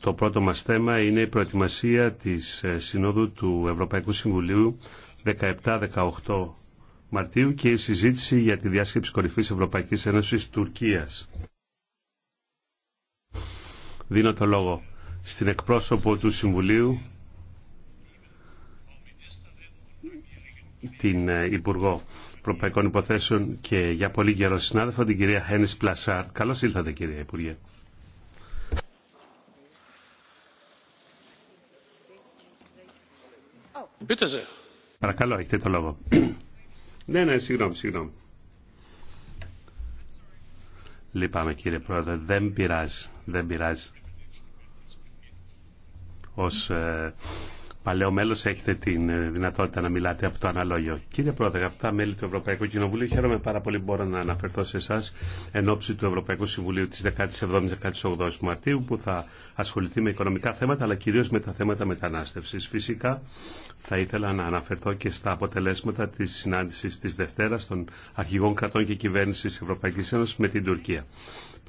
Το πρώτο μας θέμα είναι η προετοιμασία της ε, Συνόδου του Ευρωπαϊκού Συμβουλίου 17-18 Μαρτίου και η συζήτηση για τη διάσκεψη κορυφής Ευρωπαϊκής Ένωσης Τουρκίας. Δίνω το λόγο στην εκπρόσωπο του Συμβουλίου, την ε, Υπουργό Ευρωπαϊκών Υποθέσεων και για πολύ καιρό συνάδελφο, την κυρία Χένις Πλασάρτ. Καλώς ήλθατε κυρία Υπουργέ. Παρακαλώ, έχετε το λόγο. ναι, ναι, συγγνώμη, συγγνώμη. Λυπάμαι κύριε Πρόεδρε, δεν πειράζει, δεν πειράζει. Ως ε, παλαιό μέλο έχετε την ε, δυνατότητα να μιλάτε από το αναλόγιο. Κύριε Πρόεδρε, αγαπητά μέλη του Ευρωπαϊκού Κοινοβουλίου, χαίρομαι πάρα πολύ που μπορώ να αναφερθώ σε εσά εν ώψη του Ευρωπαϊκού Συμβουλίου τη 17η-18η Μαρτίου, που θα ασχοληθεί με οικονομικά θέματα, αλλά κυρίω με τα θέματα μετανάστευση. Φυσικά, θα ήθελα να αναφερθώ και στα αποτελέσματα τη συνάντηση τη Δευτέρα των αρχηγών κρατών και κυβέρνηση Ευρωπαϊκή Ένωση με την Τουρκία.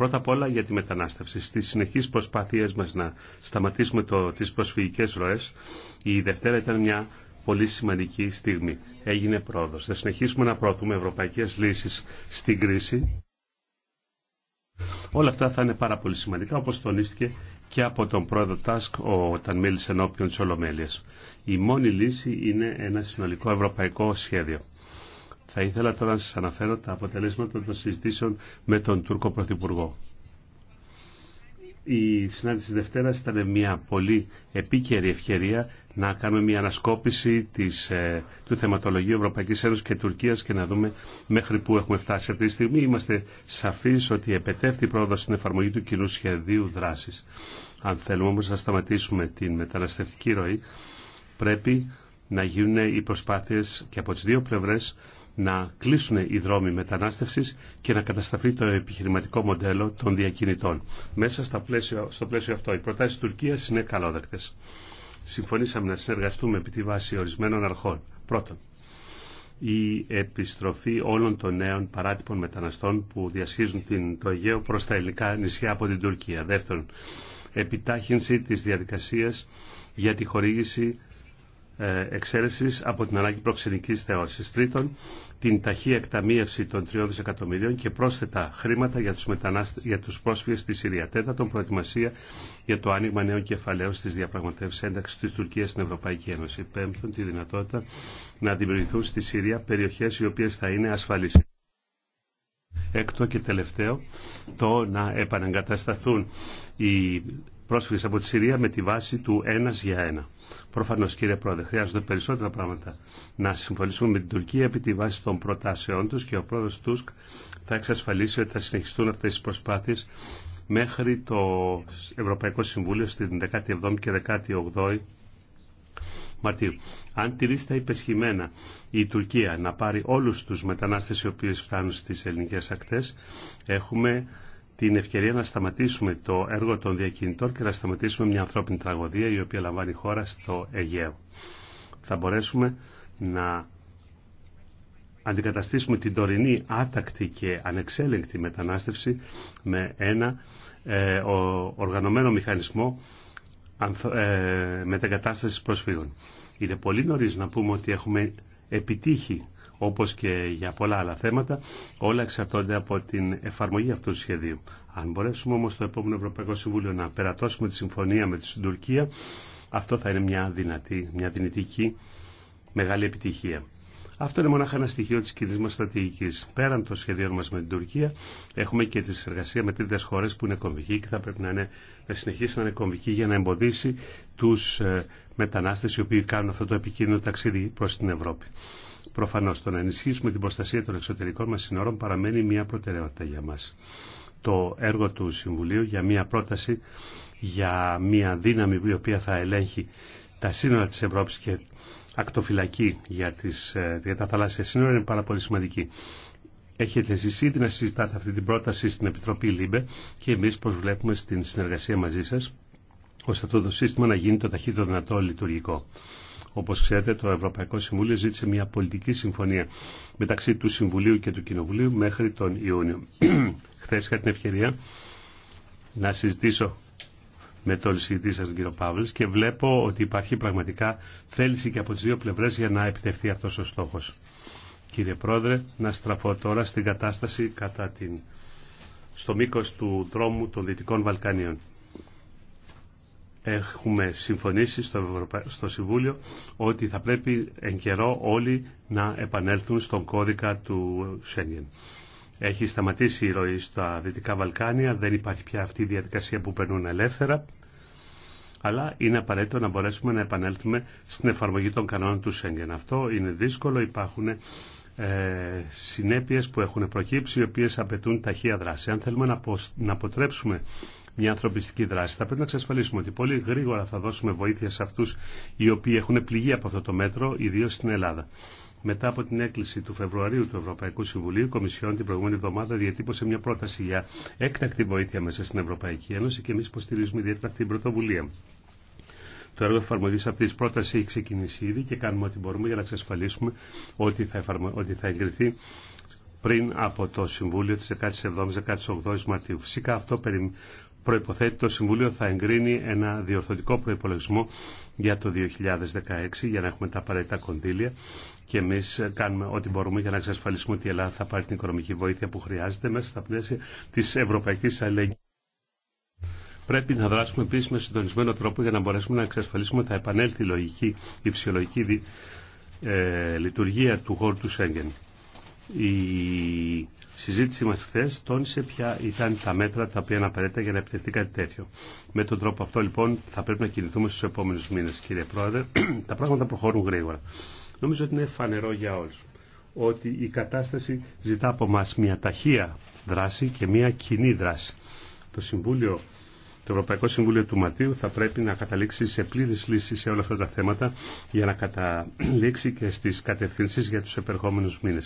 Πρώτα απ' όλα για τη μετανάστευση. Στις συνεχείς προσπάθειές μας να σταματήσουμε τι προσφυγικέ προσφυγικές η Δευτέρα ήταν μια πολύ σημαντική στιγμή. Έγινε πρόοδο. Θα συνεχίσουμε να προωθούμε ευρωπαϊκές λύσεις στην κρίση. Όλα αυτά θα είναι πάρα πολύ σημαντικά, όπως τονίστηκε και από τον πρόεδρο Τάσκ όταν μίλησε ενώπιον τη Ολομέλεια. Η μόνη λύση είναι ένα συνολικό ευρωπαϊκό σχέδιο. Θα ήθελα τώρα να σας αναφέρω τα αποτελέσματα των συζητήσεων με τον Τούρκο Πρωθυπουργό. Η συνάντηση της Δευτέρας ήταν μια πολύ επίκαιρη ευκαιρία να κάνουμε μια ανασκόπηση της, ε, του θεματολογίου Ευρωπαϊκής Ένωσης και Τουρκίας και να δούμε μέχρι πού έχουμε φτάσει. Αυτή τη στιγμή είμαστε σαφείς ότι η πρόοδο στην εφαρμογή του κοινού σχεδίου δράσης. Αν θέλουμε όμως να σταματήσουμε την μεταναστευτική ροή, πρέπει να γίνουν οι προσπάθειες και από τι δύο πλευρές να κλείσουν οι δρόμοι μετανάστευσης και να κατασταθεί το επιχειρηματικό μοντέλο των διακινητών. Μέσα στα πλαίσιο, στο πλαίσιο αυτό, οι προτάσει Τουρκίας είναι καλόδεκτες. Συμφωνήσαμε να συνεργαστούμε επί τη βάση ορισμένων αρχών. Πρώτον, η επιστροφή όλων των νέων παράτυπων μεταναστών που διασχίζουν την, το Αιγαίο προς τα ελληνικά νησιά από την Τουρκία. Δεύτερον, επιτάχυνση της διαδικασίας για τη χορήγηση ε, εξαίρεσης από την ανάγκη προξενικής θεώρησης. Τρίτον, την ταχύ εκταμείευση των 3 δισεκατομμυρίων και πρόσθετα χρήματα για τους, μετανάστε, για τους πρόσφυγες στη Συρία. Τέταρτον, προετοιμασία για το άνοιγμα νέων κεφαλαίων στις διαπραγματεύσεις ένταξης της Τουρκίας στην Ευρωπαϊκή Ένωση. Πέμπτον, τη δυνατότητα να δημιουργηθούν στη Συρία περιοχές οι οποίες θα είναι ασφαλείς. Έκτο και τελευταίο, το να επαναγκατασταθούν οι πρόσφυγες από τη Συρία με τη βάση του ένας για ένα. Προφανώς κύριε Πρόεδρε χρειάζονται περισσότερα πράγματα να συμφωνήσουμε με την Τουρκία επί τη βάση των προτάσεών τους και ο πρόεδρος Τούσκ θα εξασφαλίσει ότι θα συνεχιστούν αυτές τις προσπάθειες μέχρι το Ευρωπαϊκό Συμβούλιο στην 17η και 18η Μαρτίου. Αν τηρήσει τα υπεσχημένα η και 18 η μαρτιου αν τη τα υπεσχημενα η τουρκια να πάρει όλους τους μετανάστες οι οποίοι φτάνουν στις ελληνικές ακτές, έχουμε την ευκαιρία να σταματήσουμε το έργο των διακινητών και να σταματήσουμε μια ανθρώπινη τραγωδία η οποία λαμβάνει χώρα στο Αιγαίο. Θα μπορέσουμε να αντικαταστήσουμε την τωρινή άτακτη και ανεξέλεγκτη μετανάστευση με ένα ε, οργανωμένο μηχανισμό ε, προσφύγων. Είναι πολύ νωρίς να πούμε ότι έχουμε επιτύχει όπως και για πολλά άλλα θέματα, όλα εξαρτώνται από την εφαρμογή αυτού του σχεδίου. Αν μπορέσουμε όμως το επόμενο Ευρωπαϊκό Συμβούλιο να περατώσουμε τη συμφωνία με την Τουρκία, αυτό θα είναι μια δυνατή, μια δυνητική μεγάλη επιτυχία. Αυτό είναι μονάχα ένα στοιχείο τη κοινή μα στρατηγική. Πέραν των σχεδίων μα με την Τουρκία, έχουμε και τη συνεργασία με τρίτε χώρε που είναι κομβική και θα πρέπει να, είναι, να συνεχίσει να είναι κομβική για να εμποδίσει του ε, μετανάστε οι οποίοι κάνουν αυτό το επικίνδυνο ταξίδι προ την Ευρώπη. Προφανώ το να ενισχύσουμε την προστασία των εξωτερικών μα συνόρων παραμένει μια προτεραιότητα για μα. Το έργο του Συμβουλίου για μια πρόταση για μια δύναμη η οποία θα ελέγχει τα σύνορα τη Ευρώπη και ακτοφυλακή για, τις, ε, για τα θαλάσσια σύνορα είναι πάρα πολύ σημαντική. Έχετε εσείς ήδη να συζητάτε αυτή την πρόταση στην Επιτροπή ΛΥΜΠΕ και εμείς προσβλέπουμε στην συνεργασία μαζί σας ώστε αυτό το σύστημα να γίνει το ταχύτερο δυνατό λειτουργικό. Όπως ξέρετε, το Ευρωπαϊκό Συμβούλιο ζήτησε μια πολιτική συμφωνία μεταξύ του Συμβουλίου και του Κοινοβουλίου μέχρι τον Ιούνιο. Χθε είχα την ευκαιρία να συζητήσω με τον συζητή σας τον κύριο Παύλη και βλέπω ότι υπάρχει πραγματικά θέληση και από τις δύο πλευρές για να επιτευχθεί αυτός ο στόχος. Κύριε Πρόεδρε, να στραφώ τώρα στην κατάσταση κατά την... στο μήκος του δρόμου των Δυτικών Βαλκανίων έχουμε συμφωνήσει στο, στο Συμβούλιο ότι θα πρέπει εν καιρό όλοι να επανέλθουν στον κώδικα του Σέγγεν. Έχει σταματήσει η ροή στα Δυτικά Βαλκάνια, δεν υπάρχει πια αυτή η διαδικασία που περνούν ελεύθερα, αλλά είναι απαραίτητο να μπορέσουμε να επανέλθουμε στην εφαρμογή των κανόνων του Σέγγεν. Αυτό είναι δύσκολο, υπάρχουν ε, συνέπειες που έχουν προκύψει οι οποίες απαιτούν ταχεία δράση. Αν θέλουμε να αποτρέψουμε μια ανθρωπιστική δράση. Θα πρέπει να εξασφαλίσουμε ότι πολύ γρήγορα θα δώσουμε βοήθεια σε αυτούς οι οποίοι έχουν πληγεί από αυτό το μέτρο, ιδίω στην Ελλάδα. Μετά από την έκκληση του Φεβρουαρίου του Ευρωπαϊκού Συμβουλίου, η Κομισιόν την προηγούμενη εβδομάδα διατύπωσε μια πρόταση για έκτακτη βοήθεια μέσα στην Ευρωπαϊκή Ένωση και εμεί υποστηρίζουμε ιδιαίτερα αυτή την πρωτοβουλία. Το έργο εφαρμογή αυτή τη πρόταση έχει ξεκινήσει ήδη και κάνουμε ό,τι μπορούμε για να εξασφαλίσουμε ότι θα, θα εγκριθεί πριν από το Συμβούλιο τη 17η-18η Μαρτίου. Φυσικά αυτό περι... προϋποθέτει το Συμβούλιο θα εγκρίνει ένα διορθωτικό προπολογισμό για το 2016 για να έχουμε τα απαραίτητα κονδύλια και εμεί κάνουμε ό,τι μπορούμε για να εξασφαλίσουμε ότι η Ελλάδα θα πάρει την οικονομική βοήθεια που χρειάζεται μέσα στα πλαίσια τη Ευρωπαϊκή Αλληλεγγύη. Πρέπει να δράσουμε επίση με συντονισμένο τρόπο για να μπορέσουμε να εξασφαλίσουμε ότι θα επανέλθει η λογική, η φυσιολογική ε, λειτουργία του χώρου του Σέγγεν. Η συζήτησή μα χθε τόνισε ποια ήταν τα μέτρα τα οποία αναπαραίτητα για να επιτευχθεί κάτι τέτοιο. Με τον τρόπο αυτό λοιπόν θα πρέπει να κινηθούμε στου επόμενου μήνε, κύριε Πρόεδρε. τα πράγματα προχωρούν γρήγορα. Νομίζω ότι είναι φανερό για όλου. ότι η κατάσταση ζητά από μας μια ταχεία δράση και μια κοινή δράση. Το Συμβούλιο το Ευρωπαϊκό Συμβούλιο του Μαρτίου θα πρέπει να καταλήξει σε πλήρη λύσει σε όλα αυτά τα θέματα για να καταλήξει και στι κατευθύνσει για του επερχόμενου μήνε.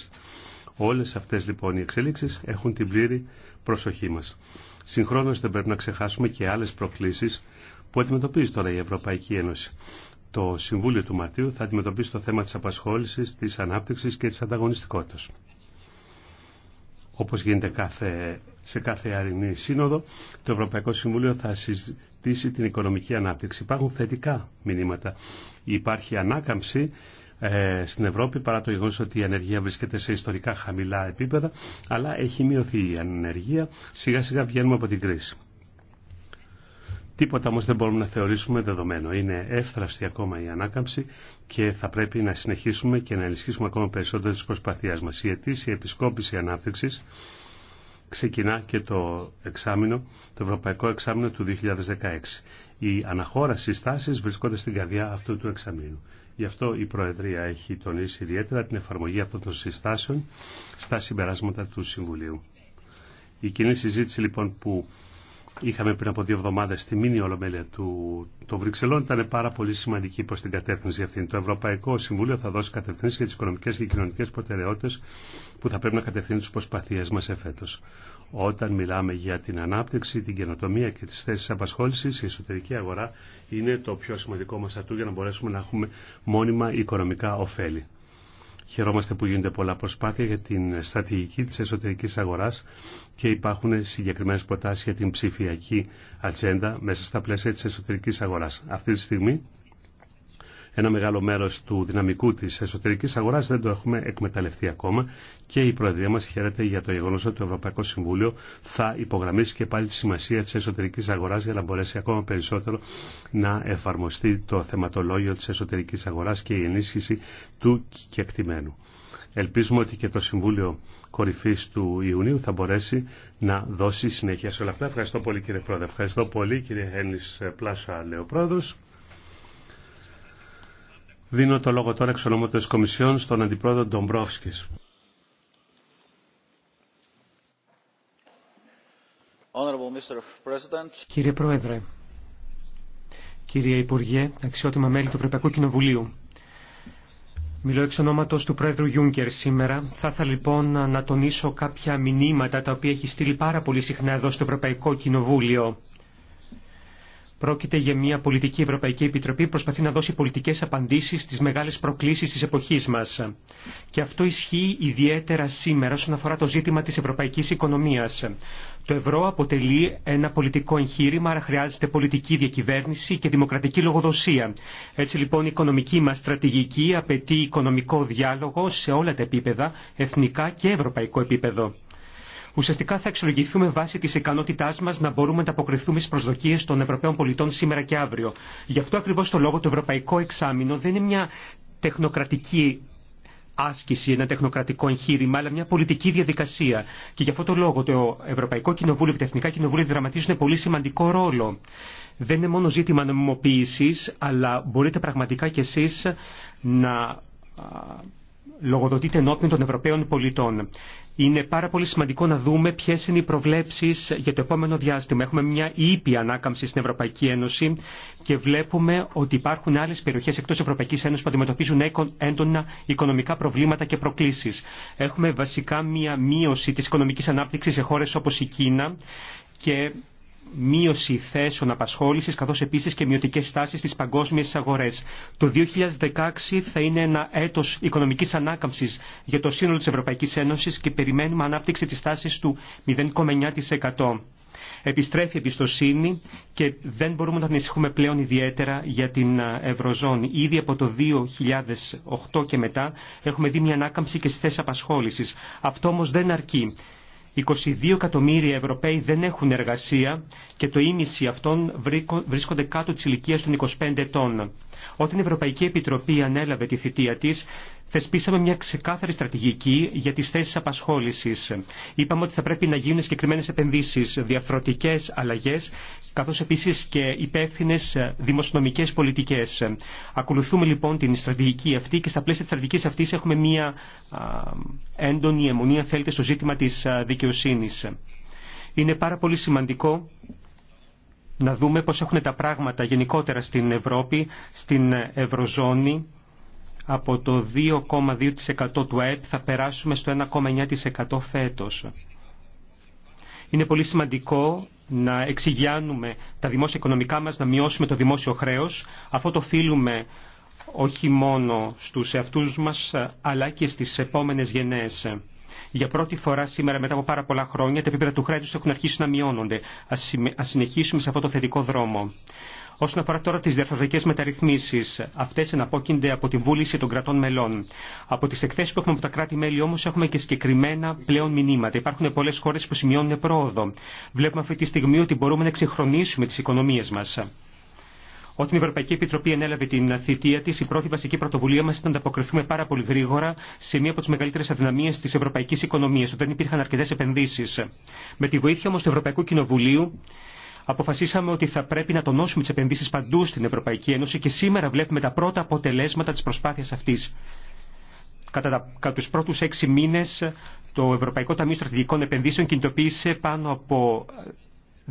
Όλε αυτέ λοιπόν οι εξέλιξει έχουν την πλήρη προσοχή μα. Συγχρόνω δεν πρέπει να ξεχάσουμε και άλλε προκλήσει που αντιμετωπίζει τώρα η Ευρωπαϊκή Ένωση. Το Συμβούλιο του Μαρτίου θα αντιμετωπίσει το θέμα τη απασχόληση, τη ανάπτυξη και τη ανταγωνιστικότητα όπως γίνεται κάθε, σε κάθε αρινή σύνοδο, το Ευρωπαϊκό Συμβούλιο θα συζητήσει την οικονομική ανάπτυξη. Υπάρχουν θετικά μηνύματα. Υπάρχει ανάκαμψη ε, στην Ευρώπη παρά το γεγονός ότι η ανεργία βρίσκεται σε ιστορικά χαμηλά επίπεδα αλλά έχει μειωθεί η ανεργία σιγά σιγά βγαίνουμε από την κρίση Τίποτα όμω δεν μπορούμε να θεωρήσουμε δεδομένο. Είναι εύθραυστη ακόμα η ανάκαμψη και θα πρέπει να συνεχίσουμε και να ενισχύσουμε ακόμα περισσότερο τι προσπαθίε μα. Η ετήσια επισκόπηση ανάπτυξη ξεκινά και το εξάμεινο, το ευρωπαϊκό εξάμεινο του 2016. Η αναχώραση τάσει βρισκόνται στην καρδιά αυτού του εξαμήνου. Γι' αυτό η Προεδρία έχει τονίσει ιδιαίτερα την εφαρμογή αυτών των συστάσεων στα συμπεράσματα του Συμβουλίου. Η κοινή συζήτηση λοιπόν που είχαμε πριν από δύο εβδομάδες στη μήνυ ολομέλεια του το Βρυξελών ήταν πάρα πολύ σημαντική προς την κατεύθυνση αυτή. Το Ευρωπαϊκό Συμβούλιο θα δώσει κατευθύνσεις για τις οικονομικές και κοινωνικές προτεραιότητες που θα πρέπει να κατευθύνουν τις προσπαθίες μας εφέτος. Όταν μιλάμε για την ανάπτυξη, την καινοτομία και τις θέσεις απασχόλησης, η εσωτερική αγορά είναι το πιο σημαντικό μας ατού για να μπορέσουμε να έχουμε μόνιμα οικονομικά ωφέλη. Χαιρόμαστε που γίνονται πολλά προσπάθεια για την στρατηγική της εσωτερικής αγοράς και υπάρχουν συγκεκριμένες προτάσεις για την ψηφιακή ατζέντα μέσα στα πλαίσια της εσωτερικής αγοράς. Αυτή τη στιγμή ένα μεγάλο μέρος του δυναμικού της εσωτερικής αγοράς δεν το έχουμε εκμεταλλευτεί ακόμα και η Προεδρία μας χαίρεται για το γεγονός ότι το Ευρωπαϊκό Συμβούλιο θα υπογραμμίσει και πάλι τη σημασία της εσωτερικής αγοράς για να μπορέσει ακόμα περισσότερο να εφαρμοστεί το θεματολόγιο της εσωτερικής αγοράς και η ενίσχυση του κεκτημένου. Ελπίζουμε ότι και το Συμβούλιο Κορυφής του Ιουνίου θα μπορέσει να δώσει συνέχεια σε όλα αυτά. Ευχαριστώ πολύ κύριε Πρόεδρε. Ευχαριστώ πολύ κύριε Έννης Πλάσα Λεοπρόδος. Δίνω το λόγο τώρα εξ ονόματο της Κομισιόν στον Αντιπρόεδρο Ντομπρόφσκη. Κύριε Πρόεδρε, κύριε Υπουργέ, αξιότιμα μέλη του Ευρωπαϊκού Κοινοβουλίου, Μιλώ εξ ονόματο του Πρόεδρου Γιούγκερ σήμερα. Θα ήθελα λοιπόν να τονίσω κάποια μηνύματα τα οποία έχει στείλει πάρα πολύ συχνά εδώ στο Ευρωπαϊκό Κοινοβούλιο. Πρόκειται για μια πολιτική Ευρωπαϊκή Επιτροπή που προσπαθεί να δώσει πολιτικέ απαντήσει στι μεγάλε προκλήσει τη εποχή μα. Και αυτό ισχύει ιδιαίτερα σήμερα όσον αφορά το ζήτημα τη ευρωπαϊκή οικονομία. Το ευρώ αποτελεί ένα πολιτικό εγχείρημα, άρα χρειάζεται πολιτική διακυβέρνηση και δημοκρατική λογοδοσία. Έτσι λοιπόν η οικονομική μα στρατηγική απαιτεί οικονομικό διάλογο σε όλα τα επίπεδα, εθνικά και ευρωπαϊκό επίπεδο ουσιαστικά θα εξολογηθούμε βάσει τη ικανότητά μα να μπορούμε να αποκριθούμε στι προσδοκίε των Ευρωπαίων πολιτών σήμερα και αύριο. Γι' αυτό ακριβώ το λόγο το Ευρωπαϊκό Εξάμεινο δεν είναι μια τεχνοκρατική άσκηση, ένα τεχνοκρατικό εγχείρημα, αλλά μια πολιτική διαδικασία. Και γι' αυτό το λόγο το Ευρωπαϊκό Κοινοβούλιο και τα Εθνικά Κοινοβούλια δραματίζουν πολύ σημαντικό ρόλο. Δεν είναι μόνο ζήτημα νομιμοποίηση, αλλά μπορείτε πραγματικά κι εσεί να λογοδοτείτε ενώπιον των Ευρωπαίων πολιτών είναι πάρα πολύ σημαντικό να δούμε ποιες είναι οι προβλέψεις για το επόμενο διάστημα. Έχουμε μια ήπια ανάκαμψη στην Ευρωπαϊκή Ένωση και βλέπουμε ότι υπάρχουν άλλες περιοχές εκτός Ευρωπαϊκής Ένωσης που αντιμετωπίζουν έντονα οικονομικά προβλήματα και προκλήσεις. Έχουμε βασικά μια μείωση της οικονομικής ανάπτυξης σε χώρες όπως η Κίνα και μείωση θέσεων απασχόληση, καθώ επίση και μειωτικέ τάσει στι παγκόσμιε αγορέ. Το 2016 θα είναι ένα έτος οικονομικής ανάκαμψης για το σύνολο τη Ευρωπαϊκή Ένωση και περιμένουμε ανάπτυξη τη τάση του 0,9%. Επιστρέφει η εμπιστοσύνη και δεν μπορούμε να ανησυχούμε πλέον ιδιαίτερα για την ε, Ευρωζώνη. Ήδη από το 2008 και μετά έχουμε δει μια ανάκαμψη και στις θέσεις απασχόλησης. Αυτό όμως δεν αρκεί. 22 εκατομμύρια Ευρωπαίοι δεν έχουν εργασία και το ίμιση αυτών βρίσκονται κάτω της ηλικίας των 25 ετών. Όταν η Ευρωπαϊκή Επιτροπή ανέλαβε τη θητεία της, θεσπίσαμε μια ξεκάθαρη στρατηγική για τις θέσεις απασχόλησης. Είπαμε ότι θα πρέπει να γίνουν συγκεκριμένε επενδύσεις, διαφορετικέ αλλαγές, καθώς επίσης και υπεύθυνε δημοσιονομικές πολιτικές. Ακολουθούμε λοιπόν την στρατηγική αυτή και στα πλαίσια της στρατηγικής αυτής έχουμε μια έντονη αιμονία, θέλετε, στο ζήτημα της δικαιοσύνης. Είναι πάρα πολύ σημαντικό να δούμε πώς έχουν τα πράγματα γενικότερα στην Ευρώπη, στην Ευρωζώνη, από το 2,2% του ΑΕΠ θα περάσουμε στο 1,9% φέτος. Είναι πολύ σημαντικό να εξηγιάνουμε τα δημόσια οικονομικά μας, να μειώσουμε το δημόσιο χρέος. Αυτό το οφείλουμε όχι μόνο στους εαυτούς μας, αλλά και στις επόμενες γενναίες. Για πρώτη φορά σήμερα, μετά από πάρα πολλά χρόνια, τα επίπεδα του χρέους έχουν αρχίσει να μειώνονται. Ας συνεχίσουμε σε αυτό το θετικό δρόμο. Όσον αφορά τώρα τι διαρθρωτικέ μεταρρυθμίσει, αυτέ εναπόκεινται από τη βούληση των κρατών μελών. Από τι εκθέσει που έχουμε από τα κράτη-μέλη όμω έχουμε και συγκεκριμένα πλέον μηνύματα. Υπάρχουν πολλέ χώρε που σημειώνουν πρόοδο. Βλέπουμε αυτή τη στιγμή ότι μπορούμε να εξυγχρονίσουμε τι οικονομίε μα. Όταν η Ευρωπαϊκή Επιτροπή ενέλαβε την θητεία τη, η πρώτη βασική πρωτοβουλία μα ήταν να ανταποκριθούμε πάρα πολύ γρήγορα σε μία από τι μεγαλύτερε αδυναμίε τη ευρωπαϊκή οικονομία, όταν υπήρχαν αρκετέ επενδύσει. Με τη βοήθεια όμω του Ευρωπαϊκού Κοινοβουλίου αποφασίσαμε ότι θα πρέπει να τονώσουμε τι επενδύσει παντού στην Ευρωπαϊκή Ένωση και σήμερα βλέπουμε τα πρώτα αποτελέσματα τη προσπάθεια αυτή. Κατά, κατά τους πρώτους έξι μήνες το Ευρωπαϊκό Ταμείο Στρατηγικών Επενδύσεων κινητοποίησε πάνω από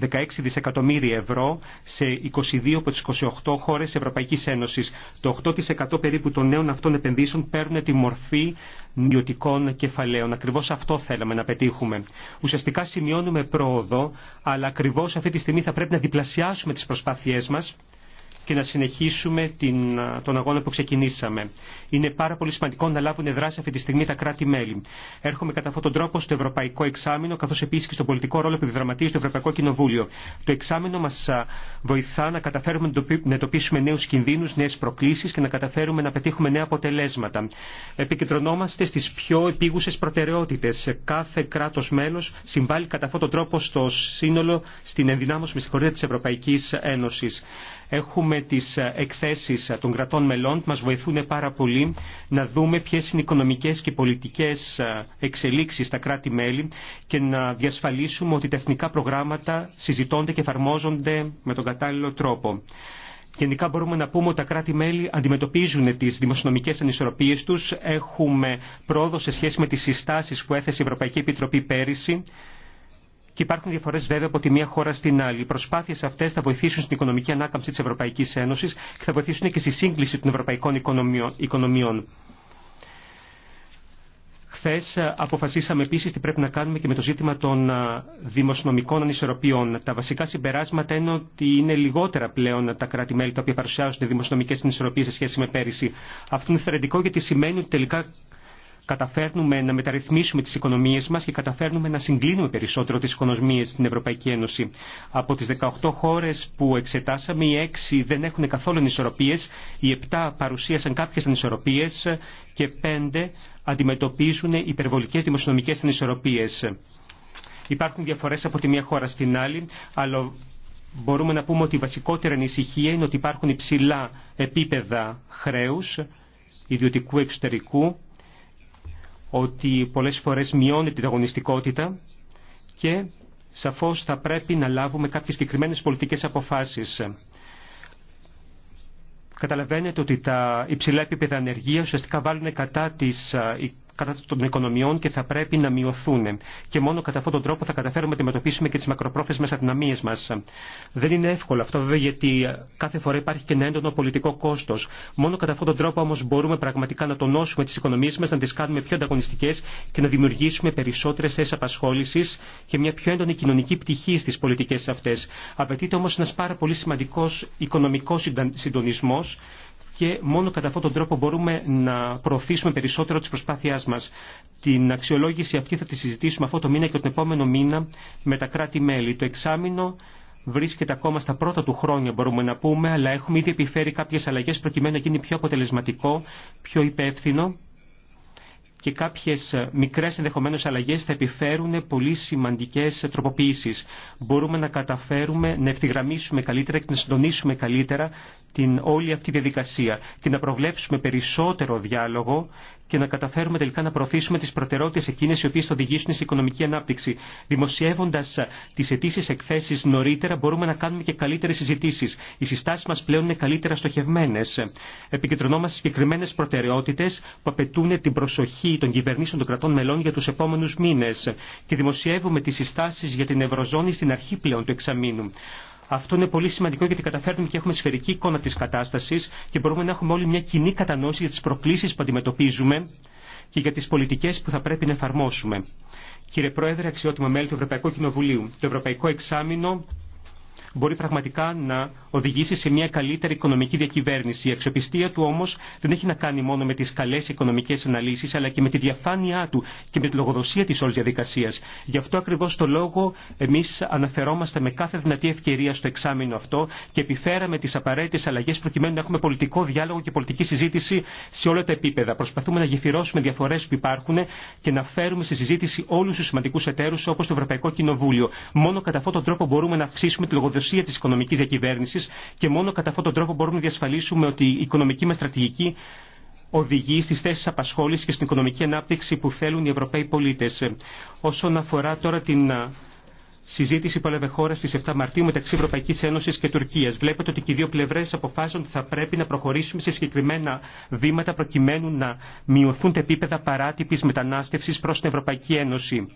16 δισεκατομμύρια ευρώ σε 22 από τις 28 χώρες Ευρωπαϊκής Ένωσης. Το 8% περίπου των νέων αυτών επενδύσεων παίρνουν τη μορφή νιωτικών κεφαλαίων. Ακριβώς αυτό θέλαμε να πετύχουμε. Ουσιαστικά σημειώνουμε πρόοδο, αλλά ακριβώς αυτή τη στιγμή θα πρέπει να διπλασιάσουμε τις προσπάθειές μας και να συνεχίσουμε την, τον αγώνα που ξεκινήσαμε. Είναι πάρα πολύ σημαντικό να λάβουν δράση αυτή τη στιγμή τα κράτη-μέλη. Έρχομαι κατά αυτόν τον τρόπο στο Ευρωπαϊκό Εξάμεινο, καθώ επίση και στον πολιτικό ρόλο που διδραματίζει το Ευρωπαϊκό Κοινοβούλιο. Το εξάμεινο μα βοηθά να καταφέρουμε να εντοπίσουμε νέου κινδύνου, νέε προκλήσει και να καταφέρουμε να πετύχουμε νέα αποτελέσματα. Επικεντρωνόμαστε στι πιο επίγουσε προτεραιότητε. Κάθε κράτο μέλο συμβάλλει κατά αυτόν τον τρόπο στο σύνολο, στην ενδυνάμωση τη Ευρωπαϊκή Ένωση. Έχουμε τις ε, εκθέσεις ε, των κρατών μελών που μας βοηθούν πάρα πολύ να δούμε ποιες είναι οι οικονομικές και πολιτικές ε, εξελίξεις στα κράτη-μέλη και να διασφαλίσουμε ότι τα εθνικά προγράμματα συζητώνται και εφαρμόζονται με τον κατάλληλο τρόπο. Γενικά μπορούμε να πούμε ότι τα κράτη-μέλη αντιμετωπίζουν τις δημοσιονομικές ανισορροπίες τους. Έχουμε πρόοδο σε σχέση με τις συστάσει που έθεσε η Ευρωπαϊκή Επιτροπή πέρυσι και υπάρχουν διαφορέ βέβαια από τη μία χώρα στην άλλη. Οι προσπάθειε αυτέ θα βοηθήσουν στην οικονομική ανάκαμψη τη Ευρωπαϊκή Ένωση και θα βοηθήσουν και στη σύγκληση των ευρωπαϊκών οικονομιών. Χθε ε, αποφασίσαμε επίση τι πρέπει να κάνουμε και με το ζήτημα των ε, δημοσιονομικών ανισορροπιών. Τα βασικά συμπεράσματα είναι ότι είναι λιγότερα πλέον τα κράτη-μέλη τα οποία παρουσιάζονται δημοσιονομικέ ανισορροπίε σε σχέση με πέρυσι. Αυτό είναι θερετικό γιατί σημαίνει ότι τελικά καταφέρνουμε να μεταρρυθμίσουμε τις οικονομίες μας και καταφέρνουμε να συγκλίνουμε περισσότερο τις οικονομίες στην Ευρωπαϊκή Ένωση. Από τις 18 χώρες που εξετάσαμε, οι 6 δεν έχουν καθόλου ανισορροπίες, οι 7 παρουσίασαν κάποιες ανισορροπίες και 5 αντιμετωπίζουν υπερβολικές δημοσιονομικές ανισορροπίες. Υπάρχουν διαφορές από τη μία χώρα στην άλλη, αλλά μπορούμε να πούμε ότι η βασικότερη ανησυχία είναι ότι υπάρχουν υψηλά επίπεδα χρέους, ιδιωτικού εξωτερικού, ότι πολλές φορές μειώνεται η αγωνιστικότητα και σαφώς θα πρέπει να λάβουμε κάποιες συγκεκριμένες πολιτικές αποφάσεις. Καταλαβαίνετε ότι τα υψηλά επίπεδα ανεργία ουσιαστικά βάλουν κατά της ε, κατά των οικονομιών και θα πρέπει να μειωθούν. Και μόνο κατά αυτόν τον τρόπο θα καταφέρουμε να αντιμετωπίσουμε και τι μακροπρόθεσμε αδυναμίε μα. Δεν είναι εύκολο αυτό βέβαια γιατί κάθε φορά υπάρχει και ένα έντονο πολιτικό κόστο. Μόνο κατά αυτόν τον τρόπο όμω μπορούμε πραγματικά να τονώσουμε τι οικονομίε μα, να τι κάνουμε πιο ανταγωνιστικέ και να δημιουργήσουμε περισσότερε θέσει απασχόληση και μια πιο έντονη κοινωνική πτυχή στι πολιτικέ αυτέ. Απαιτείται όμω ένα πάρα πολύ σημαντικό οικονομικό συντονισμό και μόνο κατά αυτόν τον τρόπο μπορούμε να προωθήσουμε περισσότερο τις προσπάθειάς μας. Την αξιολόγηση αυτή θα τη συζητήσουμε αυτό το μήνα και τον επόμενο μήνα με τα κράτη-μέλη. Το εξάμεινο βρίσκεται ακόμα στα πρώτα του χρόνια μπορούμε να πούμε, αλλά έχουμε ήδη επιφέρει κάποιες αλλαγές προκειμένου να γίνει πιο αποτελεσματικό, πιο υπεύθυνο και κάποιες μικρές ενδεχομένως αλλαγές θα επιφέρουν πολύ σημαντικές τροποποιήσεις. Μπορούμε να καταφέρουμε να ευθυγραμμίσουμε καλύτερα και να συντονίσουμε καλύτερα την όλη αυτή διαδικασία και να προβλέψουμε περισσότερο διάλογο και να καταφέρουμε τελικά να προωθήσουμε τι προτεραιότητε εκείνε οι οποίε θα οδηγήσουν σε οικονομική ανάπτυξη. Δημοσιεύοντα τι αιτήσει εκθέσει νωρίτερα, μπορούμε να κάνουμε και καλύτερε συζητήσει. Οι συστάσει μα πλέον είναι καλύτερα στοχευμένε. Επικεντρωνόμαστε συγκεκριμένε προτεραιότητε που απαιτούν την προσοχή των κυβερνήσεων των κρατών μελών για του επόμενου μήνε. Και δημοσιεύουμε τι συστάσει για την Ευρωζώνη στην αρχή πλέον του εξαμήνου. Αυτό είναι πολύ σημαντικό γιατί καταφέρνουμε και έχουμε σφαιρική εικόνα της κατάστασης και μπορούμε να έχουμε όλοι μια κοινή κατανόηση για τις προκλήσεις που αντιμετωπίζουμε και για τις πολιτικές που θα πρέπει να εφαρμόσουμε. Κύριε Πρόεδρε, αξιότιμα μέλη του Ευρωπαϊκού Κοινοβουλίου, το Ευρωπαϊκό Εξάμεινο μπορεί πραγματικά να οδηγήσει σε μια καλύτερη οικονομική διακυβέρνηση. Η αξιοπιστία του όμω δεν έχει να κάνει μόνο με τι καλέ οικονομικέ αναλύσει, αλλά και με τη διαφάνειά του και με τη λογοδοσία τη όλη διαδικασία. Γι' αυτό ακριβώ το λόγο εμεί αναφερόμαστε με κάθε δυνατή ευκαιρία στο εξάμεινο αυτό και επιφέραμε τι απαραίτητε αλλαγέ προκειμένου να έχουμε πολιτικό διάλογο και πολιτική συζήτηση σε όλα τα επίπεδα. Προσπαθούμε να γεφυρώσουμε διαφορέ που υπάρχουν και να φέρουμε στη συζήτηση όλου του σημαντικού εταίρου όπω το Ευρωπαϊκό Κοινοβούλιο. Μόνο κατά αυτόν τον τρόπο μπορούμε να αυξήσουμε τη λογοδοσία εξουσία τη οικονομική διακυβέρνηση και μόνο κατά αυτόν τον τρόπο μπορούμε να διασφαλίσουμε ότι η οικονομική μα στρατηγική οδηγεί στι θέσει απασχόληση και στην οικονομική ανάπτυξη που θέλουν οι Ευρωπαίοι πολίτε. Όσον αφορά τώρα την συζήτηση που έλαβε χώρα στι 7 Μαρτίου μεταξύ Ευρωπαϊκή Ένωση και Τουρκία. Βλέπετε ότι και οι δύο πλευρέ αποφάσισαν ότι θα πρέπει να προχωρήσουμε σε συγκεκριμένα βήματα προκειμένου να μειωθούν τα επίπεδα παράτυπη μετανάστευση προ την Ευρωπαϊκή Ένωση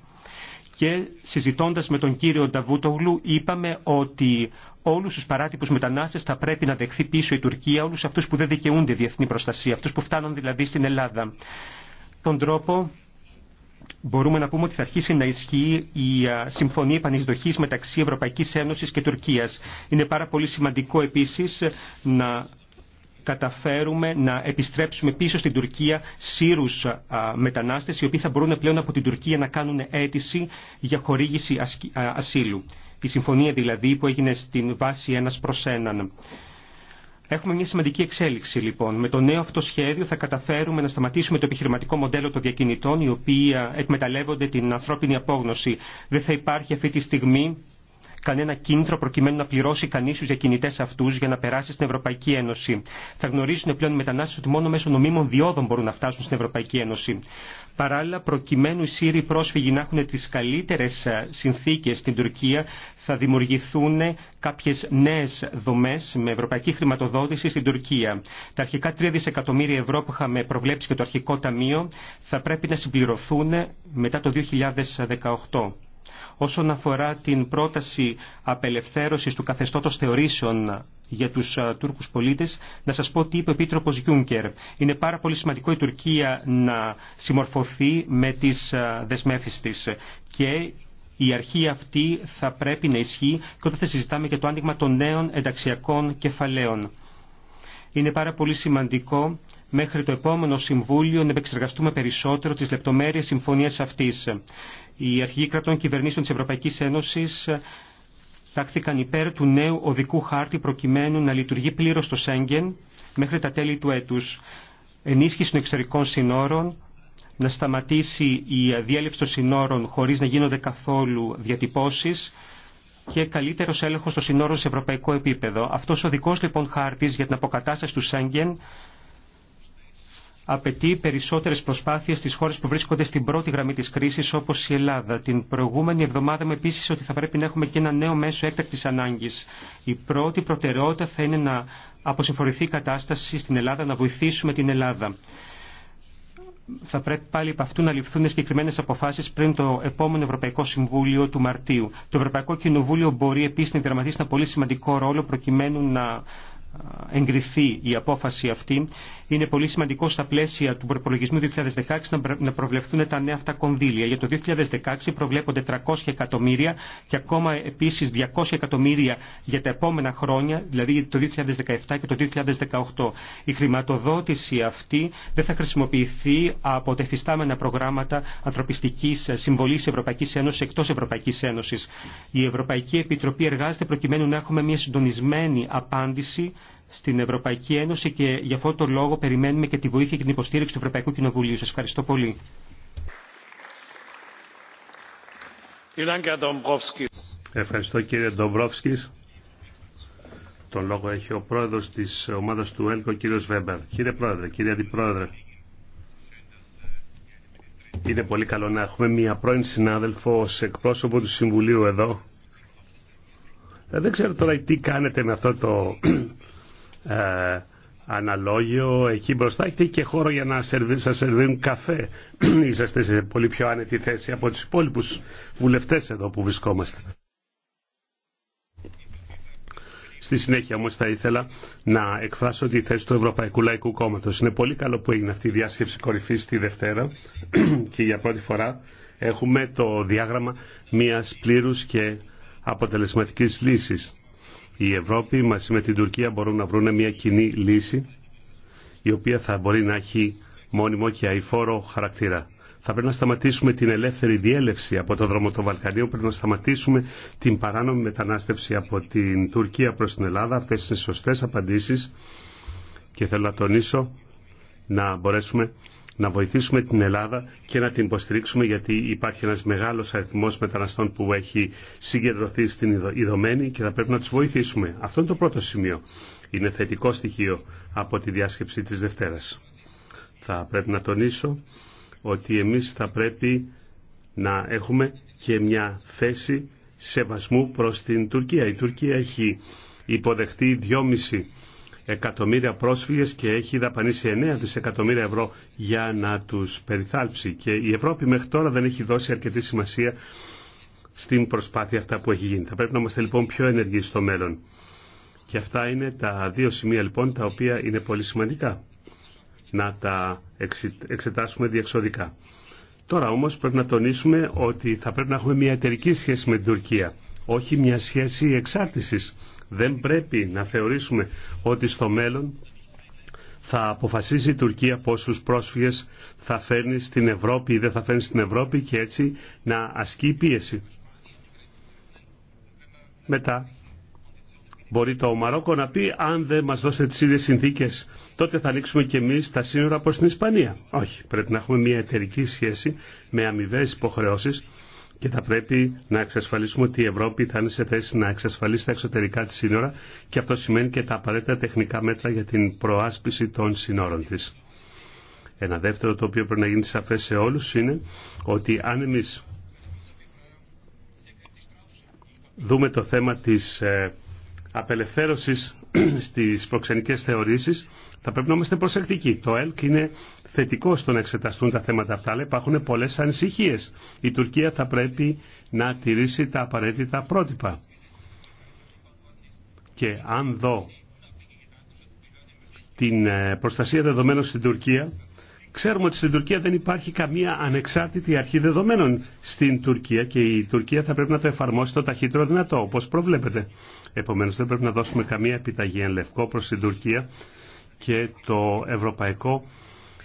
και συζητώντας με τον κύριο Νταβούτογλου είπαμε ότι όλους τους παράτυπους μετανάστες θα πρέπει να δεχθεί πίσω η Τουρκία, όλους αυτούς που δεν δικαιούνται διεθνή προστασία, αυτούς που φτάνουν δηλαδή στην Ελλάδα. Τον τρόπο μπορούμε να πούμε ότι θα αρχίσει να ισχύει η συμφωνία επανεισδοχής μεταξύ Ευρωπαϊκής Ένωσης και Τουρκίας. Είναι πάρα πολύ σημαντικό επίσης να καταφέρουμε να επιστρέψουμε πίσω στην Τουρκία σύρους μετανάστες οι οποίοι θα μπορούν πλέον από την Τουρκία να κάνουν αίτηση για χορήγηση ασύλου. Η συμφωνία δηλαδή που έγινε στην βάση ένας προς έναν. Έχουμε μια σημαντική εξέλιξη λοιπόν. Με το νέο αυτό σχέδιο θα καταφέρουμε να σταματήσουμε το επιχειρηματικό μοντέλο των διακινητών οι οποίοι εκμεταλλεύονται την ανθρώπινη απόγνωση. Δεν θα υπάρχει αυτή τη στιγμή κανένα κίνητρο προκειμένου να πληρώσει κανεί του διακινητέ αυτού για να περάσει στην Ευρωπαϊκή Ένωση. Θα γνωρίζουν πλέον οι μετανάστε ότι μόνο μέσω νομίμων διόδων μπορούν να φτάσουν στην Ευρωπαϊκή Ένωση. Παράλληλα, προκειμένου οι Σύριοι πρόσφυγοι να έχουν τι καλύτερε ε, συνθήκε στην Τουρκία, θα δημιουργηθούν κάποιε νέε δομέ με ευρωπαϊκή χρηματοδότηση στην Τουρκία. Τα αρχικά 3 δισεκατομμύρια ευρώ που είχαμε προβλέψει και το αρχικό ταμείο θα πρέπει να συμπληρωθούν μετά το 2018. Όσον αφορά την πρόταση απελευθέρωσης του καθεστώτος θεωρήσεων για τους Τούρκους πολίτες, να σας πω τι είπε ο Επίτροπος Γιούνκερ. Είναι πάρα πολύ σημαντικό η Τουρκία να συμμορφωθεί με τις δεσμεύσεις της και η αρχή αυτή θα πρέπει να ισχύει και όταν θα συζητάμε για το άνοιγμα των νέων ενταξιακών κεφαλαίων. Είναι πάρα πολύ σημαντικό μέχρι το επόμενο Συμβούλιο να επεξεργαστούμε περισσότερο τις λεπτομέρειες συμφωνίας αυτής οι αρχηγοί κρατών κυβερνήσεων της Ευρωπαϊκής Ένωσης ε, τάχθηκαν υπέρ του νέου οδικού χάρτη προκειμένου να λειτουργεί πλήρως το Σέγγεν μέχρι τα τέλη του έτους. Ενίσχυση των εξωτερικών συνόρων, να σταματήσει η διέλευση των συνόρων χωρίς να γίνονται καθόλου διατυπώσεις και καλύτερο έλεγχο των συνόρων σε ευρωπαϊκό επίπεδο. Αυτό ο δικό λοιπόν χάρτη για την αποκατάσταση του Σέγγεν απαιτεί περισσότερε προσπάθειε στι χώρε που βρίσκονται στην πρώτη γραμμή τη κρίση, όπω η Ελλάδα. Την προηγούμενη εβδομάδα με επίση ότι θα πρέπει να έχουμε και ένα νέο μέσο έκτακτη ανάγκη. Η πρώτη προτεραιότητα θα είναι να αποσυμφορηθεί η κατάσταση στην Ελλάδα, να βοηθήσουμε την Ελλάδα. Θα πρέπει πάλι από αυτού να ληφθούν συγκεκριμένε αποφάσει πριν το επόμενο Ευρωπαϊκό Συμβούλιο του Μαρτίου. Το Ευρωπαϊκό Κοινοβούλιο μπορεί επίση να δραματίσει ένα πολύ σημαντικό ρόλο προκειμένου να εγκριθεί η απόφαση αυτή, είναι πολύ σημαντικό στα πλαίσια του προπολογισμού 2016 να προβλεφθούν τα νέα αυτά κονδύλια. Για το 2016 προβλέπονται 300 εκατομμύρια και ακόμα επίση 200 εκατομμύρια για τα επόμενα χρόνια, δηλαδή το 2017 και το 2018. Η χρηματοδότηση αυτή δεν θα χρησιμοποιηθεί από τεφιστάμενα προγράμματα ανθρωπιστική συμβολή Ευρωπαϊκή Ένωση εκτό Ευρωπαϊκή Ένωση. Η Ευρωπαϊκή Επιτροπή εργάζεται προκειμένου να έχουμε μια συντονισμένη απάντηση στην Ευρωπαϊκή Ένωση και γι' αυτόν το λόγο περιμένουμε και τη βοήθεια και την υποστήριξη του Ευρωπαϊκού Κοινοβουλίου. Σας ευχαριστώ πολύ. Ευχαριστώ κύριε Ντομπρόφσκης. Το λόγο έχει ο πρόεδρος της ομάδας του ΕΛΚΟ, κύριος Βέμπερ. Κύριε πρόεδρε, κύριε αντιπρόεδρε. Είναι πολύ καλό να έχουμε μια πρώην συνάδελφο ως εκπρόσωπο του Συμβουλίου εδώ. Ε, δεν ξέρω τώρα τι κάνετε με αυτό το ε, αναλόγιο. Εκεί μπροστά έχετε και χώρο για να σας σερβίρουν καφέ. Είσαστε σε πολύ πιο άνετη θέση από τους υπόλοιπους βουλευτές εδώ που βρισκόμαστε. Στη συνέχεια όμως θα ήθελα να εκφράσω τη θέση του Ευρωπαϊκού Λαϊκού Κόμματος. Είναι πολύ καλό που έγινε αυτή η διάσκεψη κορυφής τη Δευτέρα και για πρώτη φορά έχουμε το διάγραμμα μιας πλήρους και αποτελεσματικής λύσης η Ευρώπη μαζί με την Τουρκία μπορούν να βρουν μια κοινή λύση η οποία θα μπορεί να έχει μόνιμο και αηφόρο χαρακτήρα. Θα πρέπει να σταματήσουμε την ελεύθερη διέλευση από το δρόμο των Βαλκανίων, πρέπει να σταματήσουμε την παράνομη μετανάστευση από την Τουρκία προς την Ελλάδα. Αυτές είναι σωστές απαντήσεις και θέλω να τονίσω να μπορέσουμε να βοηθήσουμε την Ελλάδα και να την υποστηρίξουμε γιατί υπάρχει ένας μεγάλος αριθμός μεταναστών που έχει συγκεντρωθεί στην Ιδωμένη και θα πρέπει να τους βοηθήσουμε. Αυτό είναι το πρώτο σημείο. Είναι θετικό στοιχείο από τη διάσκεψη της Δευτέρας. Θα πρέπει να τονίσω ότι εμείς θα πρέπει να έχουμε και μια θέση σεβασμού προς την Τουρκία. Η Τουρκία έχει υποδεχτεί 2,5 εκατομμύρια πρόσφυγες και έχει δαπανίσει 9 δισεκατομμύρια ευρώ για να τους περιθάλψει. Και η Ευρώπη μέχρι τώρα δεν έχει δώσει αρκετή σημασία στην προσπάθεια αυτά που έχει γίνει. Θα πρέπει να είμαστε λοιπόν πιο ενεργοί στο μέλλον. Και αυτά είναι τα δύο σημεία λοιπόν τα οποία είναι πολύ σημαντικά να τα εξετάσουμε διεξοδικά. Τώρα όμως πρέπει να τονίσουμε ότι θα πρέπει να έχουμε μια εταιρική σχέση με την Τουρκία, όχι μια σχέση εξάρτησης δεν πρέπει να θεωρήσουμε ότι στο μέλλον θα αποφασίσει η Τουρκία πόσους πρόσφυγες θα φέρνει στην Ευρώπη ή δεν θα φέρνει στην Ευρώπη και έτσι να ασκεί πίεση. Μετά μπορεί το Μαρόκο να πει αν δεν μας δώσετε τις ίδιες συνθήκες τότε θα ανοίξουμε και εμείς τα σύνορα προς την Ισπανία. Όχι, πρέπει να έχουμε μια εταιρική σχέση με αμοιβέ υποχρεώσεις και θα πρέπει να εξασφαλίσουμε ότι η Ευρώπη θα είναι σε θέση να εξασφαλίσει τα εξωτερικά της σύνορα και αυτό σημαίνει και τα απαραίτητα τεχνικά μέτρα για την προάσπιση των σύνορων της. Ένα δεύτερο το οποίο πρέπει να γίνει σαφές σε όλους είναι ότι αν εμείς δούμε το θέμα της ε, απελευθέρωσης στις προξενικές θεωρήσεις θα πρέπει να είμαστε προσεκτικοί. Το ΕΛΚ είναι θετικό στο να εξεταστούν τα θέματα αυτά, αλλά υπάρχουν πολλές ανησυχίες. Η Τουρκία θα πρέπει να τηρήσει τα απαραίτητα πρότυπα. Και αν δω την ε, προστασία δεδομένων στην Τουρκία, ξέρουμε ότι στην Τουρκία δεν υπάρχει καμία ανεξάρτητη αρχή δεδομένων στην Τουρκία και η Τουρκία θα πρέπει να το εφαρμόσει το ταχύτερο δυνατό, όπως προβλέπετε. Επομένως δεν πρέπει να δώσουμε καμία επιταγή εν λευκό προς την Τουρκία και το ευρωπαϊκό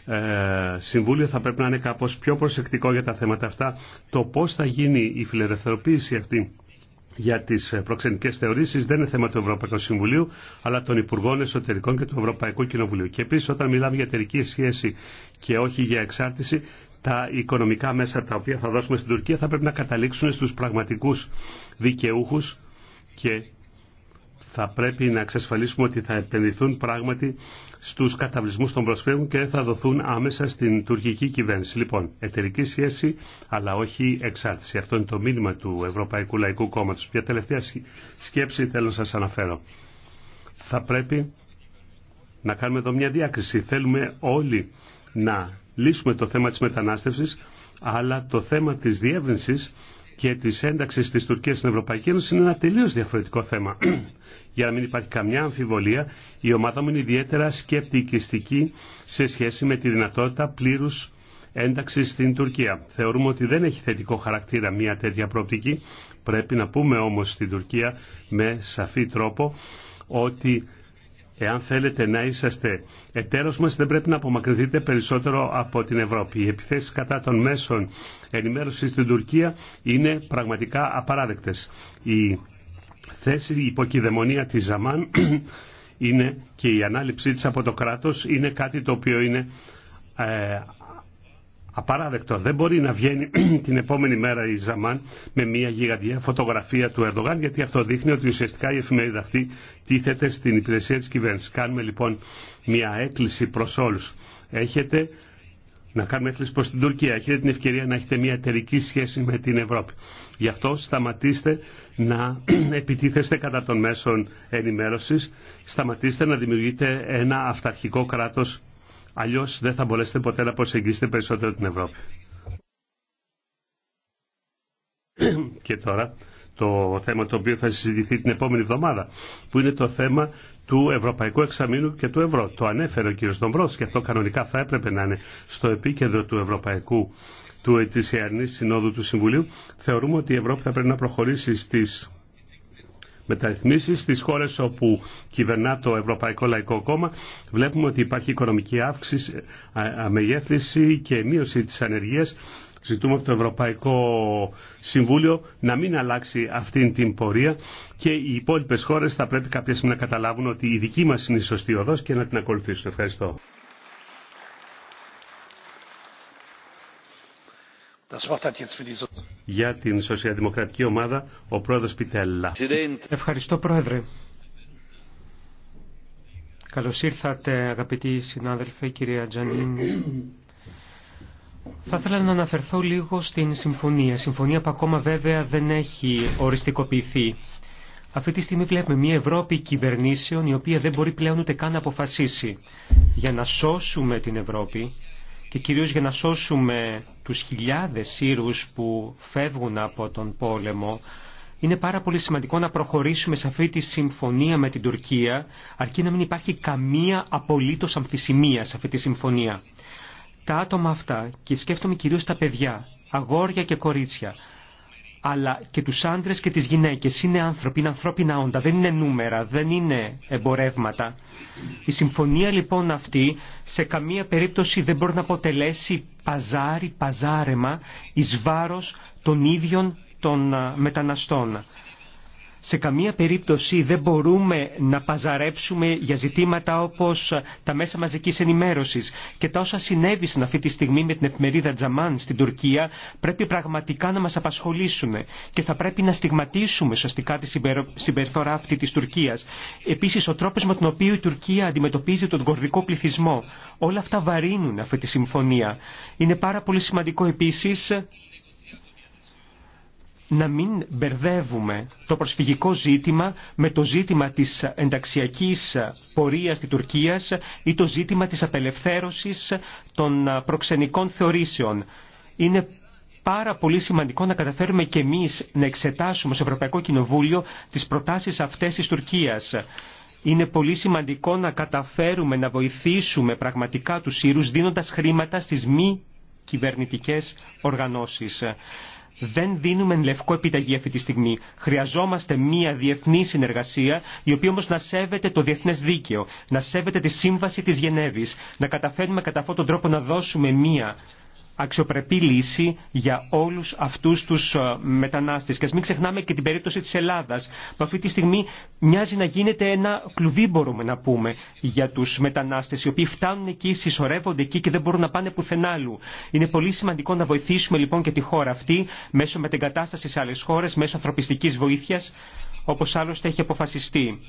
ε, Συμβούλιο θα πρέπει να είναι κάπως πιο προσεκτικό για τα θέματα αυτά. Το πώς θα γίνει η φιλελευθερωποίηση αυτή για τις ε, προξενικέ θεωρήσει δεν είναι θέμα του Ευρωπαϊκού Συμβουλίου, αλλά των Υπουργών Εσωτερικών και του Ευρωπαϊκού Κοινοβουλίου. Και επίσης όταν μιλάμε για εταιρική σχέση και όχι για εξάρτηση, τα οικονομικά μέσα τα οποία θα δώσουμε στην Τουρκία θα πρέπει να καταλήξουν στους πραγματικού δικαιούχου και θα πρέπει να εξασφαλίσουμε ότι θα επενδυθούν πράγματι στους καταβλισμού των προσφύγων και θα δοθούν άμεσα στην τουρκική κυβέρνηση. Λοιπόν, εταιρική σχέση αλλά όχι εξάρτηση. Αυτό είναι το μήνυμα του Ευρωπαϊκού Λαϊκού Κόμματος. Μια τελευταία σκέψη θέλω να σας αναφέρω. Θα πρέπει να κάνουμε εδώ μια διάκριση. Θέλουμε όλοι να λύσουμε το θέμα της μετανάστευση αλλά το θέμα της διεύρυνσης και τη ένταξη τη Τουρκία στην Ευρωπαϊκή Ένωση είναι ένα τελείως διαφορετικό θέμα. Για να μην υπάρχει καμιά αμφιβολία, η ομάδα μου είναι ιδιαίτερα σκεπτικιστική σε σχέση με τη δυνατότητα πλήρους ένταξη στην Τουρκία. Θεωρούμε ότι δεν έχει θετικό χαρακτήρα μια τέτοια προοπτική. Πρέπει να πούμε όμω στην Τουρκία με σαφή τρόπο ότι Εάν θέλετε να είσαστε εταίρος μας δεν πρέπει να απομακρυνθείτε περισσότερο από την Ευρώπη. Οι επιθέσεις κατά των μέσων ενημέρωσης στην Τουρκία είναι πραγματικά απαράδεκτες. Η θέση, η υποκειδαιμονία της Ζαμάν είναι και η ανάληψή της από το κράτος είναι κάτι το οποίο είναι ε, απαράδεκτο. Δεν μπορεί να βγαίνει την επόμενη μέρα η Ζαμάν με μια γιγαντιά φωτογραφία του Ερντογάν, γιατί αυτό δείχνει ότι ουσιαστικά η εφημερίδα αυτή τίθεται στην υπηρεσία τη κυβέρνηση. Κάνουμε λοιπόν μια έκκληση προ όλου. Έχετε να κάνουμε έκκληση προς την Τουρκία. Έχετε την ευκαιρία να έχετε μια εταιρική σχέση με την Ευρώπη. Γι' αυτό σταματήστε να επιτίθεστε κατά των μέσων ενημέρωσης. Σταματήστε να δημιουργείτε ένα αυταρχικό κράτο Αλλιώς δεν θα μπορέσετε ποτέ να προσεγγίσετε περισσότερο την Ευρώπη. Και τώρα το θέμα το οποίο θα συζητηθεί την επόμενη εβδομάδα, που είναι το θέμα του Ευρωπαϊκού Εξαμήνου και του Ευρώ. Το ανέφερε ο κ. Ντομπρός και αυτό κανονικά θα έπρεπε να είναι στο επίκεντρο του Ευρωπαϊκού του Ετησιανής Συνόδου του Συμβουλίου. Θεωρούμε ότι η Ευρώπη θα πρέπει να προχωρήσει στις μεταρρυθμίσεις στις χώρες όπου κυβερνά το Ευρωπαϊκό Λαϊκό Κόμμα βλέπουμε ότι υπάρχει οικονομική αύξηση, αμεγέθυνση και μείωση της ανεργίας Ζητούμε από το Ευρωπαϊκό Συμβούλιο να μην αλλάξει αυτή την πορεία και οι υπόλοιπε χώρε θα πρέπει κάποια στιγμή να καταλάβουν ότι η δική μα είναι η σωστή οδό και να την ακολουθήσουν. Ευχαριστώ. Για την Σοσιαλδημοκρατική Ομάδα, ο πρόεδρος Πιτέλα. Ευχαριστώ, πρόεδρε. Καλώς ήρθατε, αγαπητοί συνάδελφοι, κυρία Τζανίν. Θα ήθελα να αναφερθώ λίγο στην συμφωνία. Συμφωνία που ακόμα βέβαια δεν έχει οριστικοποιηθεί. Αυτή τη στιγμή βλέπουμε μια Ευρώπη κυβερνήσεων η οποία δεν μπορεί πλέον ούτε καν να αποφασίσει. Για να σώσουμε την Ευρώπη και κυρίως για να σώσουμε τους χιλιάδες Σύρους που φεύγουν από τον πόλεμο, είναι πάρα πολύ σημαντικό να προχωρήσουμε σε αυτή τη συμφωνία με την Τουρκία, αρκεί να μην υπάρχει καμία απολύτως αμφισημία σε αυτή τη συμφωνία. Τα άτομα αυτά, και σκέφτομαι κυρίως τα παιδιά, αγόρια και κορίτσια, αλλά και τους άντρες και τις γυναίκες. Είναι άνθρωποι, είναι ανθρώπινα όντα, δεν είναι νούμερα, δεν είναι εμπορεύματα. Η συμφωνία λοιπόν αυτή σε καμία περίπτωση δεν μπορεί να αποτελέσει παζάρι, παζάρεμα εις βάρος των ίδιων των μεταναστών. Σε καμία περίπτωση δεν μπορούμε να παζαρέψουμε για ζητήματα όπως τα μέσα μαζικής ενημέρωσης και τα όσα συνέβησαν αυτή τη στιγμή με την εφημερίδα Τζαμάν στην Τουρκία πρέπει πραγματικά να μας απασχολήσουν και θα πρέπει να στιγματίσουμε σωστικά τη συμπεριφορά αυτή της Τουρκίας. Επίσης ο τρόπος με τον οποίο η Τουρκία αντιμετωπίζει τον κορδικό πληθυσμό. Όλα αυτά βαρύνουν αυτή τη συμφωνία. Είναι πάρα πολύ σημαντικό επίσης να μην μπερδεύουμε το προσφυγικό ζήτημα με το ζήτημα της ενταξιακής πορείας της Τουρκίας ή το ζήτημα της απελευθέρωσης των προξενικών θεωρήσεων. Είναι πάρα πολύ σημαντικό να καταφέρουμε και εμείς να εξετάσουμε στο Ευρωπαϊκό Κοινοβούλιο τις προτάσεις αυτές της Τουρκίας. Είναι πολύ σημαντικό να καταφέρουμε να βοηθήσουμε πραγματικά τους Σύρους δίνοντας χρήματα στις μη κυβερνητικές οργανώσεις. Δεν δίνουμε λευκό επιταγή αυτή τη στιγμή. Χρειαζόμαστε μία διεθνή συνεργασία, η οποία όμω να σέβεται το διεθνέ δίκαιο, να σέβεται τη σύμβαση τη Γενέβη, να καταφέρουμε κατά αυτόν τον τρόπο να δώσουμε μία αξιοπρεπή λύση για όλους αυτούς τους ε, μετανάστες. Και ας μην ξεχνάμε και την περίπτωση της Ελλάδας, που αυτή τη στιγμή μοιάζει να γίνεται ένα κλουβί μπορούμε να πούμε για τους μετανάστες, οι οποίοι φτάνουν εκεί, συσσωρεύονται εκεί και δεν μπορούν να πάνε πουθενά άλλου. Είναι πολύ σημαντικό να βοηθήσουμε λοιπόν και τη χώρα αυτή μέσω μετεγκατάστασης σε άλλες χώρες, μέσω ανθρωπιστικής βοήθειας, όπως άλλωστε έχει αποφασιστεί.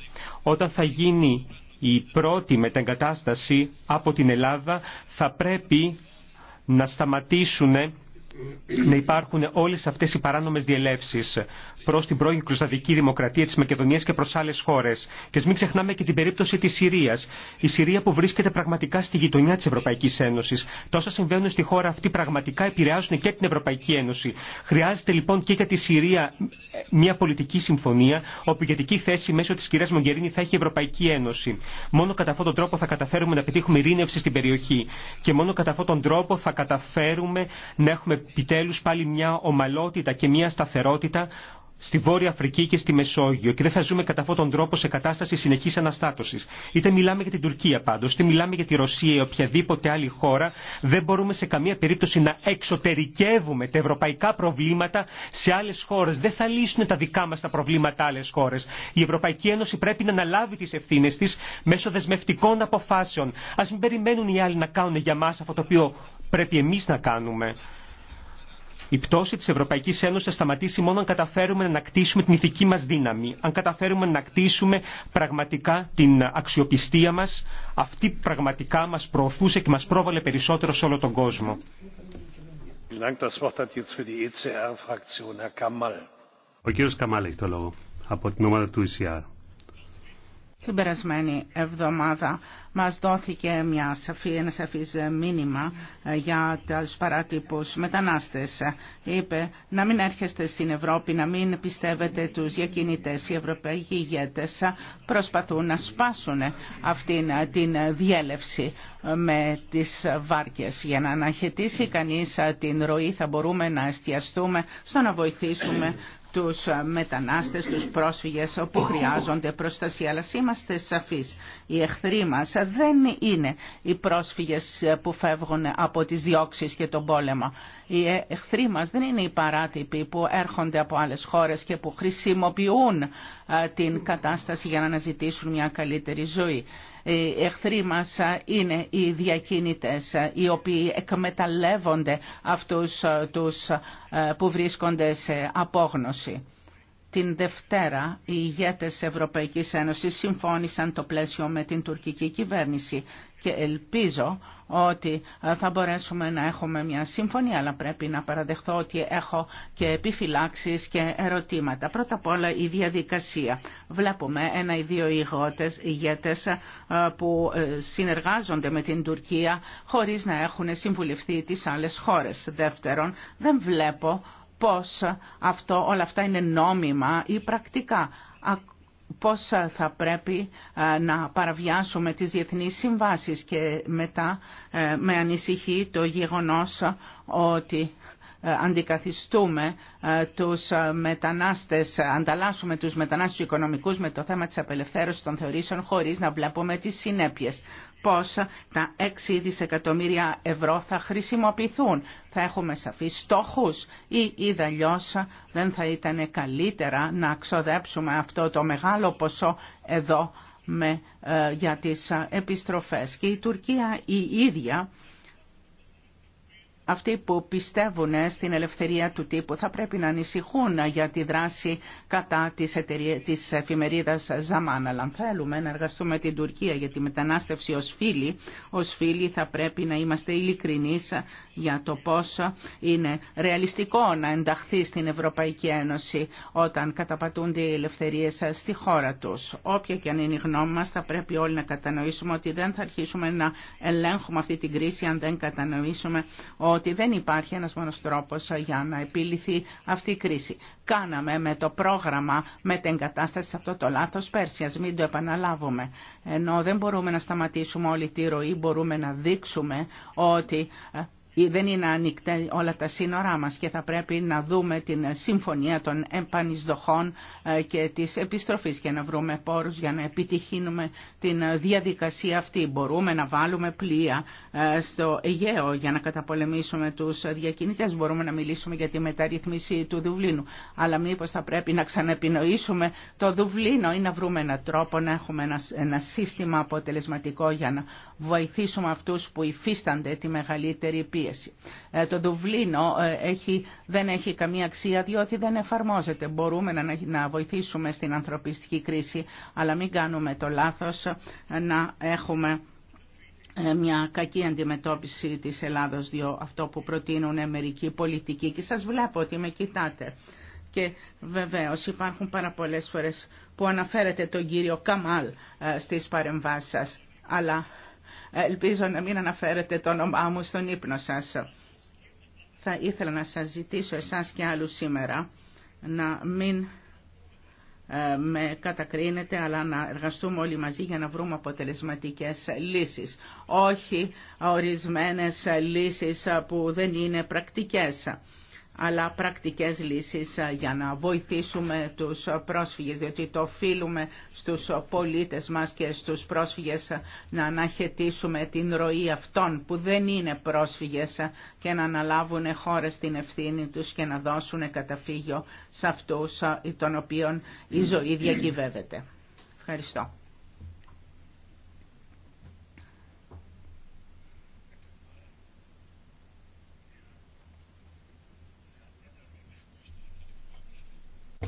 Όταν θα γίνει η πρώτη μετεγκατάσταση από την Ελλάδα θα πρέπει να σταματήσουν να υπάρχουν όλε αυτέ οι παράνομε διελεύσει προ την πρώην Κρουσταδική Δημοκρατία τη Μακεδονία και προ άλλε χώρε. Και μην ξεχνάμε και την περίπτωση τη Συρία. Η Συρία που βρίσκεται πραγματικά στη γειτονιά τη Ευρωπαϊκή Ένωση. Τόσα συμβαίνουν στη χώρα αυτή πραγματικά επηρεάζουν και την Ευρωπαϊκή Ένωση. Χρειάζεται λοιπόν και για τη Συρία μια πολιτική συμφωνία, όπου ηγετική θέση μέσω τη κυρία Μογκερίνη θα έχει η Ευρωπαϊκή Ένωση. Μόνο κατά αυτόν τον τρόπο θα καταφέρουμε να πετύχουμε ειρήνευση στην περιοχή. Και μόνο κατά αυτόν τον τρόπο θα καταφέρουμε να έχουμε επιτέλους πάλι μια ομαλότητα και μια σταθερότητα στη Βόρεια Αφρική και στη Μεσόγειο και δεν θα ζούμε κατά αυτόν τον τρόπο σε κατάσταση συνεχή αναστάτωση. Είτε μιλάμε για την Τουρκία πάντω, είτε μιλάμε για τη Ρωσία ή οποιαδήποτε άλλη χώρα, δεν μπορούμε σε καμία περίπτωση να εξωτερικεύουμε τα ευρωπαϊκά προβλήματα σε άλλε χώρε. Δεν θα λύσουν τα δικά μα τα προβλήματα άλλε χώρε. Η Ευρωπαϊκή Ένωση πρέπει να αναλάβει τι ευθύνε τη μέσω δεσμευτικών αποφάσεων. Α μην περιμένουν οι άλλοι να κάνουν για μα αυτό το οποίο πρέπει εμεί να κάνουμε η πτώση της Ευρωπαϊκής Ένωσης θα σταματήσει μόνο αν καταφέρουμε να κτίσουμε την ηθική μας δύναμη, αν καταφέρουμε να ανακτήσουμε πραγματικά την αξιοπιστία μας, αυτή πραγματικά μας προωθούσε και μας πρόβαλε περισσότερο σε όλο τον κόσμο. E Ο το λόγο από την του ECR. Την περασμένη εβδομάδα μας δόθηκε μια σαφή, ένα σαφής μήνυμα ε, για τους παράτυπους μετανάστες. Είπε να μην έρχεστε στην Ευρώπη, να μην πιστεύετε τους διακινητές. Οι Ευρωπαίοι ηγέτες προσπαθούν να σπάσουν αυτήν την διέλευση με τις βάρκες. Για να αναχαιτήσει κανείς την ροή θα μπορούμε να εστιαστούμε στο να βοηθήσουμε τους μετανάστες, τους πρόσφυγες που χρειάζονται προστασία. Αλλά είμαστε σαφείς, οι εχθροί μας δεν είναι οι πρόσφυγες που φεύγουν από τις διώξεις και τον πόλεμο. Οι εχθροί μας δεν είναι οι παράτυποι που έρχονται από άλλες χώρες και που χρησιμοποιούν ε, την κατάσταση για να αναζητήσουν μια καλύτερη ζωή. Οι εχθροί μας είναι οι διακίνητες, οι οποίοι εκμεταλλεύονται αυτούς ε, τους ε, που βρίσκονται σε απόγνωση την Δευτέρα οι ηγέτες Ευρωπαϊκής Ένωσης συμφώνησαν το πλαίσιο με την τουρκική κυβέρνηση και ελπίζω ότι θα μπορέσουμε να έχουμε μια συμφωνία, αλλά πρέπει να παραδεχθώ ότι έχω και επιφυλάξεις και ερωτήματα. Πρώτα απ' όλα η διαδικασία. Βλέπουμε ένα ή δύο ηγότες, ηγέτες ε, που ε, συνεργάζονται με την Τουρκία χωρίς να έχουν συμβουλευτεί τις άλλες χώρες. Δεύτερον, δεν βλέπω πώς αυτό, όλα αυτά είναι νόμιμα ή πρακτικά πώς θα πρέπει ε, να παραβιάσουμε τις διεθνείς συμβάσεις και μετά ε, με ανησυχεί το γεγονός ότι ε, αντικαθιστούμε τους μετανάστες, ανταλλάσσουμε τους μετανάστες οικονομικούς με το θέμα της απελευθέρωσης των θεωρήσεων χωρίς να βλέπουμε τις συνέπειες πώς τα 6 δισεκατομμύρια ευρώ θα χρησιμοποιηθούν. Θα έχουμε σαφείς στόχους ή είδα δεν θα ήταν καλύτερα να ξοδέψουμε αυτό το μεγάλο ποσό εδώ με, ε, για τις επιστροφές. Και η Τουρκία η ίδια αυτοί που πιστεύουν στην ελευθερία του τύπου θα πρέπει να ανησυχούν για τη δράση κατά της, εταιρεία, της εφημερίδας Ζαμάν. Αλλά αν θέλουμε να εργαστούμε την Τουρκία για τη μετανάστευση ως φίλοι, ως φίλοι θα πρέπει να είμαστε ειλικρινεί για το πώς είναι ρεαλιστικό να ενταχθεί στην Ευρωπαϊκή Ένωση όταν καταπατούνται οι ελευθερίες στη χώρα τους. Όποια και αν είναι η γνώμη μας θα πρέπει όλοι να κατανοήσουμε ότι δεν θα αρχίσουμε να ελέγχουμε αυτή την κρίση αν δεν κατανοήσουμε ότι δεν υπάρχει ένας μόνος τρόπος για να επιληθεί αυτή η κρίση. Κάναμε με το πρόγραμμα με την κατάσταση σε αυτό το λάθος πέρσι, μην το επαναλάβουμε. Ενώ δεν μπορούμε να σταματήσουμε όλη τη ροή, μπορούμε να δείξουμε ότι ε, δεν είναι ανοιχτά όλα τα σύνορά μας και θα πρέπει να δούμε την συμφωνία των επανεισδοχών ε, και της επιστροφής και να βρούμε πόρους για να επιτυχύνουμε την ε, διαδικασία αυτή. Μπορούμε να βάλουμε πλοία ε, στο Αιγαίο για να καταπολεμήσουμε τους διακινητές. Μπορούμε να μιλήσουμε για τη μεταρρύθμιση του Δουβλίνου. Αλλά μήπως θα πρέπει να ξαναεπινοήσουμε το Δουβλίνο ή να βρούμε έναν τρόπο να έχουμε ένα, ένα σύστημα αποτελεσματικό για να βοηθήσουμε αυτούς που υφίστανται τη μεγαλύτερη πίεση ε, το Δουβλίνο ε, έχει, δεν έχει καμία αξία διότι δεν εφαρμόζεται. Μπορούμε να, να βοηθήσουμε στην ανθρωπιστική κρίση, αλλά μην κάνουμε το λάθος ε, να έχουμε μια κακή αντιμετώπιση της Ελλάδος, διότι αυτό που προτείνουν μερικοί πολιτικοί και σας βλέπω ότι με κοιτάτε. Και βεβαίως υπάρχουν πάρα πολλές φορές που αναφέρετε τον κύριο Καμάλ στις παρεμβάσεις σας, αλλά Ελπίζω να μην αναφέρετε το όνομά μου στον ύπνο σας. Θα ήθελα να σας ζητήσω εσάς και άλλους σήμερα να μην ε, με κατακρίνετε, αλλά να εργαστούμε όλοι μαζί για να βρούμε αποτελεσματικές λύσεις. Όχι ορισμένες λύσεις που δεν είναι πρακτικές αλλά πρακτικές λύσεις ε, για να βοηθήσουμε τους πρόσφυγες, διότι το οφείλουμε στους πολίτες μας και στους πρόσφυγες ε, να αναχαιτήσουμε την ροή αυτών που δεν είναι πρόσφυγες ε, και να αναλάβουν χώρες την ευθύνη τους και να δώσουν καταφύγιο σε αυτούς των οποίων η ζωή διακυβεύεται. Ευχαριστώ.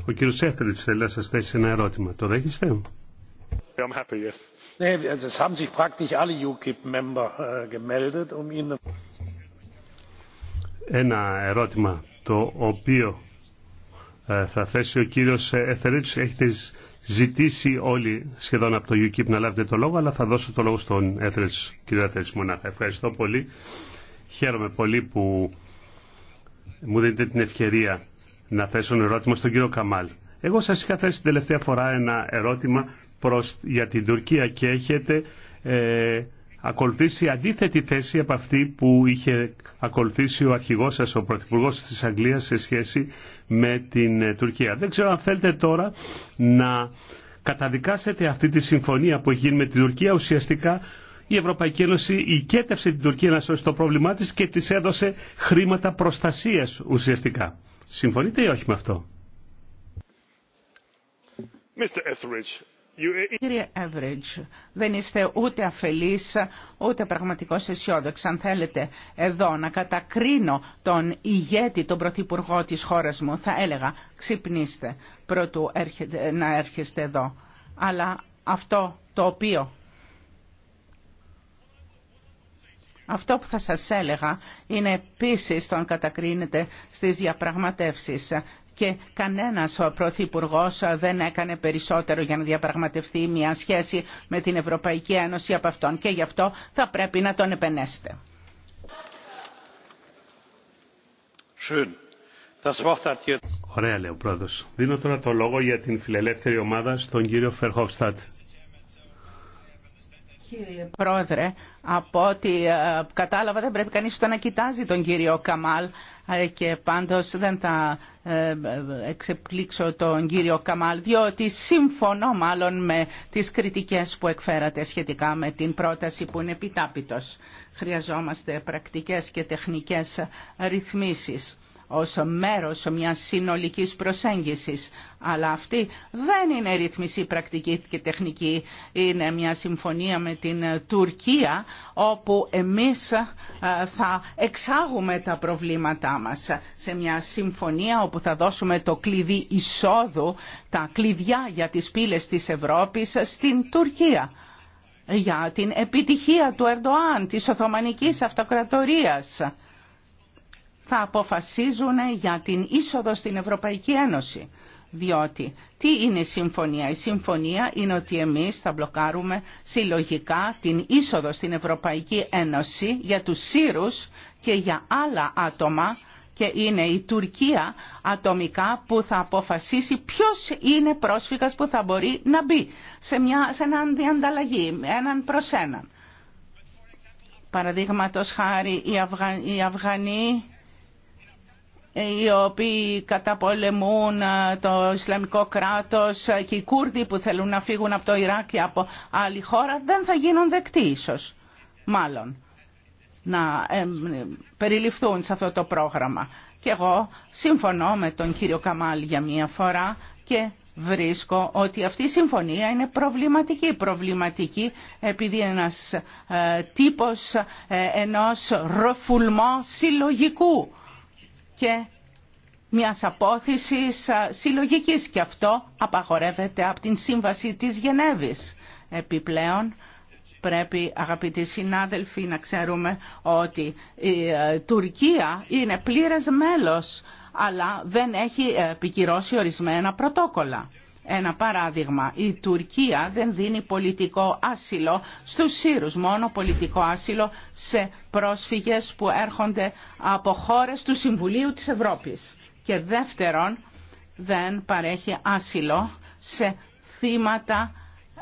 Ο κύριο Έθριτς θέλει να σα θέσει ένα ερώτημα. Το δέχεστε? Äh, um ένα ερώτημα το οποίο ε, θα θέσει ο κύριος ε, Εθερίτς. Έχετε ζητήσει όλοι σχεδόν από το UKIP να λάβετε το λόγο, αλλά θα δώσω το λόγο στον Εθερίτς, κύριο Εθερίτς μονάχα. Ευχαριστώ πολύ. Χαίρομαι πολύ που μου δίνετε την ευκαιρία να θέσω ένα ερώτημα στον κύριο Καμάλ. Εγώ σας είχα θέσει την τελευταία φορά ένα ερώτημα προς, για την Τουρκία και έχετε ε, ακολουθήσει αντίθετη θέση από αυτή που είχε ακολουθήσει ο αρχηγός σας, ο Πρωθυπουργός της Αγγλίας σε σχέση με την ε, Τουρκία. Δεν ξέρω αν θέλετε τώρα να καταδικάσετε αυτή τη συμφωνία που έχει γίνει με την Τουρκία ουσιαστικά η Ευρωπαϊκή Ένωση οικέτευσε την Τουρκία να σώσει το πρόβλημά της και της έδωσε χρήματα προστασίας ουσιαστικά. Συμφωνείτε ή όχι με αυτό. Κύριε Εύριτζ, δεν είστε ούτε αφελής, ούτε πραγματικός αισιόδοξο. Αν θέλετε εδώ να κατακρίνω τον ηγέτη, τον πρωθυπουργό της χώρας μου, θα έλεγα ξυπνήστε πρωτού να έρχεστε εδώ. Αλλά αυτό το οποίο Αυτό που θα σας έλεγα είναι επίσης τον κατακρίνεται στις διαπραγματεύσεις και κανένας ο Πρωθυπουργό δεν έκανε περισσότερο για να διαπραγματευτεί μια σχέση με την Ευρωπαϊκή Ένωση από αυτόν και γι' αυτό θα πρέπει να τον επενέσετε. Ωραία λέει ο πρόεδρος. Δίνω τώρα το λόγο για την φιλελεύθερη ομάδα στον κύριο Φερχόφστατ. Κύριε Πρόεδρε, από ό,τι ε, κατάλαβα δεν πρέπει κανείς ούτε να κοιτάζει τον κύριο Καμάλ ε, και πάντως δεν θα ε, εξεπλήξω τον κύριο Καμάλ διότι σύμφωνο μάλλον με τις κριτικές που εκφέρατε σχετικά με την πρόταση που είναι επιτάπητος. Χρειαζόμαστε πρακτικές και τεχνικές ρυθμίσεις ως μέρος μιας συνολικής προσέγγισης. Αλλά αυτή δεν είναι ρυθμισή πρακτική και τεχνική. Είναι μια συμφωνία με την Τουρκία όπου εμείς ε, θα εξάγουμε τα προβλήματά μας σε μια συμφωνία όπου θα δώσουμε το κλειδί εισόδου, τα κλειδιά για τις πύλες της Ευρώπης στην Τουρκία για την επιτυχία του Ερντοάν, της Οθωμανικής Αυτοκρατορίας θα αποφασίζουν για την είσοδο στην Ευρωπαϊκή Ένωση. Διότι τι είναι η συμφωνία. Η συμφωνία είναι ότι εμείς θα μπλοκάρουμε συλλογικά την είσοδο στην Ευρωπαϊκή Ένωση για τους Σύρους και για άλλα άτομα και είναι η Τουρκία ατομικά που θα αποφασίσει ποιος είναι πρόσφυγας που θα μπορεί να μπει σε, μια, σε έναν διανταλλαγή, έναν προς έναν. Παραδείγματος χάρη οι, οι Αυγανοί οι οποίοι καταπολεμούν ε, το Ισλαμικό κράτος και οι Κούρδοι που θέλουν να φύγουν από το Ιράκ και από άλλη χώρα δεν θα γίνουν δεκτοί ίσως, μάλλον, να ε, περιληφθούν σε αυτό το πρόγραμμα. Και εγώ συμφωνώ με τον κύριο Καμάλ για μία φορά και βρίσκω ότι αυτή η συμφωνία είναι προβληματική. Προβληματική επειδή ένας ε, τύπος ε, ενός ροφουλμό συλλογικού και μια απόθεσης συλλογικής και αυτό απαγορεύεται από την Σύμβαση της Γενέβης. Επιπλέον πρέπει αγαπητοί συνάδελφοι να ξέρουμε ότι η ε, Τουρκία είναι πλήρες μέλος αλλά δεν έχει ε, επικυρώσει ορισμένα πρωτόκολλα. Ένα παράδειγμα, η Τουρκία δεν δίνει πολιτικό άσυλο στους Σύρους, μόνο πολιτικό άσυλο σε πρόσφυγες που έρχονται από χώρες του Συμβουλίου της Ευρώπης. Και δεύτερον, δεν παρέχει άσυλο σε θύματα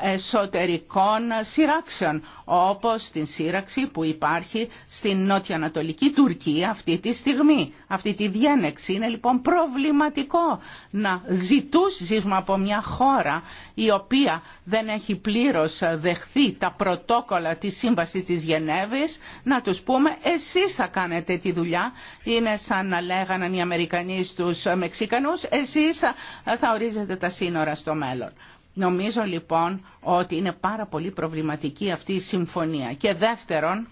εσωτερικών σειράξεων, όπως την σύραξη που υπάρχει στην νοτιοανατολική Τουρκία αυτή τη στιγμή. Αυτή τη διένεξη είναι λοιπόν προβληματικό να ζητούς, από μια χώρα η οποία δεν έχει πλήρως δεχθεί τα πρωτόκολλα της Σύμβασης της Γενέβης, να τους πούμε εσείς θα κάνετε τη δουλειά. Είναι σαν να λέγανε οι Αμερικανοί στους Μεξικανούς, εσείς θα ορίζετε τα σύνορα στο μέλλον. Νομίζω λοιπόν ότι είναι πάρα πολύ προβληματική αυτή η συμφωνία. Και δεύτερον,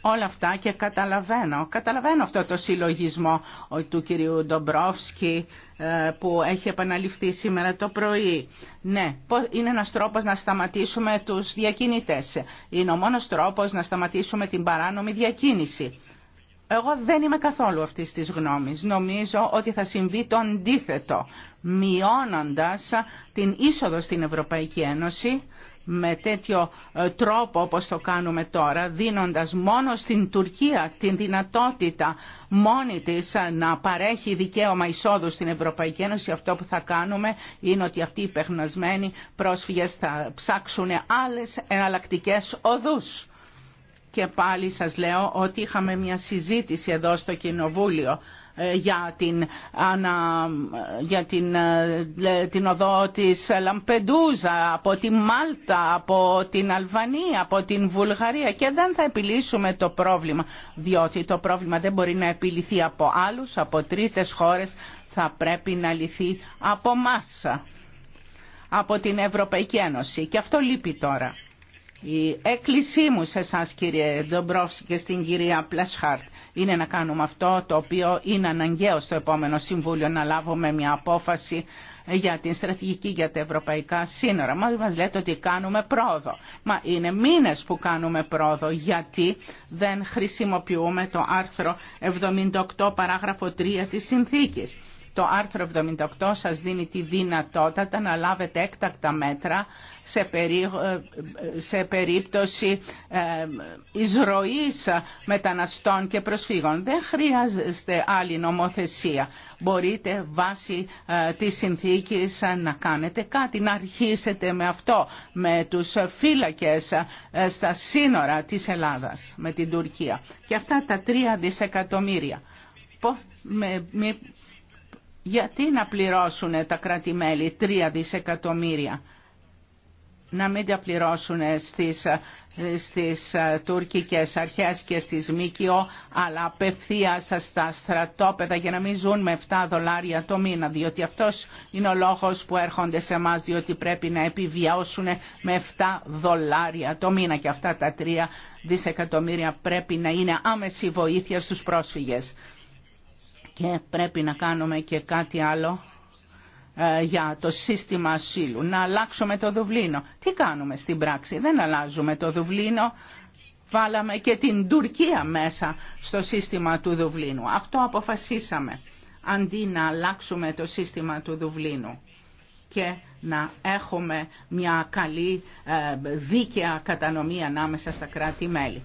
όλα αυτά και καταλαβαίνω, καταλαβαίνω αυτό το συλλογισμό του κυρίου Ντομπρόφσκι ε, που έχει επαναληφθεί σήμερα το πρωί. Ναι, είναι ένας τρόπος να σταματήσουμε τους διακινητές. Είναι ο μόνος τρόπος να σταματήσουμε την παράνομη διακίνηση. Εγώ δεν είμαι καθόλου αυτή τη γνώμη. Νομίζω ότι θα συμβεί το αντίθετο, μειώνοντα την είσοδο στην Ευρωπαϊκή Ένωση με τέτοιο ε, τρόπο όπως το κάνουμε τώρα, δίνοντας μόνο στην Τουρκία την δυνατότητα μόνη της ε, να παρέχει δικαίωμα εισόδου στην Ευρωπαϊκή Ένωση. Αυτό που θα κάνουμε είναι ότι αυτοί οι πεγνωσμένοι πρόσφυγες θα ψάξουν άλλες εναλλακτικές οδούς και πάλι σας λέω ότι είχαμε μια συζήτηση εδώ στο Κοινοβούλιο ε, για την, ανα, για την, ε, την οδό της Λαμπεντούζα, από τη Μάλτα, από την Αλβανία, από την Βουλγαρία και δεν θα επιλύσουμε το πρόβλημα, διότι το πρόβλημα δεν μπορεί να επιληθεί από άλλους, από τρίτες χώρες, θα πρέπει να λυθεί από μάσα, από την Ευρωπαϊκή Ένωση. Και αυτό λείπει τώρα. Η έκκλησή μου σε εσά κύριε Ντομπρόφσκι και στην κυρία Πλασχάρτ είναι να κάνουμε αυτό το οποίο είναι αναγκαίο στο επόμενο Συμβούλιο να λάβουμε μια απόφαση για την στρατηγική για τα ευρωπαϊκά σύνορα. Μα μας λέτε ότι κάνουμε πρόοδο. Μα είναι μήνες που κάνουμε πρόοδο γιατί δεν χρησιμοποιούμε το άρθρο 78 παράγραφο 3 της συνθήκης το άρθρο 78 σας δίνει τη δυνατότητα να λάβετε έκτακτα μέτρα σε, περί... σε περίπτωση ε, εισρωής μεταναστών και προσφύγων. Δεν χρειάζεστε άλλη νομοθεσία. Μπορείτε βάσει ε, της συνθήκης να κάνετε κάτι, να αρχίσετε με αυτό, με τους φύλακες ε, στα σύνορα της Ελλάδας, με την Τουρκία. Και αυτά τα τρία δισεκατομμύρια. Γιατί να πληρώσουν τα κράτη-μέλη 3 δισεκατομμύρια να μην τα πληρώσουν στις, στις ε, τουρκικές αρχές και στις ΜΚΟ, αλλά απευθεία στα στρατόπεδα για να μην ζουν με 7 δολάρια το μήνα, διότι αυτός είναι ο λόγος που έρχονται σε εμά διότι πρέπει να επιβιώσουν με 7 δολάρια το μήνα και αυτά τα 3 δισεκατομμύρια πρέπει να είναι άμεση βοήθεια στους πρόσφυγες. Και πρέπει να κάνουμε και κάτι άλλο ε, για το σύστημα ασύλου. Να αλλάξουμε το Δουβλίνο. Τι κάνουμε στην πράξη. Δεν αλλάζουμε το Δουβλίνο. Βάλαμε και την Τουρκία μέσα στο σύστημα του Δουβλίνου. Αυτό αποφασίσαμε. Αντί να αλλάξουμε το σύστημα του Δουβλίνου και να έχουμε μια καλή ε, δίκαια κατανομή ανάμεσα στα κράτη-μέλη.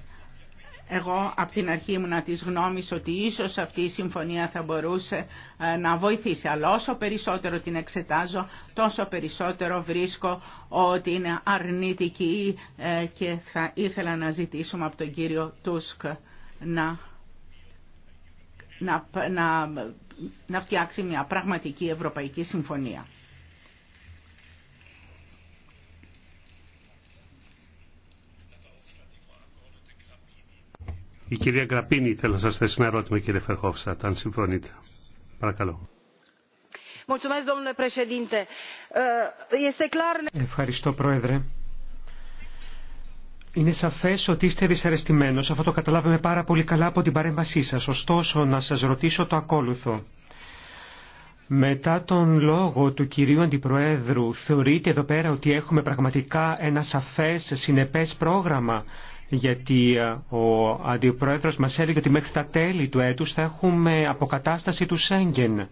Εγώ από την αρχή ήμουνα της γνώμης ότι ίσως αυτή η συμφωνία θα μπορούσε ε, να βοηθήσει. Αλλά όσο περισσότερο την εξετάζω, τόσο περισσότερο βρίσκω ότι είναι αρνητική ε, και θα ήθελα να ζητήσουμε από τον κύριο Τούσκ να, να, να, να φτιάξει μια πραγματική ευρωπαϊκή συμφωνία. Η κυρία Γκραπίνη θέλω να σας θέσει ένα ερώτημα κύριε αν συμφωνείτε. Παρακαλώ. Ε, Ευχαριστώ πρόεδρε. Είναι σαφέ ότι είστε δυσαρεστημένο. Αυτό το καταλάβαμε πάρα πολύ καλά από την παρέμβασή σα. Ωστόσο, να σα ρωτήσω το ακόλουθο. Μετά τον λόγο του κυρίου Αντιπροέδρου, θεωρείτε εδώ πέρα ότι έχουμε πραγματικά ένα σαφέ συνεπέ πρόγραμμα γιατί ε, ο Αντιπρόεδρος μας έλεγε ότι μέχρι τα τέλη του έτους θα έχουμε αποκατάσταση του Σέγγεν.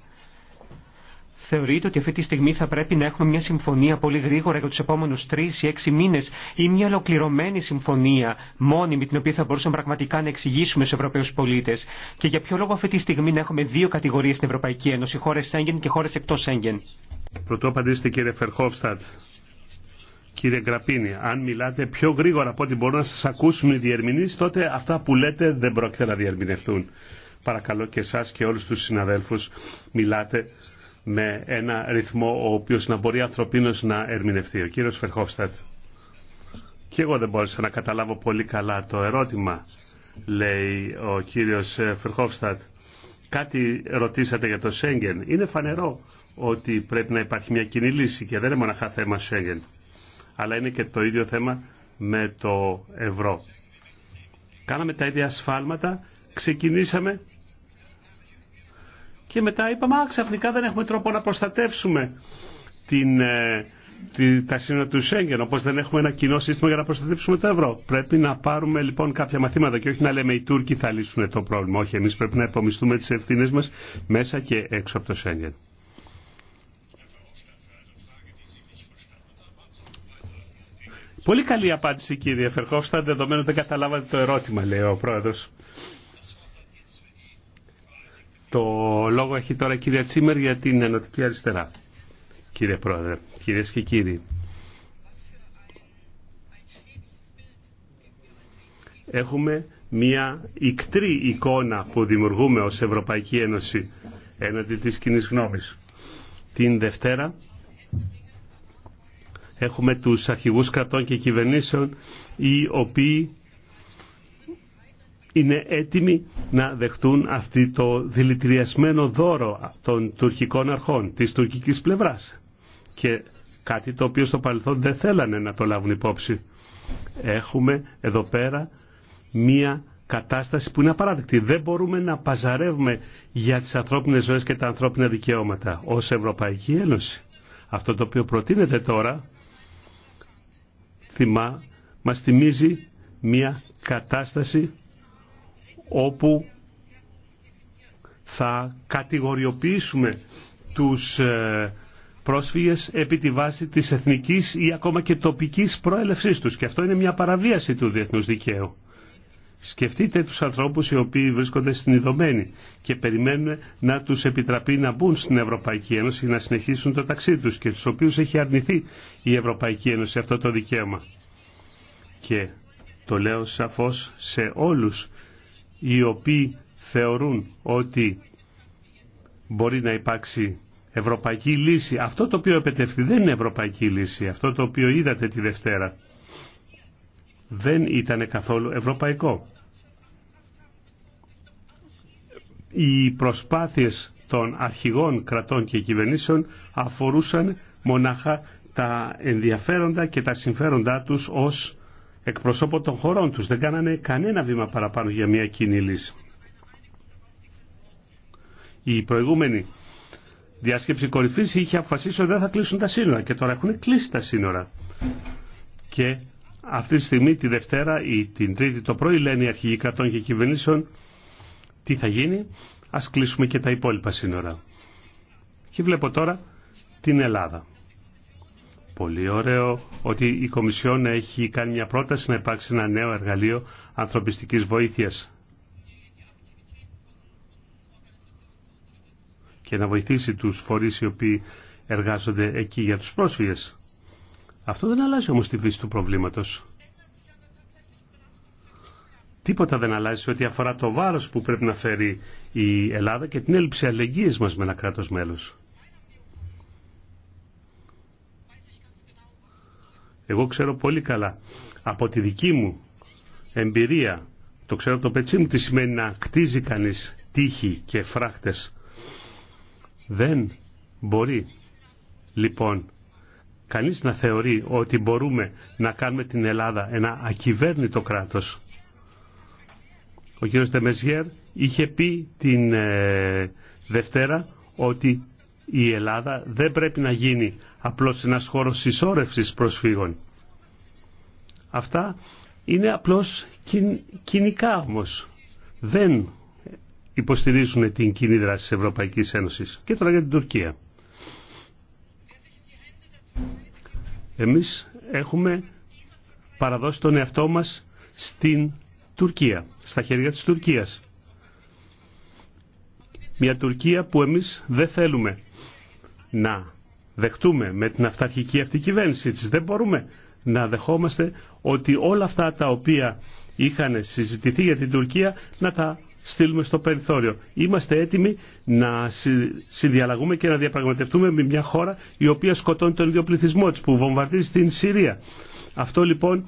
Θεωρείτε ότι αυτή τη στιγμή θα πρέπει να έχουμε μια συμφωνία πολύ γρήγορα για τους επόμενους τρει ή έξι μήνε ή μια ολοκληρωμένη συμφωνία μόνιμη την οποία θα μπορούσαμε πραγματικά να εξηγήσουμε στου Ευρωπαίου πολίτες Και για ποιο λόγο αυτή τη στιγμή να έχουμε δύο κατηγορίες στην Ευρωπαϊκή Ένωση, χώρες Σέγγεν και χώρες εκτός Σέγγεν. Πρωτού απαντήσετε κύριε Φερχόφστατ. Κύριε Γκραπίνη, αν μιλάτε πιο γρήγορα από ό,τι μπορούν να σας ακούσουν οι διερμηνείς, τότε αυτά που λέτε δεν πρόκειται να διερμηνευτούν. Παρακαλώ και εσάς και όλους τους συναδέλφους μιλάτε με ένα ρυθμό ο οποίος να μπορεί ανθρωπίνως να ερμηνευτεί. Ο κύριος Φερχόφστατ. Και εγώ δεν μπόρεσα να καταλάβω πολύ καλά το ερώτημα, λέει ο κύριος Φερχόφστατ. Κάτι ρωτήσατε για το Σέγγεν. Είναι φανερό ότι πρέπει να υπάρχει μια κοινή λύση και δεν είναι μοναχά θέμα Σέγγεν αλλά είναι και το ίδιο θέμα με το ευρώ. Κάναμε τα ίδια ασφάλματα, ξεκινήσαμε και μετά είπαμε «Α, ξαφνικά δεν έχουμε τρόπο να προστατεύσουμε την, ε, τη, τα σύνορα του Σέγγεν, όπως δεν έχουμε ένα κοινό σύστημα για να προστατεύσουμε το ευρώ». Πρέπει να πάρουμε λοιπόν κάποια μαθήματα και όχι να λέμε «Οι Τούρκοι θα λύσουν το πρόβλημα». Όχι, εμείς πρέπει να επομιστούμε τις ευθύνες μας μέσα και έξω από το Σέγγεν. Πολύ καλή απάντηση κύριε Φερχόφστα, δεδομένου δεν καταλάβατε το ερώτημα, λέει ο πρόεδρος. Το λόγο έχει τώρα η κυρία Τσίμερ για την Ενωτική Αριστερά. Κύριε Πρόεδρε, κυρίες και κύριοι. Έχουμε μια ικτρή εικόνα που δημιουργούμε ως Ευρωπαϊκή Ένωση έναντι της κοινή γνώμης. Την Δευτέρα Έχουμε τους αρχηγούς κρατών και κυβερνήσεων οι οποίοι είναι έτοιμοι να δεχτούν αυτή το δηλητηριασμένο δώρο των τουρκικών αρχών, της τουρκικής πλευράς. Και κάτι το οποίο στο παρελθόν δεν θέλανε να το λάβουν υπόψη. Έχουμε εδώ πέρα μία κατάσταση που είναι απαράδεκτη. Δεν μπορούμε να παζαρεύουμε για τις ανθρώπινες ζωές και τα ανθρώπινα δικαιώματα ως Ευρωπαϊκή Ένωση. Αυτό το οποίο προτείνεται τώρα θυμά, μας θυμίζει μια κατάσταση όπου θα κατηγοριοποιήσουμε τους ε, πρόσφυγες επί τη βάση της εθνικής ή ακόμα και τοπικής προέλευσής τους. Και αυτό είναι μια παραβίαση του διεθνούς δικαίου. Σκεφτείτε τους ανθρώπους οι οποίοι βρίσκονται στην Ιδωμένη και περιμένουν να τους επιτραπεί να μπουν στην Ευρωπαϊκή Ένωση να συνεχίσουν το ταξί τους και τους οποίους έχει αρνηθεί η Ευρωπαϊκή Ένωση αυτό το δικαίωμα. Και το λέω σαφώς σε όλους οι οποίοι θεωρούν ότι μπορεί να υπάρξει ευρωπαϊκή λύση. Αυτό το οποίο επετευχθεί δεν είναι ευρωπαϊκή λύση. Αυτό το οποίο είδατε τη Δευτέρα δεν ήταν καθόλου ευρωπαϊκό. Οι προσπάθειες των αρχηγών κρατών και κυβερνήσεων αφορούσαν μονάχα τα ενδιαφέροντα και τα συμφέροντά τους ως εκπροσώπο των χωρών τους. Δεν κάνανε κανένα βήμα παραπάνω για μια κοινή λύση. Η προηγούμενη διάσκεψη κορυφής είχε αποφασίσει ότι δεν θα κλείσουν τα σύνορα και τώρα έχουν κλείσει τα σύνορα. Και αυτή τη στιγμή τη Δευτέρα ή την Τρίτη το πρωί λένε οι αρχηγοί κρατών και κυβερνήσεων τι θα γίνει, ας κλείσουμε και τα υπόλοιπα σύνορα. Και βλέπω τώρα την Ελλάδα. Πολύ ωραίο ότι η Κομισιόν έχει κάνει μια πρόταση να υπάρξει ένα νέο εργαλείο ανθρωπιστικής βοήθειας και να βοηθήσει τους φορείς οι οποίοι εργάζονται εκεί για τους πρόσφυγες. Αυτό δεν αλλάζει όμως τη φύση του προβλήματος. Τίποτα δεν αλλάζει ό,τι αφορά το βάρος που πρέπει να φέρει η Ελλάδα και την έλλειψη αλληλεγγύης μας με ένα κράτος μέλος. Εγώ ξέρω πολύ καλά από τη δική μου εμπειρία, το ξέρω από το πετσί μου τι σημαίνει να κτίζει κανείς τείχη και φράχτες. Δεν μπορεί λοιπόν κανείς να θεωρεί ότι μπορούμε να κάνουμε την Ελλάδα ένα ακυβέρνητο κράτος. Ο κ. Τεμεζιέρ είχε πει την ε, Δευτέρα ότι η Ελλάδα δεν πρέπει να γίνει απλώς ένας χώρος συσσόρευσης προσφύγων. Αυτά είναι απλώς κοιν, κοινικά όμως. Δεν υποστηρίζουν την κοινή δράση της Ευρωπαϊκής Ένωσης. Και τώρα για την Τουρκία. Εμείς έχουμε παραδώσει τον εαυτό μας στην Τουρκία, στα χέρια της Τουρκίας. Μια Τουρκία που εμείς δεν θέλουμε να δεχτούμε με την αυταρχική αυτή κυβέρνηση της. Δεν μπορούμε να δεχόμαστε ότι όλα αυτά τα οποία είχαν συζητηθεί για την Τουρκία να τα στείλουμε στο περιθώριο. Είμαστε έτοιμοι να συνδιαλλαγούμε και να διαπραγματευτούμε με μια χώρα η οποία σκοτώνει τον ίδιο πληθυσμό της που βομβαρδίζει την Συρία. Αυτό λοιπόν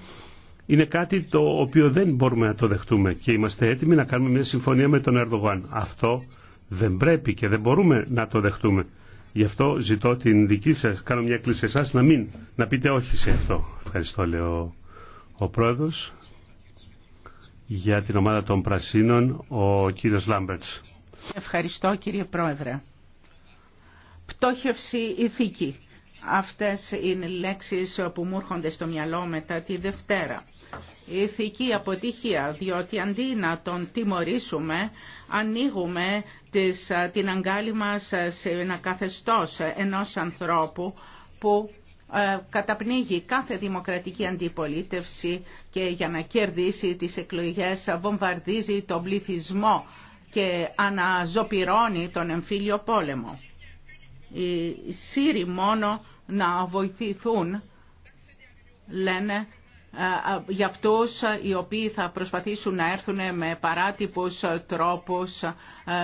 είναι κάτι το οποίο δεν μπορούμε να το δεχτούμε και είμαστε έτοιμοι να κάνουμε μια συμφωνία με τον Ερδογάν. Αυτό δεν πρέπει και δεν μπορούμε να το δεχτούμε. Γι' αυτό ζητώ την δική σας, κάνω μια κλίση εσάς να μην, να πείτε όχι σε αυτό. Ευχαριστώ λέω ο, ο πρόεδρος για την ομάδα των Πρασίνων ο κύριος Λάμπερτς. Ευχαριστώ κύριε Πρόεδρε. Πτώχευση ηθική. Αυτές είναι λέξεις που μου έρχονται στο μυαλό μετά τη Δευτέρα. ηθική αποτυχία, διότι αντί να τον τιμωρήσουμε, ανοίγουμε την αγκάλι μας σε ένα καθεστώς ενός ανθρώπου που ε, καταπνίγει κάθε δημοκρατική αντιπολίτευση και για να κερδίσει τις εκλογές βομβαρδίζει τον πληθυσμό και αναζωπυρώνει τον εμφύλιο πόλεμο. Οι Σύροι μόνο να βοηθηθούν, λένε, ε, ε, για αυτούς οι οποίοι θα προσπαθήσουν να έρθουν με παράτυπους τρόπους,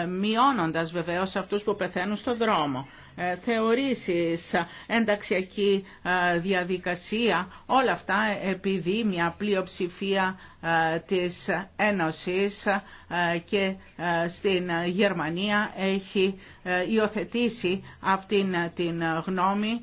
μειώνοντας βεβαίως αυτούς που πεθαίνουν στον δρόμο. Ε, θεωρήσεις, ε, ενταξιακή ε, διαδικασία, όλα αυτά επειδή μια πλειοψηφία της Ένωσης και στην Γερμανία έχει υιοθετήσει αυτήν την γνώμη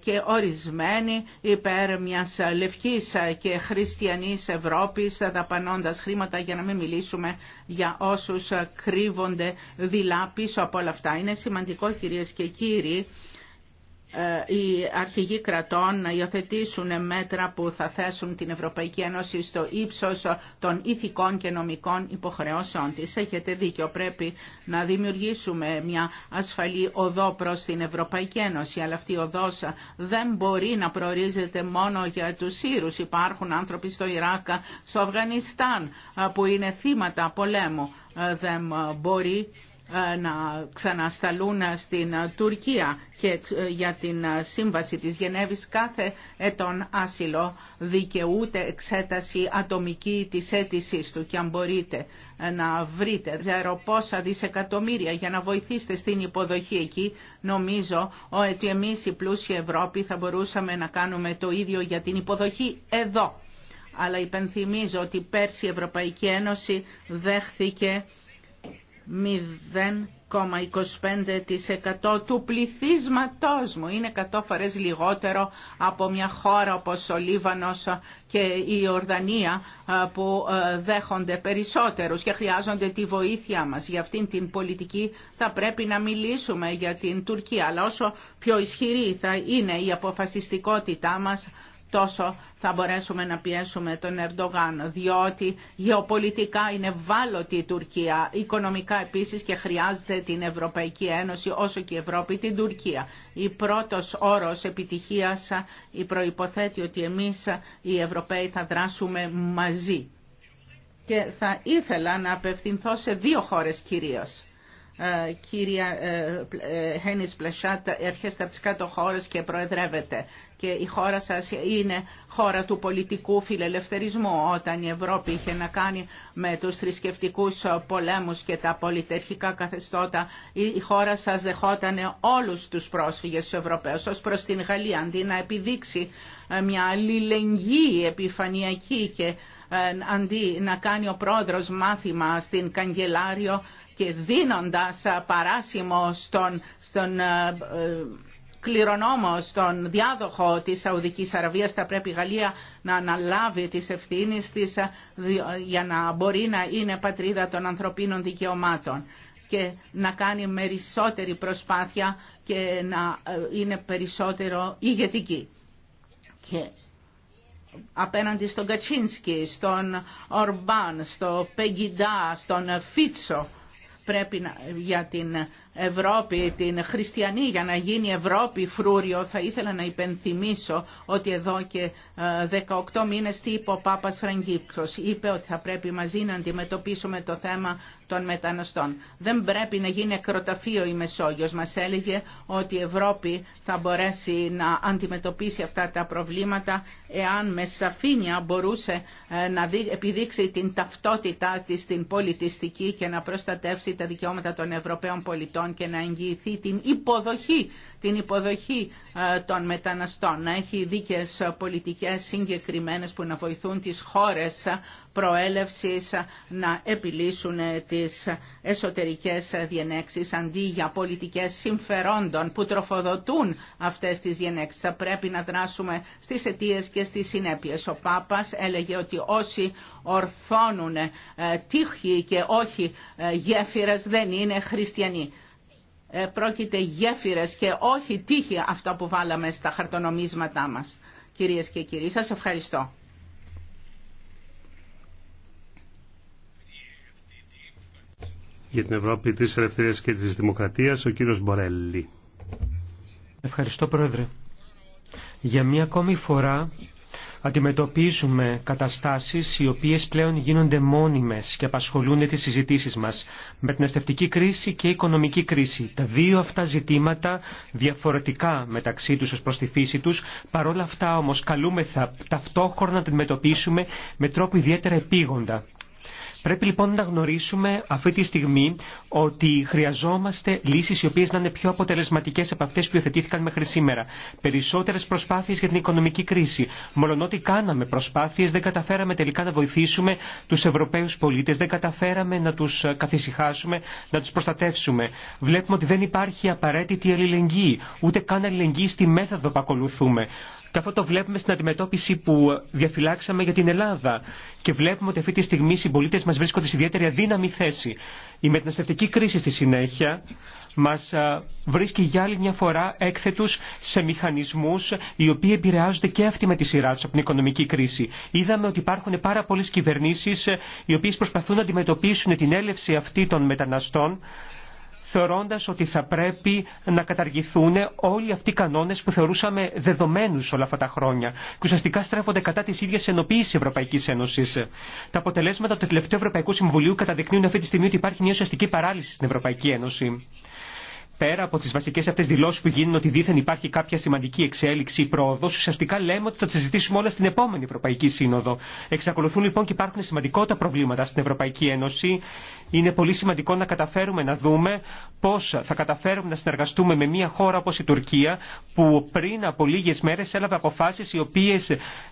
και ορισμένη υπέρ μιας λευκής και χριστιανής Ευρώπης δαπανώντα χρήματα για να μην μιλήσουμε για όσους κρύβονται δειλά πίσω από όλα αυτά. Είναι σημαντικό κυρίες και κύριοι, ε, οι αρχηγοί κρατών να υιοθετήσουν μέτρα που θα θέσουν την Ευρωπαϊκή Ένωση στο ύψος των ηθικών και νομικών υποχρεώσεων της. Έχετε δίκιο, πρέπει να δημιουργήσουμε μια ασφαλή οδό προς την Ευρωπαϊκή Ένωση, αλλά αυτή η οδός δεν μπορεί να προορίζεται μόνο για τους Σύρου. Υπάρχουν άνθρωποι στο Ιράκ, στο Αφγανιστάν ε, που είναι θύματα πολέμου. Ε, δεν μπορεί ε, να ξανασταλούν στην ε, Τουρκία και ε, για την σύμβαση της Γενέβης κάθε ετών άσυλο δικαιούται εξέταση ατομική της αίτησή του και αν μπορείτε να βρείτε ξέρω πόσα δισεκατομμύρια για να βοηθήσετε στην υποδοχή εκεί νομίζω ότι εμείς η πλούσιοι Ευρώπη θα μπορούσαμε να κάνουμε το ίδιο για την υποδοχή εδώ αλλά υπενθυμίζω ότι πέρσι η Ευρωπαϊκή Ένωση δέχθηκε 0,25% του πληθύσματός μου. Είναι 100 φορές λιγότερο από μια χώρα όπως ο Λίβανος και η Ορδανία ε, που ε, δέχονται περισσότερους και χρειάζονται τη βοήθεια μας. Για αυτήν την πολιτική θα πρέπει να μιλήσουμε για την Τουρκία, αλλά όσο πιο ισχυρή θα είναι η αποφασιστικότητά μας τόσο θα μπορέσουμε να πιέσουμε τον Ερντογάν, διότι γεωπολιτικά είναι βάλωτη η Τουρκία, οικονομικά επίσης και χρειάζεται την Ευρωπαϊκή Ένωση όσο και η Ευρώπη την Τουρκία. Η πρώτος όρος επιτυχίας προϋποθέτει ότι εμείς οι Ευρωπαίοι θα δράσουμε μαζί. Και θα ήθελα να απευθυνθώ σε δύο χώρες κυρίως. Ε, κύρια ε, ε, Χένις Πλεσάτ έρχεστε από τις κάτω χώρες και προεδρεύετε και η χώρα σας είναι χώρα του πολιτικού φιλελευθερισμού όταν η Ευρώπη είχε να κάνει με τους θρησκευτικού πολέμους και τα πολιτερχικά καθεστώτα η χώρα σας δεχόταν όλους τους πρόσφυγες του Ευρωπαίους ως προς την Γαλλία αντί να επιδείξει μια αλληλεγγύη επιφανειακή και αντί να κάνει ο πρόεδρος μάθημα στην καγκελάριο και δίνοντας παράσημο στον, στον ε, κληρονόμο, στον διάδοχο της Σαουδικής Αραβίας θα πρέπει η Γαλλία να αναλάβει τις ευθύνες της για να μπορεί να είναι πατρίδα των ανθρωπίνων δικαιωμάτων και να κάνει μερισσότερη προσπάθεια και να ε, είναι περισσότερο ηγετική. Και απέναντι στον Κατσίνσκι, στον Ορμπάν, στον Πεγκιντά, στον Φίτσο, πρέπει να, για την Ευρώπη, την χριστιανή για να γίνει Ευρώπη φρούριο, θα ήθελα να υπενθυμίσω ότι εδώ και 18 ε, μήνες τι είπε ο Πάπας Φραγκίπτος. Είπε ότι θα πρέπει μαζί να αντιμετωπίσουμε το θέμα των μεταναστών. Δεν πρέπει να γίνει ακροταφείο η Μεσόγειος. Μας έλεγε ότι η Ευρώπη θα μπορέσει να αντιμετωπίσει αυτά τα προβλήματα εάν με σαφήνεια μπορούσε ε, να επιδείξει την ταυτότητά της στην πολιτιστική και να προστατεύσει τα δικαιώματα των Ευρωπαίων πολιτών και να εγγυηθεί την υποδοχή, την υποδοχή ε, των μεταναστών, να έχει δίκες πολιτικές συγκεκριμένες που να βοηθούν τις χώρες προέλευσης να επιλύσουν τις εσωτερικές διενέξεις αντί για πολιτικές συμφερόντων που τροφοδοτούν αυτές τις διενέξεις. Θα πρέπει να δράσουμε στις αιτίε και στις συνέπειες. Ο Πάπας έλεγε ότι όσοι ορθώνουν ε, τύχη και όχι ε, γέφυρες δεν είναι χριστιανοί. Ε, πρόκειται γέφυρες και όχι τύχη αυτά που βάλαμε στα χαρτονομίσματά μας. Κυρίες και κύριοι, σας ευχαριστώ. Για την Ευρώπη της Ελευθερίας και της Δημοκρατίας, ο κύριος Μπορέλη. Ευχαριστώ, Πρόεδρε. Για μία ακόμη φορά αντιμετωπίζουμε καταστάσεις οι οποίες πλέον γίνονται μόνιμες και απασχολούν τις συζητήσεις μας. με την αστευτική κρίση και η οικονομική κρίση. Τα δύο αυτά ζητήματα διαφορετικά μεταξύ τους ως προς τη φύση τους. Παρόλα αυτά όμως καλούμεθα ταυτόχρονα να αντιμετωπίσουμε με τρόπο ιδιαίτερα επίγοντα. Πρέπει λοιπόν να γνωρίσουμε αυτή τη στιγμή ότι χρειαζόμαστε λύσεις οι οποίες να είναι πιο αποτελεσματικές από αυτές που υιοθετήθηκαν μέχρι σήμερα. Περισσότερες προσπάθειες για την οικονομική κρίση. Μόλον ότι κάναμε προσπάθειες δεν καταφέραμε τελικά να βοηθήσουμε τους Ευρωπαίους πολίτες, δεν καταφέραμε να τους καθησυχάσουμε, να τους προστατεύσουμε. Βλέπουμε ότι δεν υπάρχει απαραίτητη αλληλεγγύη, ούτε καν αλληλεγγύη στη μέθοδο που ακολουθούμε. Και αυτό το βλέπουμε στην αντιμετώπιση που διαφυλάξαμε για την Ελλάδα. Και βλέπουμε ότι αυτή τη στιγμή οι συμπολίτε μα βρίσκονται σε ιδιαίτερη αδύναμη θέση. Η μεταναστευτική κρίση στη συνέχεια μα βρίσκει για άλλη μια φορά έκθετου σε μηχανισμού οι οποίοι επηρεάζονται και αυτοί με τη σειρά του από την οικονομική κρίση. Είδαμε ότι υπάρχουν πάρα πολλέ κυβερνήσει ε, οι οποίε προσπαθούν να αντιμετωπίσουν την έλευση αυτή των μεταναστών θεωρώντας ότι θα πρέπει να καταργηθούν όλοι αυτοί οι κανόνες που θεωρούσαμε δεδομένους όλα αυτά τα χρόνια και ουσιαστικά στρέφονται κατά της ίδιας ενοποίησης Ευρωπαϊκής Ένωσης. Τα αποτελέσματα του τελευταίου Ευρωπαϊκού Συμβουλίου καταδεικνύουν αυτή τη στιγμή ότι υπάρχει μια ουσιαστική παράλυση στην Ευρωπαϊκή Ένωση πέρα από τι βασικέ αυτέ δηλώσει που γίνουν ότι δίθεν υπάρχει κάποια σημαντική εξέλιξη ή πρόοδο, ουσιαστικά λέμε ότι θα τι συζητήσουμε όλα στην επόμενη Ευρωπαϊκή Σύνοδο. Εξακολουθούν λοιπόν και υπάρχουν σημαντικότερα προβλήματα στην Ευρωπαϊκή Ένωση. Είναι πολύ σημαντικό να καταφέρουμε να δούμε πώ θα καταφέρουμε να συνεργαστούμε με μια χώρα όπω η Τουρκία, που πριν από λίγε μέρε έλαβε αποφάσει οι οποίε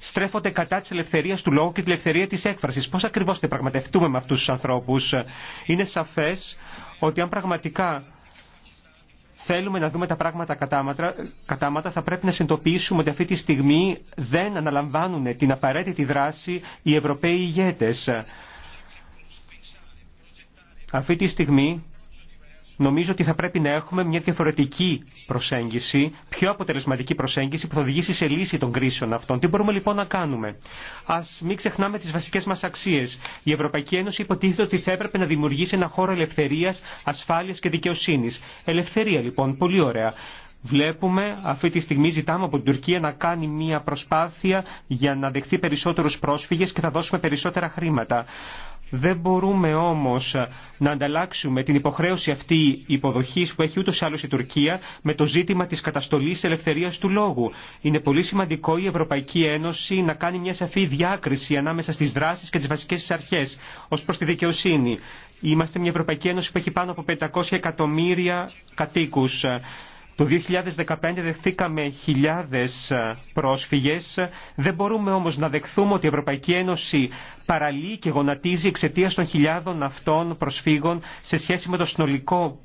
στρέφονται κατά τη ελευθερία του λόγου και τη ελευθερία τη έκφραση. Πώ ακριβώ θα πραγματευτούμε με αυτού του ανθρώπου. Είναι σαφέ ότι αν πραγματικά θέλουμε να δούμε τα πράγματα κατάματα, κατάματα θα πρέπει να συνειδητοποιήσουμε ότι αυτή τη στιγμή δεν αναλαμβάνουν την απαραίτητη δράση οι Ευρωπαίοι ηγέτες. Αυτή τη στιγμή νομίζω ότι θα πρέπει να έχουμε μια διαφορετική προσέγγιση, πιο αποτελεσματική προσέγγιση που θα οδηγήσει σε λύση των κρίσεων αυτών. Τι μπορούμε λοιπόν να κάνουμε. Α μην ξεχνάμε τι βασικέ μα αξίε. Η Ευρωπαϊκή Ένωση υποτίθεται ότι θα έπρεπε να δημιουργήσει ένα χώρο ελευθερία, ασφάλεια και δικαιοσύνη. Ελευθερία λοιπόν, πολύ ωραία. Βλέπουμε, αυτή τη στιγμή ζητάμε από την Τουρκία να κάνει μια προσπάθεια για να δεχθεί περισσότερους πρόσφυγες και θα δώσουμε περισσότερα χρήματα. Δεν μπορούμε όμω να ανταλλάξουμε την υποχρέωση αυτή υποδοχή που έχει η αλλω η Τουρκία με το ζήτημα τη καταστολή ελευθερία του λόγου. Είναι πολύ σημαντικό η Ευρωπαϊκή Ένωση να κάνει μια σαφή διάκριση ανάμεσα στι δράσει και τι βασικέ τη αρχές ως προς τη δικαιοσύνη. Είμαστε μια Ευρωπαϊκή Ένωση που έχει πάνω από 500 εκατομμύρια κατοίκου. Το 2015 δεχθήκαμε χιλιάδες πρόσφυγες. Δεν μπορούμε όμως να δεχθούμε ότι η Ευρωπαϊκή Ένωση παραλύει και γονατίζει εξαιτία των χιλιάδων αυτών προσφύγων σε σχέση με το συνολικό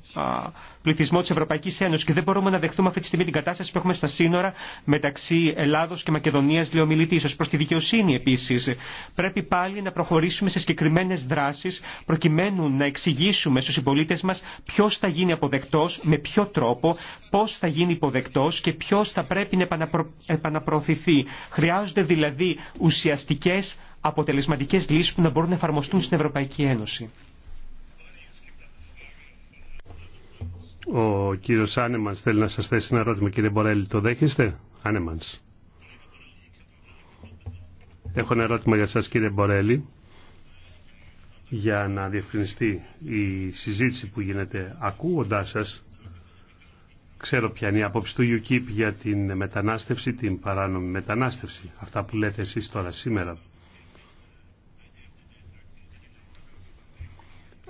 πληθυσμό τη Ευρωπαϊκή Ένωση. Και δεν μπορούμε να δεχτούμε αυτή τη στιγμή την κατάσταση που έχουμε στα σύνορα μεταξύ Ελλάδο και Μακεδονία, λέει ο μιλητή. Ω προ τη δικαιοσύνη επίση, πρέπει πάλι να προχωρήσουμε σε συγκεκριμένε δράσει προκειμένου να εξηγήσουμε στου συμπολίτε μα ποιο θα γίνει αποδεκτό, με ποιο τρόπο, πώ θα γίνει υποδεκτό και ποιο θα πρέπει να επαναπροωθηθεί. Χρειάζονται δηλαδή ουσιαστικέ αποτελεσματικές λύσεις που να μπορούν να εφαρμοστούν στην Ευρωπαϊκή Ένωση. Ο κύριος Άνεμανς θέλει να σας θέσει ένα ερώτημα. Κύριε Μπορέλη, το δέχεστε? Άνεμανς. Έχω ένα ερώτημα για σας κύριε Μπορέλη για να διευκρινιστεί η συζήτηση που γίνεται ακούγοντάς σας ξέρω ποια είναι η άποψη του UKIP για την μετανάστευση, την παράνομη μετανάστευση αυτά που λέτε εσείς τώρα σήμερα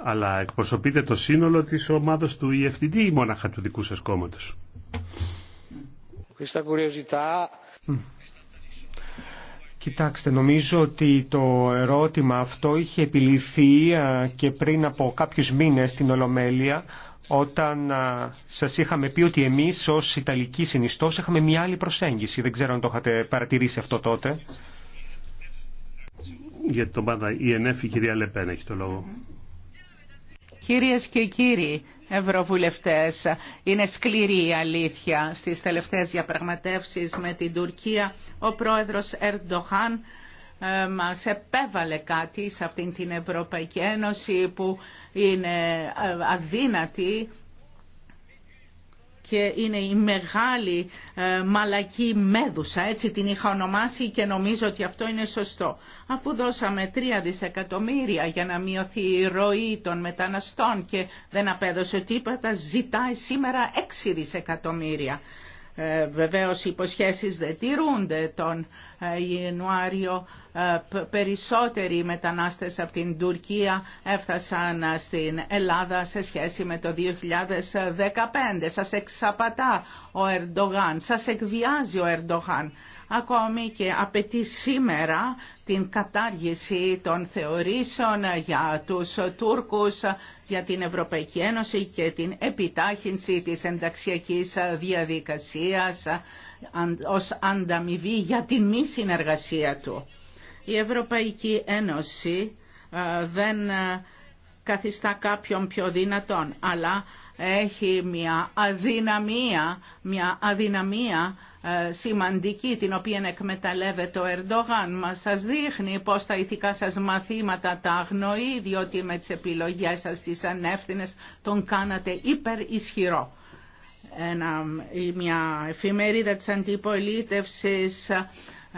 αλλά εκπροσωπείτε το σύνολο της ομάδος του EFTD ή μόναχα του δικού σας κόμματος. Κοιτάξτε, νομίζω ότι το ερώτημα αυτό είχε επιληθεί και πριν από κάποιους μήνες στην Ολομέλεια όταν σας είχαμε πει ότι εμείς ως Ιταλική συνιστός είχαμε μια άλλη προσέγγιση. Δεν ξέρω αν το είχατε παρατηρήσει αυτό τότε. Για την ομάδα η κυρία Λεπέν έχει το λόγο. Κυρίες και κύριοι Ευρωβουλευτές, είναι σκληρή η αλήθεια. Στις τελευταίες διαπραγματεύσεις με την Τουρκία, ο πρόεδρος Ερντοχάν ε, μας επέβαλε κάτι σε αυτήν την Ευρωπαϊκή Ένωση που είναι ε, αδύνατη και είναι η μεγάλη ε, μαλακή μέδουσα, έτσι την είχα ονομάσει και νομίζω ότι αυτό είναι σωστό. Αφού δώσαμε 3 δισεκατομμύρια για να μειωθεί η ροή των μεταναστών και δεν απέδωσε τίποτα, ζητάει σήμερα 6 δισεκατομμύρια. Ε, βεβαίως οι υποσχέσεις δεν τηρούνται τον ε, Ιανουάριο. Ε, περισσότεροι μετανάστες από την Τουρκία έφτασαν στην Ελλάδα σε σχέση με το 2015. Σας εξαπατά ο Ερντογάν, σας εκβιάζει ο Ερντογάν ακόμη και απαιτεί σήμερα την κατάργηση των θεωρήσεων για τους Τούρκους, για την Ευρωπαϊκή Ένωση και την επιτάχυνση της ενταξιακής διαδικασίας ως ανταμοιβή για τη μη συνεργασία του. Η Ευρωπαϊκή Ένωση δεν καθιστά κάποιον πιο δυνατόν, αλλά έχει μια αδυναμία, μια αδυναμία ε, σημαντική την οποία εκμεταλλεύεται ο Ερντογάν. Μα σας δείχνει πώς τα ηθικά σας μαθήματα τα αγνοεί διότι με τις επιλογές σας τις ανεύθυνες τον κάνατε υπερισχυρό. Ένα, μια εφημερίδα τη αντιπολίτευση.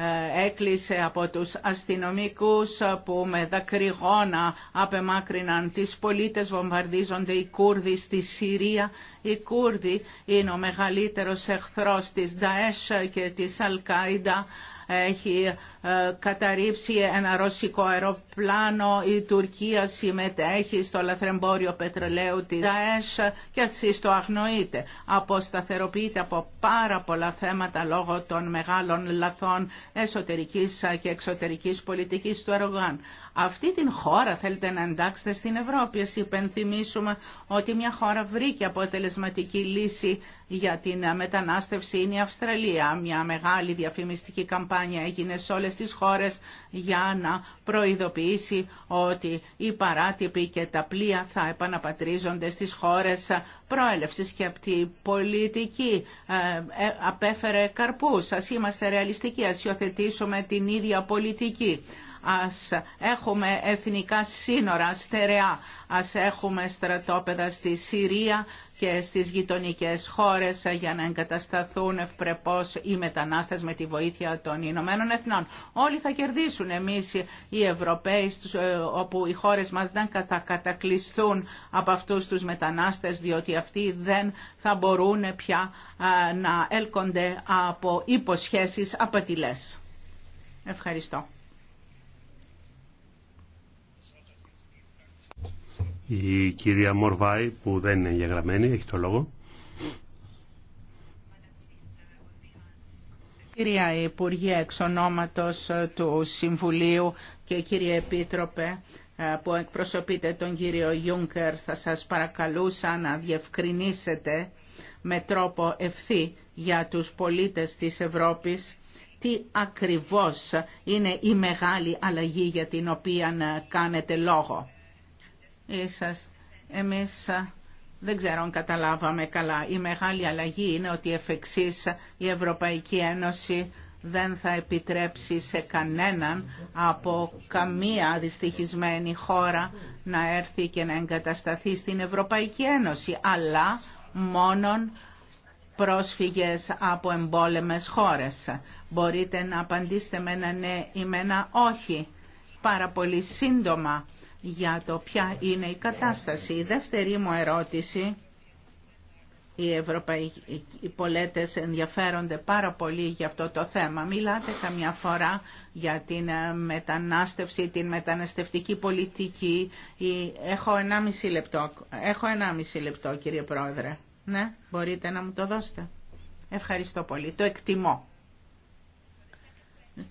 Ε, έκλεισε από τους αστυνομικούς που με δακρυγόνα απεμάκρυναν τις πολίτες, βομβαρδίζονται οι Κούρδοι στη Συρία. Οι Κούρδοι είναι ο μεγαλύτερος εχθρός της Νταέσ και της Αλκάιντα έχει ε, καταρρύψει ένα ρωσικό αεροπλάνο, η Τουρκία συμμετέχει στο λαθρεμπόριο πετρελαίου της ΑΕΣ και εσεί το αγνοείτε. Αποσταθεροποιείται από πάρα πολλά θέματα λόγω των μεγάλων λαθών εσωτερικής και εξωτερικής πολιτικής του Ερογάν. Αυτή την χώρα θέλετε να εντάξετε στην Ευρώπη. Ας υπενθυμίσουμε ότι μια χώρα βρήκε αποτελεσματική λύση για την μετανάστευση είναι η Αυστραλία. Μια μεγάλη διαφημιστική καμπάνια καμπάνια έγινε σε όλες τις χώρες για να προειδοποιήσει ότι οι παράτυποι και τα πλοία θα επαναπατρίζονται στις χώρες προέλευσης και από την πολιτική ε, ε, απέφερε καρπούς. Ας είμαστε ρεαλιστικοί, ας υιοθετήσουμε την ίδια πολιτική. Ας έχουμε εθνικά σύνορα στερεά Ας έχουμε στρατόπεδα στη Συρία και στις γειτονικές χώρες για να εγκατασταθούν ευπρεπώς οι μετανάστες με τη βοήθεια των Ηνωμένων Εθνών. Όλοι θα κερδίσουν εμείς οι Ευρωπαίοι ε, όπου οι χώρες μας δεν θα κατακλειστούν από αυτούς τους μετανάστες διότι αυτοί δεν θα μπορούν πια ε, να έλκονται από υποσχέσεις απατηλές. Ευχαριστώ. Η κυρία Μορβάη που δεν είναι εγγεγραμμένη έχει το λόγο. Κυρία Υπουργέ, εξ ονόματος ε, του Συμβουλίου και κύριε Επίτροπε ε, που εκπροσωπείτε τον κύριο Γιούγκερ, θα σας παρακαλούσα να διευκρινίσετε με τρόπο ευθύ για τους πολίτες της Ευρώπης τι ακριβώς είναι η μεγάλη αλλαγή για την οποία ε, κάνετε λόγο. Ίσως ε, εμείς δεν ξέρω αν καταλάβαμε καλά. Η μεγάλη αλλαγή είναι ότι εφ' εξής η Ευρωπαϊκή Ένωση δεν θα επιτρέψει σε κανέναν από καμία δυστυχισμένη χώρα να έρθει και να εγκατασταθεί στην Ευρωπαϊκή Ένωση, αλλά μόνον πρόσφυγες από εμπόλεμες χώρες. Μπορείτε να απαντήσετε με ένα ναι ή με ένα όχι. Πάρα πολύ σύντομα για το ποια είναι η κατάσταση. Η δεύτερη μου ερώτηση, οι Ευρωπαίοι οι πολίτες ενδιαφέρονται πάρα πολύ για αυτό το θέμα. Μιλάτε καμιά φορά για την ε, μετανάστευση, την μεταναστευτική πολιτική. Έχω 1,5 λεπτό, Έχω 1,5 λεπτό κύριε Πρόεδρε. Ναι, μπορείτε να μου το δώσετε. Ευχαριστώ πολύ. Το εκτιμώ.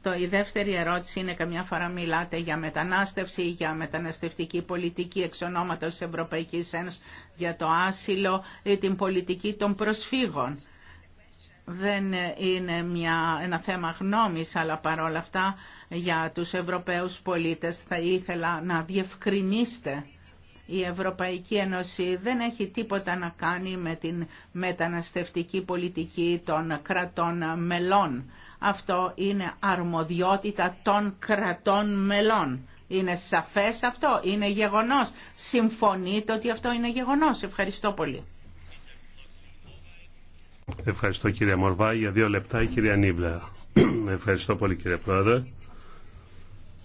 Το, η δεύτερη ερώτηση είναι καμιά φορά μιλάτε για μετανάστευση, για μεταναστευτική πολιτική εξ ονόματος της Ευρωπαϊκής Ένωσης, για το άσυλο ή ε, την πολιτική των προσφύγων. Δεν ε, είναι μια, ένα θέμα γνώμης, αλλά παρόλα αυτά για τους Ευρωπαίους πολίτες θα ήθελα να διευκρινίσετε η Ευρωπαϊκή Ένωση δεν έχει τίποτα να κάνει με την μεταναστευτική πολιτική των κρατών μελών. Αυτό είναι αρμοδιότητα των κρατών μελών. Είναι σαφές αυτό, είναι γεγονός. Συμφωνείτε ότι αυτό είναι γεγονός. Ευχαριστώ πολύ. Ευχαριστώ κύριε Μορβά. Για δύο λεπτά η κυρία Νίβλα. Ευχαριστώ πολύ κύριε Πρόεδρε.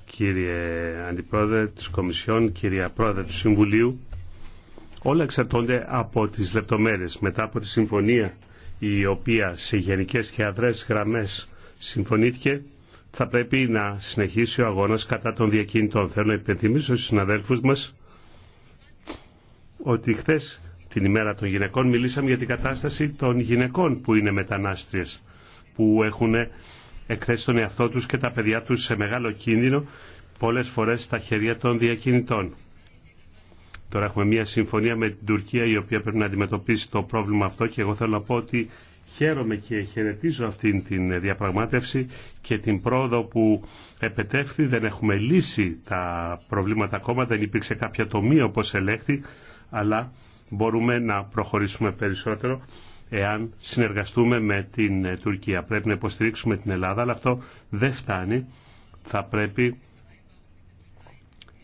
Κύριε Αντιπρόεδρε της Κομισιόν, κυρία Πρόεδρε του Συμβουλίου. Όλα εξαρτώνται από τις λεπτομέρειες. Μετά από τη συμφωνία η οποία σε γενικές και αδρές γραμμές συμφωνήθηκε θα πρέπει να συνεχίσει ο αγώνας κατά των διακινητών. Θέλω να υπενθυμίσω στους συναδέλφους μας ότι χθε την ημέρα των γυναικών μιλήσαμε για την κατάσταση των γυναικών που είναι μετανάστριες, που έχουν εκθέσει τον εαυτό τους και τα παιδιά τους σε μεγάλο κίνδυνο πολλές φορές στα χέρια των διακινητών. Τώρα έχουμε μια συμφωνία με την Τουρκία η οποία πρέπει να αντιμετωπίσει το πρόβλημα αυτό και εγώ θέλω να πω ότι Χαίρομαι και χαιρετίζω αυτήν την διαπραγμάτευση και την πρόοδο που επετεύχθη. Δεν έχουμε λύσει τα προβλήματα ακόμα, δεν υπήρξε κάποια τομή όπως ελέγχθη, αλλά μπορούμε να προχωρήσουμε περισσότερο εάν συνεργαστούμε με την Τουρκία. Πρέπει να υποστηρίξουμε την Ελλάδα, αλλά αυτό δεν φτάνει. Θα πρέπει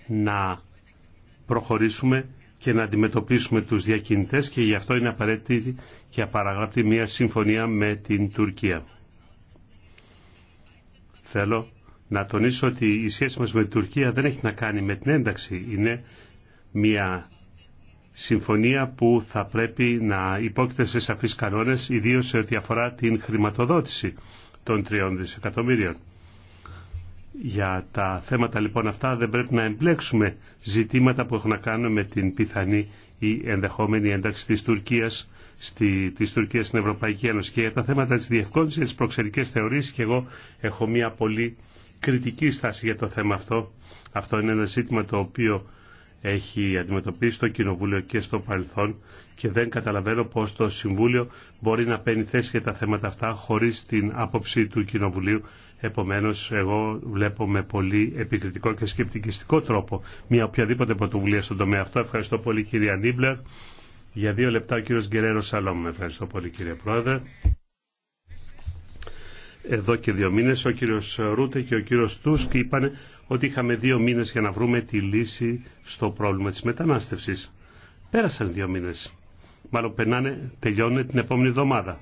να προχωρήσουμε και να αντιμετωπίσουμε τους διακινητές και γι' αυτό είναι απαραίτητη και απαραγράπτη μια συμφωνία με την Τουρκία. Θέλω να τονίσω ότι η σχέση μας με την Τουρκία δεν έχει να κάνει με την ένταξη. Είναι μια συμφωνία που θα πρέπει να υπόκειται σε σαφείς κανόνες, ιδίως σε ό,τι αφορά την χρηματοδότηση των τριών δισεκατομμύριων. Για τα θέματα λοιπόν αυτά δεν πρέπει να εμπλέξουμε ζητήματα που έχουν να κάνουν με την πιθανή ή ενδεχόμενη ένταξη της Τουρκίας, στη, της Τουρκίας στην Ευρωπαϊκή Ένωση. Και για τα θέματα της διευκόλυνσης της προξερικές θεωρήσεις και εγώ έχω μια πολύ κριτική στάση για το θέμα αυτό. Αυτό είναι ένα ζήτημα το οποίο έχει αντιμετωπίσει το Κοινοβούλιο και στο παρελθόν και δεν καταλαβαίνω πώς το Συμβούλιο μπορεί να παίρνει θέση για τα θέματα αυτά χωρίς την άποψη του Κοινοβουλίου Επομένως, εγώ βλέπω με πολύ επικριτικό και σκεπτικιστικό τρόπο μια οποιαδήποτε πρωτοβουλία στον τομέα αυτό. Ευχαριστώ πολύ κυρία Νίμπλερ. Για δύο λεπτά ο κύριος Γκερέρο Σαλόμ. Ευχαριστώ πολύ κύριε Πρόεδρε. Εδώ και δύο μήνες ο κύριος Ρούτε και ο κύριος Τούσκ είπαν ότι είχαμε δύο μήνες για να βρούμε τη λύση στο πρόβλημα της μετανάστευσης. Πέρασαν δύο μήνες. Μάλλον περνάνε, τελειώνουν την επόμενη εβδομάδα.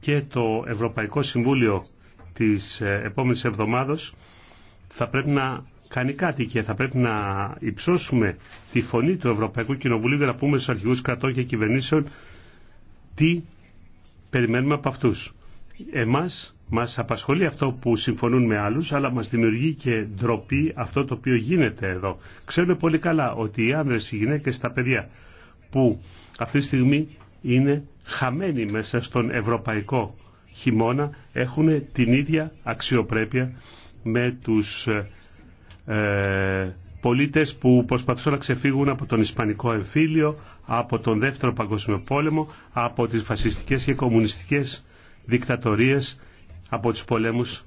Και το Ευρωπαϊκό Συμβούλιο της ε, επόμενης εβδομάδος θα πρέπει να κάνει κάτι και θα πρέπει να υψώσουμε τη φωνή του Ευρωπαϊκού Κοινοβουλίου για να πούμε στους αρχηγούς κρατών και κυβερνήσεων τι περιμένουμε από αυτούς. Εμάς μας απασχολεί αυτό που συμφωνούν με άλλους, αλλά μας δημιουργεί και ντροπή αυτό το οποίο γίνεται εδώ. Ξέρουμε πολύ καλά ότι οι άνδρες, οι γυναίκες, τα παιδιά που αυτή τη στιγμή είναι χαμένοι μέσα στον ευρωπαϊκό χειμώνα έχουν την ίδια αξιοπρέπεια με τους ε, πολίτες που προσπαθούσαν να ξεφύγουν από τον Ισπανικό εμφύλιο, από τον Δεύτερο Παγκόσμιο Πόλεμο, από τις φασιστικές και κομμουνιστικές δικτατορίες, από τους πολέμους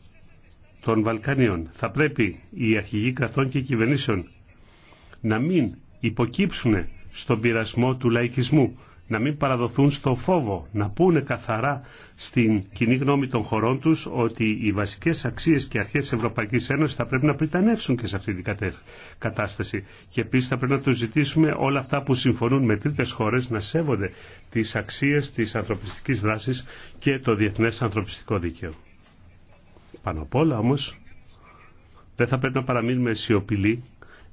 των Βαλκανίων. Θα πρέπει οι αρχηγοί κρατών και κυβερνήσεων να μην υποκύψουν στον πειρασμό του λαϊκισμού, να μην παραδοθούν στο φόβο, να πούνε καθαρά στην κοινή γνώμη των χωρών τους ότι οι βασικές αξίες και αρχές τη Ευρωπαϊκής Ένωσης θα πρέπει να πριτανεύσουν και σε αυτή την κατάσταση. Και επίση θα πρέπει να τους ζητήσουμε όλα αυτά που συμφωνούν με τρίτε χώρε να σέβονται τις αξίες της ανθρωπιστικής δράσης και το διεθνές ανθρωπιστικό δίκαιο. Πάνω απ' όλα όμω, δεν θα πρέπει να παραμείνουμε σιωπηλοί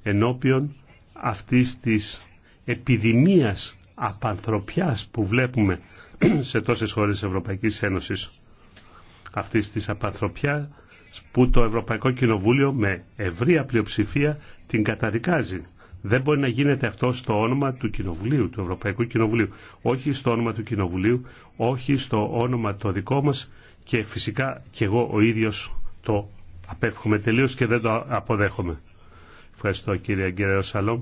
ενώπιον αυτής της επιδημίας απανθρωπιάς που βλέπουμε σε τόσες χώρες της Ευρωπαϊκής Ένωσης. Αυτή της απανθρωπιάς που το Ευρωπαϊκό Κοινοβούλιο με ευρία πλειοψηφία την καταδικάζει. Δεν μπορεί να γίνεται αυτό στο όνομα του Κοινοβουλίου, του Ευρωπαϊκού Κοινοβουλίου. Όχι στο όνομα του Κοινοβουλίου, όχι στο όνομα το δικό μας και φυσικά και εγώ ο ίδιος το απέφχομαι τελείως και δεν το αποδέχομαι. Ευχαριστώ κύριε Αγγερέο Σαλόμ.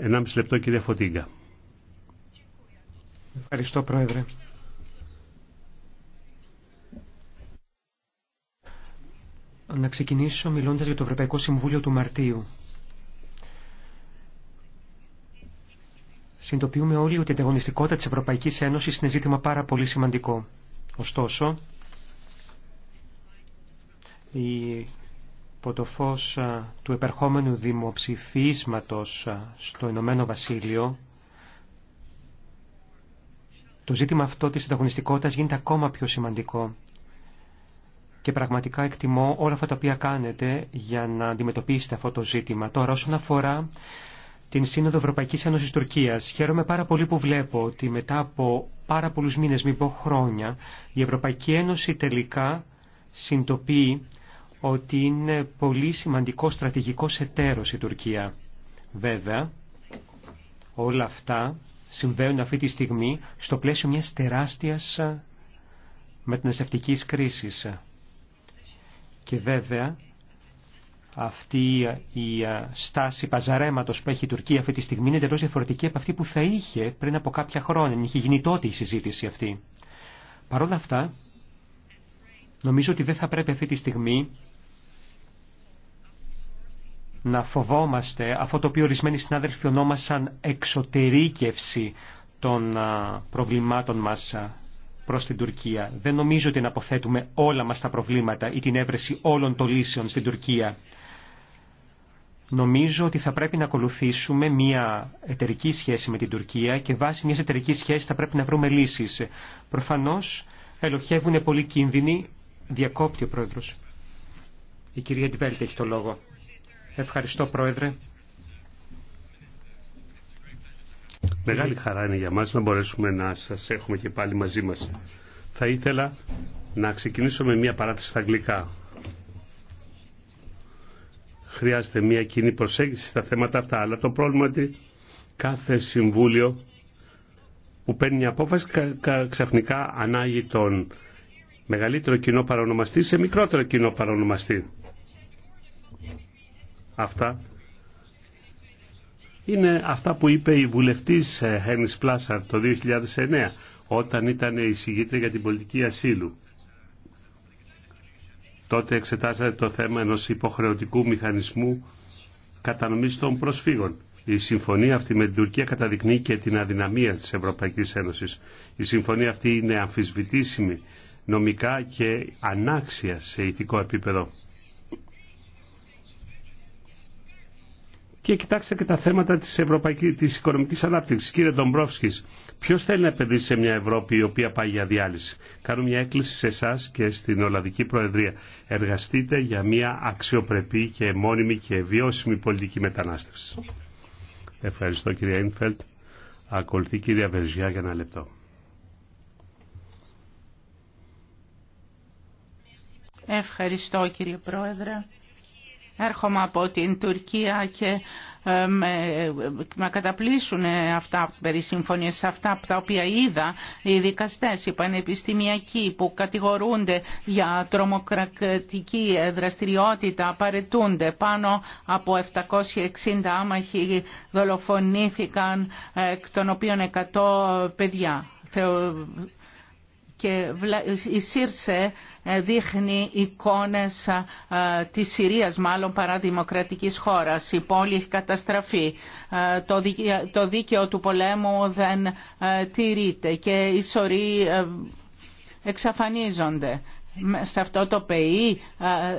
Ενάμιση λεπτό κύριε Φωτίγκα. Ευχαριστώ, Πρόεδρε. Να ξεκινήσω μιλώντας για το Ευρωπαϊκό Συμβούλιο του Μαρτίου. Συντοποιούμε όλοι ότι η ανταγωνιστικότητα της Ευρωπαϊκής Ένωσης είναι ζήτημα πάρα πολύ σημαντικό. Ωστόσο, η υπό το φως του επερχόμενου δημοψηφίσματος στο Ηνωμένο Βασίλειο το ζήτημα αυτό της ανταγωνιστικότητας γίνεται ακόμα πιο σημαντικό. Και πραγματικά εκτιμώ όλα αυτά τα οποία κάνετε για να αντιμετωπίσετε αυτό το ζήτημα. Τώρα όσον αφορά την Σύνοδο Ευρωπαϊκής Ένωσης Τουρκίας. Χαίρομαι πάρα πολύ που βλέπω ότι μετά από πάρα πολλούς μήνες, μην πω χρόνια, η Ευρωπαϊκή Ένωση τελικά συντοπεί ότι είναι πολύ σημαντικό στρατηγικό εταίρος η Τουρκία. Βέβαια, όλα αυτά συμβαίνουν αυτή τη στιγμή στο πλαίσιο μιας τεράστιας ε, μεταναστευτικής κρίσης. Και βέβαια αυτή ε, η ε, στάση παζαρέματος που έχει η Τουρκία αυτή τη στιγμή είναι εντελώς διαφορετική από αυτή που θα είχε πριν από κάποια χρόνια. Είχε γίνει τότε η συζήτηση αυτή. Παρ' όλα αυτά, νομίζω ότι δεν θα πρέπει αυτή τη στιγμή να φοβόμαστε αυτό το οποίο ορισμένοι συνάδελφοι ονόμασαν εξωτερήκευση των προβλημάτων μας προς την Τουρκία. Δεν νομίζω ότι να αποθέτουμε όλα μας τα προβλήματα ή την έβρεση όλων των λύσεων στην Τουρκία. Νομίζω ότι θα πρέπει να ακολουθήσουμε μια εταιρική σχέση με την Τουρκία και βάσει μια εταιρική σχέση θα πρέπει να βρούμε λύσεις. Προφανώς ελοχεύουν πολλοί κίνδυνοι. Διακόπτει ο Πρόεδρος. Η κυρία Ντιβέλτ έχει το λόγο. Ευχαριστώ Πρόεδρε. Μεγάλη χαρά είναι για μας να μπορέσουμε να σας έχουμε και πάλι μαζί μας. Θα ήθελα να ξεκινήσω με μια παράθεση στα αγγλικά. Χρειάζεται μια κοινή προσέγγιση στα θέματα αυτά, αλλά το πρόβλημα είναι ότι κάθε συμβούλιο που παίρνει μια απόφαση ξαφνικά ανάγει τον μεγαλύτερο κοινό παρονομαστή σε μικρότερο κοινό παρονομαστή αυτά είναι αυτά που είπε η βουλευτής Χένις ε, Πλάσαρ το 2009 όταν ήταν η για την πολιτική ασύλου. Τότε εξετάζεται το θέμα ενός υποχρεωτικού μηχανισμού κατανομής των προσφύγων. Η συμφωνία αυτή με την Τουρκία καταδεικνύει και την αδυναμία της Ευρωπαϊκής Ένωσης. Η συμφωνία αυτή είναι αμφισβητήσιμη νομικά και ανάξια σε ηθικό επίπεδο. Και κοιτάξτε και τα θέματα της, ευρωπαϊκής, της οικονομικής ανάπτυξης. Κύριε Ντομπρόφσκης, ποιος θέλει να επενδύσει σε μια Ευρώπη η οποία πάει για διάλυση. Κάνω μια έκκληση σε εσά και στην Ολλανδική Προεδρία. Εργαστείτε για μια αξιοπρεπή και μόνιμη και βιώσιμη πολιτική μετανάστευση. Ευχαριστώ κύριε Ίνφελτ. Ακολουθεί κύριε Βερζιά για ένα λεπτό. Ευχαριστώ κύριε Πρόεδρε. Έρχομαι από την Τουρκία και ε, με καταπλήσουν αυτά περί συμφωνίες, αυτά τα οποία είδα οι δικαστές, οι πανεπιστημιακοί που κατηγορούνται για τρομοκρατική δραστηριότητα, παρετούνται πάνω από 760 άμαχοι δολοφονήθηκαν, εκ των οποίων 100 παιδιά. Και η Σύρσε ε, δείχνει εικόνες ε, της Συρίας, μάλλον παρά δημοκρατικής χώρας. Η πόλη έχει καταστραφεί. Ε, το δίκαιο του πολέμου δεν τηρείται και οι σωροί εξαφανίζονται σε αυτό το ΠΕΗ,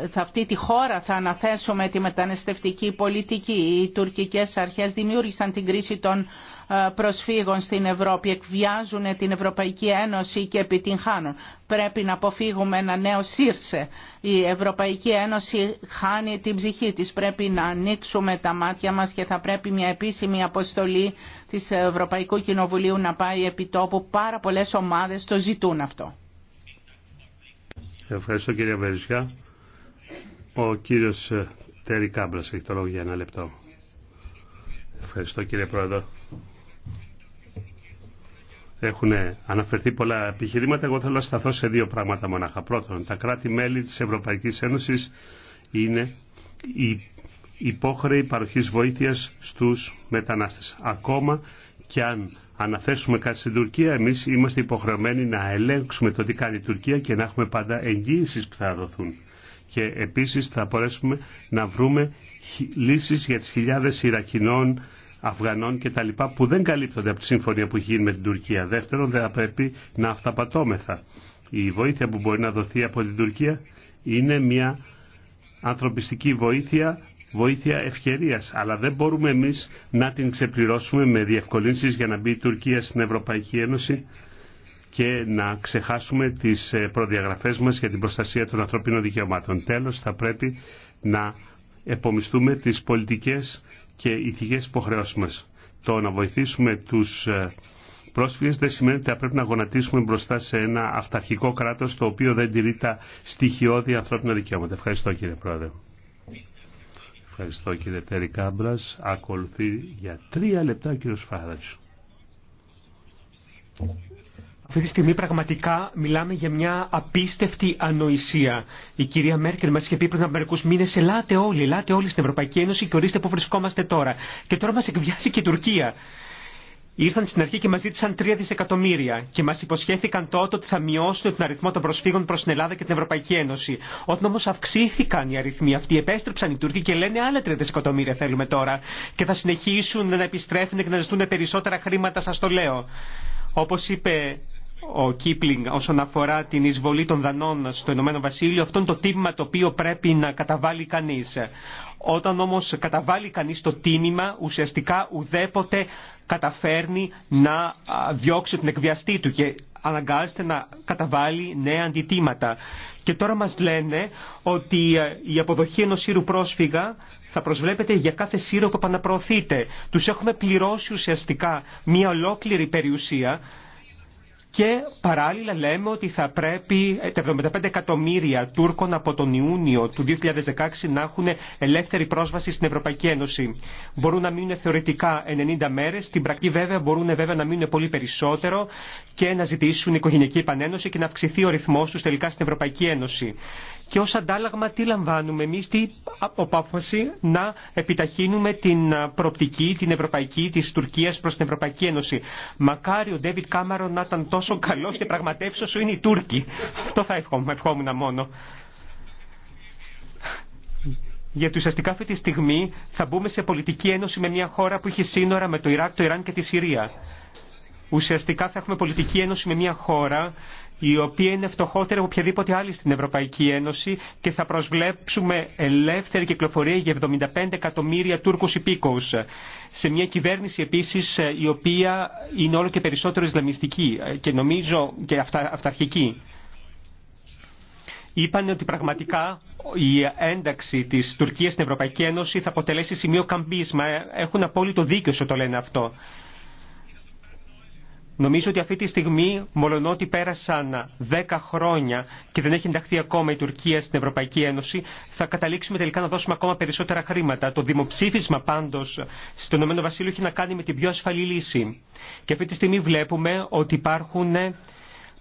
σε αυτή τη χώρα θα αναθέσουμε τη μεταναστευτική πολιτική. Οι τουρκικές αρχές δημιούργησαν την κρίση των ε, προσφύγων στην Ευρώπη, εκβιάζουν την Ευρωπαϊκή Ένωση και επιτυγχάνουν. Πρέπει να αποφύγουμε ένα νέο σύρσε. Η Ευρωπαϊκή Ένωση χάνει την ψυχή της. Πρέπει να ανοίξουμε τα μάτια μας και θα πρέπει μια επίσημη αποστολή της Ευρωπαϊκού Κοινοβουλίου να πάει επί τόπου. Πάρα πολλές ομάδες το ζητούν αυτό. Ευχαριστώ κύριε Βερισιά. Ο κύριος ε, Τέρι Κάμπρας έχει το λόγο για ένα λεπτό. Ευχαριστώ κύριε Πρόεδρο. Έχουν αναφερθεί πολλά επιχειρήματα. Εγώ θέλω να σταθώ σε δύο πράγματα μονάχα. Πρώτον, τα κράτη-μέλη της Ευρωπαϊκής Ένωσης είναι η υπόχρεη παροχής βοήθειας στους μετανάστες. Ακόμα και αν αναθέσουμε κάτι στην Τουρκία, εμείς είμαστε υποχρεωμένοι να ελέγξουμε το τι κάνει η Τουρκία και να έχουμε πάντα εγγύησεις που θα δοθούν. Και επίσης θα μπορέσουμε να βρούμε λύσεις για τις χιλιάδες Ιρακινών Αφγανών και τα λοιπά που δεν καλύπτονται από τη συμφωνία που έχει γίνει με την Τουρκία. Δεύτερον, δεν θα πρέπει να αυταπατώμεθα. Η βοήθεια που μπορεί να δοθεί από την Τουρκία είναι μια ανθρωπιστική βοήθεια, βοήθεια ευκαιρίας. Αλλά δεν μπορούμε εμείς να την ξεπληρώσουμε με διευκολύνσεις για να μπει η Τουρκία στην Ευρωπαϊκή Ένωση και να ξεχάσουμε τις ε, προδιαγραφές μας για την προστασία των ανθρωπίνων δικαιωμάτων. Τέλος, θα πρέπει να επομιστούμε τις πολιτικές και ηθικέ υποχρεώσει μα. Το να βοηθήσουμε τους ε, πρόσφυγες δεν σημαίνει ότι θα πρέπει να γονατίσουμε μπροστά σε ένα αυταρχικό κράτο το οποίο δεν τηρεί τα στοιχειώδη ανθρώπινα δικαιώματα. Ευχαριστώ κύριε Πρόεδρε. Ευχαριστώ κύριε Τέρη Κάμπρα, Ακολουθεί για τρία λεπτά ο κύριο Φάρατσου. Αυτή τη στιγμή πραγματικά μιλάμε για μια απίστευτη ανοησία. Η κυρία Μέρκελ μα είχε πει πριν από μερικού μήνε: Ελάτε όλοι, ελάτε όλοι στην Ευρωπαϊκή Ένωση και ορίστε πού βρισκόμαστε τώρα. Και τώρα μα εκβιάζει και η Τουρκία. Ήρθαν στην αρχή και μα ζήτησαν 3 δισεκατομμύρια και μα υποσχέθηκαν τότε ότι θα μειώσουν τον αριθμό των προσφύγων προ την Ελλάδα και την Ευρωπαϊκή Ένωση. Όταν όμω αυξήθηκαν οι αριθμοί αυτοί, επέστρεψαν οι Τούρκοι και λένε άλλα 3 δισεκατομμύρια θέλουμε τώρα και θα συνεχίσουν να επιστρέφουν και να ζητούν περισσότερα χρήματα, σα το λέω. Όπω είπε ο Κίπλινγκ όσον αφορά την εισβολή των Δανών στο Ηνωμένο Βασίλειο, αυτό είναι το τίμημα το οποίο πρέπει να καταβάλει κανείς. Όταν όμως καταβάλει κανείς το τίμημα, ουσιαστικά ουδέποτε καταφέρνει να διώξει τον εκβιαστή του και αναγκάζεται να καταβάλει νέα αντιτήματα. Και τώρα μας λένε ότι ε, η αποδοχή ενός σύρου πρόσφυγα θα προσβλέπεται για κάθε σύρο που επαναπροωθείται. Τους έχουμε πληρώσει ουσιαστικά μια ολόκληρη περιουσία και παράλληλα λέμε ότι θα πρέπει ε, τα 75 εκατομμύρια Τούρκων από τον Ιούνιο του 2016 να έχουν ελεύθερη πρόσβαση στην Ευρωπαϊκή Ένωση. Μπορούν να μείνουν θεωρητικά 90 μέρε, στην πρακτική βέβαια μπορούν βέβαια να μείνουν πολύ περισσότερο και να ζητήσουν οικογενειακή επανένωση και να αυξηθεί ο ρυθμό του τελικά στην Ευρωπαϊκή Ένωση και ως αντάλλαγμα τι λαμβάνουμε εμείς, τι απόφαση να επιταχύνουμε την προοπτική, την ευρωπαϊκή της Τουρκίας προς την Ευρωπαϊκή Ένωση. Μακάρι ο Ντέβιτ Κάμαρον να ήταν τόσο καλός και πραγματεύσω όσο είναι οι Τούρκοι. Αυτό θα ευχόμουν, ευχόμουν μόνο. Γιατί ουσιαστικά αυτή τη στιγμή θα μπούμε σε πολιτική ένωση με μια χώρα που έχει σύνορα με το Ιράκ, το Ιράν και τη Συρία. Ουσιαστικά θα έχουμε πολιτική ένωση με μια χώρα η οποία είναι φτωχότερη από οποιαδήποτε άλλη στην Ευρωπαϊκή Ένωση και θα προσβλέψουμε ελεύθερη κυκλοφορία για 75 εκατομμύρια Τούρκους υπήκοους. Σε μια κυβέρνηση επίσης η οποία είναι όλο και περισσότερο Ισλαμιστική και νομίζω και αυτα, αυταρχική. Είπαν ότι πραγματικά η ένταξη της Τουρκίας στην Ευρωπαϊκή Ένωση θα αποτελέσει σημείο καμπής, μα έχουν απόλυτο δίκιο σε το λένε αυτό. Νομίζω ότι αυτή τη στιγμή, μολονότι πέρασαν δέκα χρόνια και δεν έχει ενταχθεί ακόμα η Τουρκία στην Ευρωπαϊκή Ένωση, θα καταλήξουμε τελικά να δώσουμε ακόμα περισσότερα χρήματα. Το δημοψήφισμα πάντω στο Ηνωμένο Βασίλειο έχει να κάνει με την πιο ασφαλή λύση. Και αυτή τη στιγμή βλέπουμε ότι υπάρχουν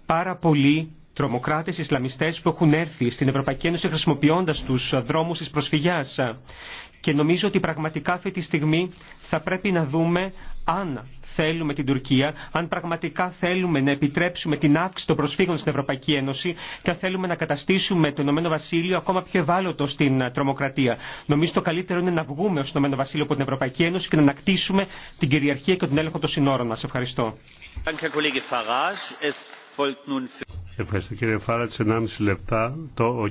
πάρα πολλοί τρομοκράτε Ισλαμιστέ που έχουν έρθει στην Ευρωπαϊκή Ένωση χρησιμοποιώντα του δρόμου τη προσφυγιά. Και νομίζω ότι πραγματικά αυτή τη στιγμή θα πρέπει να δούμε αν θέλουμε την Τουρκία, αν πραγματικά θέλουμε να επιτρέψουμε την αύξηση των προσφύγων στην Ευρωπαϊκή Ένωση και αν θέλουμε να καταστήσουμε το Ηνωμένο Βασίλειο ακόμα πιο ευάλωτο στην τρομοκρατία. Νομίζω το καλύτερο είναι να βγούμε ω Ηνωμένο Βασίλειο από την Ευρωπαϊκή Ένωση και να ανακτήσουμε την κυριαρχία και τον έλεγχο των συνόρων μα. Ευχαριστώ. Ευχαριστώ κύριε Φάρατς. 1,5 λεπτά το, ο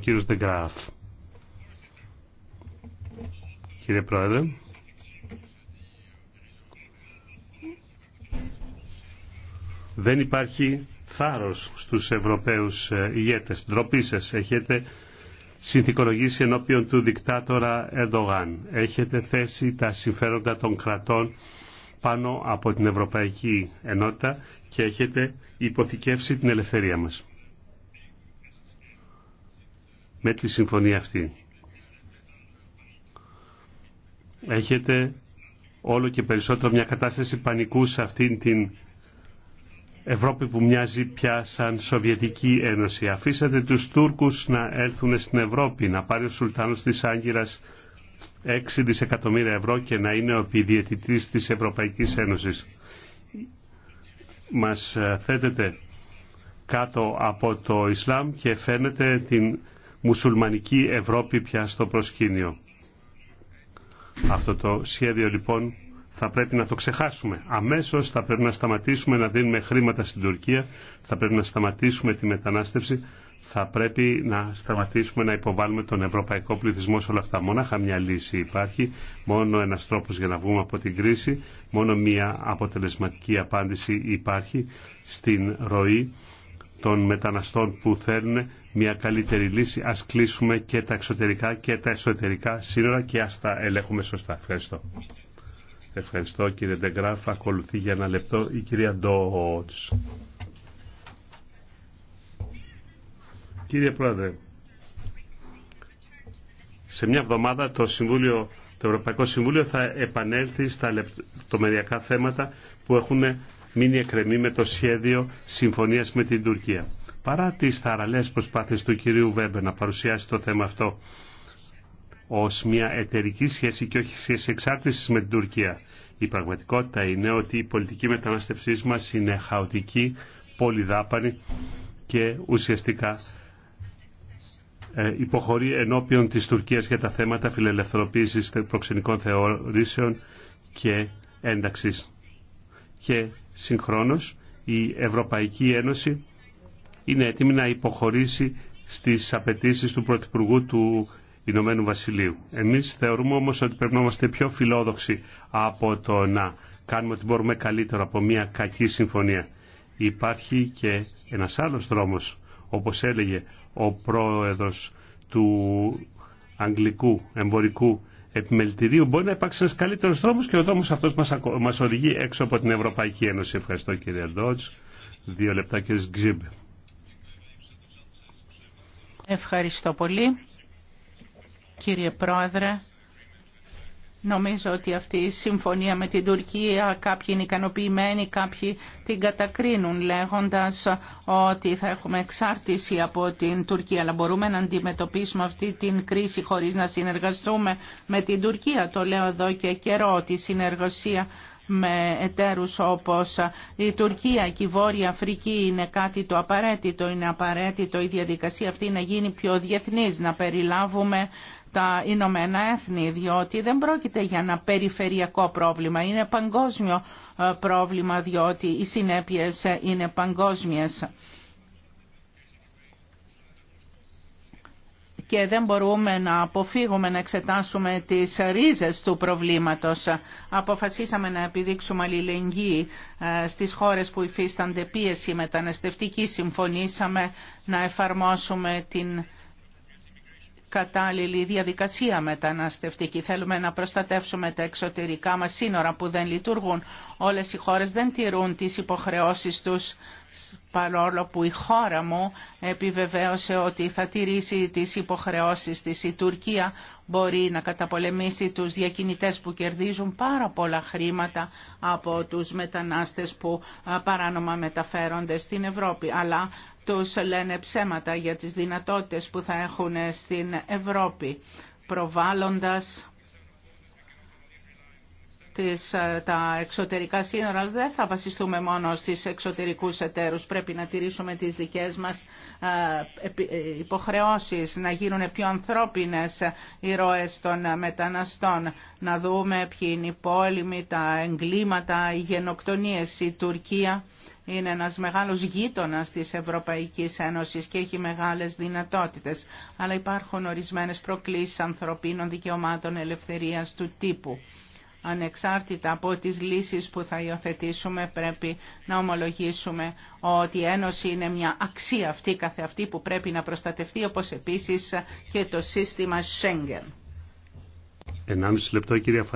Δεν υπάρχει θάρρος στους Ευρωπαίους ε, ηγέτες. Ντροπή σα έχετε συνθηκολογήσει ενώπιον του δικτάτορα Ερντογάν. Έχετε θέσει τα συμφέροντα των κρατών πάνω από την Ευρωπαϊκή Ενότητα και έχετε υποθηκεύσει την ελευθερία μας. Με τη συμφωνία αυτή. Έχετε όλο και περισσότερο μια κατάσταση πανικού σε αυτήν την Ευρώπη που μοιάζει πια σαν Σοβιετική Ένωση. Αφήσατε τους Τούρκους να έλθουν στην Ευρώπη, να πάρει ο Σουλτάνος της Άγκυρας 6 δισεκατομμύρια ευρώ και να είναι ο επιδιαιτητής της Ευρωπαϊκής Ένωσης. Μας ε, θέτεται κάτω από το Ισλάμ και φαίνεται την μουσουλμανική Ευρώπη πια στο προσκήνιο. Αυτό το σχέδιο λοιπόν θα πρέπει να το ξεχάσουμε. Αμέσως θα πρέπει να σταματήσουμε να δίνουμε χρήματα στην Τουρκία, θα πρέπει να σταματήσουμε τη μετανάστευση, θα πρέπει να σταματήσουμε να υποβάλουμε τον ευρωπαϊκό πληθυσμό σε όλα αυτά. Μόναχα μια λύση υπάρχει, μόνο ένας τρόπος για να βγούμε από την κρίση, μόνο μια αποτελεσματική απάντηση υπάρχει στην ροή των μεταναστών που θέλουν μια καλύτερη λύση. Ας κλείσουμε και τα εξωτερικά και τα εσωτερικά σύνορα και ας τα ελέγχουμε σωστά. Ευχαριστώ. Ευχαριστώ κύριε Ντεγκράφ. Ακολουθεί για ένα λεπτό η κυρία Ντότς. Κύριε Πρόεδρε, σε μια εβδομάδα το, Συμβούλιο, το Ευρωπαϊκό Συμβούλιο θα επανέλθει στα λεπτομεριακά θέματα που έχουν μείνει εκκρεμή με το σχέδιο συμφωνίας με την Τουρκία. Παρά τις θαραλές προσπάθειες του κυρίου Βέμπε να παρουσιάσει το θέμα αυτό ως μια εταιρική σχέση και όχι σχέση εξάρτησης με την Τουρκία. Η πραγματικότητα είναι ότι η πολιτική μεταναστευσή μας είναι χαοτική, πολυδάπανη και ουσιαστικά ε, υποχωρεί ενώπιον της Τουρκίας για τα θέματα φιλελευθεροποίησης προξενικών θεωρήσεων και ένταξης. Και συγχρόνως η Ευρωπαϊκή Ένωση είναι έτοιμη να υποχωρήσει στις απαιτήσεις του Πρωθυπουργού του Ηνωμένου Βασιλείου. Εμείς θεωρούμε όμως ότι πρέπει να είμαστε πιο φιλόδοξοι από το να κάνουμε ότι μπορούμε καλύτερο από μια κακή συμφωνία. Υπάρχει και ένας άλλος δρόμος, όπως έλεγε ο πρόεδρος του Αγγλικού Εμπορικού Επιμελητηρίου. Μπορεί να υπάρξει ένας καλύτερο δρόμο και ο δρόμος αυτός μας οδηγεί έξω από την Ευρωπαϊκή Ένωση. Ευχαριστώ κύριε Ντότς. Δύο λεπτά κύριε Γκζιμπ. Ευχαριστώ πολύ. Κύριε Πρόεδρε, νομίζω ότι αυτή η συμφωνία με την Τουρκία κάποιοι είναι ικανοποιημένοι, κάποιοι την κατακρίνουν λέγοντας ότι θα έχουμε εξάρτηση από την Τουρκία. Αλλά μπορούμε να αντιμετωπίσουμε αυτή την κρίση χωρίς να συνεργαστούμε με την Τουρκία. Το λέω εδώ και καιρό ότι η συνεργασία με εταίρους όπως η Τουρκία και η Βόρεια Αφρική είναι κάτι το απαραίτητο, είναι απαραίτητο η διαδικασία αυτή να γίνει πιο διεθνής, να περιλάβουμε τα Ηνωμένα Έθνη, διότι δεν πρόκειται για ένα περιφερειακό πρόβλημα, είναι παγκόσμιο ε, πρόβλημα, διότι οι συνέπειες ε, είναι παγκόσμιες. και δεν μπορούμε να αποφύγουμε να εξετάσουμε τις ρίζες του προβλήματος. Αποφασίσαμε να επιδείξουμε αλληλεγγύη ε, στις χώρες που υφίστανται πίεση μεταναστευτική. Συμφωνήσαμε να εφαρμόσουμε την κατάλληλη διαδικασία μεταναστευτική. Θέλουμε να προστατεύσουμε τα εξωτερικά μας σύνορα που δεν λειτουργούν. Όλες οι χώρες δεν τηρούν τις υποχρεώσεις τους παρόλο που η χώρα μου επιβεβαίωσε ότι θα τηρήσει τις υποχρεώσεις της. Η Τουρκία μπορεί να καταπολεμήσει τους διακινητές που κερδίζουν πάρα πολλά χρήματα από τους μετανάστες που παράνομα μεταφέρονται στην Ευρώπη. Αλλά τους λένε ψέματα για τις δυνατότητες που θα έχουν στην Ευρώπη, προβάλλοντας ε, τα εξωτερικά σύνορα δεν θα βασιστούμε μόνο στις εξωτερικούς εταίρους. Πρέπει να τηρήσουμε τις δικές μας ε, ε, υποχρεώσεις, να γίνουν πιο ανθρώπινες οι ροές των μεταναστών, να δούμε ποιοι είναι οι πόλεμοι, τα εγκλήματα, οι γενοκτονίες, η Τουρκία είναι ένας μεγάλος γείτονας της Ευρωπαϊκής Ένωσης και έχει μεγάλες δυνατότητες, αλλά υπάρχουν ορισμένες προκλήσεις ανθρωπίνων δικαιωμάτων ελευθερίας του τύπου. Ανεξάρτητα από τις λύσεις που θα υιοθετήσουμε πρέπει να ομολογήσουμε ότι η Ένωση είναι μια αξία αυτή καθεαυτή που πρέπει να προστατευτεί όπως επίσης και το σύστημα Schengen. Ενάμιση λεπτό κυρία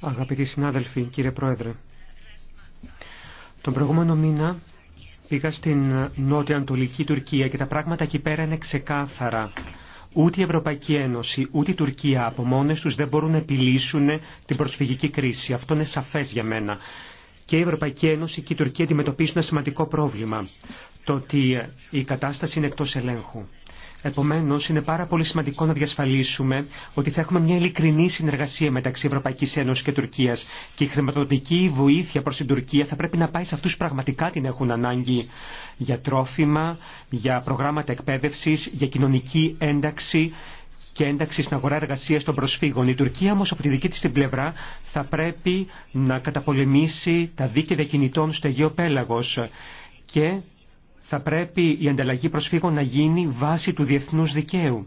Αγαπητοί συνάδελφοι, κύριε Πρόεδρε, τον προηγούμενο μήνα πήγα στην νότια Ανατολική Τουρκία και τα πράγματα εκεί πέρα είναι ξεκάθαρα. Ούτε η Ευρωπαϊκή Ένωση, ούτε η Τουρκία από μόνες τους δεν μπορούν να επιλύσουν την προσφυγική κρίση. Αυτό είναι σαφές για μένα. Και η Ευρωπαϊκή Ένωση και η Τουρκία αντιμετωπίζουν ένα σημαντικό πρόβλημα. Το ότι η κατάσταση είναι εκτό ελέγχου. Επομένω, είναι πάρα πολύ σημαντικό να διασφαλίσουμε ότι θα έχουμε μια ειλικρινή συνεργασία μεταξύ Ευρωπαϊκή Ένωση και Τουρκία και η χρηματοδοτική βοήθεια προ την Τουρκία θα πρέπει να πάει σε αυτού που πραγματικά την έχουν ανάγκη για τρόφιμα, για προγράμματα εκπαίδευση, για κοινωνική ένταξη και ένταξη στην αγορά εργασία των προσφύγων. Η Τουρκία όμω από τη δική τη την πλευρά θα πρέπει να καταπολεμήσει τα δίκαια κινητών στο Αιγαίο Πέλαγο και θα πρέπει η ανταλλαγή προσφύγων να γίνει βάση του διεθνούς δικαίου.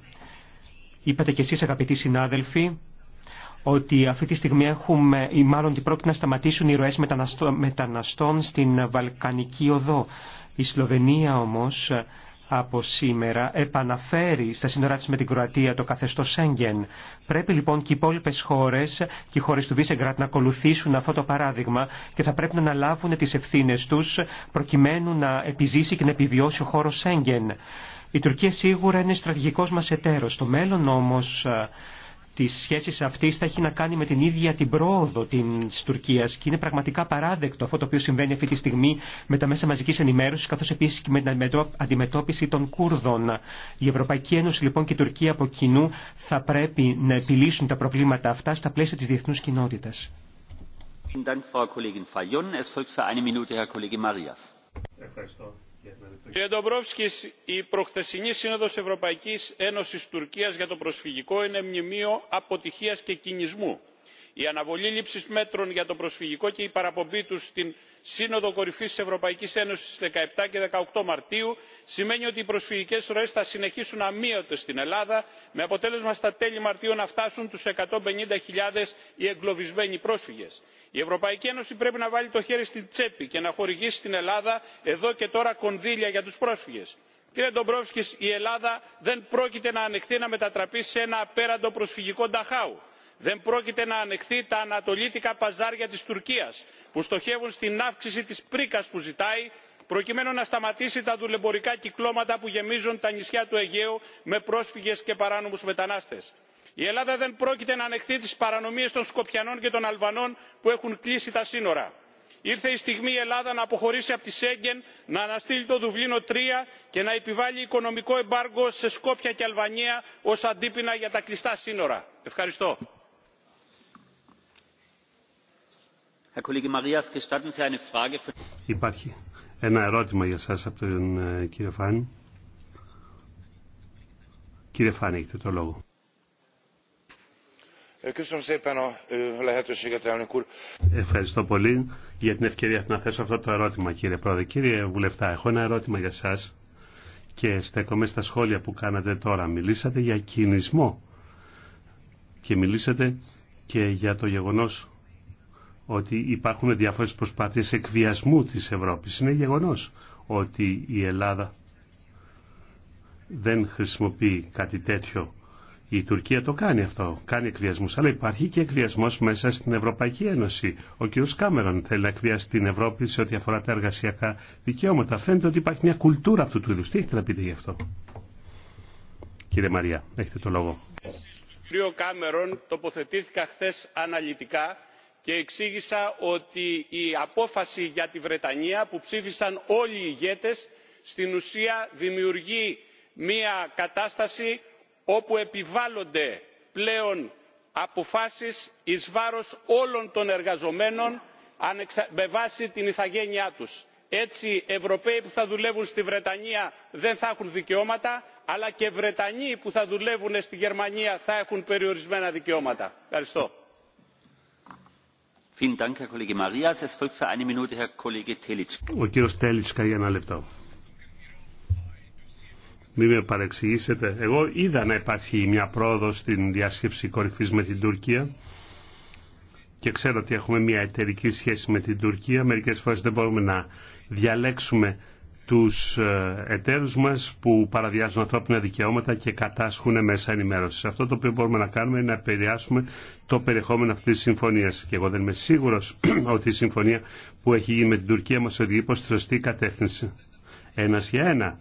Είπατε κι εσείς αγαπητοί συνάδελφοι ότι αυτή τη στιγμή έχουμε, ή μάλλον ότι πρόκειται να σταματήσουν οι ροές μεταναστών στην Βαλκανική Οδό. Η Σλοβενία όμως από σήμερα επαναφέρει στα σύνορά της με την Κροατία το καθεστώς Σέγγεν. Πρέπει λοιπόν και οι υπόλοιπε χώρες και οι χώρες του Βίσεγκρατ να ακολουθήσουν αυτό το παράδειγμα και θα πρέπει να αναλάβουν τις ευθύνες τους προκειμένου να επιζήσει και να επιβιώσει ο χώρος Σέγγεν. Η Τουρκία σίγουρα είναι στρατηγικός μας εταίρος. Το μέλλον όμως τη σχέση αυτή θα έχει να κάνει με την ίδια την πρόοδο τη Τουρκία και είναι πραγματικά παράδεκτο αυτό το οποίο συμβαίνει αυτή τη στιγμή με τα μέσα μαζική ενημέρωση καθώ επίση και με την αντιμετώπιση των Κούρδων. Η Ευρωπαϊκή Ένωση λοιπόν και η Τουρκία από κοινού θα πρέπει να επιλύσουν τα προβλήματα αυτά στα πλαίσια τη διεθνού κοινότητα. Κύριε Ντομπρόφσκη, η προχθεσινή Σύνοδος Ευρωπαϊκής Ένωσης Τουρκίας για το προσφυγικό είναι μνημείο αποτυχίας και κινησμού. Η αναβολή λήψης μέτρων για το προσφυγικό και η παραπομπή του στην Σύνοδο Κορυφής της Ευρωπαϊκής Ένωσης 17 και 18 Μαρτίου σημαίνει ότι οι προσφυγικές ροές θα συνεχίσουν αμύωτες στην Ελλάδα με αποτέλεσμα στα τέλη Μαρτίου να φτάσουν τους 150.000 οι εγκλωβισμένοι πρόσφυγες η ευρωπαϊκή ένωση πρέπει να βάλει το χέρι στην τσέπη και να χορηγήσει στην ελλάδα εδώ και τώρα κονδύλια για τους πρόσφυγες. κύριε ντομπrovskis η ελλάδα δεν πρόκειται να ανεχθεί να μετατραπεί σε ένα απέραντο προσφυγικό νταχάου. δεν πρόκειται να ανεχθεί τα ανατολίτικα παζάρια της τουρκίας που στοχεύουν στην αύξηση της πρίκας που ζητάει προκειμένου να σταματήσει τα δουλεμπορικά κυκλώματα που γεμίζουν τα νησιά του αιγαίου με πρόσφυγες και παράνομους μετανάστες η ελλάδα δεν πρόκειται να ανεχθεί τι παρανομίε των σκοπιανών και των αλβανών που έχουν κλείσει τα σύνορα. ήρθε η στιγμή η ελλάδα να αποχωρήσει από τη σέγγεν να αναστείλει το δουβλίνο 3 και να επιβάλει οικονομικό εμπάργκο σε σκόπια και αλβανία ως αντίπεινα για τα κλειστά σύνορα. ευχαριστώ. Υπάρχει ένα ερώτημα για σας από τον ε, κύριο Φάνη. Κύριε Φάνη, έχετε το λόγο. Ευχαριστώ πολύ για την ευκαιρία να θέσω αυτό το ερώτημα κύριε Πρόεδρε. Κύριε Βουλευτά, έχω ένα ερώτημα για σας και στέκομαι στα σχόλια που κάνατε τώρα. Μιλήσατε για κινησμό και μιλήσατε και για το γεγονός ότι υπάρχουν διάφορες προσπάθειες εκβιασμού της Ευρώπης. Είναι γεγονός ότι η Ελλάδα δεν χρησιμοποιεί κάτι τέτοιο η Τουρκία το κάνει αυτό, κάνει εκβιασμού, αλλά υπάρχει και εκβιασμό μέσα στην Ευρωπαϊκή Ένωση. Ο κ. Κάμερον θέλει να εκβιάσει την Ευρώπη σε ό,τι αφορά τα εργασιακά δικαιώματα. Φαίνεται ότι υπάρχει μια κουλτούρα αυτού του είδου. Τι έχετε να πείτε γι' αυτό, κύριε Μαρία, έχετε το λόγο. Κύριο Κάμερον, τοποθετήθηκα χθε αναλυτικά και εξήγησα ότι η απόφαση για τη Βρετανία που ψήφισαν όλοι οι ηγέτε στην ουσία δημιουργεί μια κατάσταση όπου επιβάλλονται πλέον αποφάσεις εις βάρος όλων των εργαζομένων με βάση την ηθαγένειά τους. έτσι ευρωπαίοι που θα δουλεύουν στη βρετανία δεν θα έχουν δικαιώματα αλλά και βρετανοί που θα δουλεύουν στη γερμανία θα έχουν περιορισμένα δικαιώματα. ευχαριστώ. Ο μην με παρεξηγήσετε. Εγώ είδα να υπάρχει μια πρόοδο στην διάσκεψη κορυφής με την Τουρκία και ξέρω ότι έχουμε μια εταιρική σχέση με την Τουρκία. Μερικές φορές δεν μπορούμε να διαλέξουμε τους ε, εταίρους μας που παραβιάζουν ανθρώπινα δικαιώματα και κατάσχουν μέσα ενημέρωση. Αυτό το οποίο μπορούμε να κάνουμε είναι να επηρεάσουμε το περιεχόμενο αυτή τη συμφωνία. Και εγώ δεν είμαι σίγουρο ότι η συμφωνία που έχει γίνει με την Τουρκία μα οδηγεί προ τη σωστή κατεύθυνση. ένα για ένα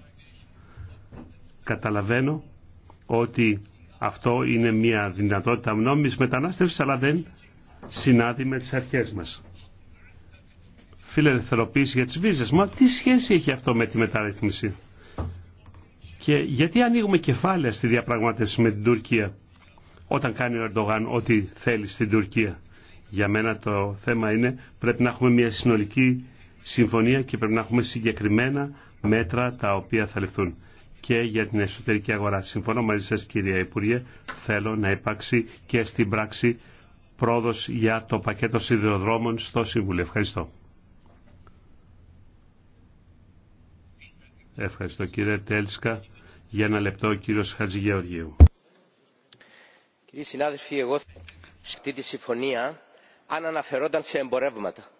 Καταλαβαίνω ότι αυτό είναι μια δυνατότητα νόμιμης μετανάστευσης, αλλά δεν συνάδει με τις αρχές μας. Φιλελευθερωποίηση για τις βίζες. Μα τι σχέση έχει αυτό με τη μεταρρύθμιση. Και γιατί ανοίγουμε κεφάλαια στη διαπραγμάτευση με την Τουρκία όταν κάνει ο Ερντογάν ό,τι θέλει στην Τουρκία. Για μένα το θέμα είναι πρέπει να έχουμε μια συνολική συμφωνία και πρέπει να έχουμε συγκεκριμένα μέτρα τα οποία θα ληφθούν και για την εσωτερική αγορά. Συμφωνώ μαζί σας κυρία Υπουργέ, θέλω να υπάρξει και στην πράξη πρόοδος για το πακέτο σιδηροδρόμων στο Συμβούλιο. Ευχαριστώ. Ευχαριστώ κύριε Τέλσκα. Για ένα λεπτό ο κύριος Χατζηγεωργίου. Κύριοι συνάδελφοι, εγώ σε τη συμφωνία αν αναφερόταν σε εμπορεύματα,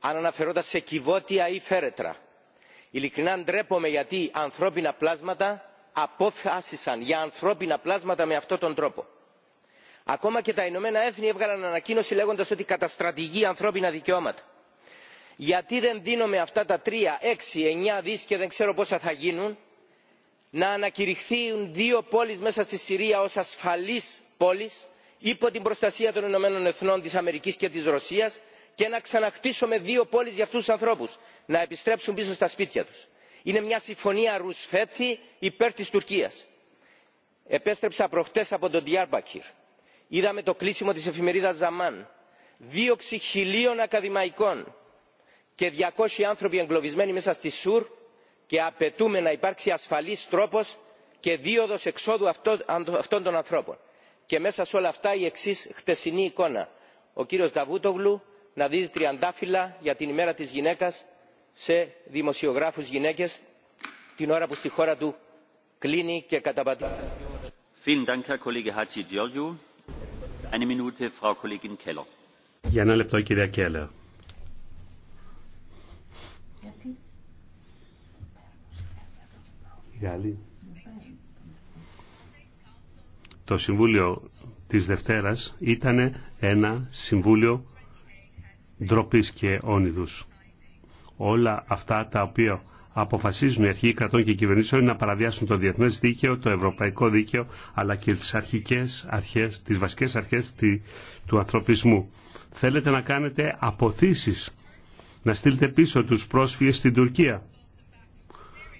αν αναφερόταν σε κυβότια ή φέρετρα, ειλικρινά ντρέπομαι γιατί ανθρώπινα πλάσματα αποφάσισαν για ανθρώπινα πλάσματα με αυτόν τον τρόπο. Ακόμα και τα Ηνωμένα Έθνη έβγαλαν ανακοίνωση λέγοντας ότι καταστρατηγεί ανθρώπινα δικαιώματα. Γιατί δεν δίνουμε αυτά τα τρία, έξι, εννιά δις και δεν ξέρω πόσα θα γίνουν να ανακηρυχθούν δύο πόλεις μέσα στη Συρία ως ασφαλείς πόλεις υπό την προστασία των Ηνωμένων Εθνών της Αμερικής και της Ρωσίας και να ξαναχτίσουμε δύο πόλεις για αυτούς τους ανθρώπους να επιστρέψουν πίσω στα σπίτια τους. Είναι μια συμφωνία Ρουσφέτη υπέρ της Τουρκίας. Επέστρεψα προχτές από τον Διάρμπακυρ. Είδαμε το κλείσιμο της εφημερίδας Ζαμάν. Δίωξη χιλίων ακαδημαϊκών και 200 άνθρωποι εγκλωβισμένοι μέσα στη Σουρ και απαιτούμε να υπάρξει ασφαλής τρόπος και δίωδος εξόδου αυτών των ανθρώπων. Και μέσα σε όλα αυτά η εξής χτεσινή εικόνα. Ο κύριο Νταβούτογλου να δίδει τριαντάφυλλα για την ημέρα της γυναίκας σε δημοσιογράφους γυναίκες την ώρα που στη χώρα του κλείνει και καταπατεί. Για ένα λεπτό κυρία Κέλλερ. Γιατί... Το Συμβούλιο της Δευτέρας ήταν ένα Συμβούλιο ντροπή και όνειδου. Όλα αυτά τα οποία αποφασίζουν οι αρχηγοί κρατών και κυβερνήσεων είναι να παραδιάσουν το διεθνές δίκαιο, το ευρωπαϊκό δίκαιο, αλλά και τις, αρχικές αρχές, τι βασικές αρχές του ανθρωπισμού. Θέλετε να κάνετε αποθήσεις, να στείλετε πίσω τους πρόσφυγες στην Τουρκία.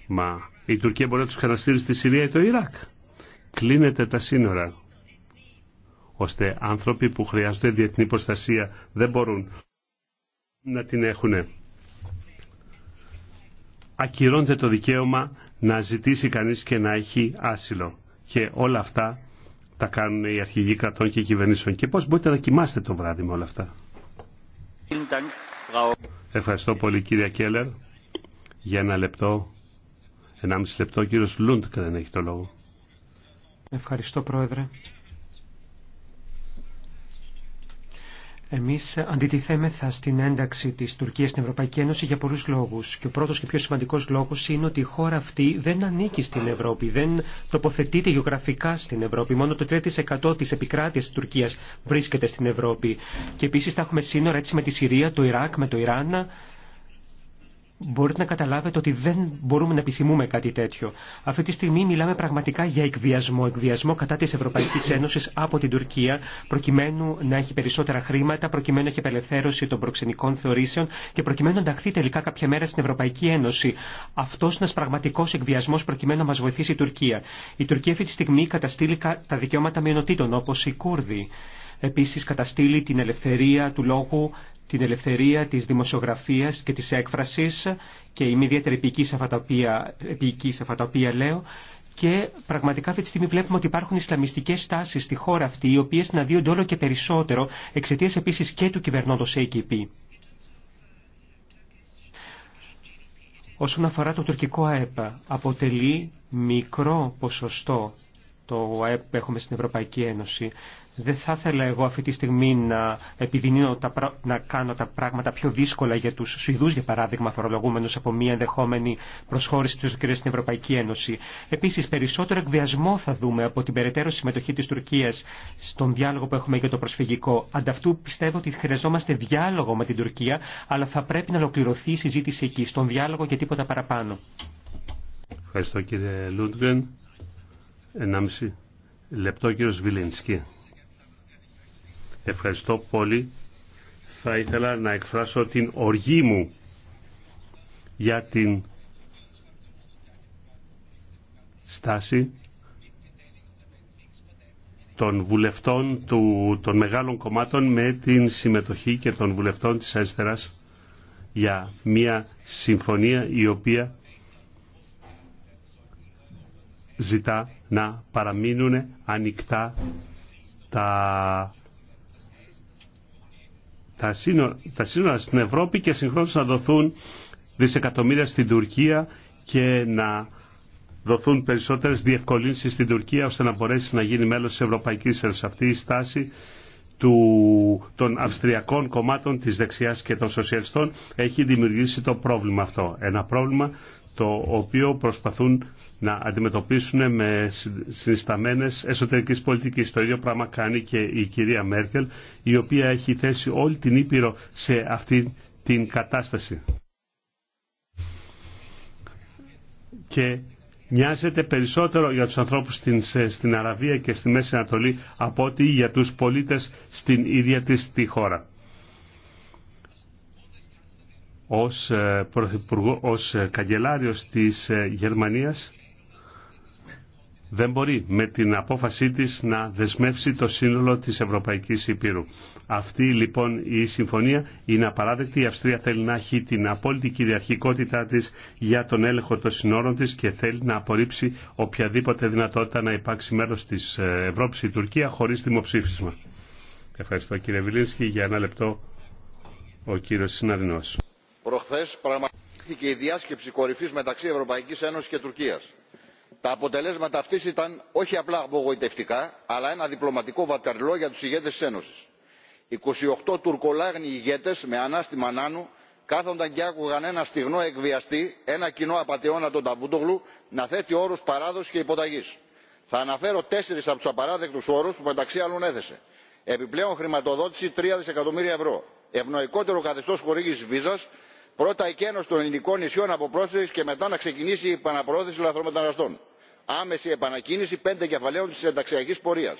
Μα η Τουρκία μπορεί να του καταστήσει στη Συρία ή το Ιράκ. Κλείνετε τα σύνορα, ώστε άνθρωποι που χρειάζονται διεθνή προστασία δεν μπορούν να την έχουν. Ακυρώνεται το δικαίωμα να ζητήσει κανείς και να έχει άσυλο. Και όλα αυτά τα κάνουν οι αρχηγοί κρατών και κυβερνήσεων. Και πώς μπορείτε να κοιμάστε το βράδυ με όλα αυτά. Ευχαριστώ πολύ κύριε Κέλλερ. Για ένα λεπτό, ενάμιση λεπτό, ο κύριος δεν έχει το λόγο. Ευχαριστώ πρόεδρε. Εμείς αντιτιθέμεθα στην ένταξη της Τουρκίας στην Ευρωπαϊκή Ένωση για πολλούς λόγους. Και ο πρώτος και πιο σημαντικός λόγος είναι ότι η χώρα αυτή δεν ανήκει στην Ευρώπη, δεν τοποθετείται γεωγραφικά στην Ευρώπη. Μόνο το 3% της επικράτειας της Τουρκίας βρίσκεται στην Ευρώπη. Και επίσης θα έχουμε σύνορα έτσι με τη Συρία, το Ιράκ, με το Ιράν μπορείτε να καταλάβετε ότι δεν μπορούμε να επιθυμούμε κάτι τέτοιο. Αυτή τη στιγμή μιλάμε πραγματικά για εκβιασμό. Εκβιασμό κατά τη Ευρωπαϊκή Ένωση από την Τουρκία, προκειμένου να έχει περισσότερα χρήματα, προκειμένου να έχει απελευθέρωση των προξενικών θεωρήσεων και προκειμένου να ενταχθεί τελικά κάποια μέρα στην Ευρωπαϊκή Ένωση. Αυτό είναι ένα πραγματικό εκβιασμό προκειμένου να μα βοηθήσει η Τουρκία. Η Τουρκία αυτή τη στιγμή καταστήλει τα δικαιώματα μειονοτήτων, όπω οι Κούρδοι. Επίσης καταστήλει την ελευθερία του λόγου, την ελευθερία της δημοσιογραφίας και της έκφρασης και είμαι ιδιαίτερη επίκη σε αυτά τα οποία λέω και πραγματικά αυτή τη στιγμή βλέπουμε ότι υπάρχουν Ισλαμιστικέ τάσει στη χώρα αυτή, οι οποίε συναντιούνται όλο και περισσότερο εξαιτία επίση και του κυβερνώντο AKP. Όσον αφορά το τουρκικό ΑΕΠ, αποτελεί μικρό ποσοστό το ΑΕΠ που έχουμε στην Ευρωπαϊκή Ένωση. Δεν θα ήθελα εγώ αυτή τη στιγμή να επιδεινώ τα, να κάνω τα πράγματα πιο δύσκολα για τους Σουηδούς, για παράδειγμα, φορολογούμενους από μια ενδεχόμενη προσχώρηση της Τουρκίας στην Ευρωπαϊκή Ένωση. Επίσης, περισσότερο εκβιασμό θα δούμε από την περαιτέρω συμμετοχή της Τουρκίας στον διάλογο που έχουμε για το προσφυγικό. Ανταυτού πιστεύω ότι χρειαζόμαστε διάλογο με την Τουρκία, αλλά θα πρέπει να ολοκληρωθεί η συζήτηση εκεί, στον διάλογο και τίποτα παραπάνω. Ευχαριστώ κύριε 1,5 λεπτό κύριος Βιλίνσκι. Ευχαριστώ πολύ. Θα ήθελα να εκφράσω την οργή μου για την στάση των βουλευτών του, των μεγάλων κομμάτων με την συμμετοχή και των βουλευτών της αριστεράς για μια συμφωνία η οποία ζητά να παραμείνουν ανοιχτά τα τα σύνορα, τα σύνορα στην Ευρώπη και συγχρόνως να δοθούν δισεκατομμύρια στην Τουρκία και να δοθούν περισσότερες διευκολύνσεις στην Τουρκία ώστε να μπορέσει να γίνει μέλος της Ευρωπαϊκής Ένωσης. Αυτή η στάση του, των αυστριακών κομμάτων της δεξιάς και των σοσιαλιστών έχει δημιουργήσει το πρόβλημα αυτό. Ένα πρόβλημα το οποίο προσπαθούν να αντιμετωπίσουν με συνισταμένες εσωτερικής πολιτικής. Το ίδιο πράγμα κάνει και η κυρία Μέρκελ, η οποία έχει θέσει όλη την Ήπειρο σε αυτή την κατάσταση. Και νοιάζεται περισσότερο για τους ανθρώπους στην Αραβία και στη Μέση Ανατολή από ότι για τους πολίτες στην ίδια της τη χώρα ως, ε, ως ε, καγκελάριος της ε, Γερμανίας δεν μπορεί με την απόφασή της να δεσμεύσει το σύνολο της Ευρωπαϊκής Υπήρου. Αυτή λοιπόν η συμφωνία είναι απαράδεκτη. Η Αυστρία θέλει να έχει την απόλυτη κυριαρχικότητά της για τον έλεγχο των συνόρων της και θέλει να απορρίψει οποιαδήποτε δυνατότητα να υπάρξει μέρος της Ευρώπης η Τουρκία χωρίς δημοψήφισμα. Ευχαριστώ κύριε Βιλίνσκι. Για ένα λεπτό ο κύριος Συναρινός προχθές πραγματοποιήθηκε η διάσκεψη κορυφής μεταξύ ευρωπαϊκής ένωσης και τουρκίας. τα αποτελέσματα αυτής ήταν όχι απλά απογοητευτικά αλλά ένα διπλωματικό βατερλό για τους ηγέτες της ένωσης. 28 τουρκολάγνοι ηγέτες με ανάστημα νάνου κάθονταν και άκουγαν ένα στιγνό εκβιαστή ένα κοινό απατεώνα τον Ταβούντογλου, να θέτει όρους παράδοσης και υποταγής. θα αναφέρω τέσσερις από τους απαράδεκτους όρους που μεταξύ άλλων έθεσε επιπλέον χρηματοδότηση τρία δισεκατομμύρια ευρώ ευνοϊκότερο καθεστώς χορήγησης βίζας πρώτα η κένωση των ελληνικών νησιών από πρόσφυγες και μετά να ξεκινήσει η επαναπροώθηση λαθρομεταναστών άμεση επανακίνηση πέντε κεφαλαίων της ενταξιακής πορείας.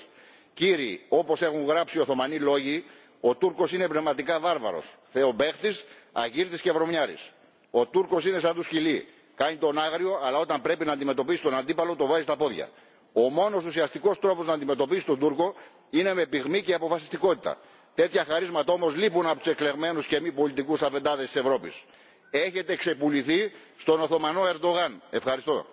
κύριοι όπως έχουν γράψει οι οθωμανοί λόγοι ο τούρκος είναι πνευματικά βάρβαρος θεομπαίχτης αγύρτης και βρωμιάρης. ο τούρκος είναι σαν του σκυλί κάνει τον άγριο αλλά όταν πρέπει να αντιμετωπίσει τον αντίπαλο το βάζει στα πόδια. ο μόνος ουσιαστικός τρόπος να αντιμετωπίσει τον τούρκο είναι με πυγμή και αποφασιστικότητα τέτοια χαρίσματα όμως λείπουν από τους εκλεγμένου και μη πολιτικούς αφεντάδες της ευρώπης. έχετε ξεπουληθεί στον οθωμανό ερντογάν. ευχαριστώ.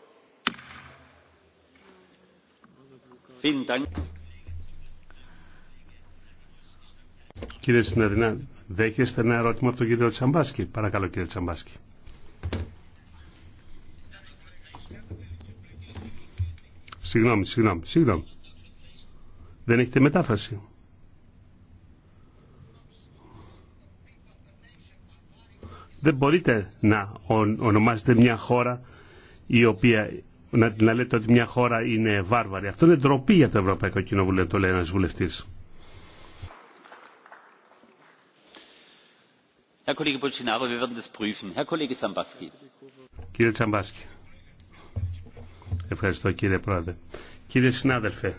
Κύριε Συναδρινά, δέχεστε ένα ερώτημα από τον κύριο Τσαμπάσκη. Παρακαλώ κύριε Τσαμπάσκη. Συγγνώμη, συγγνώμη, συγγνώμη. Δεν έχετε μετάφραση. Δεν μπορείτε να ονομάσετε μια χώρα η οποία να, λέτε ότι μια χώρα είναι βάρβαρη. Αυτό είναι ντροπή για το Ευρωπαϊκό Κοινοβούλιο, το λέει ένας βουλευτής. Κύριε Τσαμπάσκη. Ευχαριστώ κύριε Πρόεδρε. Κύριε συνάδελφε,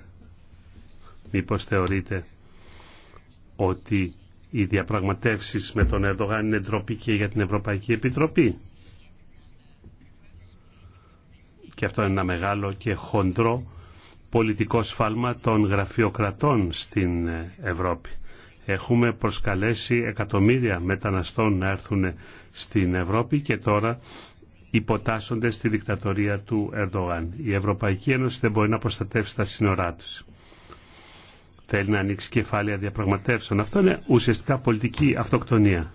μήπως θεωρείτε ότι οι διαπραγματεύσεις με τον Ερντογάν είναι ντροπή και για την Ευρωπαϊκή Επιτροπή. Και αυτό είναι ένα μεγάλο και χοντρό πολιτικό σφάλμα των γραφειοκρατών στην Ευρώπη. Έχουμε προσκαλέσει εκατομμύρια μεταναστών να έρθουν στην Ευρώπη και τώρα υποτάσσονται στη δικτατορία του Ερντογάν. Η Ευρωπαϊκή Ένωση δεν μπορεί να προστατεύσει τα σύνορά τους θέλει να ανοίξει κεφάλαια διαπραγματεύσεων. Αυτό είναι ουσιαστικά πολιτική αυτοκτονία.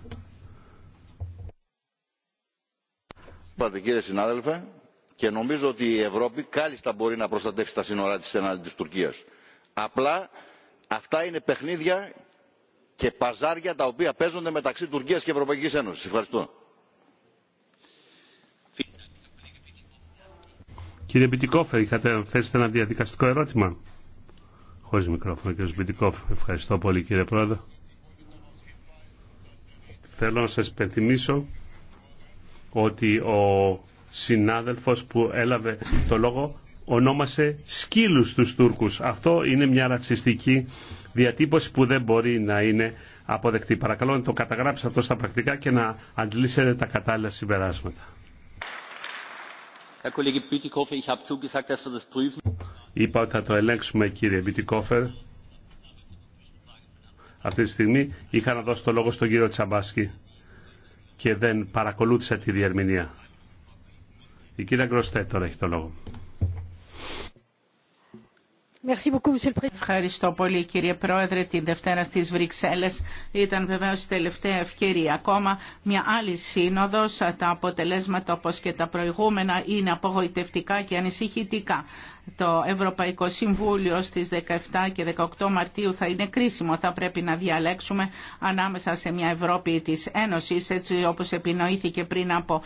Είπατε κύριε συνάδελφε και νομίζω ότι η Ευρώπη κάλλιστα μπορεί να προστατεύσει τα σύνορά της ενάντια της Τουρκίας. Απλά αυτά είναι παιχνίδια και παζάρια τα οποία παίζονται μεταξύ Τουρκίας και Ευρωπαϊκής Ένωσης. Ευχαριστώ. Κύριε Πιτικόφερ, είχατε θέσει ένα διαδικαστικό ερώτημα. Χωρίς μικρόφωνο, Ευχαριστώ πολύ, κύριε Πρόεδρε. Θέλω να σας υπενθυμίσω ότι ο συνάδελφος που έλαβε το λόγο ονόμασε σκύλους τους Τούρκους. Αυτό είναι μια ρατσιστική διατύπωση που δεν μπορεί να είναι αποδεκτή. Παρακαλώ να το καταγράψετε αυτό στα πρακτικά και να αντλήσετε τα κατάλληλα συμπεράσματα. Είπα ότι θα το ελέγξουμε κύριε Βιτικοφέρ Αυτή τη στιγμή είχα να δώσω το λόγο στον κύριο Τσαμπάσκι και δεν παρακολούθησα τη διερμηνία. Η κυρία Γκροστέ τώρα έχει το λόγο. Ευχαριστώ πολύ κύριε Πρόεδρε. Την Δευτέρα στις Βρυξέλλες ήταν βεβαίως η τελευταία ευκαιρία. Ακόμα μια άλλη σύνοδος, τα αποτελέσματα όπως και τα προηγούμενα είναι απογοητευτικά και ανησυχητικά το Ευρωπαϊκό Συμβούλιο στις 17 και 18 Μαρτίου θα είναι κρίσιμο. Θα πρέπει να διαλέξουμε ανάμεσα σε μια Ευρώπη της Ένωσης, έτσι όπως επινοήθηκε πριν από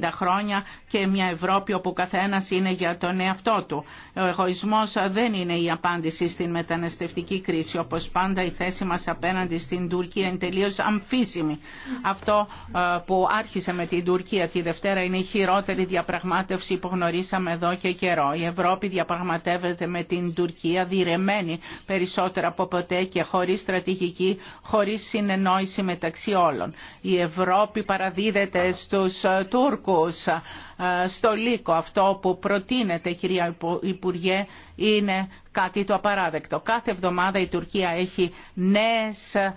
60 χρόνια και μια Ευρώπη όπου καθένας είναι για τον εαυτό του. Ο εγωισμός δεν είναι η απάντηση στην μεταναστευτική κρίση. Όπως πάντα η θέση μας απέναντι στην Τουρκία είναι τελείως αμφίσιμη. Αυτό ε, που άρχισε με την Τουρκία τη Δευτέρα είναι η χειρότερη διαπραγμάτευση που γνωρίσαμε εδώ και καιρό. Η Ευρώπη διαπραγματεύεται με την Τουρκία διρεμένη περισσότερα από ποτέ και χωρίς στρατηγική, χωρίς συνεννόηση μεταξύ όλων. Η Ευρώπη παραδίδεται στους ε, Τούρκους ε, στο λύκο. Αυτό που προτείνεται κυρία Υπουργέ είναι κάτι το απαράδεκτο. Κάθε εβδομάδα η Τουρκία έχει νέες ε,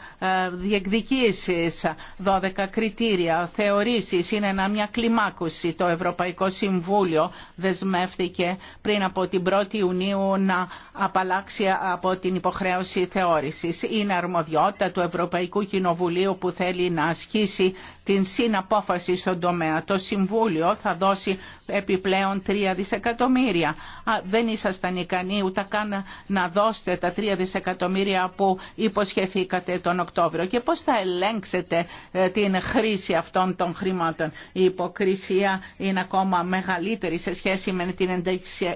διεκδικήσεις, 12 κριτήρια, θεωρήσεις, είναι ένα μια κλιμάκωση. Το Ευρωπαϊκό Συμβούλιο δεσμεύθηκε πριν από την 1η Ιουνίου να απαλλάξει από την υποχρέωση θεώρησης. Είναι αρμοδιότητα του Ευρωπαϊκού Κοινοβουλίου που θέλει να ασκήσει την συναπόφαση στον τομέα. Το Συμβούλιο θα δώσει δώσει επιπλέον 3 δισεκατομμύρια. Δεν ήσασταν ικανοί ούτε καν να δώσετε τα 3 δισεκατομμύρια που υποσχεθήκατε τον Οκτώβριο. Και πώς θα ελέγξετε ε, την χρήση αυτών των χρημάτων. Η υποκρισία είναι ακόμα μεγαλύτερη σε σχέση με την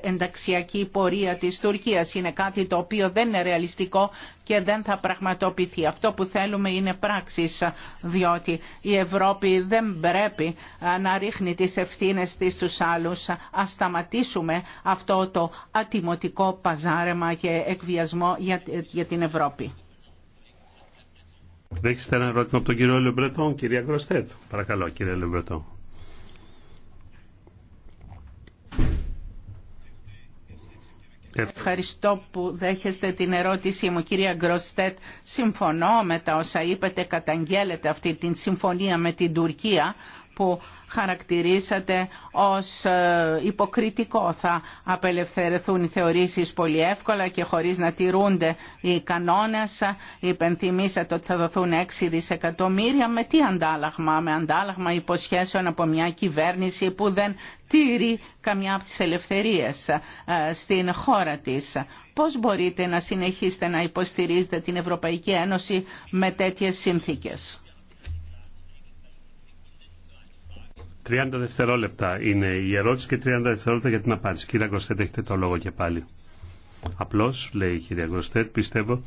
ενταξιακή πορεία της Τουρκίας. Είναι κάτι το οποίο δεν είναι ρεαλιστικό και δεν θα πραγματοποιηθεί. Αυτό που θέλουμε είναι πράξεις, διότι η Ευρώπη δεν πρέπει να ρίχνει τις ευθύνες της στους άλλους. Ας σταματήσουμε αυτό το ατιμωτικό παζάρεμα και εκβιασμό για την Ευρώπη. Δέχεστε ένα από τον κυρία Γκροστέτ. Παρακαλώ, κύριε Λεμπρετόν. Ευχαριστώ που δέχεστε την ερώτησή μου. Κυρία Γκροστέτ, συμφωνώ με τα όσα είπατε, καταγγέλλετε αυτή την συμφωνία με την Τουρκία που χαρακτηρίσατε ως ε, υποκριτικό. Θα απελευθερεθούν οι θεωρήσεις πολύ εύκολα και χωρίς να τηρούνται οι κανόνες. Υπενθυμίσατε ότι θα δοθούν 6 δισεκατομμύρια. Με τι αντάλλαγμα, με αντάλλαγμα υποσχέσεων από μια κυβέρνηση που δεν τήρει καμιά από τις ελευθερίες ε, στην χώρα της. Πώς μπορείτε να συνεχίσετε να υποστηρίζετε την Ευρωπαϊκή Ένωση με τέτοιες σύνθηκες. 30 δευτερόλεπτα είναι η ερώτηση και 30 δευτερόλεπτα για την απάντηση. Κύριε Αγκροστέτ, έχετε το λόγο και πάλι. Απλώ λέει η κυρία Αγκροστέτ, πιστεύω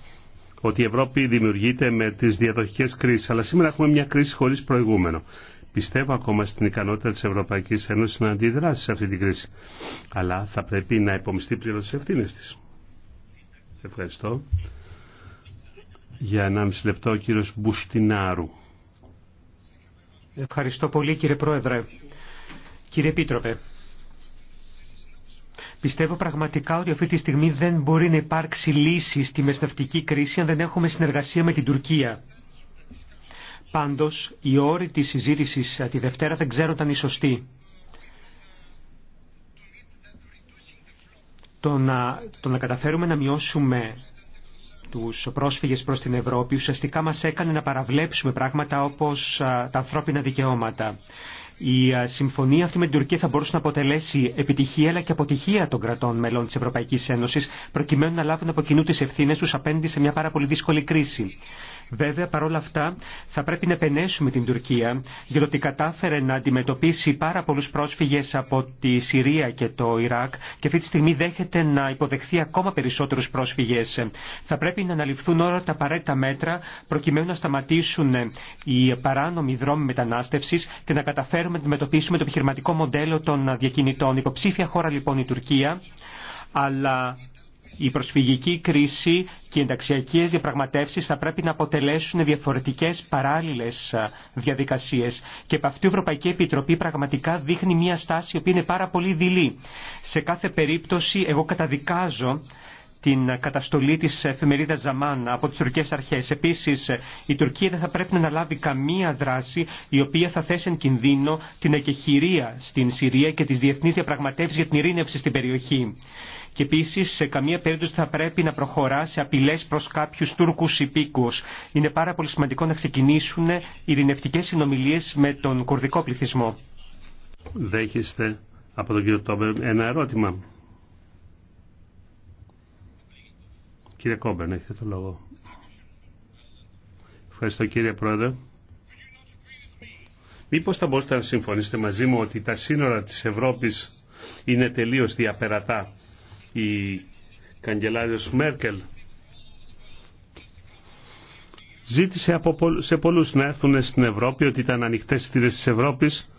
ότι η Ευρώπη δημιουργείται με τι διαδοχικέ κρίσει. αλλά σήμερα έχουμε μια κρίση χωρί προηγούμενο. Πιστεύω ακόμα στην ικανότητα τη Ευρωπαϊκή Ένωση να αντιδράσει σε αυτή την κρίση, αλλά θα πρέπει να υπομειστεί πλήρω τι ευθύνε τη. Ευχαριστώ. Για 1,5 λεπτό ο κύριο Μπουστινάρου. Ευχαριστώ πολύ κύριε Πρόεδρε. Κύριε Επίτροπε, πιστεύω πραγματικά ότι αυτή τη στιγμή δεν μπορεί να υπάρξει λύση στη μεσταυτική κρίση αν δεν έχουμε συνεργασία με την Τουρκία. Πάντως, οι όροι της συζήτησης τη Δευτέρα δεν ξέρω ήταν οι σωστοί. Το να, το να καταφέρουμε να μειώσουμε τους πρόσφυγες προς την Ευρώπη ουσιαστικά μας έκανε να παραβλέψουμε πράγματα όπως τα ανθρώπινα δικαιώματα. Η συμφωνία αυτή με την Τουρκία θα μπορούσε να αποτελέσει επιτυχία αλλά και αποτυχία των κρατών μελών της Ευρωπαϊκή Ένωσης προκειμένου να λάβουν από κοινού τι ευθύνε του απέναντι σε μια πάρα πολύ δύσκολη κρίση. Βέβαια, παρόλα αυτά, θα πρέπει να επενέσουμε την Τουρκία για το ότι κατάφερε να αντιμετωπίσει πάρα πολλού πρόσφυγε από τη Συρία και το Ιράκ και αυτή τη στιγμή δέχεται να υποδεχθεί ακόμα περισσότερου πρόσφυγε. Θα πρέπει να αναλυφθούν όλα τα απαραίτητα μέτρα προκειμένου να σταματήσουν οι παράνομοι δρόμοι μετανάστευση και να καταφέρουμε να αντιμετωπίσουμε το επιχειρηματικό μοντέλο των διακινητών. Υποψήφια χώρα λοιπόν η Τουρκία αλλά η προσφυγική κρίση και οι ενταξιακέ διαπραγματεύσει θα πρέπει να αποτελέσουν διαφορετικέ παράλληλε διαδικασίε. Και από αυτή η Ευρωπαϊκή Επιτροπή πραγματικά δείχνει μια στάση η οποία είναι πάρα πολύ δειλή. Σε κάθε περίπτωση, εγώ καταδικάζω την καταστολή της εφημερίδας Ζαμάν από τις τουρκικές αρχές. Επίσης, η Τουρκία δεν θα πρέπει να λάβει καμία δράση η οποία θα θέσει εν κινδύνο την εκεχηρία στην Συρία και τις διεθνείς διαπραγματεύσεις για την ειρήνευση στην περιοχή και επίση σε καμία περίπτωση θα πρέπει να προχωρά σε απειλέ προ κάποιου Τούρκου υπήκου. Είναι πάρα πολύ σημαντικό να ξεκινήσουν ειρηνευτικέ συνομιλίε με τον κουρδικό πληθυσμό. Δέχεστε από τον κύριο Τόμπερ ένα ερώτημα. Κύριε Κόμπερν, έχετε το λόγο. Ευχαριστώ κύριε Πρόεδρε. Μήπως θα μπορούσατε να συμφωνήσετε μαζί μου ότι τα σύνορα της Ευρώπης είναι τελείως διαπερατά η καγκελάριος Μέρκελ ζήτησε από, σε πολλούς να έρθουν στην Ευρώπη ότι ήταν ανοιχτές στήρες της Ευρώπης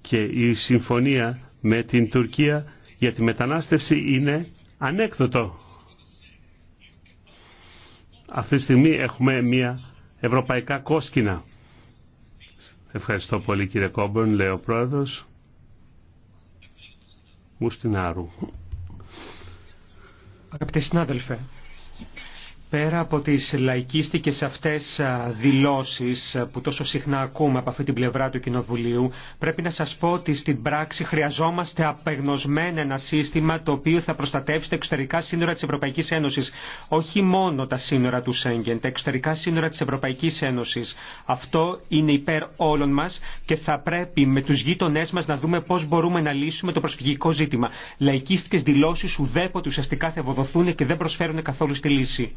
και η συμφωνία με την Τουρκία για τη μετανάστευση είναι ανέκδοτο. Αυτή τη στιγμή έχουμε μια ευρωπαϊκά κόσκινα. Ευχαριστώ πολύ κύριε Κόμπον, λέει ο πρόεδρος. Άρου αγαπητέ συνάδελφε, πέρα από τις λαϊκίστικες αυτές δηλώσεις που τόσο συχνά ακούμε από αυτή την πλευρά του Κοινοβουλίου, πρέπει να σας πω ότι στην πράξη χρειαζόμαστε απεγνωσμένα ένα σύστημα το οποίο θα προστατεύσει τα εξωτερικά σύνορα της Ευρωπαϊκής Ένωσης. Όχι μόνο τα σύνορα του Σέγγεν, τα εξωτερικά σύνορα της Ευρωπαϊκής Ένωσης. Αυτό είναι υπέρ όλων μας και θα πρέπει με τους γείτονές μας να δούμε πώς μπορούμε να λύσουμε το προσφυγικό ζήτημα. Λαϊκίστικες δηλώσεις ουδέποτε ουσιαστικά θα ευοδοθούν και δεν προσφέρουν καθόλου στη λύση.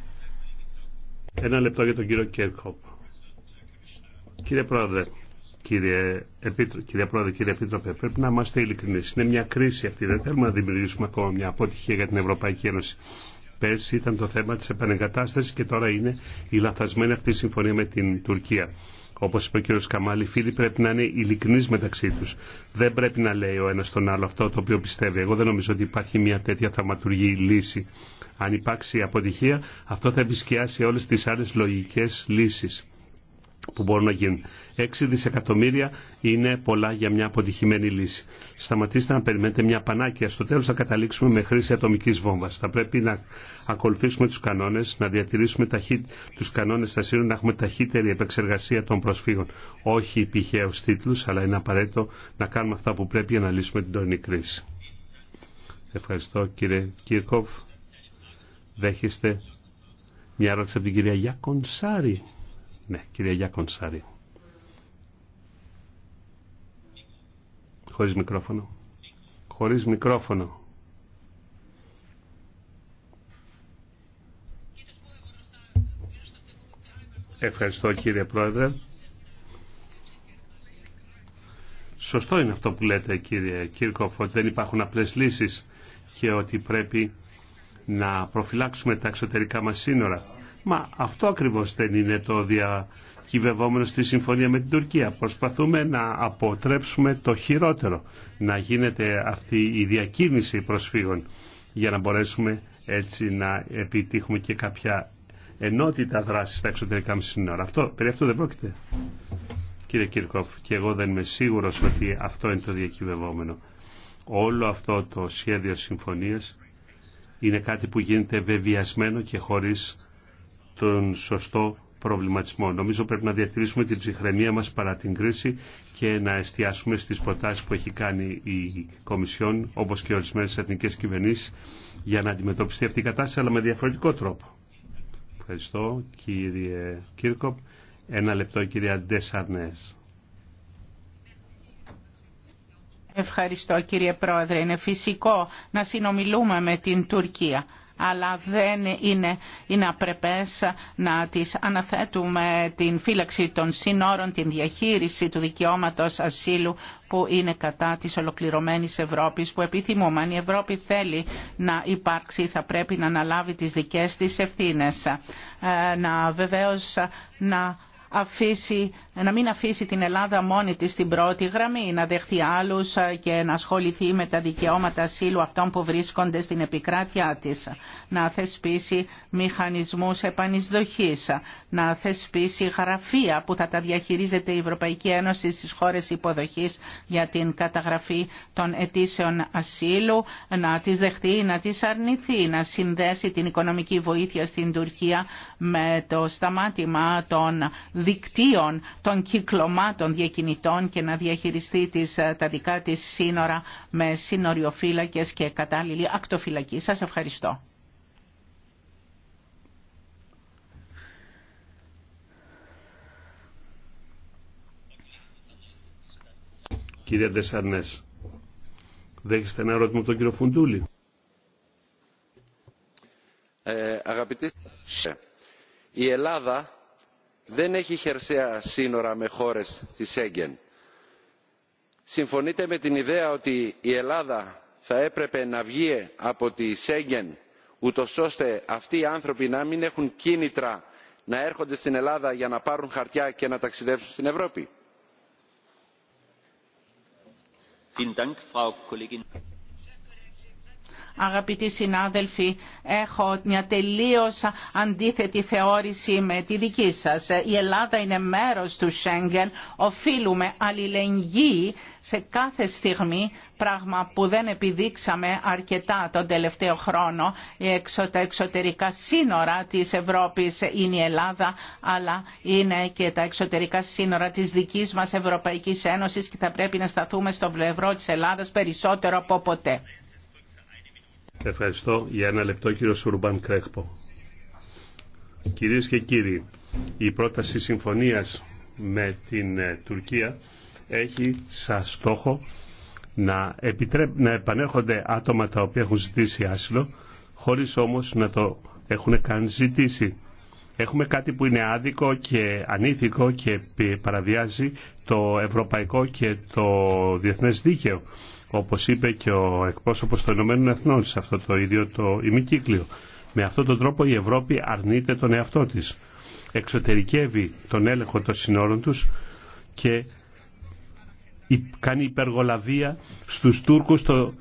Ένα λεπτό για τον κύριο Κέρκοπ. Κύριε Πρόεδρε, κύριε, κύριε Πρόεδρε, κύριε Επίτροπε, πρέπει να είμαστε ειλικρινεί. Είναι μια κρίση αυτή. Δεν θέλουμε να δημιουργήσουμε ακόμα μια αποτυχία για την Ευρωπαϊκή Ένωση. Πέρσι ήταν το θέμα τη επανεγκατάσταση και τώρα είναι η λαθασμένη αυτή συμφωνία με την Τουρκία. Όπως είπε ο κ. Καμάλη, οι φίλοι πρέπει να είναι ειλικρινεί μεταξύ τους. Δεν πρέπει να λέει ο ένας τον άλλο αυτό το οποίο πιστεύει. Εγώ δεν νομίζω ότι υπάρχει μια τέτοια θαυματουργή λύση. Αν υπάρξει αποτυχία, αυτό θα επισκιάσει όλες τις άλλες λογικές λύσεις που μπορούν να γίνουν. 6 δισεκατομμύρια είναι πολλά για μια αποτυχημένη λύση. Σταματήστε να περιμένετε μια πανάκια. Στο τέλο θα καταλήξουμε με χρήση ατομική βόμβα. Θα πρέπει να ακολουθήσουμε του κανόνε, να διατηρήσουμε ταχύ... τους κανόνες στα σύνορα, να έχουμε ταχύτερη επεξεργασία των προσφύγων. Όχι υπηχαίους τίτλου, αλλά είναι απαραίτητο να κάνουμε αυτά που πρέπει για να λύσουμε την τωρινή κρίση. Ευχαριστώ κύριε Κύρκοφ. Δέχεστε μια ερώτηση από την κυρία Γιάκονσάρη. Ναι, κυρία Γιάκονσάρη. Χωρίς μικρόφωνο. Χωρίς μικρόφωνο. Ευχαριστώ κύριε Πρόεδρε. Σωστό είναι αυτό που λέτε κύριε Κύρκοφ, ότι δεν υπάρχουν απλές λύσεις και ότι πρέπει να προφυλάξουμε τα εξωτερικά μας σύνορα. Μα αυτό ακριβώς δεν είναι το δια κυβευόμενος στη συμφωνία με την Τουρκία. Προσπαθούμε να αποτρέψουμε το χειρότερο, να γίνεται αυτή η διακίνηση προσφύγων για να μπορέσουμε έτσι να επιτύχουμε και κάποια ενότητα δράση στα εξωτερικά μας σύνορα. Αυτό, περί αυτού δεν πρόκειται. Κύριε Κύρκοφ, και εγώ δεν είμαι σίγουρος ότι αυτό είναι το διακυβευόμενο. Όλο αυτό το σχέδιο συμφωνίας είναι κάτι που γίνεται βεβιασμένο και χωρίς τον σωστό προβληματισμό. Νομίζω πρέπει να διατηρήσουμε την ψυχραιμία μας παρά την κρίση και να εστιάσουμε στις προτάσεις που έχει κάνει η Κομισιόν όπως και ορισμένες εθνικές κυβερνήσεις για να αντιμετωπιστεί αυτή η κατάσταση αλλά με διαφορετικό τρόπο. Ευχαριστώ κύριε Κίρκοπ. Ένα λεπτό κυρία Ντεσαρνές. Ευχαριστώ κύριε Πρόεδρε. Είναι φυσικό να συνομιλούμε με την Τουρκία αλλά δεν είναι, είναι απρεπές να τις αναθέτουμε την φύλαξη των σύνορων, την διαχείριση του δικαιώματος ασύλου που είναι κατά της ολοκληρωμένης Ευρώπης που επιθυμούμε. Αν η Ευρώπη θέλει να υπάρξει θα πρέπει να αναλάβει τις δικές της ευθύνες. Ε, να βεβαίως να αφήσει, να μην αφήσει την Ελλάδα μόνη της στην πρώτη γραμμή, να δεχθεί άλλους ε, και να ασχοληθεί με τα δικαιώματα ασύλου αυτών που βρίσκονται στην επικράτειά της, να θεσπίσει μηχανισμούς επανεισδοχής, να θεσπίσει γραφεία που θα τα διαχειρίζεται η Ευρωπαϊκή Ένωση στις χώρες υποδοχής για την καταγραφή των αιτήσεων ασύλου, να τις δεχτεί, να τις αρνηθεί, να συνδέσει την οικονομική βοήθεια στην Τουρκία με το σταμάτημα των δικτύων των κυκλωμάτων διακινητών και να διαχειριστεί τις, ε, τα δικά της σύνορα με σύνοριοφύλακες και κατάλληλη ακτοφυλακή. Σας ευχαριστώ. Κύριε Δεσσαρνές, δέχεστε ένα ερώτημα από τον κύριο Φουντούλη. Ε, αγαπητοί, η Ελλάδα δεν έχει χερσαία σύνορα με χώρες της σέγγεν. συμφωνείτε με την ιδέα ότι η ελλάδα θα έπρεπε να βγει από τη σέγγεν ούτως ώστε αυτοί οι άνθρωποι να μην έχουν κίνητρα να έρχονται στην ελλάδα για να πάρουν χαρτιά και να ταξιδέψουν στην ευρώπη. Αγαπητοί συνάδελφοι, έχω μια τελείως αντίθετη θεώρηση με τη δική σας. Η Ελλάδα είναι μέρος του Σέγγεν. Οφείλουμε αλληλεγγύη σε κάθε στιγμή, πράγμα που δεν επιδείξαμε αρκετά τον τελευταίο χρόνο. Τα εξωτερικά σύνορα της Ευρώπης είναι η Ελλάδα, αλλά είναι και τα εξωτερικά σύνορα της δικής μας Ευρωπαϊκής Ένωσης και θα πρέπει να σταθούμε στο πλευρό της Ελλάδας περισσότερο από ποτέ. Ευχαριστώ. Για ένα λεπτό κύριο Σουρμπάν Κρέχπο. Κυρίες και κύριοι, η πρόταση συμφωνίας με την ε, Τουρκία έχει σαν στόχο να, επιτρέ... να επανέρχονται άτομα τα οποία έχουν ζητήσει άσυλο χωρίς όμως να το έχουν καν ζητήσει. Έχουμε κάτι που είναι άδικο και ανήθικο και παραβιάζει το ευρωπαϊκό και το διεθνές δίκαιο όπως είπε και ο εκπρόσωπος των Ηνωμένων Εθνών σε αυτό το ίδιο το ημικύκλιο. Με αυτόν τον τρόπο η Ευρώπη αρνείται τον εαυτό της. Εξωτερικεύει τον έλεγχο των συνόρων τους και κάνει υπεργολαβία στους Τούρκους το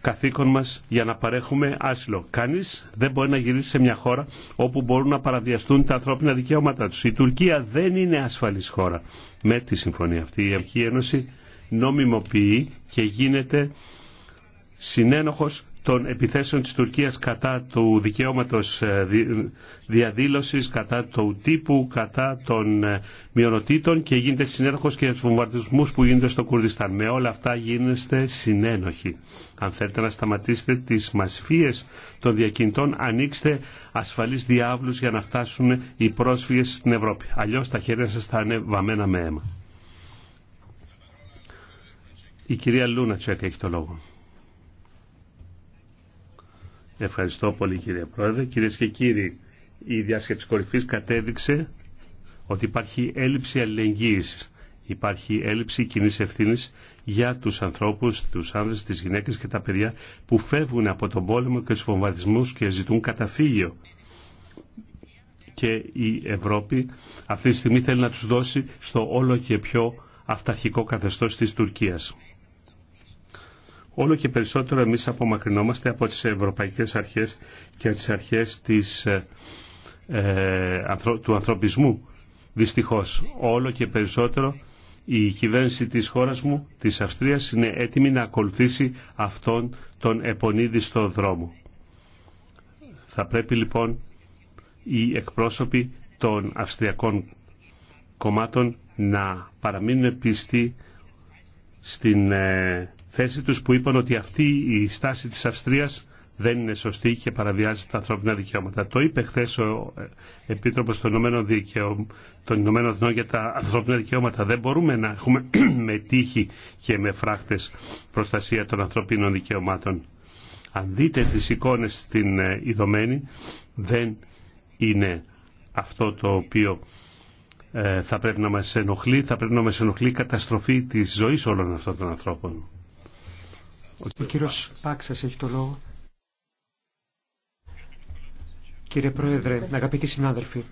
καθήκον μας για να παρέχουμε άσυλο. Κανείς δεν μπορεί να γυρίσει σε μια χώρα όπου μπορούν να παραβιαστούν τα ανθρώπινα δικαιώματα τους. Η Τουρκία δεν είναι ασφαλής χώρα. Με τη συμφωνία αυτή η Ευρωπαϊκή Ένωση νομιμοποιεί και γίνεται συνένοχος των επιθέσεων της Τουρκίας κατά του δικαιώματος ε, διαδήλωσης, κατά του τύπου, κατά των ε, μειονοτήτων και γίνεται συνένοχος και στους βομβαρδισμούς που γίνονται στο Κουρδιστάν. Με όλα αυτά γίνεστε συνένοχοι. Αν θέλετε να σταματήσετε τις μασφίες των διακινητών, ανοίξτε ασφαλείς διάβλους για να φτάσουν οι πρόσφυγες στην Ευρώπη. Αλλιώς τα χέρια σας θα είναι βαμμένα με αίμα. Η κυρία Λούνατσεκ έχει το λόγο. Ευχαριστώ πολύ κύριε Πρόεδρε. Κυρίες και κύριοι, η διάσκεψη κορυφής κατέδειξε ότι υπάρχει έλλειψη αλληλεγγύη, Υπάρχει έλλειψη κοινή ευθύνη για του ανθρώπου, του άνδρες, τι γυναίκε και τα παιδιά που φεύγουν από τον πόλεμο και του βομβαρδισμού και ζητούν καταφύγιο. Και η Ευρώπη αυτή τη στιγμή θέλει να του δώσει στο όλο και πιο αυταρχικό καθεστώ τη Τουρκία όλο και περισσότερο εμείς απομακρυνόμαστε από τις ευρωπαϊκές αρχές και τις αρχές της, ε, ε, του ανθρωπισμού. Δυστυχώς, όλο και περισσότερο η κυβέρνηση της χώρας μου, της Αυστρίας, είναι έτοιμη να ακολουθήσει αυτόν τον επονίδιστο δρόμο. Θα πρέπει λοιπόν οι εκπρόσωποι των αυστριακών κομμάτων να παραμείνουν πιστοί στην ε, θέση τους που είπαν ότι αυτή η στάση της Αυστρίας δεν είναι σωστή και παραβιάζει τα ανθρώπινα δικαιώματα. Το είπε χθε ο ε, Επίτροπο των, Ηνωμένων Εθνών για τα ανθρώπινα δικαιώματα. Δεν μπορούμε να έχουμε με τύχη και με φράχτε προστασία των ανθρωπίνων δικαιωμάτων. Αν δείτε τι εικόνε στην ειδωμένη, δεν είναι αυτό το οποίο ε, θα πρέπει να μας ενοχλεί, θα πρέπει να μας ενοχλεί η καταστροφή της ζωής όλων αυτών των ανθρώπων. Ο κύριος Πάξας έχει το λόγο. Κύριε Πρόεδρε, αγαπητοί συνάδελφοι,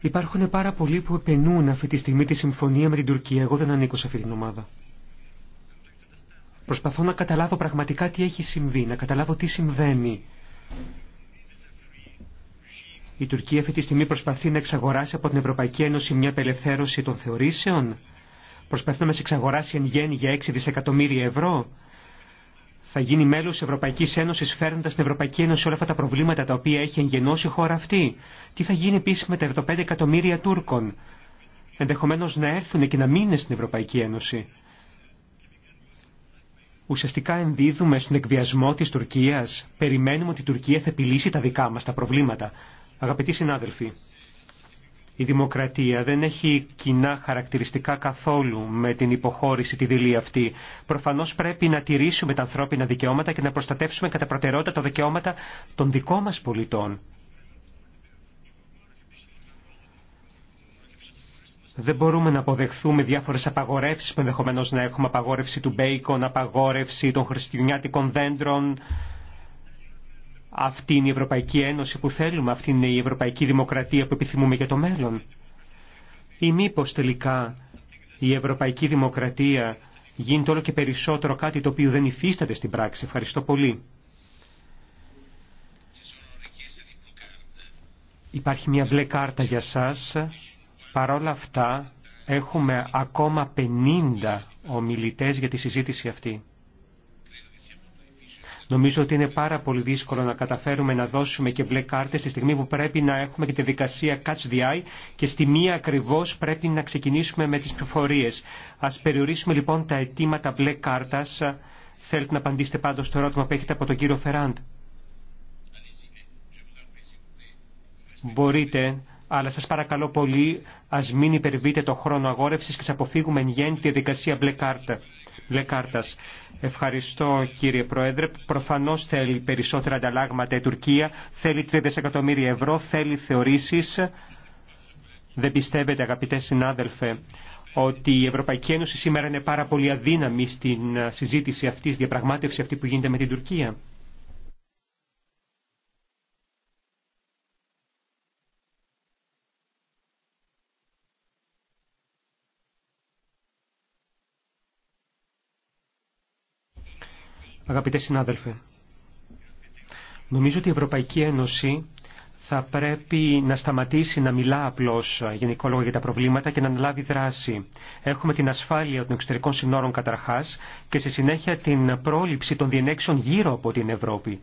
υπάρχουν πάρα πολλοί που επενούν αυτή τη στιγμή τη συμφωνία με την Τουρκία. Εγώ δεν ανήκω σε αυτή την ομάδα. Προσπαθώ να καταλάβω πραγματικά τι έχει συμβεί, να καταλάβω τι συμβαίνει. Η Τουρκία αυτή τη στιγμή προσπαθεί να εξαγοράσει από την Ευρωπαϊκή Ένωση μια απελευθέρωση των θεωρήσεων Προσπαθεί να μας εξαγοράσει εν γέννη για 6 δισεκατομμύρια ευρώ. Θα γίνει μέλος της Ευρωπαϊκής Ένωσης φέρνοντας στην Ευρωπαϊκή Ένωση όλα αυτά τα προβλήματα τα οποία έχει εγγενώσει η χώρα αυτή. Τι θα γίνει επίσης με τα 75 εκατομμύρια Τούρκων. Ενδεχομένως να έρθουν και να μείνουν στην Ευρωπαϊκή Ένωση. Ουσιαστικά ενδίδουμε στον εκβιασμό της Τουρκίας. Περιμένουμε ότι η Τουρκία θα επιλύσει τα δικά μας τα προβλήματα. Αγαπητοί συνάδελφοι, η δημοκρατία δεν έχει κοινά χαρακτηριστικά καθόλου με την υποχώρηση τη δηλή αυτή. Προφανώ πρέπει να τηρήσουμε τα ανθρώπινα δικαιώματα και να προστατεύσουμε κατά προτεραιότητα τα δικαιώματα των δικών μα πολιτών. Δεν μπορούμε να αποδεχθούμε διάφορες απαγορεύσεις που ενδεχομένω να έχουμε απαγόρευση του μπέικον, απαγόρευση των χριστιανιάτικων δέντρων, αυτή είναι η Ευρωπαϊκή Ένωση που θέλουμε, αυτή είναι η Ευρωπαϊκή Δημοκρατία που επιθυμούμε για το μέλλον. Ή μήπω τελικά η Ευρωπαϊκή Δημοκρατία γίνεται όλο και περισσότερο κάτι το οποίο δεν υφίσταται στην πράξη. Ευχαριστώ πολύ. Υπάρχει μια μπλε κάρτα για σας. Παρόλα αυτά έχουμε ακόμα 50 ομιλητές για τη συζήτηση αυτή. Νομίζω ότι είναι πάρα πολύ δύσκολο να καταφέρουμε να δώσουμε και μπλε κάρτε στη στιγμή που πρέπει να έχουμε και τη δικασία catch the eye και στη μία ακριβώ πρέπει να ξεκινήσουμε με τι πληροφορίε. Α περιορίσουμε λοιπόν τα αιτήματα μπλε κάρτα. Θέλετε να απαντήσετε πάντω στο ερώτημα που έχετε από τον κύριο Φεράντ. Μπορείτε, αλλά σας παρακαλώ πολύ, ας μην υπερβείτε το χρόνο αγόρευσης και σας αποφύγουμε εν γέννη τη διαδικασία μπλε κάρτα. Λεκάρτας. Ευχαριστώ κύριε Πρόεδρε. Προφανώ θέλει περισσότερα ανταλλάγματα η Τουρκία. Θέλει 3 δισεκατομμύρια ευρώ, θέλει θεωρήσει. Δεν πιστεύετε αγαπητέ συνάδελφε ότι η Ευρωπαϊκή Ένωση σήμερα είναι πάρα πολύ αδύναμη στην συζήτηση αυτή, διαπραγμάτευση αυτή που γίνεται με την Τουρκία. Αγαπητέ συνάδελφε, νομίζω ότι η Ευρωπαϊκή Ένωση θα πρέπει να σταματήσει να μιλά απλώ γενικό λόγο για τα προβλήματα και να αναλάβει δράση. Έχουμε την ασφάλεια των εξωτερικών συνόρων καταρχά και στη συνέχεια την πρόληψη των διενέξεων γύρω από την Ευρώπη.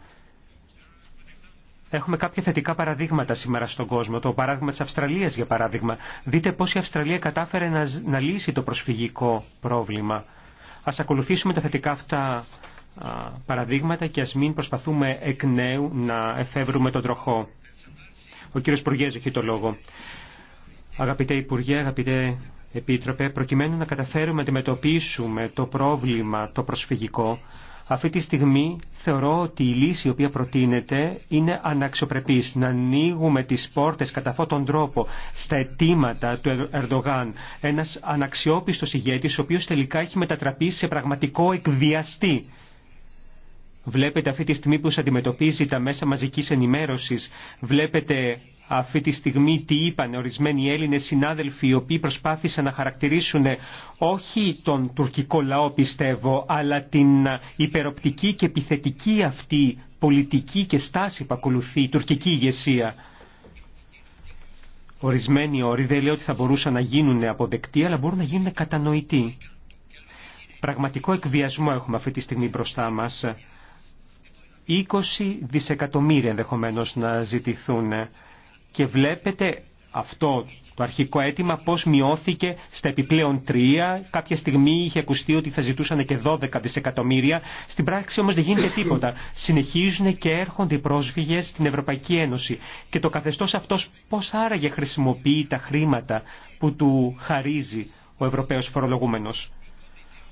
Έχουμε κάποια θετικά παραδείγματα σήμερα στον κόσμο. Το παράδειγμα τη Αυστραλία, για παράδειγμα. Δείτε πώ η Αυστραλία κατάφερε να, να λύσει το προσφυγικό πρόβλημα. Α ακολουθήσουμε τα θετικά αυτά παραδείγματα και ας μην προσπαθούμε εκ νέου να εφεύρουμε τον τροχό. Ο κύριος Υπουργέζο έχει το λόγο. Αγαπητέ Υπουργέ, αγαπητέ Επίτροπε, προκειμένου να καταφέρουμε να αντιμετωπίσουμε το πρόβλημα το προσφυγικό, αυτή τη στιγμή θεωρώ ότι η λύση η οποία προτείνεται είναι αναξιοπρεπής. Να ανοίγουμε τις πόρτες κατά αυτόν τον τρόπο στα αιτήματα του Ερντογάν. Ένας αναξιόπιστος ηγέτης ο οποίος τελικά έχει μετατραπεί σε πραγματικό εκβιαστή. Βλέπετε αυτή τη στιγμή που αντιμετωπίζει τα μέσα μαζικής ενημέρωσης. Βλέπετε αυτή τη στιγμή τι είπαν ορισμένοι Έλληνες συνάδελφοι οι οποίοι προσπάθησαν να χαρακτηρίσουν όχι τον τουρκικό λαό πιστεύω αλλά την υπεροπτική και επιθετική αυτή πολιτική και στάση που ακολουθεί η τουρκική ηγεσία. Ορισμένοι όροι δεν λέω ότι θα μπορούσαν να γίνουν αποδεκτοί αλλά μπορούν να γίνουν κατανοητοί. Πραγματικό εκβιασμό έχουμε αυτή τη στιγμή μπροστά μας 20 δισεκατομμύρια ενδεχομένω να ζητηθούν. Και βλέπετε αυτό το αρχικό αίτημα πώς μειώθηκε στα επιπλέον τρία. Κάποια στιγμή είχε ακουστεί ότι θα ζητούσαν και 12 δισεκατομμύρια. Στην πράξη όμως δεν γίνεται τίποτα. Συνεχίζουν και έρχονται οι πρόσφυγες στην Ευρωπαϊκή Ένωση. Και το καθεστώς αυτός πώς άραγε χρησιμοποιεί τα χρήματα που του χαρίζει ο Ευρωπαίος φορολογούμενος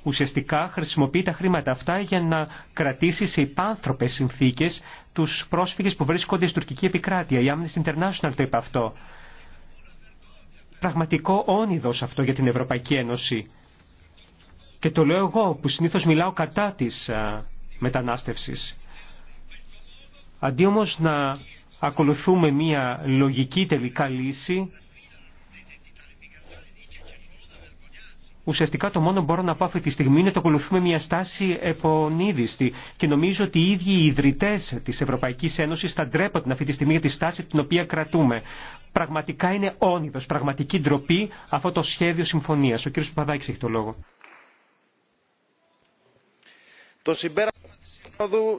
ουσιαστικά χρησιμοποιεί τα χρήματα αυτά για να κρατήσει σε υπάνθρωπες συνθήκες τους πρόσφυγες που βρίσκονται στην τουρκική επικράτεια. Η Amnesty International το είπε αυτό. Πραγματικό όνειδος αυτό για την Ευρωπαϊκή Ένωση. Και το λέω εγώ που συνήθως μιλάω κατά της μετανάστευσης. Αντί όμως να ακολουθούμε μία λογική τελικά λύση, Ουσιαστικά το μόνο που μπορώ να πω αυτή τη στιγμή είναι ότι ακολουθούμε μια στάση επονίδιστη και νομίζω ότι οι ίδιοι οι ιδρυτέ τη Ευρωπαϊκή Ένωση θα ντρέπονται αυτή τη στιγμή για τη στάση την οποία κρατούμε. Πραγματικά είναι όνειδο, πραγματική ντροπή αυτό το σχέδιο συμφωνία. Ο κ. Παπαδάκη έχει το λόγο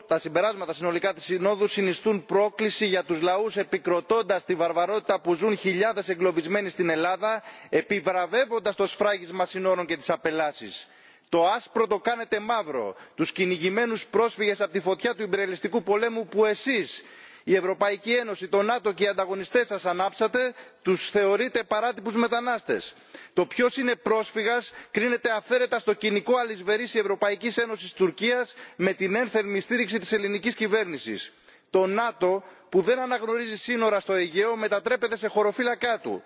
τα συμπεράσματα συνολικά της συνόδου συνιστούν πρόκληση για τους λαούς επικροτώντας τη βαρβαρότητα που ζουν χιλιάδες εγκλωβισμένοι στην ελλάδα επιβραβεύοντας το σφράγισμα συνόρων και τις απελάσεις. το άσπρο το κάνετε μαύρο τους κυνηγημένους πρόσφυγες από τη φωτιά του ιμπεριαλιστικού πολέμου που εσείς η ευρωπαϊκή ένωση το νατο και οι ανταγωνιστές σας ανάψατε τους θεωρείτε παράτυπους μετανάστες. το ποιος είναι πρόσφυγας κρίνεται αυθαίρετα στο κοινικό αλυσβερίσι ευρωπαϊκής ένωσης τουρκίας με την ένθερμη στήριξη της ελληνικής κυβέρνησης. το νατο που δεν αναγνωρίζει σύνορα στο αιγαίο μετατρέπεται σε χωροφύλακά του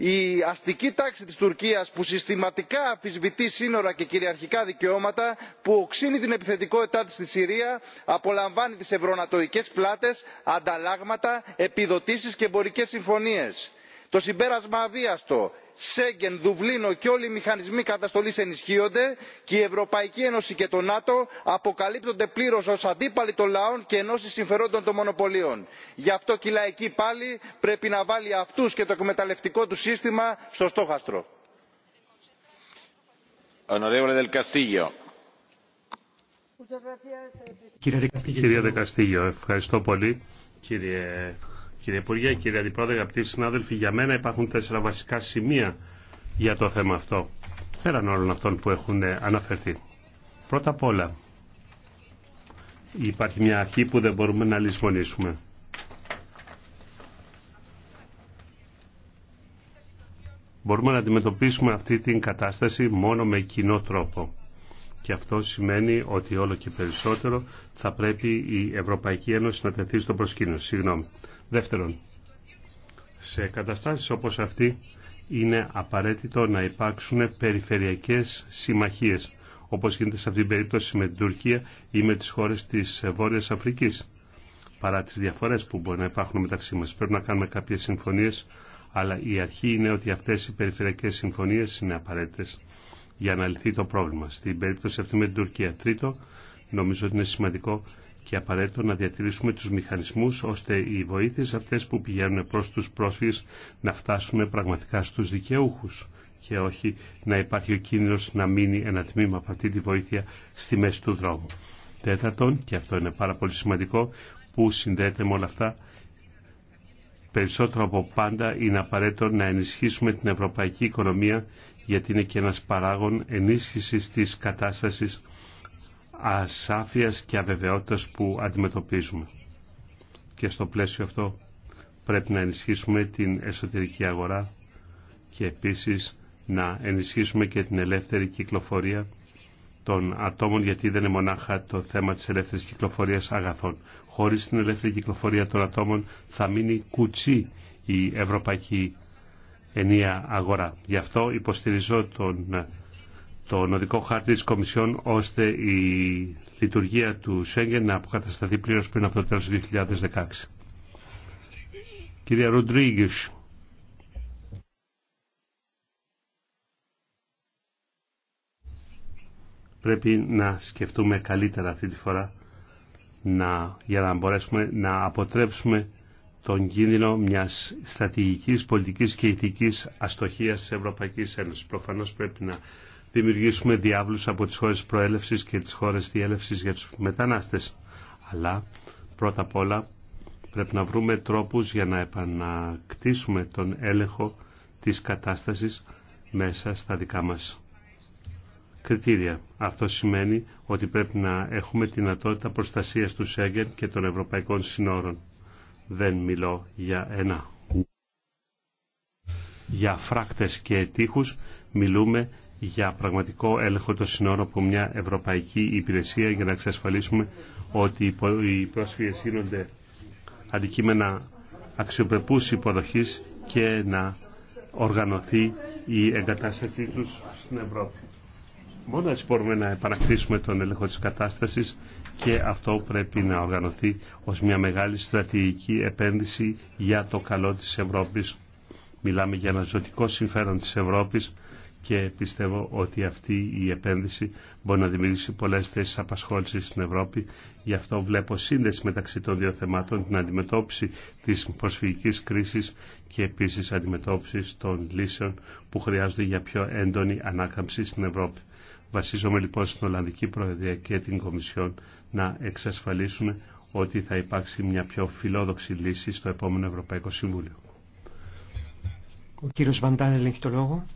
η αστική τάξη της τουρκίας που συστηματικά αμφισβητεί σύνορα και κυριαρχικά δικαιώματα που οξύνει την επιθετικότητά της στη συρία απολαμβάνει τις ευρωνατοικές πλάτες ανταλλάγματα επιδοτήσεις και εμπορικές συμφωνίες. το συμπέρασμα αβίαστο σέγγεν δουβλίνο και όλοι οι μηχανισμοί καταστολής ενισχύονται και η ευρωπαϊκή ένωση και το νατο αποκαλύπτονται πλήρως ως αντίπαλοι των λαών και ενώσεις συμφερόντων των μονοπωλίων. γι' αυτό και η λαϊκή πάλι πρέπει να βάλει αυτούς και το εκμεταλλευτικό του σύστημα στο στόχαστρο. Κύριε ευχαριστώ πολύ κύριε Υπουργέ, κύριε Αντιπρόεδρε, αγαπητοί συνάδελφοι. Για μένα υπάρχουν τέσσερα βασικά σημεία για το θέμα αυτό, πέραν όλων αυτών που έχουν αναφερθεί. Πρώτα απ' όλα, υπάρχει μια αρχή που δεν μπορούμε να λησμονήσουμε. Μπορούμε να αντιμετωπίσουμε αυτή την κατάσταση μόνο με κοινό τρόπο. Και αυτό σημαίνει ότι όλο και περισσότερο θα πρέπει η Ευρωπαϊκή Ένωση να τεθεί στο προσκήνιο. Συγγνώμη. Δεύτερον, σε καταστάσεις όπως αυτή είναι απαραίτητο να υπάρξουν περιφερειακές συμμαχίες, όπως γίνεται σε αυτήν την περίπτωση με την Τουρκία ή με τις χώρες της Βόρειας Αφρικής. Παρά τις διαφορές που μπορεί να υπάρχουν μεταξύ μας, πρέπει να κάνουμε κάποιες συμφωνίες, αλλά η αρχή είναι ότι αυτές οι περιφερειακές συμφωνίες είναι απαραίτητες για να λυθεί το πρόβλημα. Στην περίπτωση αυτή με την Τουρκία. Τρίτο, νομίζω ότι είναι σημαντικό και απαραίτητο να διατηρήσουμε τους μηχανισμούς ώστε οι βοήθειες αυτές που πηγαίνουν προς τους πρόσφυγες να φτάσουν πραγματικά στους δικαιούχους και όχι να υπάρχει ο κίνδυνος να μείνει ένα τμήμα από αυτή τη βοήθεια στη μέση του δρόμου. Τέταρτον, και αυτό είναι πάρα πολύ σημαντικό, που συνδέεται με όλα αυτά, περισσότερο από πάντα είναι απαραίτητο να ενισχύσουμε την ευρωπαϊκή οικονομία γιατί είναι και ένας παράγον ενίσχυσης της κατάστασης ασάφειας και αβεβαιότητας που αντιμετωπίζουμε. Και στο πλαίσιο αυτό πρέπει να ενισχύσουμε την εσωτερική αγορά και επίσης να ενισχύσουμε και την ελεύθερη κυκλοφορία των ατόμων γιατί δεν είναι μονάχα το θέμα της ελεύθερης κυκλοφορίας αγαθών. Χωρίς την ελεύθερη κυκλοφορία των ατόμων θα μείνει κουτσί η ευρωπαϊκή ενία αγορά. Γι' αυτό υποστηριζώ τον τον οδικό χάρτη της Κομισιόν ώστε η λειτουργία του Σέγγεν να αποκατασταθεί πλήρως πριν από το τέλος του 2016. Κυρία Ροντρίγκης. Πρέπει να σκεφτούμε καλύτερα αυτή τη φορά να, για να μπορέσουμε να αποτρέψουμε τον κίνδυνο μιας στρατηγικής, πολιτικής και ηθικής αστοχίας της Ευρωπαϊκής Ένωσης. Προφανώς πρέπει να δημιουργήσουμε διάβλους από τις χώρες προέλευσης και τις χώρες διέλευσης για τους μετανάστες. Αλλά πρώτα απ' όλα πρέπει να βρούμε τρόπους για να επανακτήσουμε τον έλεγχο της κατάστασης μέσα στα δικά μας κριτήρια. Αυτό σημαίνει ότι πρέπει να έχουμε την δυνατότητα προστασίας του Σέγγεν και των ευρωπαϊκών συνόρων. Δεν μιλώ για ένα. Για φράκτες και τείχους μιλούμε για πραγματικό έλεγχο των συνόρων από μια ευρωπαϊκή υπηρεσία για να εξασφαλίσουμε ότι οι πρόσφυγες γίνονται αντικείμενα αξιοπρεπούς υποδοχής και να οργανωθεί η εγκατάστασή τους στην Ευρώπη. Μόνο έτσι μπορούμε να επανακτήσουμε τον έλεγχο της κατάστασης και αυτό πρέπει να οργανωθεί ως μια μεγάλη στρατηγική επένδυση για το καλό της Ευρώπης. Μιλάμε για ένα ζωτικό συμφέρον της Ευρώπης και πιστεύω ότι αυτή η επένδυση μπορεί να δημιουργήσει πολλές θέσεις απασχόλησης στην Ευρώπη. Γι' αυτό βλέπω σύνδεση μεταξύ των δύο θεμάτων, την αντιμετώπιση της προσφυγικής κρίσης και επίσης αντιμετώπιση των λύσεων που χρειάζονται για πιο έντονη ανάκαμψη στην Ευρώπη. Βασίζομαι λοιπόν στην Ολλανδική Προεδρία και την Κομισιόν να εξασφαλίσουμε ότι θα υπάρξει μια πιο φιλόδοξη λύση στο επόμενο Ευρωπαϊκό Συμβούλιο. Ο κύριος Βαντάνελ το λόγο.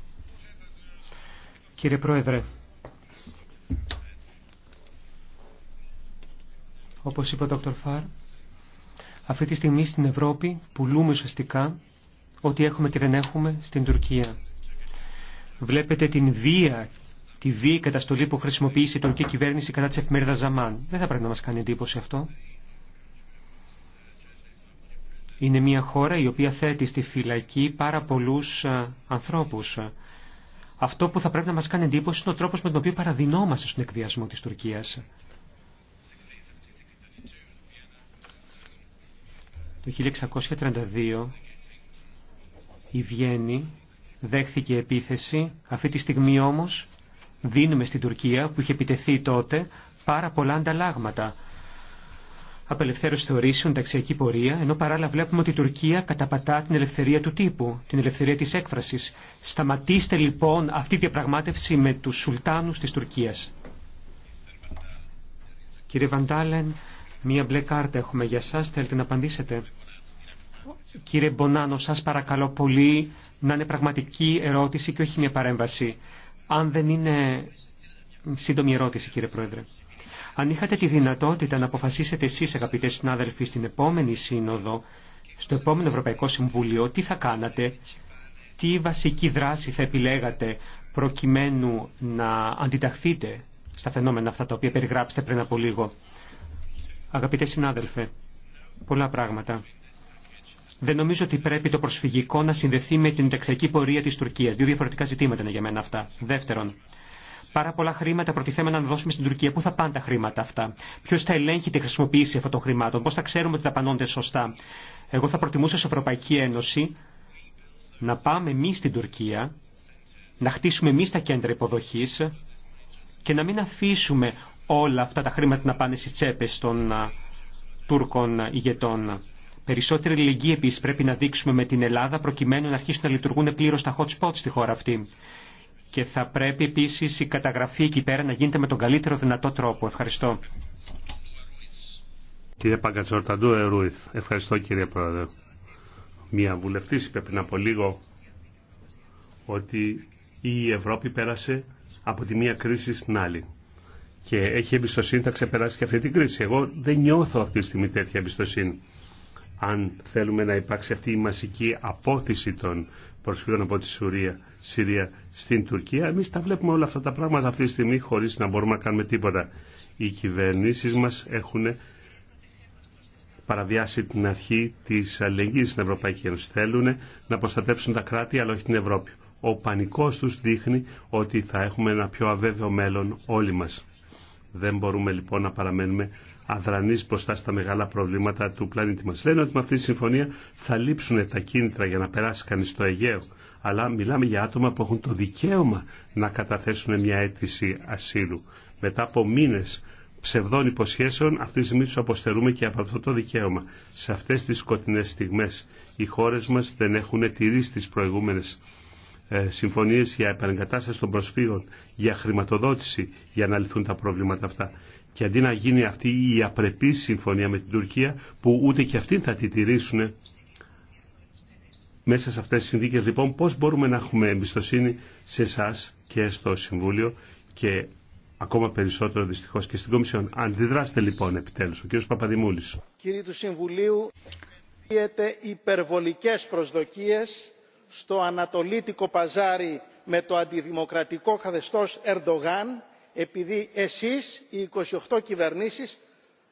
Κύριε Πρόεδρε, όπως είπε ο Δ. Φάρ, αυτή τη στιγμή στην Ευρώπη πουλούμε ουσιαστικά ό,τι έχουμε και δεν έχουμε στην Τουρκία. Βλέπετε την βία, τη βία καταστολή που χρησιμοποιήσει η τουρκική κυβέρνηση κατά της εφημερίδας Ζαμάν. Δεν θα πρέπει να μας κάνει εντύπωση αυτό. Είναι μια χώρα η οποία θέτει στη φυλακή πάρα πολλού ε, ανθρώπου αυτό που θα πρέπει να μας κάνει εντύπωση είναι ο τρόπος με τον οποίο παραδεινόμαστε στον εκβιασμό της Τουρκίας. Το 1632 η Βιέννη δέχθηκε επίθεση, αυτή τη στιγμή όμως δίνουμε στην Τουρκία που είχε επιτεθεί τότε πάρα πολλά ανταλλάγματα απελευθέρωση θεωρήσεων, ταξιακή πορεία, ενώ παράλληλα βλέπουμε ότι η Τουρκία καταπατά την ελευθερία του τύπου, την ελευθερία της έκφρασης. Σταματήστε λοιπόν αυτή τη διαπραγμάτευση με τους σουλτάνους της Τουρκίας. Κύριε Βαντάλεν, μία μπλε κάρτα έχουμε για σας, θέλετε να απαντήσετε. Κύριε Μπονάνο, σας παρακαλώ πολύ να είναι πραγματική ερώτηση και όχι μια παρέμβαση. Αν δεν είναι σύντομη ερώτηση, κύριε Πρόεδρε. Αν είχατε τη δυνατότητα να αποφασίσετε εσείς, αγαπητέ συνάδελφοι, στην επόμενη σύνοδο, στο επόμενο Ευρωπαϊκό Συμβούλιο, τι θα κάνατε, τι βασική δράση θα επιλέγατε προκειμένου να αντιταχθείτε στα φαινόμενα αυτά τα οποία περιγράψετε πριν από λίγο. Αγαπητέ συνάδελφε, πολλά πράγματα. Δεν νομίζω ότι πρέπει το προσφυγικό να συνδεθεί με την ταξιακή πορεία της Τουρκίας. Δύο διαφορετικά ζητήματα είναι για μένα αυτά. Δεύτερον, πάρα πολλά χρήματα προτιθέμενα να δώσουμε στην Τουρκία. Πού θα πάνε τα χρήματα αυτά, ποιο θα ελέγχει τη χρησιμοποίηση αυτών των χρημάτων, πώ θα ξέρουμε ότι τα πανώνται σωστά. Εγώ θα προτιμούσα σε Ευρωπαϊκή Ένωση να πάμε εμεί στην Τουρκία, να χτίσουμε εμεί τα κέντρα υποδοχή και να μην αφήσουμε όλα αυτά τα χρήματα να πάνε στι τσέπε των Τούρκων ηγετών. Περισσότερη λιγή επίση πρέπει να δείξουμε με την Ελλάδα προκειμένου να αρχίσουν να λειτουργούν πλήρω τα hot spots στη χώρα αυτή και θα πρέπει επίση η καταγραφή εκεί πέρα να γίνεται με τον καλύτερο δυνατό τρόπο. Ευχαριστώ. Κύριε Παγκατσορταντού Ερούιθ, ευχαριστώ κύριε Πρόεδρε. Μία βουλευτής είπε πριν από λίγο ότι η Ευρώπη πέρασε από τη μία κρίση στην άλλη. Και έχει εμπιστοσύνη, θα ξεπεράσει και αυτή την κρίση. Εγώ δεν νιώθω αυτή τη στιγμή τέτοια εμπιστοσύνη. Αν θέλουμε να υπάρξει αυτή η μασική απόθυση των προσφύγων από τη Σουρία, Συρία στην Τουρκία. Εμείς τα βλέπουμε όλα αυτά τα πράγματα αυτή τη στιγμή χωρίς να μπορούμε να κάνουμε τίποτα. Οι κυβερνήσεις μας έχουν παραβιάσει την αρχή της αλληλεγγύης στην Ευρωπαϊκή Ένωση. Θέλουν να προστατεύσουν τα κράτη αλλά όχι την Ευρώπη. Ο πανικός τους δείχνει ότι θα έχουμε ένα πιο αβέβαιο μέλλον όλοι μας. Δεν μπορούμε λοιπόν να παραμένουμε αδρανείς μπροστά στα μεγάλα προβλήματα του πλανήτη μας. Λένε ότι με αυτή τη συμφωνία θα λείψουν τα κίνητρα για να περάσει κανείς στο Αιγαίο. Αλλά μιλάμε για άτομα που έχουν το δικαίωμα να καταθέσουν μια αίτηση ασύλου. Μετά από μήνες ψευδών υποσχέσεων, αυτή τη στιγμή του αποστερούμε και από αυτό το δικαίωμα. Σε αυτές τις σκοτεινές στιγμές οι χώρες μας δεν έχουν τηρήσει τις προηγούμενες ε, συμφωνίες για επαναγκατάσταση των προσφύγων, για χρηματοδότηση, για να λυθούν τα προβλήματα αυτά. Και αντί να γίνει αυτή η απρεπή συμφωνία με την Τουρκία, που ούτε και αυτή θα τη τηρήσουν μέσα σε αυτές τις συνθήκες, λοιπόν, πώς μπορούμε να έχουμε εμπιστοσύνη σε εσά και στο Συμβούλιο και ακόμα περισσότερο δυστυχώς και στην Κομισιόν. Αντιδράστε λοιπόν επιτέλους. Ο κύριος Παπαδημούλης. Κύριοι του Συμβουλίου, έχετε υπερβολικές προσδοκίες στο ανατολίτικο παζάρι με το αντιδημοκρατικό καθεστώς Ερντογάν επειδή εσείς οι 28 κυβερνήσεις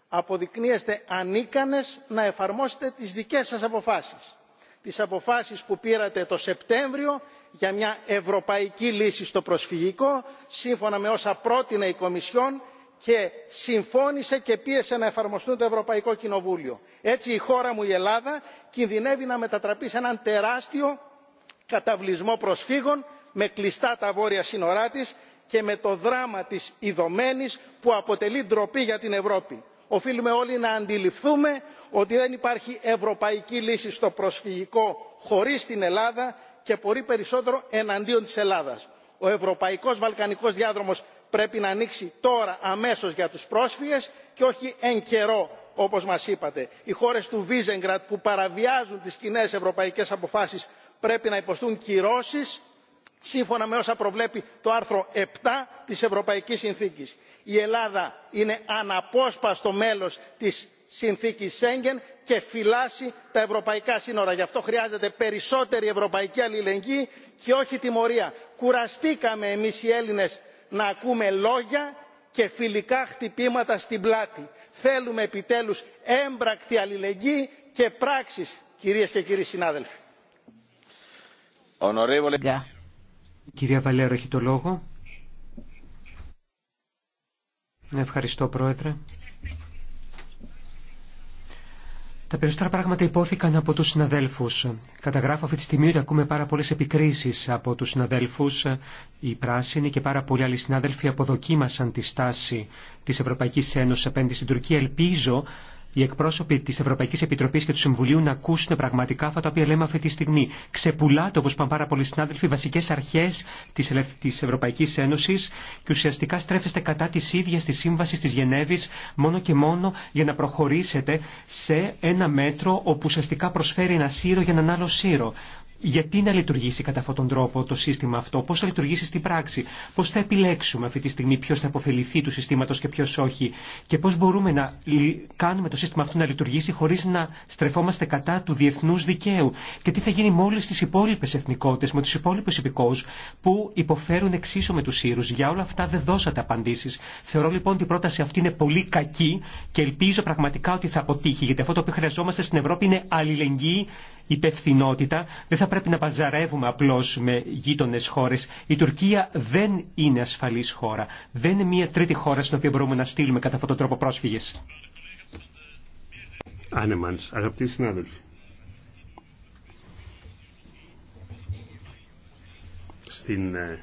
αποδεικνύεστε ανίκανες να εφαρμόσετε τις δικές σας αποφάσεις. Τις αποφάσεις που πήρατε το Σεπτέμβριο για μια ευρωπαϊκή λύση στο προσφυγικό σύμφωνα με όσα πρότεινε η Κομισιόν και συμφώνησε και πίεσε να εφαρμοστούν το Ευρωπαϊκό Κοινοβούλιο. Έτσι η χώρα μου η Ελλάδα κινδυνεύει να μετατραπεί σε έναν τεράστιο καταβλισμό προσφύγων με κλειστά τα βόρεια σύνορά της και με το δράμα της ιδωμένης που αποτελεί ντροπή για την ευρώπη. οφείλουμε όλοι να αντιληφθούμε ότι δεν υπάρχει ευρωπαϊκή λύση στο προσφυγικό χωρίς την ελλάδα και πολύ περισσότερο εναντίον της ελλάδας. ο ευρωπαϊκός βαλκανικός διάδρομος πρέπει να ανοίξει τώρα αμέσως για τους πρόσφυγες και όχι εν καιρό όπως μας είπατε. οι χώρες του Βίζεγκρατ που παραβιάζουν τις κοινέ ευρωπαϊκές αποφάσεις πρέπει να υποστούν κυρώσεις σύμφωνα με όσα προβλέπει το άρθρο 7 της Ευρωπαϊκής Συνθήκης. Η Ελλάδα είναι αναπόσπαστο μέλος της συνθήκης Σέγγεν και φυλάσσει τα ευρωπαϊκά σύνορα. Γι' αυτό χρειάζεται περισσότερη ευρωπαϊκή αλληλεγγύη και όχι τιμωρία. Κουραστήκαμε εμείς οι Έλληνες να ακούμε λόγια και φιλικά χτυπήματα στην πλάτη. Θέλουμε επιτέλους έμπρακτη αλληλεγγύη και πράξεις, κυρίες και κύριοι συνάδελφοι. Κυρία Βαλέρο, έχει το λόγο. Ευχαριστώ, Πρόεδρε. Τα περισσότερα πράγματα υπόθηκαν από τους συναδέλφους. Καταγράφω αυτή τη στιγμή ότι ακούμε πάρα πολλές επικρίσεις από τους συναδέλφους. Οι πράσινοι και πάρα πολλοί άλλοι συνάδελφοι αποδοκίμασαν τη στάση της Ευρωπαϊκής Ένωσης απέναντι στην Τουρκία. Ελπίζω οι εκπρόσωποι τη Ευρωπαϊκή Επιτροπή και του Συμβουλίου να ακούσουν πραγματικά αυτά τα οποία λέμε αυτή τη στιγμή. Ξεπουλάτε, όπω είπαν πάρα πολλοί συνάδελφοι, βασικέ αρχέ τη Ευρωπαϊκή Ένωση και ουσιαστικά στρέφεστε κατά τη ίδια τη Σύμβαση τη Γενέβη μόνο και μόνο για να προχωρήσετε σε ένα μέτρο όπου ουσιαστικά προσφέρει ένα σύρο για έναν άλλο σύρο γιατί να λειτουργήσει κατά αυτόν τον τρόπο το σύστημα αυτό, πώς θα λειτουργήσει στην πράξη, πώς θα επιλέξουμε αυτή τη στιγμή ποιος θα αποφεληθεί του συστήματος και ποιος όχι και πώς μπορούμε να κάνουμε το σύστημα αυτό να λειτουργήσει χωρίς να στρεφόμαστε κατά του διεθνούς δικαίου και τι θα γίνει με όλες τις υπόλοιπες εθνικότητες, με τους υπόλοιπους υπηκόους που υποφέρουν εξίσου με τους Ήρους. Για όλα αυτά δεν δώσατε απαντήσεις. Θεωρώ λοιπόν ότι η πρόταση αυτή είναι πολύ κακή και ελπίζω πραγματικά ότι θα αποτύχει γιατί αυτό το οποίο χρειαζόμαστε στην Ευρώπη είναι αλληλεγγύη υπευθυνότητα. Δεν θα πρέπει να παζαρεύουμε απλώς με γείτονες χώρες. Η Τουρκία δεν είναι ασφαλής χώρα. Δεν είναι μια τρίτη χώρα στην οποία μπορούμε να στείλουμε κατά αυτόν τον τρόπο πρόσφυγες. Άνεμανς, αγαπητοί συνάδελφοι. Στην ε,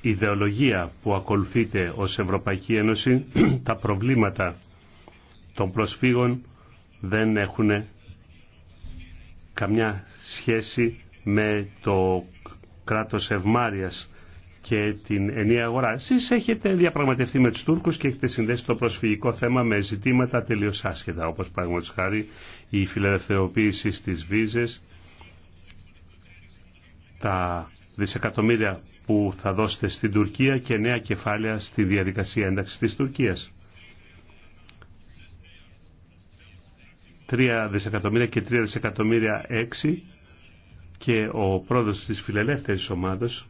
ιδεολογία που ακολουθείτε ως Ευρωπαϊκή Ένωση, τα προβλήματα των προσφύγων δεν έχουν καμιά σχέση με το κράτος ευμάριας και την ενιαία αγορά. Εσείς έχετε διαπραγματευτεί με τους Τούρκους και έχετε συνδέσει το προσφυγικό θέμα με ζητήματα τελείως άσχετα, όπως παραγματικά χάρη η φιλελευθερωποίηση στις βίζες, τα δισεκατομμύρια που θα δώσετε στην Τουρκία και νέα κεφάλαια στη διαδικασία ένταξης της Τουρκίας. 3 δισεκατομμύρια και 3 δισεκατομμύρια 6 και ο πρόεδρος της φιλελεύθερης ομάδας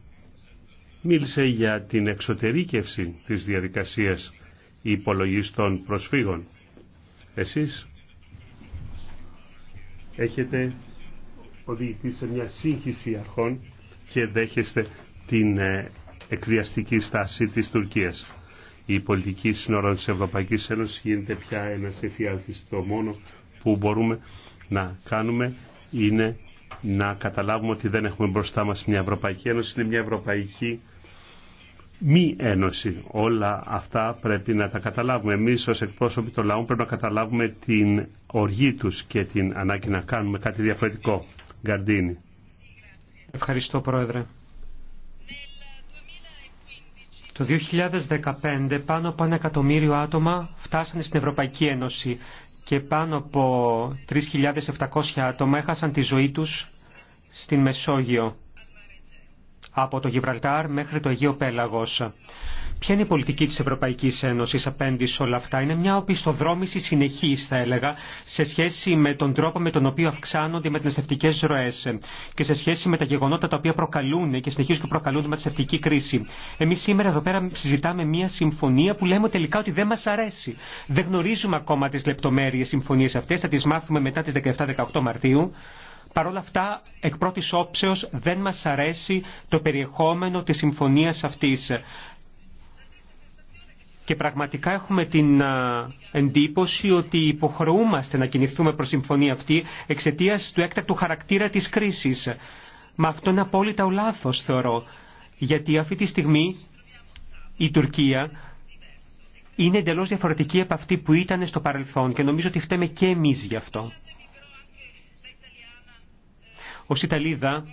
μίλησε για την εξωτερήκευση της διαδικασίας υπολογής των προσφύγων. Εσείς έχετε οδηγηθεί σε μια σύγχυση αρχών και δέχεστε την ε, εκβιαστική στάση της Τουρκίας. Η πολιτική σύνορα της Ευρωπαϊκής Ένωσης γίνεται πια ένας εφιάλτης. Το μόνο που μπορούμε να κάνουμε είναι να καταλάβουμε ότι δεν έχουμε μπροστά μας μια Ευρωπαϊκή Ένωση, είναι μια Ευρωπαϊκή μη ένωση. Όλα αυτά πρέπει να τα καταλάβουμε. Εμείς ως εκπρόσωποι των λαών πρέπει να καταλάβουμε την οργή τους και την ανάγκη να κάνουμε κάτι διαφορετικό. Γκαρντίνη. Ευχαριστώ Πρόεδρε. Το 2015 πάνω από ένα εκατομμύριο άτομα φτάσανε στην Ευρωπαϊκή Ένωση και πάνω από 3.700 άτομα έχασαν τη ζωή τους στην Μεσόγειο από το Γιβραλτάρ μέχρι το Αιγαίο Πέλαγος. Ποια είναι η πολιτική της Ευρωπαϊκής Ένωσης απέναντι σε όλα αυτά. Είναι μια οπισθοδρόμηση συνεχής, θα έλεγα, σε σχέση με τον τρόπο με τον οποίο αυξάνονται οι μεταναστευτικές ροές και σε σχέση με τα γεγονότα τα οποία προκαλούν και συνεχίζουν να προκαλούν τη μεταναστευτική κρίση. Εμείς σήμερα εδώ πέρα συζητάμε μια συμφωνία που λέμε τελικά ότι δεν μας αρέσει. Δεν γνωρίζουμε ακόμα τις λεπτομέρειες συμφωνίες αυτές, θα τις μάθουμε μετά τις 17-18 Μαρτίου. Παρ' όλα αυτά, εκ πρώτη όψεω δεν μα αρέσει το περιεχόμενο τη συμφωνία αυτή και πραγματικά έχουμε την εντύπωση ότι υποχρεούμαστε να κινηθούμε προς συμφωνία αυτή εξαιτίας του έκτακτου χαρακτήρα της κρίσης. Μα αυτό είναι απόλυτα ο λάθος θεωρώ, γιατί αυτή τη στιγμή η Τουρκία είναι εντελώ διαφορετική από αυτή που ήταν στο παρελθόν και νομίζω ότι φταίμε και εμείς γι' αυτό. Ως Ιταλίδα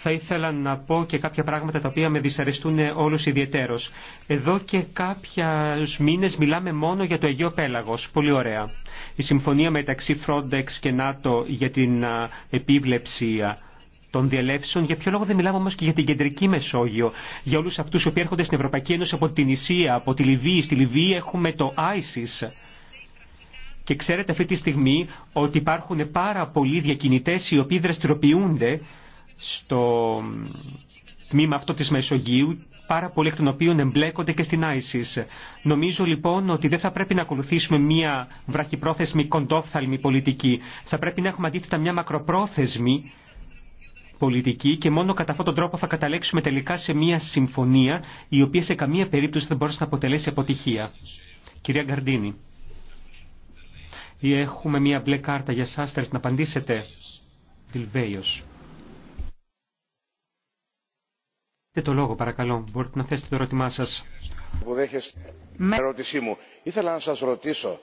θα ήθελα να πω και κάποια πράγματα τα οποία με δυσαρεστούν όλους ιδιαιτέρως. Εδώ και κάποια μήνες μιλάμε μόνο για το Αιγαίο Πέλαγος. Πολύ ωραία. Η συμφωνία μεταξύ Frontex και ΝΑΤΟ για την επίβλεψη των διαλέψεων. Για ποιο λόγο δεν μιλάμε όμως και για την κεντρική Μεσόγειο, για όλους αυτούς οι οποίοι έρχονται στην Ευρωπαϊκή Ένωση από την Ισία, από τη Λιβύη. Στη Λιβύη έχουμε το ISIS. Και ξέρετε αυτή τη στιγμή ότι υπάρχουν πάρα πολλοί διακινητέ οι οποίοι δραστηριοποιούνται στο τμήμα αυτό της Μεσογείου πάρα πολλοί εκ των οποίων εμπλέκονται και στην ISIS. Νομίζω λοιπόν ότι δεν θα πρέπει να ακολουθήσουμε μια βραχυπρόθεσμη κοντόφθαλμη πολιτική. Θα πρέπει να έχουμε αντίθετα μια μακροπρόθεσμη πολιτική και μόνο κατά αυτόν τον τρόπο θα καταλέξουμε τελικά σε μια συμφωνία η οποία σε καμία περίπτωση δεν μπορεί να αποτελέσει αποτυχία. Κυρία Γκαρντίνη, έχουμε μια μπλε κάρτα για σας, θέλετε να απαντήσετε. Δηλβέιος. το λόγο παρακαλώ. Μπορείτε να θέσετε το ερώτημά σας. Που Με... ερώτησή μου. Ήθελα να σα ρωτήσω,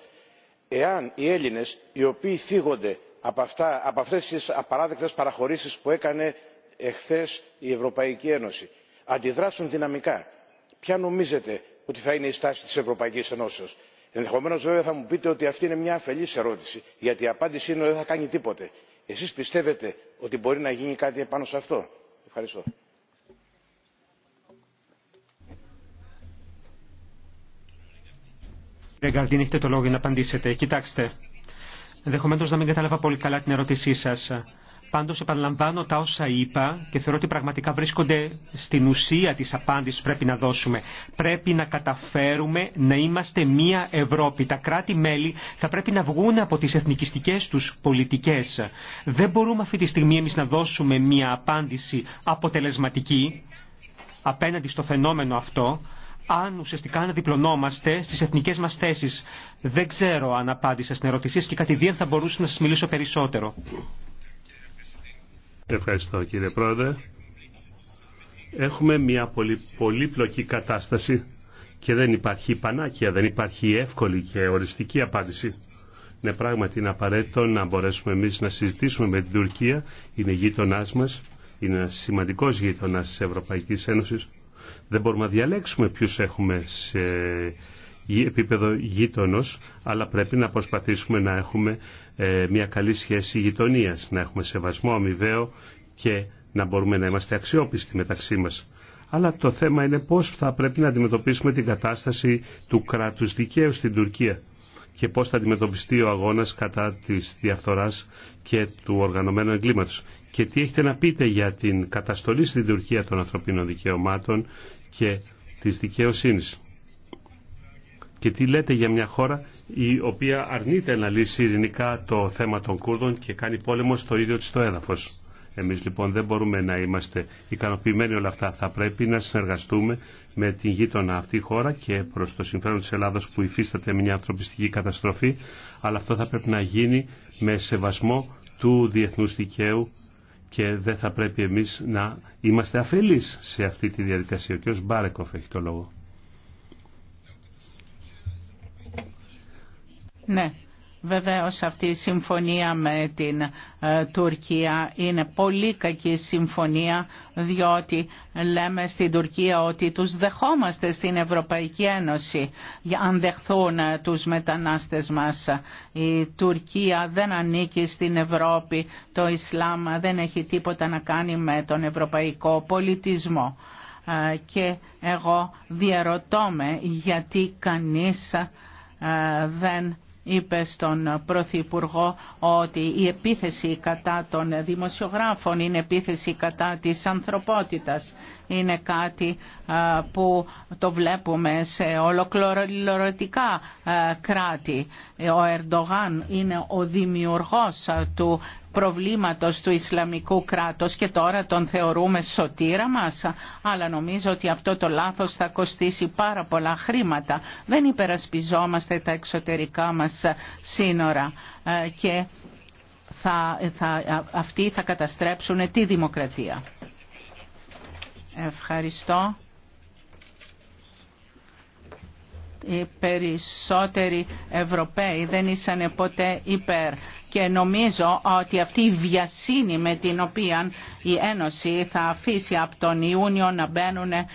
εάν οι Έλληνε, οι οποίοι θίγονται από, αυτά, από αυτές τις απαράδεκτες παραχωρήσεις που έκανε εχθέ η Ευρωπαϊκή Ένωση, αντιδράσουν δυναμικά, ποια νομίζετε ότι θα είναι η στάση της Ευρωπαϊκής Ενώσεως. Ενδεχομένως βέβαια θα μου πείτε ότι αυτή είναι μια αφελής ερώτηση, γιατί η απάντηση είναι ότι δεν θα κάνει τίποτε. Εσείς πιστεύετε ότι μπορεί να γίνει κάτι επάνω σε αυτό. Ευχαριστώ. Γκαρντίνη, έχετε το λόγο για να απαντήσετε. Κοιτάξτε, ενδεχομένω να μην κατάλαβα πολύ καλά την ερώτησή σα. Πάντω, επαναλαμβάνω τα όσα είπα και θεωρώ ότι πραγματικά βρίσκονται στην ουσία τη απάντηση που πρέπει να δώσουμε. Πρέπει να καταφέρουμε να είμαστε μία Ευρώπη. Τα κράτη-μέλη θα πρέπει να βγουν από τι εθνικιστικέ του πολιτικέ. Δεν μπορούμε αυτή τη στιγμή εμεί να δώσουμε μία απάντηση αποτελεσματική απέναντι στο φαινόμενο αυτό αν ουσιαστικά αναδιπλωνόμαστε στι εθνικέ μα θέσει. Δεν ξέρω αν απάντησα στην ερωτησία και κατηδίαν θα μπορούσα να σας μιλήσω περισσότερο. Ευχαριστώ κύριε Πρόεδρε. Έχουμε μια πολύ, πολύπλοκη κατάσταση και δεν υπάρχει πανάκια, δεν υπάρχει εύκολη και οριστική απάντηση. Ναι, πράγματι είναι απαραίτητο να μπορέσουμε εμείς να συζητήσουμε με την Τουρκία. Είναι γείτονά μας, είναι ένας σημαντικός γείτονας της Ευρωπαϊκής Ένωσης δεν μπορούμε να διαλέξουμε ποιους έχουμε σε επίπεδο γείτονος, αλλά πρέπει να προσπαθήσουμε να έχουμε ε, μια καλή σχέση γειτονίας, να έχουμε σεβασμό αμοιβαίο και να μπορούμε να είμαστε αξιόπιστοι μεταξύ μας. Αλλά το θέμα είναι πώς θα πρέπει να αντιμετωπίσουμε την κατάσταση του κράτους δικαίου στην Τουρκία και πώς θα αντιμετωπιστεί ο αγώνας κατά της διαφθοράς και του οργανωμένου εγκλήματος και τι έχετε να πείτε για την καταστολή στην Τουρκία των ανθρωπίνων δικαιωμάτων και της δικαιοσύνης. Και τι λέτε για μια χώρα η οποία αρνείται να λύσει ειρηνικά το θέμα των Κούρδων και κάνει πόλεμο στο ίδιο της το έδαφος. Εμείς λοιπόν δεν μπορούμε να είμαστε ικανοποιημένοι όλα αυτά. Θα πρέπει να συνεργαστούμε με την γείτονα αυτή χώρα και προς το συμφέρον της Ελλάδος που υφίσταται μια ανθρωπιστική καταστροφή, αλλά αυτό θα πρέπει να γίνει με σεβασμό του διεθνούς δικαίου και δεν θα πρέπει εμείς να είμαστε αφελείς σε αυτή τη διαδικασία. Ο κ. Μπάρεκοφ έχει το λόγο. Ναι, Βεβαίως αυτή η συμφωνία με την ε, Τουρκία είναι πολύ κακή συμφωνία διότι λέμε στην Τουρκία ότι τους δεχόμαστε στην Ευρωπαϊκή Ένωση αν δεχθούν ε, τους μετανάστες μας. Η Τουρκία δεν ανήκει στην Ευρώπη, το Ισλάμ δεν έχει τίποτα να κάνει με τον ευρωπαϊκό πολιτισμό. Ε, και εγώ διαρωτώ με γιατί κανείς δεν είπε στον Πρωθυπουργό ότι η επίθεση κατά των δημοσιογράφων είναι επίθεση κατά της ανθρωπότητας. Είναι κάτι που το βλέπουμε σε ολοκληρωτικά κράτη. Ο Ερντογάν είναι ο δημιουργός του προβλήματος του Ισλαμικού κράτους και τώρα τον θεωρούμε σωτήρα μας, αλλά νομίζω ότι αυτό το λάθος θα κοστίσει πάρα πολλά χρήματα. Δεν υπερασπιζόμαστε τα εξωτερικά μας σύνορα ε, και θα, θα, αυτοί θα καταστρέψουν τη δημοκρατία. Ευχαριστώ. Οι περισσότεροι Ευρωπαίοι δεν ήσαν ποτέ υπέρ και νομίζω ότι αυτή η βιασύνη με την οποία η Ένωση θα αφήσει από τον Ιούνιο να μπαίνουν ε,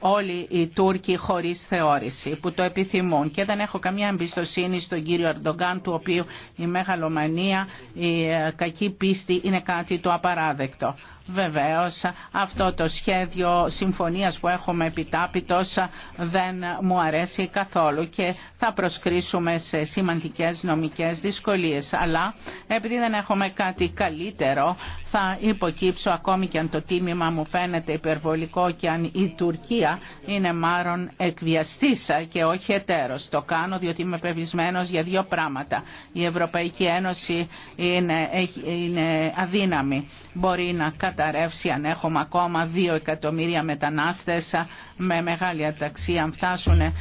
όλοι οι Τούρκοι χωρίς θεώρηση που το επιθυμούν και δεν έχω καμία εμπιστοσύνη στον κύριο Αρντογκάν του οποίου η μεγαλομανία, η ε, κακή πίστη είναι κάτι το απαράδεκτο. Βεβαίως αυτό το σχέδιο συμφωνίας που έχουμε επιτάπητος δεν μου αρέσει καθόλου και θα προσκρίσουμε σε σημαντικές νομικές δυσκολίες αλλά επειδή δεν έχουμε κάτι καλύτερο θα υποκύψω ακόμη και αν το τίμημα μου φαίνεται υπερβολικό και αν η Τουρκία είναι μάλλον εκβιαστής και όχι εταίρος. Το κάνω διότι είμαι πεπισμένος για δύο πράγματα. Η Ευρωπαϊκή Ένωση είναι, είναι αδύναμη. Μπορεί να καταρρεύσει αν έχουμε ακόμα δύο εκατομμύρια μετανάστες με μεγάλη αταξία αν φτάσουν ε,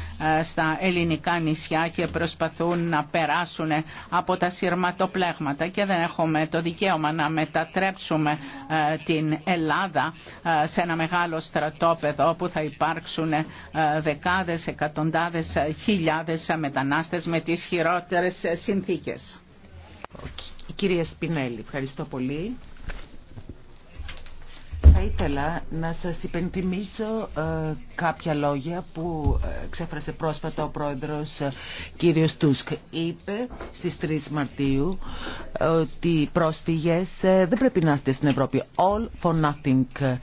στα ελληνικά νησιά και προσπαθούν να περάσουν από τα σειρματοπλέγματα και δεν έχουμε το δικαίωμα να μετατρέψουμε φτιάξουμε ε, την Ελλάδα ε, σε ένα μεγάλο στρατόπεδο όπου θα υπάρξουν ε, δεκάδες, εκατοντάδες, χιλιάδες μετανάστες με τις χειρότερες συνθήκες. κυρία Σπινέλη, ευχαριστώ πολύ ήθελα να σας υπενθυμίσω ε, κάποια λόγια που ε, ξέφρασε πρόσφατα ο πρόεδρος ε, κύριος Τούσκ. Είπε στις 3 Μαρτίου ε, ότι οι πρόσφυγες δεν πρέπει να έρθουν στην Ευρώπη. All for nothing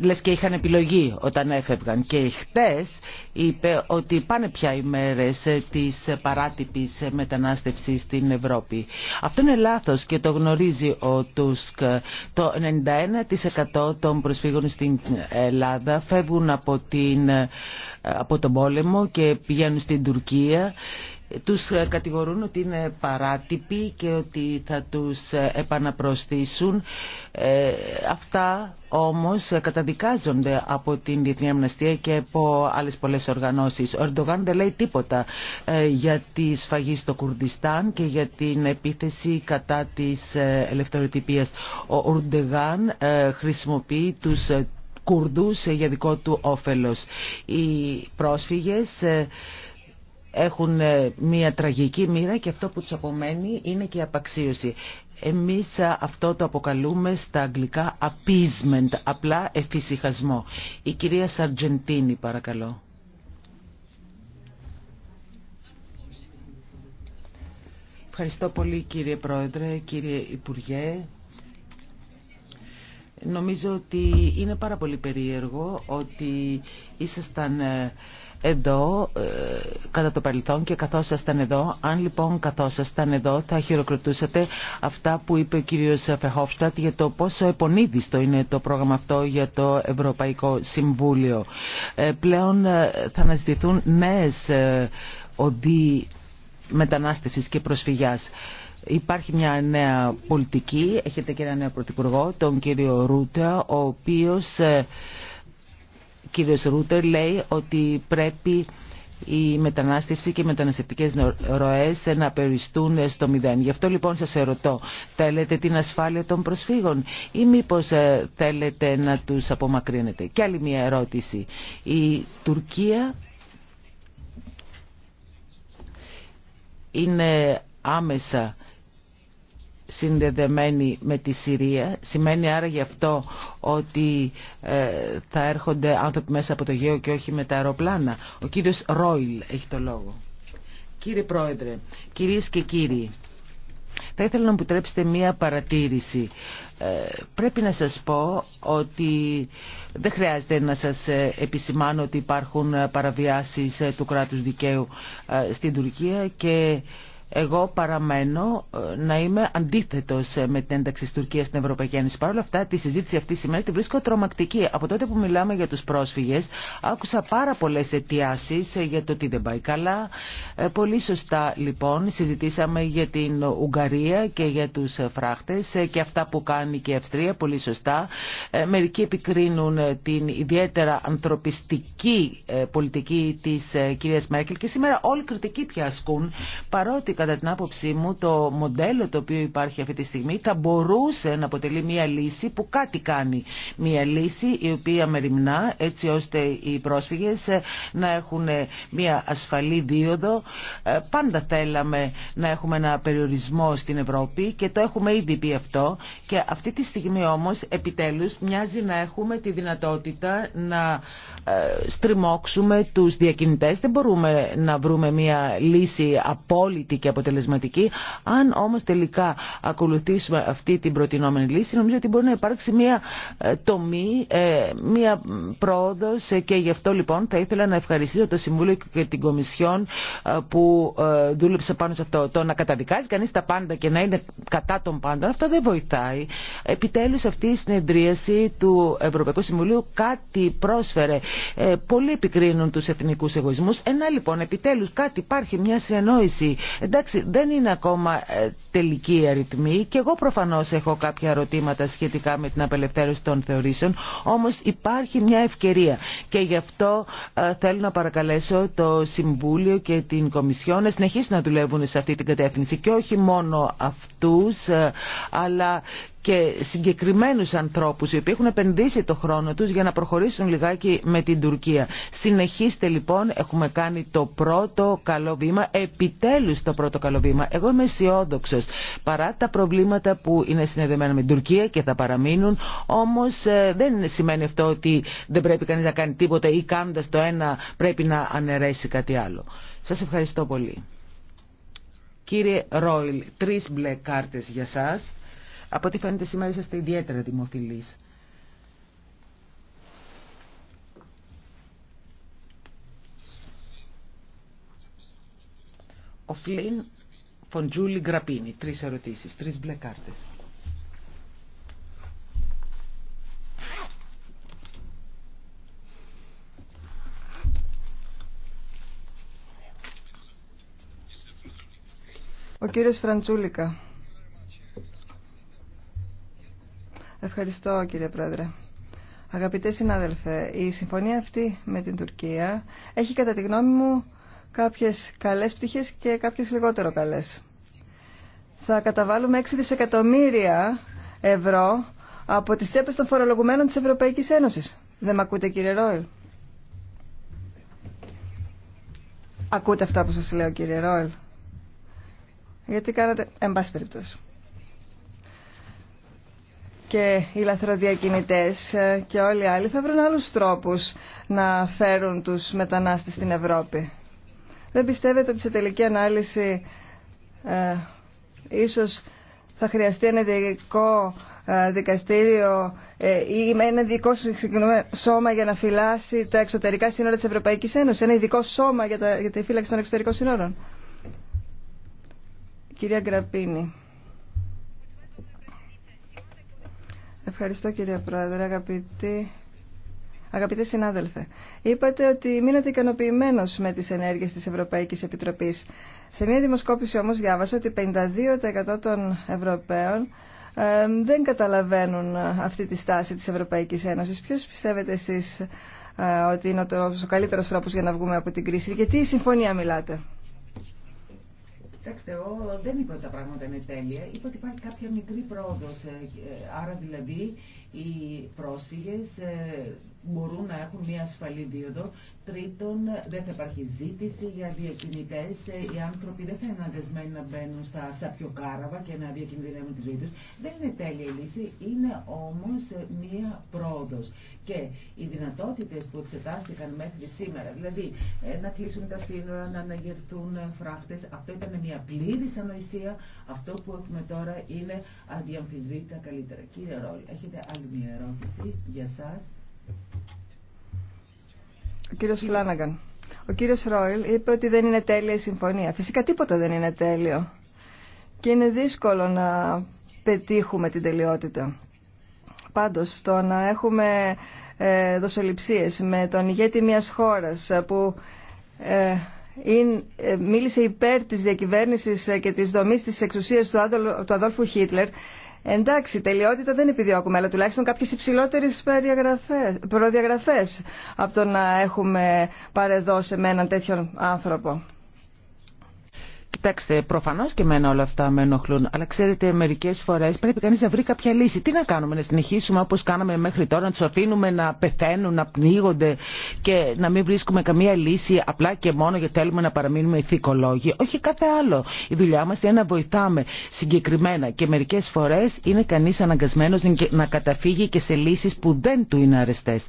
λες και είχαν επιλογή όταν έφευγαν και χτες είπε ότι πάνε πια οι μέρες της παράτυπης μετανάστευσης στην Ευρώπη. Αυτό είναι λάθος και το γνωρίζει ο Τούσκ. Το 91% των προσφύγων στην Ελλάδα φεύγουν από, την, από τον πόλεμο και πηγαίνουν στην Τουρκία τους ε, κατηγορούν ότι είναι παράτυποι και ότι θα τους ε, επαναπροσθήσουν. Ε, αυτά όμως καταδικάζονται από την Διεθνή Αμναστία και από άλλες πολλές οργανώσεις. Ο Ερντογάν δεν λέει τίποτα για τη σφαγή στο Κουρδιστάν και για την επίθεση κατά της ελευθεροτυπίας. Ο Ερντογάν χρησιμοποιεί τους Κουρδούς για δικό του όφελος. Οι πρόσφυγες έχουν ε, μια τραγική μοίρα και αυτό που τους απομένει είναι και η απαξίωση. Εμείς ε, αυτό το αποκαλούμε στα αγγλικά appeasement, απλά εφησυχασμό. Η κυρία Σαρτζεντίνη παρακαλώ. Ευχαριστώ πολύ κύριε Πρόεδρε, κύριε Υπουργέ. Νομίζω ότι είναι πάρα πολύ περίεργο ότι ήσασταν ε, εδώ ε, κατά το παρελθόν και ήσασταν εδώ. Αν λοιπόν ήσασταν εδώ θα χειροκροτούσατε αυτά που είπε ο κύριος Φεχόφστατ για το πόσο επονίδιστο είναι το πρόγραμμα αυτό για το Ευρωπαϊκό Συμβούλιο. Ε, πλέον ε, θα αναζητηθούν νέες οδοί μετανάστευσης και προσφυγιάς. Υπάρχει μια νέα πολιτική, έχετε και ένα νέο πρωθυπουργό, τον κύριο Ρούτα, ο οποίος κύριος Ρούτερ λέει ότι πρέπει η μετανάστευση και οι μεταναστευτικές ροές να περιστούν στο μηδέν. Γι' αυτό λοιπόν σας ερωτώ, θέλετε την ασφάλεια των προσφύγων ή μήπως ε, θέλετε να τους απομακρύνετε. Και άλλη μια ερώτηση. Η Τουρκία είναι άμεσα συνδεδεμένη με τη Συρία. Σημαίνει άρα γι' αυτό ότι ε, θα έρχονται άνθρωποι μέσα από το Αιγαίο και όχι με τα αεροπλάνα. Ο κύριος Ρόιλ έχει το λόγο. Κύριε Πρόεδρε, κυρίες και κύριοι, θα ήθελα να μου επιτρέψετε μία παρατήρηση. Ε, πρέπει να σας πω ότι δεν χρειάζεται να σας ε, επισημάνω ότι υπάρχουν παραβιάσεις του κράτους δικαίου στην Τουρκία και εγώ παραμένω ε, να είμαι αντίθετο ε, με την ένταξη τη Τουρκία στην Ευρωπαϊκή Ένωση. Παρ' όλα αυτά, τη συζήτηση αυτή σήμερα τη βρίσκω τρομακτική. Από τότε που μιλάμε για του πρόσφυγε, άκουσα πάρα πολλέ αιτιάσει ε, για το τι δεν πάει καλά. Πολύ σωστά, λοιπόν, συζητήσαμε για την Ουγγαρία και για του φράχτε και αυτά που κάνει και η Αυστρία. Πολύ σωστά. Μερικοί επικρίνουν την ιδιαίτερα ανθρωπιστική πολιτική τη κυρία Μέρκελ και σήμερα όλοι κριτικοί πια ασκούν, παρότι κατά την άποψή μου το μοντέλο το οποίο υπάρχει αυτή τη στιγμή θα μπορούσε να αποτελεί μια λύση που κάτι κάνει. Μια λύση η οποία μεριμνά έτσι ώστε οι πρόσφυγες ε, να έχουν ε, μια ασφαλή δίωδο. Ε, πάντα θέλαμε να έχουμε ένα περιορισμό στην Ευρώπη και το έχουμε ήδη πει αυτό και αυτή τη στιγμή όμως επιτέλους μοιάζει να έχουμε τη δυνατότητα να στριμώξουμε τους διακινητές. Δεν μπορούμε να βρούμε μια λύση απόλυτη αποτελεσματική. Αν όμως τελικά ακολουθήσουμε αυτή την προτινόμενη λύση, νομίζω ότι μπορεί να υπάρξει μια ε, τομή, ε, μια πρόοδος ε, και γι' αυτό λοιπόν θα ήθελα να ευχαριστήσω το Συμβούλιο και την Κομισιόν που δούλεψε πάνω σε αυτό. Το να καταδικάζει κανείς τα πάντα και να είναι κατά των πάντων, αυτό δεν βοηθάει. Επιτέλους αυτή η συνεδρίαση του Ευρωπαϊκού Συμβουλίου κάτι πρόσφερε. Πολύ πολλοί επικρίνουν τους εθνικούς εγωισμούς. Ένα λοιπόν επιτέλους κάτι υπάρχει μια συνεννόηση. Εντάξει, δεν είναι ακόμα ε, τελική η αριθμή και εγώ προφανώς έχω κάποια ερωτήματα σχετικά με την απελευθέρωση των θεωρήσεων, όμως υπάρχει μια ευκαιρία και γι' αυτό ε, θέλω να παρακαλέσω το Συμβούλιο και την Κομισιό να συνεχίσουν να δουλεύουν σε αυτή την κατεύθυνση και όχι μόνο αυτούς, ε, αλλά και συγκεκριμένους ανθρώπους οι οποίοι έχουν επενδύσει το χρόνο τους για να προχωρήσουν λιγάκι με την Τουρκία. Συνεχίστε λοιπόν, έχουμε κάνει το πρώτο καλό βήμα, επιτέλους το πρώτο καλό βήμα. Εγώ είμαι αισιόδοξο. παρά τα προβλήματα που είναι συνδεδεμένα με την Τουρκία και θα παραμείνουν, όμως ε, δεν σημαίνει αυτό ότι δεν πρέπει κανείς να κάνει τίποτα ή κάνοντα το ένα πρέπει να αναιρέσει κάτι άλλο. Σας ευχαριστώ πολύ. Κύριε Ρόιλ, τρεις μπλε κάρτες για σας. Από ό,τι φαίνεται σήμερα είσαστε ιδιαίτερα δημοφιλείς. Ο Φλίν Φοντζούλη Γκραπίνη. Τρεις ερωτήσεις, τρεις μπλε κάρτες. Ο κύριος Φραντζούλικα. Ευχαριστώ κύριε Πρόεδρε. Αγαπητέ συνάδελφε, η συμφωνία αυτή με την Τουρκία έχει κατά τη γνώμη μου κάποιες καλές πτυχές και κάποιες λιγότερο καλές. Θα καταβάλουμε 6 δισεκατομμύρια ευρώ από τις τσέπες των φορολογουμένων της Ευρωπαϊκής Ένωσης. Δεν με ακούτε κύριε Ρόιλ. Ακούτε αυτά που σας λέω κύριε Ρόιλ. Γιατί κάνατε, εν πάση περιπτώσει και οι λαθροδιακινητές ε, και όλοι οι άλλοι θα βρουν άλλους τρόπους να φέρουν τους μετανάστες στην Ευρώπη. Δεν πιστεύετε ότι σε τελική ανάλυση ε, ίσως θα χρειαστεί ένα ειδικό ε, δικαστήριο ε, ή ένα ειδικό σώμα για να φυλάσει τα εξωτερικά σύνορα της Ευρωπαϊκής Ένωσης, ένα ειδικό σώμα για, τα, για τη φύλαξη των εξωτερικών σύνορων. Κυρία Γκραπίνη. Ευχαριστώ κύριε Πρόεδρε, αγαπητοί συνάδελφε, είπατε ότι μείνατε ικανοποιημένο με τι ενέργειες τη Ευρωπαϊκή Επιτροπή. Σε μια δημοσκόπηση όμω διάβασα ότι 52% των Ευρωπαίων ε, δεν καταλαβαίνουν ε, αυτή τη στάση τη Ευρωπαϊκή Ένωση. Ποιο πιστεύετε εσεί ε, ότι είναι ο καλύτερο τρόπο για να βγούμε από την κρίση και τι συμφωνία μιλάτε. Κοιτάξτε, εγώ δεν είπα ότι τα πράγματα είναι τέλεια. Είπα ότι υπάρχει κάποια μικρή πρόοδο. Ε, ε, άρα δηλαδή οι πρόσφυγες ε, μπορούν να έχουν μια ασφαλή δίωδο. Τρίτον, δεν θα υπάρχει ζήτηση για διακινητές. Ε, οι άνθρωποι δεν θα είναι αναγκασμένοι να μπαίνουν στα σαπιοκάραβα και να διακινδυνεύουν τη ζωή τους. Δεν είναι τέλεια λύση, είναι όμως μια πρόοδος. Και οι δυνατότητες που εξετάστηκαν μέχρι σήμερα, δηλαδή ε, να κλείσουν τα σύνορα, να αναγερθούν φράχτες, αυτό ήταν μια πλήρης ανοησία. Αυτό που έχουμε τώρα είναι αδιαμφισβήτητα καλύτερα. Κύριε Ρόλ, έχετε ο κύριο Φλάναγκαν. Ο κύριος Ρόιλ είπε ότι δεν είναι τέλεια η συμφωνία. Φυσικά τίποτα δεν είναι τέλειο. Και είναι δύσκολο να πετύχουμε την τελειότητα. Πάντως, το να έχουμε ε, δοσοληψίες με τον ηγέτη μιας χώρας που ε, ε μίλησε υπέρ της διακυβέρνησης ε, και της δομής της εξουσίας του Αδόλφου Χίτλερ Εντάξει, τελειότητα δεν επιδιώκουμε, αλλά τουλάχιστον κάποιες υψηλότερες προδιαγραφέ από το να έχουμε παρεδώσει με έναν τέτοιον άνθρωπο. Κοιτάξτε, προφανώ και εμένα όλα αυτά με ενοχλούν. Αλλά ξέρετε, μερικέ φορέ πρέπει κανεί να βρει κάποια λύση. Τι να κάνουμε, να συνεχίσουμε όπω κάναμε μέχρι τώρα, να του αφήνουμε να πεθαίνουν, να πνίγονται και να μην βρίσκουμε καμία λύση απλά και μόνο γιατί θέλουμε να παραμείνουμε ηθικολόγοι. Όχι κάθε άλλο. Η δουλειά μα είναι να βοηθάμε συγκεκριμένα και μερικέ φορέ είναι κανεί αναγκασμένο να καταφύγει και σε λύσει που δεν του είναι αρεστέ.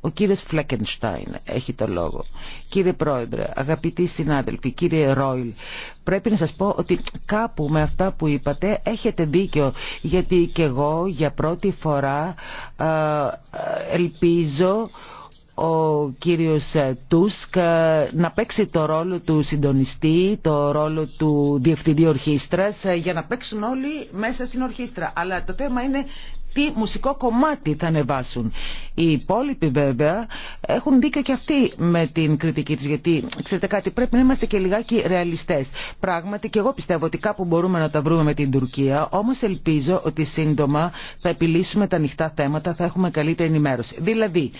Ο κύριος Φλέκενστάιν έχει το λόγο. Κύριε Πρόεδρε, αγαπητοί συνάδελφοι, κύριε Ρόιλ, πρέπει να σας πω ότι κάπου με αυτά που είπατε έχετε δίκιο, γιατί και εγώ για πρώτη φορά ελπίζω ο κύριος Τούσκ να παίξει το ρόλο του συντονιστή, το ρόλο του διευθυντή ορχήστρας για να παίξουν όλοι μέσα στην ορχήστρα. Αλλά το θέμα είναι τι μουσικό κομμάτι θα ανεβάσουν. Οι υπόλοιποι βέβαια έχουν δίκιο και αυτοί με την κριτική τους γιατί ξέρετε κάτι πρέπει να είμαστε και λιγάκι ρεαλιστές. Πράγματι και εγώ πιστεύω ότι κάπου μπορούμε να τα βρούμε με την Τουρκία όμως ελπίζω ότι σύντομα θα επιλύσουμε τα ανοιχτά θέματα, θα έχουμε καλύτερη ενημέρωση. Δηλαδή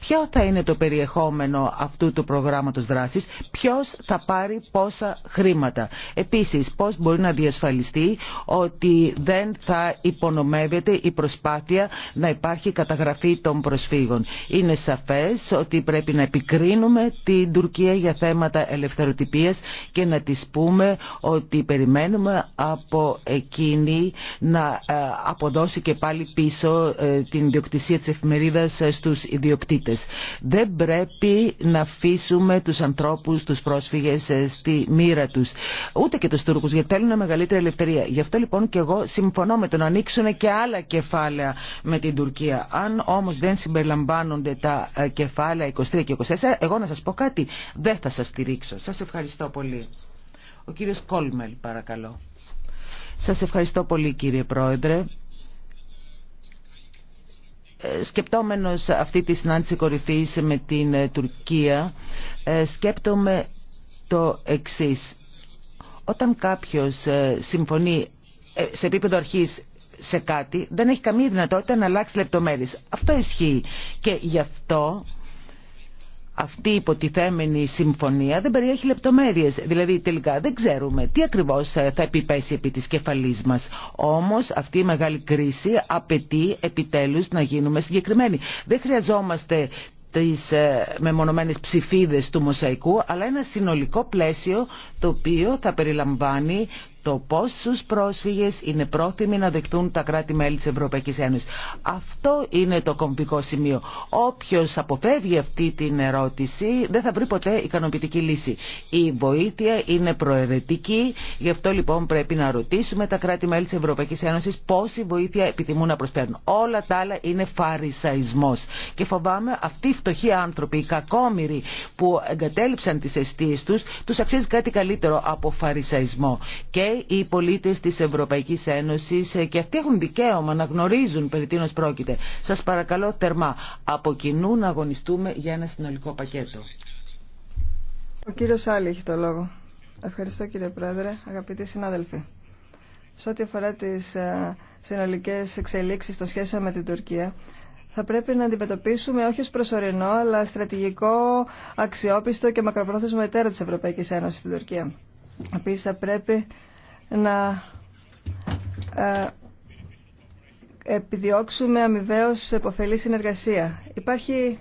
ποιο θα είναι το περιεχόμενο αυτού του προγράμματος δράσης, ποιος θα πάρει πόσα χρήματα. Επίσης πώς μπορεί να διασφαλιστεί ότι δεν θα υπονομεύεται η προσπάθεια προσπάθεια να υπάρχει καταγραφή των προσφύγων. Είναι σαφές ότι πρέπει να επικρίνουμε την Τουρκία για θέματα ελευθεροτυπίας και να της πούμε ότι περιμένουμε από εκείνη να ε, αποδώσει και πάλι πίσω ε, την ιδιοκτησία της εφημερίδας ε, στους ιδιοκτήτες. Δεν πρέπει να αφήσουμε τους ανθρώπους, τους πρόσφυγες στη μοίρα τους. Ούτε και τους Τούρκους γιατί θέλουν μεγαλύτερη ελευθερία. Γι' αυτό λοιπόν και εγώ συμφωνώ με το να ανοίξουν και άλλα κεφάλαια με την Τουρκία. Αν όμως δεν συμπεριλαμβάνονται τα ε, κεφάλαια 23 και 24, εγώ να σας πω κάτι, δεν θα σας στηρίξω. Σας ευχαριστώ πολύ. Ο κύριος Κόλμελ, παρακαλώ. Σας ευχαριστώ πολύ κύριε Πρόεδρε ε, σκεπτόμενος αυτή τη συνάντηση κορυφής με την ε, Τουρκία, σκέπτομαι το εξής. Όταν κάποιος συμφωνεί σε επίπεδο αρχής σε κάτι δεν έχει καμία δυνατότητα να αλλάξει λεπτομέρειες. Αυτό ισχύει και γι' αυτό αυτή η υποτιθέμενη συμφωνία δεν περιέχει λεπτομέρειες. Δηλαδή τελικά δεν ξέρουμε τι ακριβώς ε, θα επιπέσει επί της κεφαλής μας. Όμως αυτή η μεγάλη κρίση απαιτεί επιτέλους να γίνουμε συγκεκριμένοι. Δεν χρειαζόμαστε τις ε, μεμονωμένες ψηφίδες του μοσαϊκού, αλλά ένα συνολικό πλαίσιο το οποίο θα περιλαμβάνει το πόσους πρόσφυγες είναι πρόθυμοι να δεχτούν τα κράτη-μέλη της Ευρωπαϊκής Ένωσης. Αυτό είναι το κομπικό σημείο. Όποιος αποφεύγει αυτή την ερώτηση δεν θα βρει ποτέ ικανοποιητική λύση. Η βοήθεια είναι προαιρετική, γι' αυτό λοιπόν πρέπει να ρωτήσουμε τα κράτη-μέλη της Ευρωπαϊκής Ένωσης πόση βοήθεια επιθυμούν να προσφέρουν. Όλα τα άλλα είναι φαρισαϊσμός. Και φοβάμαι αυτοί οι φτωχοί άνθρωποι, οι κακόμοιροι που εγκατέλειψαν τις αιστείες τους, τους αξίζει κάτι καλύτερο από φαρισαϊσμό. Και οι πολίτες της Ευρωπαϊκής Ένωσης ε, και αυτοί έχουν δικαίωμα να γνωρίζουν περί τίνος πρόκειται. Σας παρακαλώ τερμά από κοινού να αγωνιστούμε για ένα συνολικό πακέτο. Ο κύριος Άλλη έχει το λόγο. Ευχαριστώ κύριε Πρόεδρε, αγαπητοί συνάδελφοι. Σε ό,τι αφορά τις ε, συνολικές εξελίξεις των σχέσεων με την Τουρκία, θα πρέπει να αντιμετωπίσουμε όχι ως προσωρινό, αλλά στρατηγικό, αξιόπιστο και μακροπρόθεσμο εταίρο της Ευρωπαϊκής Ένωσης στην Τουρκία. Επίσης θα πρέπει να ε, επιδιώξουμε αμοιβαίως εποφελή συνεργασία. Υπάρχει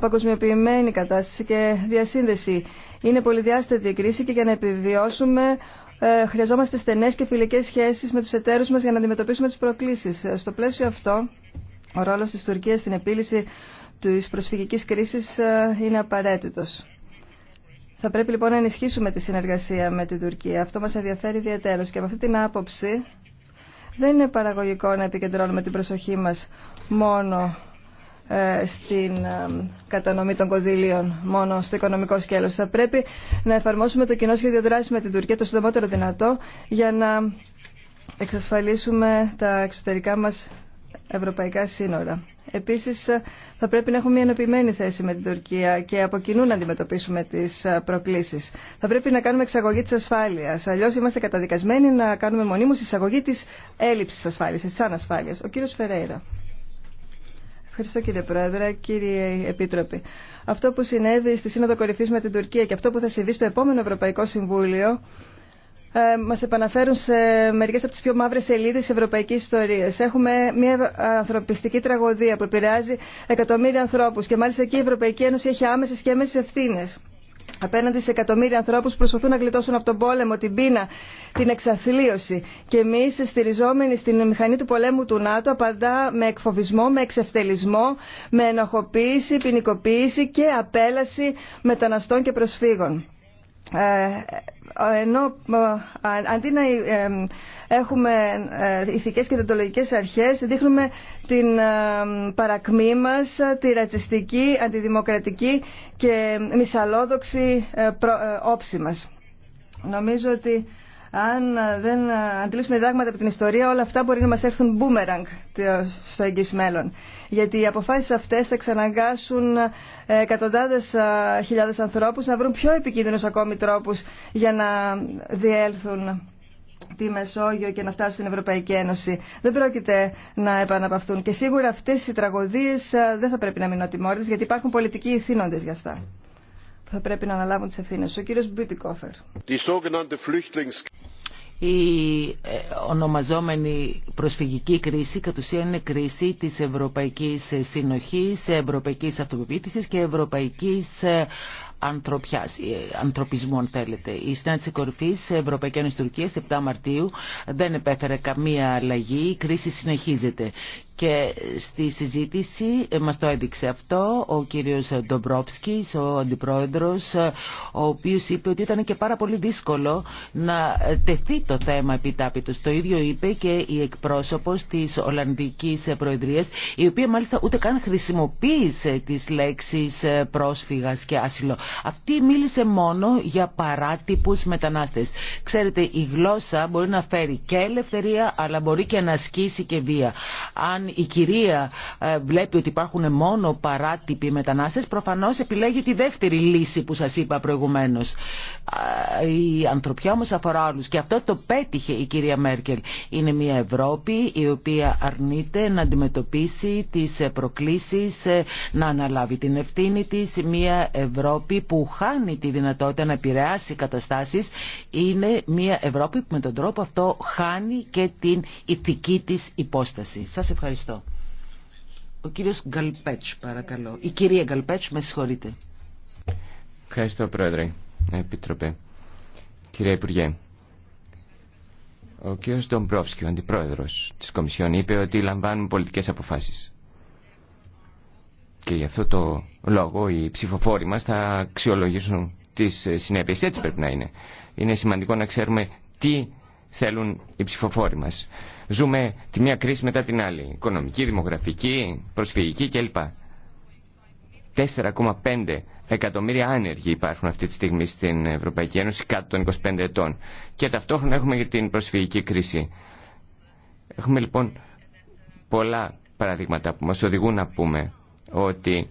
παγκοσμιοποιημένη κατάσταση και διασύνδεση. Είναι πολυδιάστατη η κρίση και για να επιβιώσουμε ε, χρειαζόμαστε στενές και φιλικές σχέσεις με τους εταίρους μας για να αντιμετωπίσουμε τις προκλήσεις. Στο πλαίσιο αυτό, ο ρόλος της Τουρκίας στην επίλυση της προσφυγικής κρίσης ε, είναι απαραίτητος. Θα πρέπει λοιπόν να ενισχύσουμε τη συνεργασία με την Τουρκία. Αυτό μας ενδιαφέρει ιδιαίτερως και από αυτή την άποψη δεν είναι παραγωγικό να επικεντρώνουμε την προσοχή μας μόνο ε, στην ε, κατανομή των κονδύλιων μόνο στο οικονομικό σκέλος. Θα πρέπει να εφαρμόσουμε το κοινό σχέδιο δράση με την Τουρκία το συντομότερο δυνατό για να εξασφαλίσουμε τα εξωτερικά μας ευρωπαϊκά σύνορα. Επίσης θα πρέπει να έχουμε μια ενωπημένη θέση με την Τουρκία και από κοινού να αντιμετωπίσουμε τις ε, προκλήσεις. Θα πρέπει να κάνουμε εξαγωγή της ασφάλειας. Αλλιώς είμαστε καταδικασμένοι να κάνουμε μονίμως εισαγωγή της έλλειψης ασφάλειας, της ανασφάλειας. Ο κύριος Φεραίρα. Ευχαριστώ κύριε Πρόεδρε, κύριε Επίτροπη. Αυτό που συνέβη στη Σύνοδο Κορυφής με την Τουρκία και αυτό που θα συμβεί στο επόμενο Ευρωπαϊκό Συμβούλιο ε, μας επαναφέρουν σε μερικές από τις πιο μαύρες σελίδες της ευρωπαϊκής ιστορίας. Έχουμε μια ανθρωπιστική τραγωδία που επηρεάζει εκατομμύρια ανθρώπους και μάλιστα εκεί η Ευρωπαϊκή Ένωση έχει άμεσες και έμεσες ευθύνες απέναντι σε εκατομμύρια ανθρώπου που προσπαθούν να γλιτώσουν από τον πόλεμο, την πείνα, την εξαθλίωση. Και εμεί στηριζόμενοι στην μηχανή του πολέμου του ΝΑΤΟ απαντά με εκφοβισμό, με εξευτελισμό, με ενοχοποίηση, ποινικοποίηση και απέλαση μεταναστών και προσφύγων. Ε, ενώ ε, αντί να ε, έχουμε ε, ηθικές και δοντολογικές αρχές δείχνουμε την παρακμή μας, τη ρατσιστική, αντιδημοκρατική και μυσαλόδοξη όψη μας. Νομίζω ότι αν δεν αντλήσουμε διδάγματα από την ιστορία, όλα αυτά μπορεί να μας έρθουν μπούμεραγκ στο εγγύς μέλλον. Γιατί οι αποφάσεις αυτές θα ξαναγκάσουν ε, εκατοντάδες χιλιάδες ανθρώπους να βρουν πιο επικίνδυνους ακόμη τρόπους για να διέλθουν τη Μεσόγειο και να φτάσουν στην Ευρωπαϊκή Ένωση. Δεν πρόκειται να επαναπαυθούν. Και σίγουρα αυτές οι τραγωδίες δεν θα πρέπει να μείνουν γιατί υπάρχουν πολιτικοί ηθήνοντες για αυτά θα πρέπει να αναλάβουν τις ευθύνες. Ο κύριος Μπιουτικόφερ. Η ε, ονομαζόμενη προσφυγική κρίση κατ' ουσία είναι κρίση της ευρωπαϊκής συνοχής, ευρωπαϊκής αυτοπεποίθησης και ευρωπαϊκής ε, ανθρωπιάς, ε, ανθρωπισμού αν θέλετε. Η συνάντηση κορυφής Ευρωπαϊκή Ένωση Τουρκία 7 Μαρτίου δεν επέφερε καμία αλλαγή, η κρίση συνεχίζεται και στη συζήτηση ε, μας το έδειξε αυτό ο κύριος Ντομπρόψκης, ο αντιπρόεδρος, ε, ο οποίος είπε ότι ήταν και πάρα πολύ δύσκολο να ε, τεθεί το θέμα επιτάπητος. Το ίδιο είπε και η εκπρόσωπος της Ολλανδικής Προεδρίας, η οποία μάλιστα ούτε καν χρησιμοποίησε τις λέξεις πρόσφυγας και άσυλο. Αυτή μίλησε μόνο για παράτυπους μετανάστες. Ξέρετε, η γλώσσα μπορεί να φέρει και ελευθερία, αλλά μπορεί και να ασκήσει και βία η κυρία ε, βλέπει ότι υπάρχουν μόνο παράτυποι μετανάστες, προφανώς επιλέγει τη δεύτερη λύση που σας είπα προηγουμένως. Η ανθρωπιά όμως αφορά όλους και αυτό το πέτυχε η κυρία Μέρκελ. Είναι μια Ευρώπη η οποία αρνείται να αντιμετωπίσει τις ε, προκλήσεις, ε, να αναλάβει την ευθύνη της. Μια Ευρώπη που χάνει τη δυνατότητα να επηρεάσει καταστάσεις. Είναι μια Ευρώπη που με τον τρόπο αυτό χάνει και την ηθική της υπόσταση. Σας ευχαριστώ. Ευχαριστώ. Ο κύριος Γκαλπέτς, παρακαλώ. Η κυρία Γκαλπέτς, με συγχωρείτε. Ευχαριστώ, Πρόεδρε. Επίτροπε. Κύριε Υπουργέ. Ο κύριος Ντομπρόφσκι, ο αντιπρόεδρος της Κομισιόν, είπε ότι λαμβάνουν πολιτικές αποφάσεις. Και γι' αυτό το λόγο οι ψηφοφόροι μας θα αξιολογήσουν τις συνέπειες. Έτσι πρέπει να είναι. Είναι σημαντικό να ξέρουμε τι θέλουν οι ψηφοφόροι μας. Ζούμε τη μία κρίση μετά την άλλη. Οικονομική, δημογραφική, προσφυγική κλπ. 4,5 εκατομμύρια άνεργοι υπάρχουν αυτή τη στιγμή στην Ευρωπαϊκή Ένωση κάτω των 25 ετών. Και ταυτόχρονα έχουμε και την προσφυγική κρίση. Έχουμε λοιπόν πολλά παραδείγματα που μας οδηγούν να πούμε ότι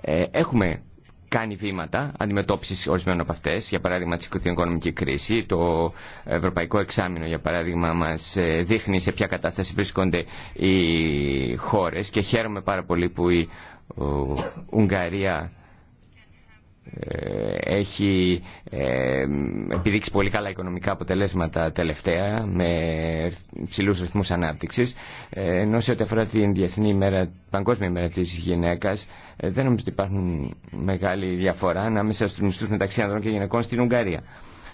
ε, έχουμε κάνει βήματα αντιμετώπιση ορισμένων από αυτέ, για παράδειγμα την οικονομική κρίση. Το Ευρωπαϊκό Εξάμεινο, για παράδειγμα, μα ε, δείχνει σε ποια κατάσταση βρίσκονται οι χώρε και χαίρομαι πάρα πολύ που η Ουγγαρία ε, έχει ε, επιδείξει πολύ καλά οικονομικά αποτελέσματα τελευταία με ψηλούς ρυθμούς ανάπτυξης ε, ενώ σε ό,τι αφορά την Διεθνή ημέρα, Παγκόσμια ημέρα της γυναίκας δεν νομίζω ότι υπάρχουν μεγάλη διαφορά ανάμεσα στους μισθούς μεταξύ ανδρών και γυναικών στην Ουγγαρία.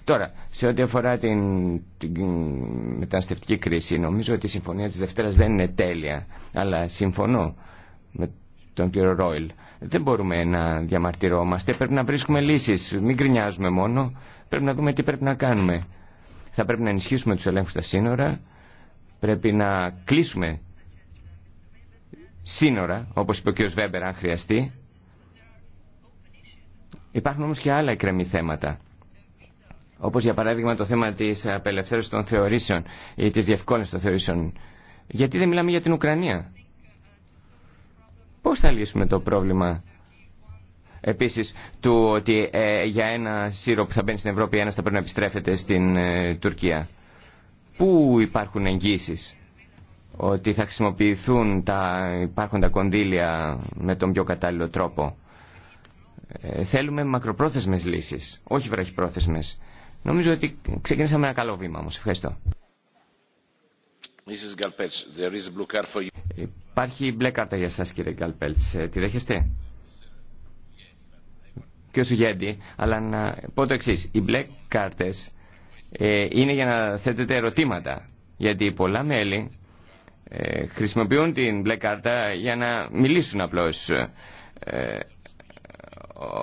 Τώρα, σε ό,τι αφορά την, την μεταναστευτική κρίση, νομίζω ότι η συμφωνία της Δευτέρας δεν είναι τέλεια, αλλά συμφωνώ με τον κύριο Ρόιλ δεν μπορούμε να διαμαρτυρόμαστε, πρέπει να βρίσκουμε λύσεις, μην κρινιάζουμε μόνο, πρέπει να δούμε τι πρέπει να κάνουμε. Θα πρέπει να ενισχύσουμε τους ελέγχους στα σύνορα, πρέπει να κλείσουμε σύνορα, όπως είπε ο κ. Βέμπερ αν χρειαστεί. Υπάρχουν όμως και άλλα εκκρεμή θέματα, όπως για παράδειγμα το θέμα της απελευθέρωσης των θεωρήσεων ή της διευκόλυνσης των θεωρήσεων. Γιατί δεν μιλάμε για την Ουκρανία. Πώς θα λύσουμε το πρόβλημα επίσης του ότι ε, για ένα σύρο που θα μπαίνει στην Ευρώπη ένας θα πρέπει να επιστρέφεται στην ε, Τουρκία. Πού υπάρχουν εγγύσεις ότι θα χρησιμοποιηθούν τα υπάρχοντα κονδύλια με τον πιο κατάλληλο τρόπο. Ε, θέλουμε μακροπρόθεσμες λύσεις, όχι βραχυπρόθεσμες. Νομίζω ότι ξεκινήσαμε ένα καλό βήμα όμως. Ευχαριστώ. Υπάρχει μπλε κάρτα για σας κύριε Γκαλπέλτς. Ε, τη δέχεστε? Και ο Σουγέντη, αλλά να πω το εξή. Οι μπλε κάρτες ε, είναι για να θέτετε ερωτήματα. Γιατί πολλά μέλη ε, χρησιμοποιούν την μπλε κάρτα για να μιλήσουν απλώς.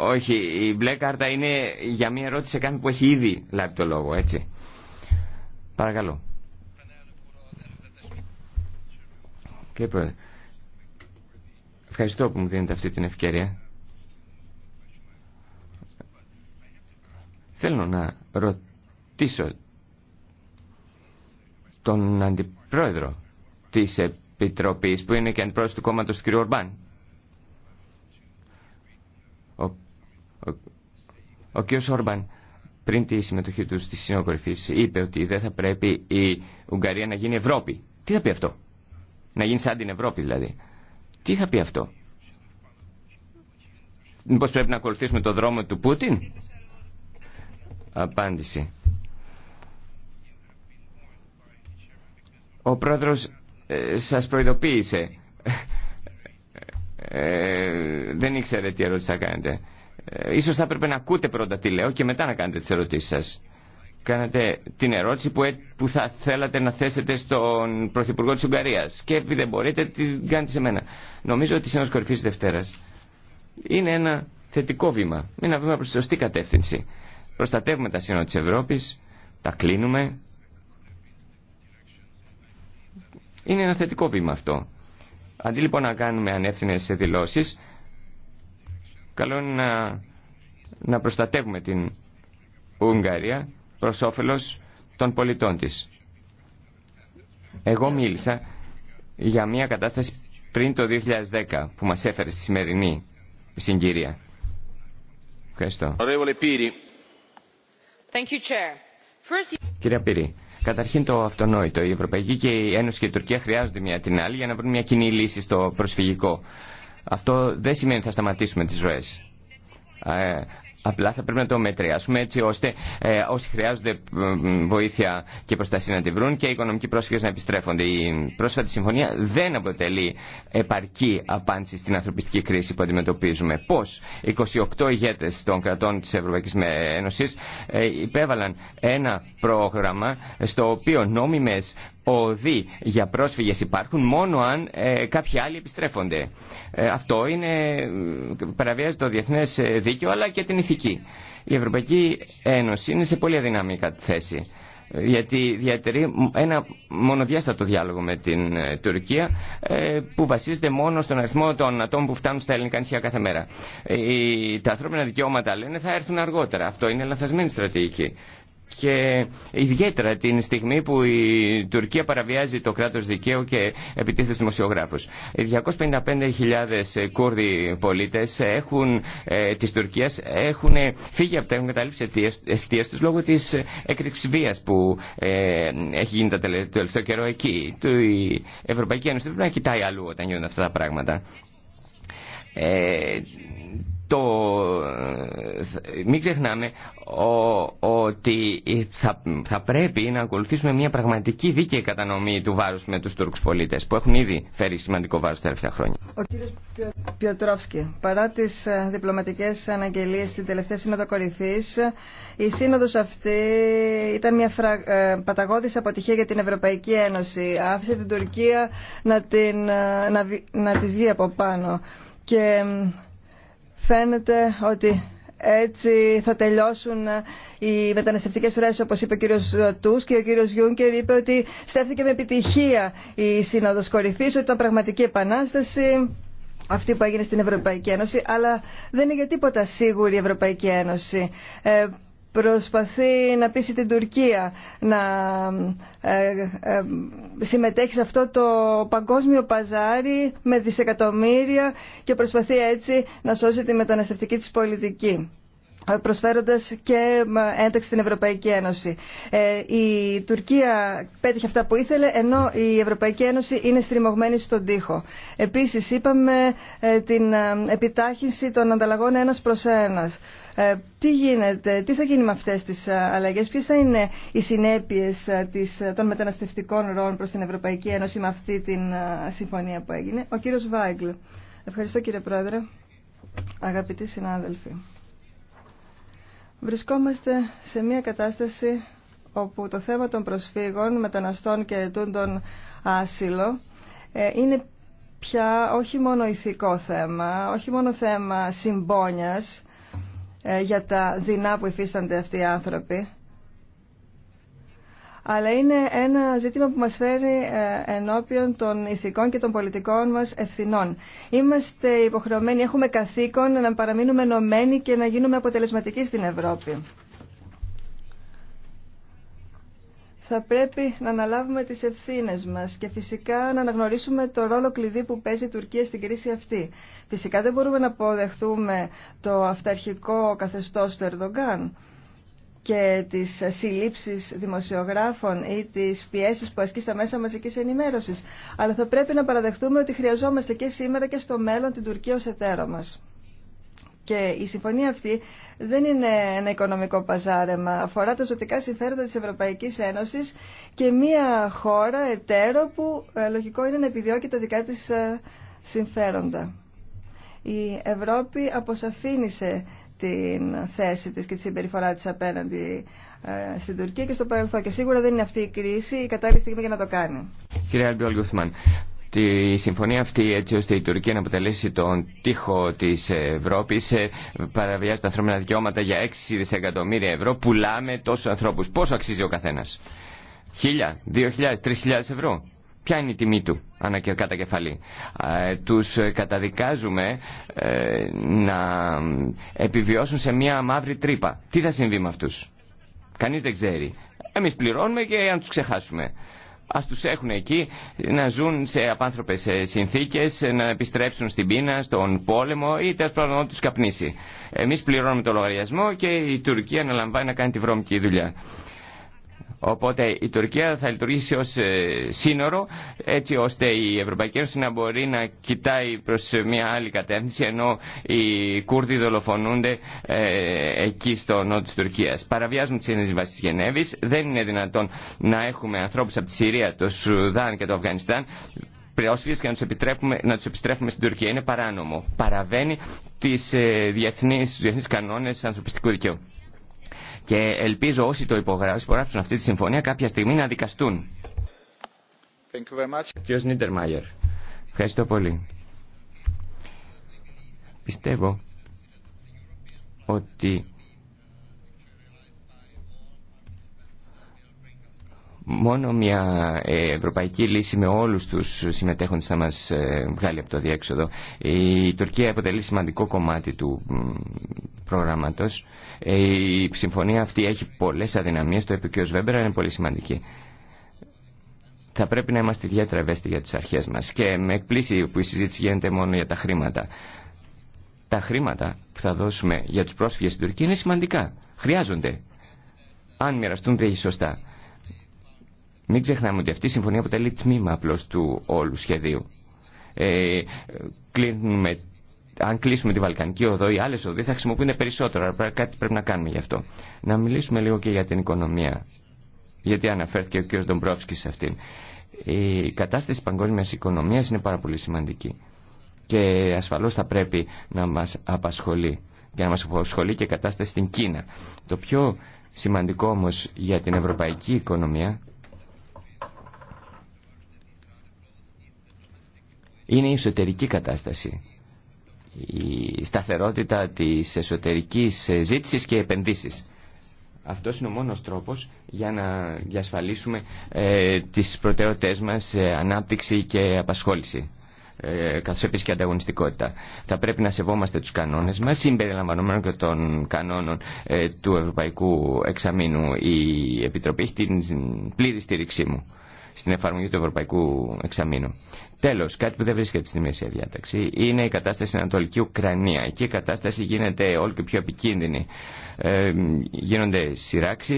όχι, η μπλε κάρτα είναι για μια ερώτηση σε κάποιον που έχει ήδη λάβει το λόγο, έτσι. Παρακαλώ. Κύριε Πρόεδρε, ευχαριστώ που μου δίνετε αυτή την ευκαιρία. Θέλω να ρωτήσω τον αντιπρόεδρο της Επιτροπής που είναι και αντιπρόεδρος του κόμματος του κ. Ορμπάν. Ο, ο, ο κ. Ορμπάν πριν τη συμμετοχή του στη Συνοκορυφή, είπε ότι δεν θα πρέπει η Ουγγαρία να γίνει Ευρώπη. Τι θα πει αυτό. Να γίνει σαν την Ευρώπη δηλαδή. Τι θα πει αυτό. Μήπως πρέπει να ακολουθήσουμε το δρόμο του Πούτιν. Απάντηση. Ο πρόεδρος ε, σας προειδοποίησε. Ε, δεν ήξερε τι ερώτηση θα κάνετε. Ε, ίσως θα έπρεπε να ακούτε πρώτα τι λέω και μετά να κάνετε τις ερωτήσεις σας κάνατε την ερώτηση που, ε, που θα θέλατε να θέσετε στον Πρωθυπουργό της Ουγγαρίας και επειδή δεν μπορείτε την κάνετε σε μένα. Νομίζω ότι η Σύνοδος Κορυφής Δευτέρας είναι ένα θετικό βήμα, Είναι ένα βήμα προς τη σωστή κατεύθυνση. Προστατεύουμε τα σύνορα της Ευρώπης, τα κλείνουμε. Είναι ένα θετικό βήμα αυτό. Αντί λοιπόν να κάνουμε ανεύθυνες δηλώσεις, καλό είναι να, να προστατεύουμε την Ουγγαρία προς όφελος των πολιτών της. Εγώ μίλησα για μια κατάσταση πριν το 2010 που μας έφερε στη σημερινή συγκυρία. Ευχαριστώ. Κύριε Πύρη, καταρχήν το αυτονόητο. Η Ευρωπαϊκή και η Ένωση και η Τουρκία χρειάζονται μια την άλλη για να βρουν μια κοινή λύση στο προσφυγικό. Αυτό δεν σημαίνει ότι θα σταματήσουμε τις ροές. Ε, Απλά θα πρέπει να το μετριάσουμε έτσι ώστε ε, όσοι χρειάζονται ε, βοήθεια και προστασία να τη βρουν και οι οικονομικοί πρόσφυγε να επιστρέφονται. Η πρόσφατη συμφωνία δεν αποτελεί επαρκή απάντηση στην ανθρωπιστική κρίση που αντιμετωπίζουμε. Πώς 28 ηγέτες των κρατών της Ευρωπαϊκής Ένωσης ε, υπέβαλαν ένα πρόγραμμα στο οποίο νόμιμε οδοί για πρόσφυγες υπάρχουν μόνο αν ε, κάποιοι άλλοι επιστρέφονται. Ε, αυτό είναι, ε, παραβιάζει το διεθνές ε, δίκαιο αλλά και την ηθική. Η Ευρωπαϊκή Ένωση είναι σε πολύ αδυναμή θέση γιατί διατηρεί ένα μονοδιάστατο διάλογο με την Τουρκία που βασίζεται μόνο στον αριθμό των ατόμων που φτάνουν στα ελληνικά νησιά κάθε μέρα. Τα ανθρώπινα δικαιώματα λένε θα έρθουν αργότερα. Αυτό είναι λαθασμένη στρατηγική και ιδιαίτερα την στιγμή που η Τουρκία παραβιάζει το κράτος δικαίου και επιτίθεται στους δημοσιογράφους. 255.000 Κούρδοι πολίτες έχουν, ε, της Τουρκίας έχουν φύγει από τα έχουν καταλήψει αιστείες τους λόγω της έκρηξης βίας που ε, έχει γίνει το τελευταίο καιρό εκεί. Η Ευρωπαϊκή Ένωση δεν πρέπει να κοιτάει αλλού όταν γίνονται αυτά τα πράγματα. Ε, το, ε, μην ξεχνάμε ότι θα, θα πρέπει να ακολουθήσουμε μια πραγματική δίκαιη κατανομή του βάρους με τους Τούρκους πολίτες που έχουν ήδη φέρει σημαντικό βάρος τα τελευταία χρόνια. Ο κύριος Πιοτρόφσκι, παρά τις ε, διπλωματικές αναγγελίες στην τελευταία σύνοδο κορυφής, η σύνοδος αυτή ήταν μια φρα... αποτυχία για την Ευρωπαϊκή Ένωση. Άφησε την Τουρκία να, την... να... να τη βγει από πάνω και φαίνεται ότι έτσι θα τελειώσουν ε, οι μεταναστευτικέ ουρέ, όπω είπε ο κύριο Τούς και ο κύριο Γιούνκερ είπε ότι στέφθηκε με επιτυχία η Σύνοδο Κορυφή, ότι ήταν πραγματική επανάσταση αυτή που έγινε στην Ευρωπαϊκή Ένωση, αλλά δεν είναι για τίποτα σίγουρη η Ευρωπαϊκή Ένωση. Ε, προσπαθεί να πείσει την Τουρκία να ε, ε, συμμετέχει σε αυτό το παγκόσμιο παζάρι με δισεκατομμύρια και προσπαθεί έτσι να σώσει τη μεταναστευτική της πολιτική ε, προσφέροντας και ένταξη στην Ευρωπαϊκή Ένωση. η Τουρκία πέτυχε αυτά που ήθελε, ενώ η Ευρωπαϊκή Ένωση είναι στριμωγμένη στον τοίχο. Επίσης, είπαμε την επιτάχυνση των ανταλλαγών ένας προς ένας. Ε, τι γίνεται, τι θα γίνει με αυτές τις ε, αλλαγές, ποιες θα είναι οι συνέπειες ε, των μεταναστευτικών ροών προς την Ευρωπαϊκή Ένωση με αυτή την συμφωνία που έγινε. Ο κύριος Βάγκλ. Ευχαριστώ κύριε Πρόεδρε. Αγαπητοί συνάδελφοι. Βρισκόμαστε σε μια κατάσταση όπου το θέμα των προσφύγων, μεταναστών και ετούντων άσυλο είναι πια όχι μόνο ηθικό θέμα, όχι μόνο θέμα συμπόνιας, ε, για τα δεινά που υφίστανται αυτοί οι άνθρωποι. Αλλά είναι ένα ζήτημα που μας φέρει ε, ενώπιον των ηθικών και των πολιτικών μας ευθυνών. Είμαστε υποχρεωμένοι, έχουμε καθήκον να παραμείνουμε ενωμένοι και να γίνουμε αποτελεσματικοί στην Ευρώπη. θα πρέπει να αναλάβουμε τις ευθύνες μας και φυσικά να αναγνωρίσουμε το ρόλο κλειδί που παίζει η Τουρκία στην κρίση αυτή. Φυσικά δεν μπορούμε να αποδεχθούμε το αυταρχικό καθεστώς του Ερδογκάν και τις συλλήψεις δημοσιογράφων ή τις πιέσεις που ασκεί στα μέσα μαζικής ενημέρωσης. Αλλά θα πρέπει να παραδεχτούμε ότι χρειαζόμαστε και σήμερα και στο μέλλον την Τουρκία ως εταίρο μας. Και η συμφωνία αυτή δεν είναι ένα οικονομικό παζάρεμα. Αφορά τα ζωτικά συμφέροντα της Ευρωπαϊκής Ένωσης και μια χώρα εταίρο που ε, λογικό είναι να επιδιώκει τα δικά της ε, συμφέροντα. Η Ευρώπη αποσαφήνισε την θέση της και τη συμπεριφορά της απέναντι ε, στην Τουρκία και στο παρελθόν. Και σίγουρα δεν είναι αυτή η κρίση η κατάλληλη στιγμή για να το κάνει τη συμφωνία αυτή έτσι ώστε η Τουρκία να αποτελέσει τον τείχο της Ευρώπης ε, παραβιάζει τα ανθρώπινα δικαιώματα για 6 δισεκατομμύρια ευρώ πουλάμε τόσους ανθρώπους πόσο αξίζει ο καθένας 1000, 2000, 3000 ευρώ Ποια είναι η τιμή του κατά κεφαλή. Ε, τους καταδικάζουμε ε, να επιβιώσουν σε μια μαύρη τρύπα. Τι θα συμβεί με αυτούς. Κανείς δεν ξέρει. Εμείς πληρώνουμε και αν τους ξεχάσουμε. Α του έχουν εκεί να ζουν σε απάνθρωπες ε, συνθήκε, να επιστρέψουν στην πείνα, στον πόλεμο ή τέλο πάντων να του καπνίσει. Εμείς πληρώνουμε το λογαριασμό και η Τουρκία αναλαμβάνει να κάνει τη βρώμικη δουλειά. Οπότε η Τουρκία θα λειτουργήσει ως ε, σύνορο έτσι ώστε η Ευρωπαϊκή Ένωση να μπορεί να κοιτάει προς μια άλλη κατεύθυνση ενώ οι Κούρδοι δολοφονούνται ε, εκεί στο νότο της Τουρκίας. Παραβιάζουν τις συνδεσμάσεις της Γενέβης. Δεν είναι δυνατόν να έχουμε ανθρώπους από τη Συρία, το Σουδάν και το Αφγανιστάν πρόσφυγες και να τους, να τους επιστρέφουμε στην Τουρκία. Είναι παράνομο. Παραβαίνει τις, ε, διεθνείς, κανόνες ανθρωπιστικού δικαίου και ελπίζω όσοι το υπογράψουν αυτή τη συμφωνία κάποια στιγμή να δικαστούν. Πιστεύω ότι Μόνο μια ε, ευρωπαϊκή λύση με όλους τους συμμετέχοντες θα μας ε, βγάλει από το διέξοδο. Η Τουρκία αποτελεί σημαντικό κομμάτι του προγράμματος. Ε, η συμφωνία αυτή έχει πολλές αδυναμίες, το είπε και ο Σβέμπερα, είναι πολύ σημαντική. Θα πρέπει να είμαστε ιδιαίτερα ευαίσθητοι για τις αρχές μας και με εκπλήσει που η συζήτηση γίνεται μόνο για τα χρήματα. Τα χρήματα που θα δώσουμε για τους πρόσφυγες στην Τουρκία είναι σημαντικά. Χρειάζονται, αν μοιραστούν σωστά. Μην ξεχνάμε ότι αυτή η συμφωνία αποτελεί τμήμα απλώ του όλου σχεδίου. Ε, κλείνουμε, αν κλείσουμε τη Βαλκανική οδό, οι άλλε οδοί θα χρησιμοποιούν περισσότερο. Αλλά κάτι πρέπει να κάνουμε γι' αυτό. Να μιλήσουμε λίγο και για την οικονομία. Γιατί αναφέρθηκε ο κ. Ντομπρόφσκι σε αυτήν. Η κατάσταση τη παγκόσμια οικονομία είναι πάρα πολύ σημαντική. Και ασφαλώ θα πρέπει να μα απασχολεί. Και να μα απασχολεί και η κατάσταση στην Κίνα. Το πιο σημαντικό όμω για την ευρωπαϊκή οικονομία είναι η εσωτερική κατάσταση. Η σταθερότητα της εσωτερικής ζήτησης και επενδύσεις. Αυτό είναι ο μόνος τρόπος για να διασφαλίσουμε ε, τις προτεραιότητές μας ανάπτυξη και απασχόληση ε, καθώς επίσης και ανταγωνιστικότητα. Θα πρέπει να σεβόμαστε τους κανόνες μας, συμπεριλαμβανομένων και των κανόνων ε, του Ευρωπαϊκού Εξαμήνου. Η Επιτροπή έχει την πλήρη στήριξή μου στην εφαρμογή του Ευρωπαϊκού Εξαμήνου. Τέλο, κάτι που δεν βρίσκεται στη μέση διάταξη είναι η κατάσταση στην Ανατολική Ουκρανία. Εκεί η κατάσταση γίνεται όλο και πιο επικίνδυνη. Ε, γίνονται σειράξει,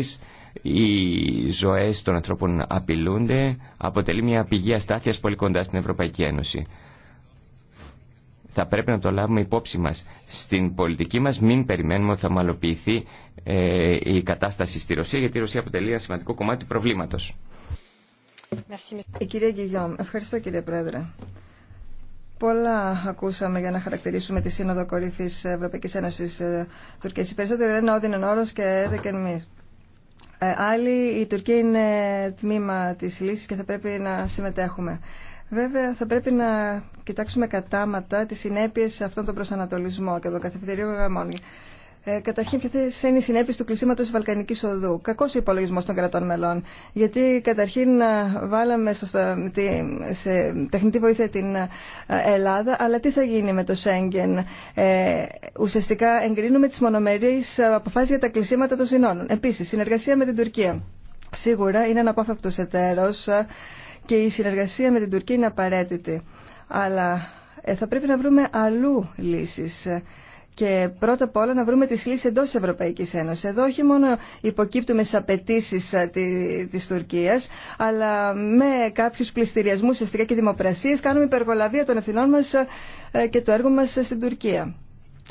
οι ζωέ των ανθρώπων απειλούνται, αποτελεί μια πηγή αστάθεια πολύ κοντά στην Ευρωπαϊκή Ένωση. Θα πρέπει να το λάβουμε υπόψη μας. Στην πολιτική μας μην περιμένουμε ότι θα μαλοποιηθεί ε, η κατάσταση στη Ρωσία, γιατί η Ρωσία αποτελεί ένα σημαντικό κομμάτι του προβλήματος. Η ε, κυρία Γκυγιόμ, ευχαριστώ κύριε Πρόεδρε. Πολλά ακούσαμε για να χαρακτηρίσουμε τη Σύνοδο Κορυφή Ευρωπαϊκή Ένωση ε, Τουρκία. Οι περισσότεροι λένε είναι όρο και δεν και εμεί. Ε, άλλοι, η Τουρκία είναι τμήμα τη λύση και θα πρέπει να συμμετέχουμε. Βέβαια, θα πρέπει να κοιτάξουμε κατάματα τι συνέπειε αυτών τον προσανατολισμό και των καθευθυντηρίων γραμμών. Ε, καταρχήν, ποιε είναι η συνέπειε του κλεισίματο τη Βαλκανική Οδού. Κακό ο υπολογισμό των κρατών μελών. Γιατί καταρχήν ε, βάλαμε τη, σε τεχνητή βοήθεια την ε, Ελλάδα, αλλά τι θα γίνει με το Σέγγεν. Ε, ουσιαστικά εγκρίνουμε τι μονομερεί αποφάσει για τα κλεισίματα των συνόρων. Επίση, συνεργασία με την Τουρκία. Σίγουρα είναι αναπόφευκτο εταίρο ε, και η συνεργασία με την Τουρκία είναι απαραίτητη. Αλλά θα πρέπει να βρούμε αλλού λύσει. Και πρώτα απ' όλα να βρούμε τις λύσεις εντός της Ευρωπαϊκής Ένωσης. Εδώ όχι μόνο υποκύπτουμε στις απαιτήσει ε, της Τουρκίας, αλλά με κάποιους πληστηριασμούς αστικά και δημοπρασίες κάνουμε υπεργολαβία των ευθυνών μας ε, ε, και το έργο μας στην Τουρκία.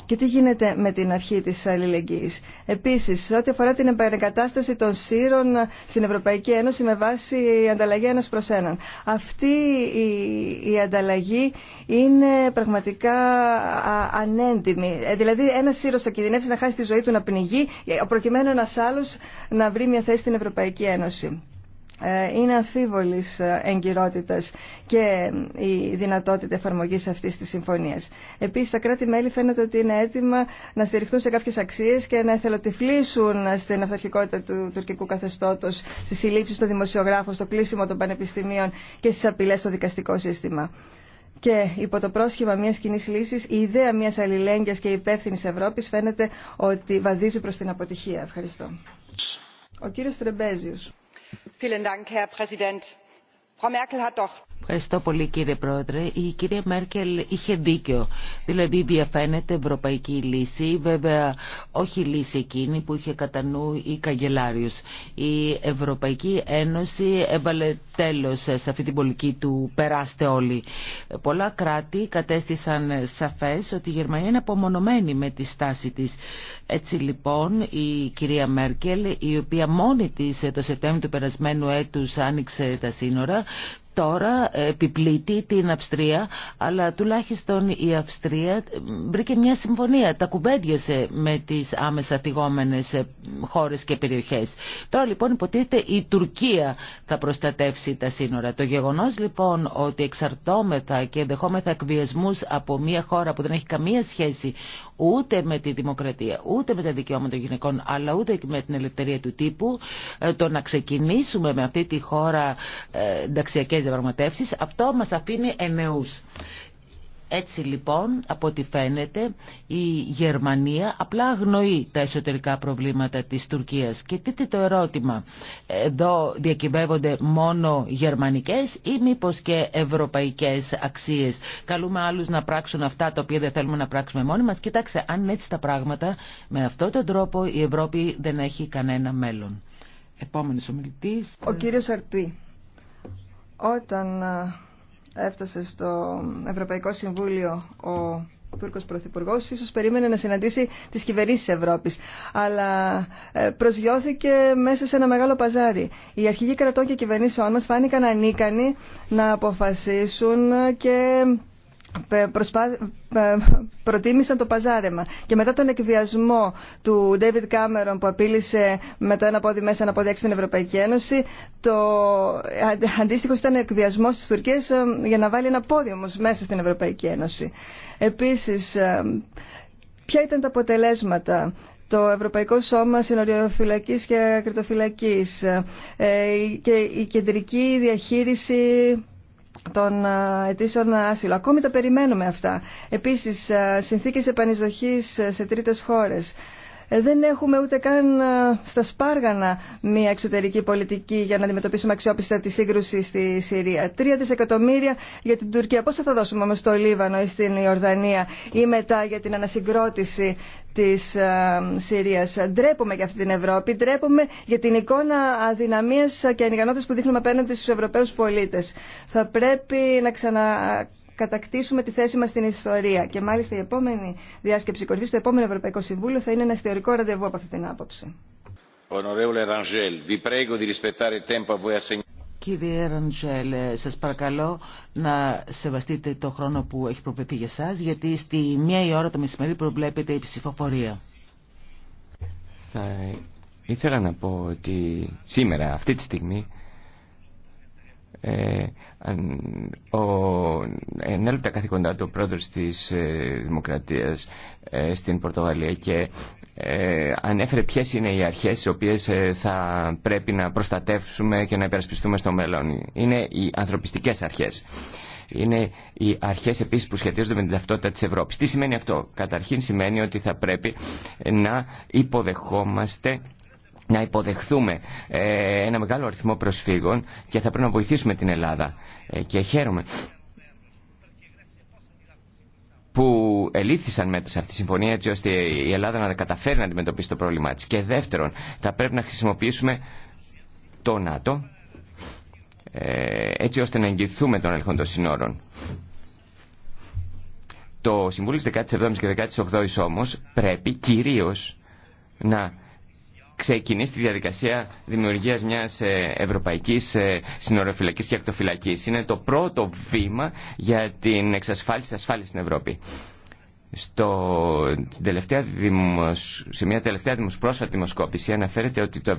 Και τι γίνεται με την αρχή της αλληλεγγύης. Επίσης, ό,τι αφορά την επανεκατάσταση των σύρων στην Ευρωπαϊκή Ένωση με βάση η ανταλλαγή ένας προς έναν. Αυτή η, ανταλλαγή είναι πραγματικά ανέντιμη. Ε, δηλαδή, ένα σύρος θα κινδυνεύσει να χάσει τη ζωή του να πνιγεί, ε, προκειμένου ένας άλλος να βρει μια θέση στην Ευρωπαϊκή Ένωση. Ε, είναι αμφίβολης ε, εγκυρότητας και ε, η δυνατότητα εφαρμογής αυτής της συμφωνίας. Επίσης, τα κράτη-μέλη φαίνεται ότι είναι έτοιμα να στηριχθούν σε κάποιες αξίες και να εθελοτυφλήσουν στην αυταρχικότητα του τουρκικού καθεστώτος, στις συλλήψεις των δημοσιογράφων, στο κλείσιμο των πανεπιστημίων και στις απειλές στο δικαστικό σύστημα. Και υπό το πρόσχημα μια κοινή λύση, η ιδέα μια αλληλέγγυα και υπεύθυνη Ευρώπη φαίνεται ότι βαδίζει προ την αποτυχία. Ευχαριστώ. Ο κύριο Τρεμπέζιος herr präsident! frau merkel hat doch. Ευχαριστώ πολύ κύριε Πρόεδρε. Η κυρία Μέρκελ είχε δίκιο. Δηλαδή διαφαίνεται ευρωπαϊκή λύση, βέβαια όχι λύση εκείνη που είχε κατά νου η Ευρωπαϊκή Ένωση έβαλε τέλο σε αυτή την πολιτική του περάστε όλοι. Πολλά κράτη κατέσθησαν σαφέ ότι Η Ευρωπαϊκή Ένωση έβαλε τέλος σε αυτή την πολιτική του «περάστε όλοι». Πολλά κράτη κατέστησαν σαφές ότι η Γερμανία είναι απομονωμένη με τη στάση της. Έτσι λοιπόν η κυρία Μέρκελ, η οποία μόνη της το Σεπτέμβριο του περασμένου έτους άνοιξε τα σύνορα, τώρα επιπλήττει την Αυστρία, αλλά τουλάχιστον η Αυστρία βρήκε μια συμφωνία. Τα κουμπέντιασε με τις άμεσα θυγόμενες ε, χώρες και περιοχές. Τώρα λοιπόν υποτίθεται η Τουρκία θα προστατεύσει τα σύνορα. Το γεγονός λοιπόν ότι εξαρτώμεθα και δεχόμεθα εκβιασμούς από μια χώρα που δεν έχει καμία σχέση ούτε με τη δημοκρατία, ούτε με τα δικαιώματα των γυναικών, αλλά ούτε και με την ελευθερία του τύπου, ε, το να ξεκινήσουμε με αυτή τη χώρα ε, ενταξιακέ διαπραγματεύσει, αυτό μα αφήνει εννοού. Έτσι λοιπόν, από ό,τι φαίνεται, η Γερμανία απλά αγνοεί τα εσωτερικά προβλήματα της Τουρκίας. Και τι το ερώτημα, εδώ διακυβεύονται μόνο γερμανικές ή μήπως και ευρωπαϊκές αξίες. Καλούμε άλλους να πράξουν αυτά τα οποία δεν θέλουμε να πράξουμε μόνοι μας. Κοιτάξτε, αν είναι έτσι τα πράγματα, με αυτόν τον τρόπο η Ευρώπη δεν έχει κανένα μέλλον. Επόμενος ομιλητής... Ο κύριος Αρτουή. Όταν ε, έφτασε στο Ευρωπαϊκό Συμβούλιο ο Τούρκος Πρωθυπουργός. Ίσως περίμενε να συναντήσει τις κυβερνήσεις Ευρώπης. Αλλά ε, προσγειώθηκε μέσα σε ένα μεγάλο παζάρι. Οι αρχηγοί κρατών και κυβερνήσεών μας φάνηκαν ανίκανοι να αποφασίσουν και προτίμησαν το παζάρεμα. Και μετά τον εκβιασμό του David Cameron που απείλησε με το ένα πόδι μέσα, ένα πόδι έξω στην Ευρωπαϊκή Ένωση, το αντίστοιχο ήταν ο εκβιασμό τη Τουρκία ε, για να βάλει ένα πόδι όμω μέσα στην Ευρωπαϊκή Ένωση. Επίση, ε, ποια ήταν τα αποτελέσματα το Ευρωπαϊκό Σώμα Συνοριοφυλακής και Ακριτοφυλακής ε, και η κεντρική διαχείριση των ε, αιτήσεων άσυλου. Ακόμη τα περιμένουμε αυτά. Επίσης, ε, συνθήκες επανεισδοχής ε, σε τρίτες χώρες. Ε, δεν έχουμε ούτε καν ε, στα σπάργανα μια εξωτερική πολιτική για να αντιμετωπίσουμε αξιόπιστα τη σύγκρουση στη Συρία. Τρία δισεκατομμύρια για την Τουρκία. Πώς θα δώσουμε όμως στο Λίβανο ή στην Ιορδανία ή μετά για την ανασυγκρότηση της ε, Συρίας. Ντρέπομαι για αυτή την Ευρώπη, ντρέπομαι για την εικόνα αδυναμίας και ανιγανότητας που δείχνουμε απέναντι στους Ευρωπαίους πολίτες. Θα πρέπει να ξανα κατακτήσουμε τη θέση μας στην ιστορία. Και μάλιστα η επόμενη διάσκεψη κορυφής, στο επόμενο Ευρωπαϊκό Συμβούλιο θα είναι ένα ιστορικό ραντεβού από αυτή την άποψη. Κύριε Ραντζέλ, ε, σας παρακαλώ να σεβαστείτε το χρόνο που έχει προβλεφθεί για σας, γιατί στη μία η ώρα το μεσημέρι προβλέπεται η ψηφοφορία. Θα ήθελα να πω ότι σήμερα, αυτή τη στιγμή, ε, ο, καθήκοντά του ο πρόεδρος της ε, Δημοκρατίας ε, στην Πορτογαλία και ε, ανέφερε ποιε είναι οι αρχές οι οποίες ε, θα πρέπει να προστατεύσουμε και να υπερασπιστούμε στο μέλλον. Είναι οι ανθρωπιστικέ αρχέ. Είναι οι αρχέ επίση που σχετίζονται με την ταυτότητα τη Ευρώπη. Τι σημαίνει αυτό. Καταρχήν σημαίνει ότι θα πρέπει να υποδεχόμαστε να υποδεχθούμε ε, ένα μεγάλο αριθμό προσφύγων και θα πρέπει να βοηθήσουμε την Ελλάδα. Ε, και χαίρομαι που ελήφθησαν μετά σε αυτή τη συμφωνία έτσι ώστε η Ελλάδα να καταφέρει να αντιμετωπίσει το πρόβλημά της. Και δεύτερον, θα πρέπει να χρησιμοποιήσουμε το ΝΑΤΟ ε, έτσι ώστε να εγγυηθούμε των ελχών των συνόρων. Το Συμβούλιο της 17ης και 18ης όμως πρέπει κυρίως να ξεκινήσει τη διαδικασία δημιουργίας μιας ε, ευρωπαϊκής ε, συνοροφυλακής και ακτοφυλακής. Είναι το πρώτο βήμα για την εξασφάλιση ασφάλειας στην Ευρώπη. Στο, τελευταία δημοσ... σε μια τελευταία δημοσπρόσφατη δημοσκόπηση αναφέρεται ότι το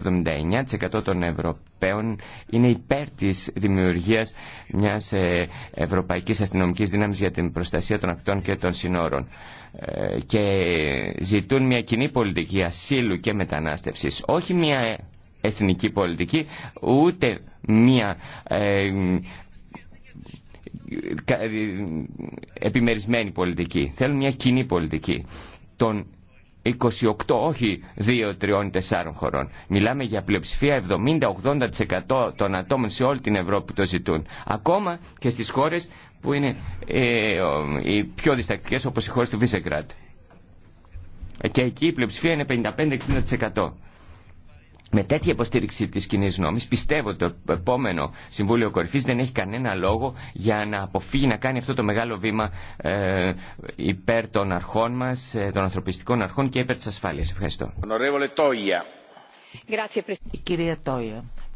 79% των Ευρωπαίων είναι υπέρ της δημιουργίας μιας ε, ευρωπαϊκής αστυνομικής δύναμης για την προστασία των ακτών και των συνόρων ε, και ζητούν μια κοινή πολιτική ασύλου και μετανάστευσης όχι μια εθνική πολιτική ούτε μια ε, ε, επιμερισμένη πολιτική. Θέλουν μια κοινή πολιτική των 28, όχι 2, 3, 4 χωρών. Μιλάμε για πλειοψηφία 70-80% των ατόμων σε όλη την Ευρώπη που το ζητούν. Ακόμα και στις χώρες που είναι ε, ε οι πιο διστακτικές όπως οι χώρες του Βίσεγκράτ. Ε, και εκεί η πλειοψηφία είναι 55-60%. Με τέτοια υποστήριξη τη κοινή νόμη, πιστεύω ότι το επόμενο Συμβούλιο Κορυφή δεν έχει κανένα λόγο για να αποφύγει να κάνει αυτό το μεγάλο βήμα ε, υπέρ των αρχών μα, ε, των ανθρωπιστικών αρχών και υπέρ τη ασφάλεια. Ευχαριστώ. κυρία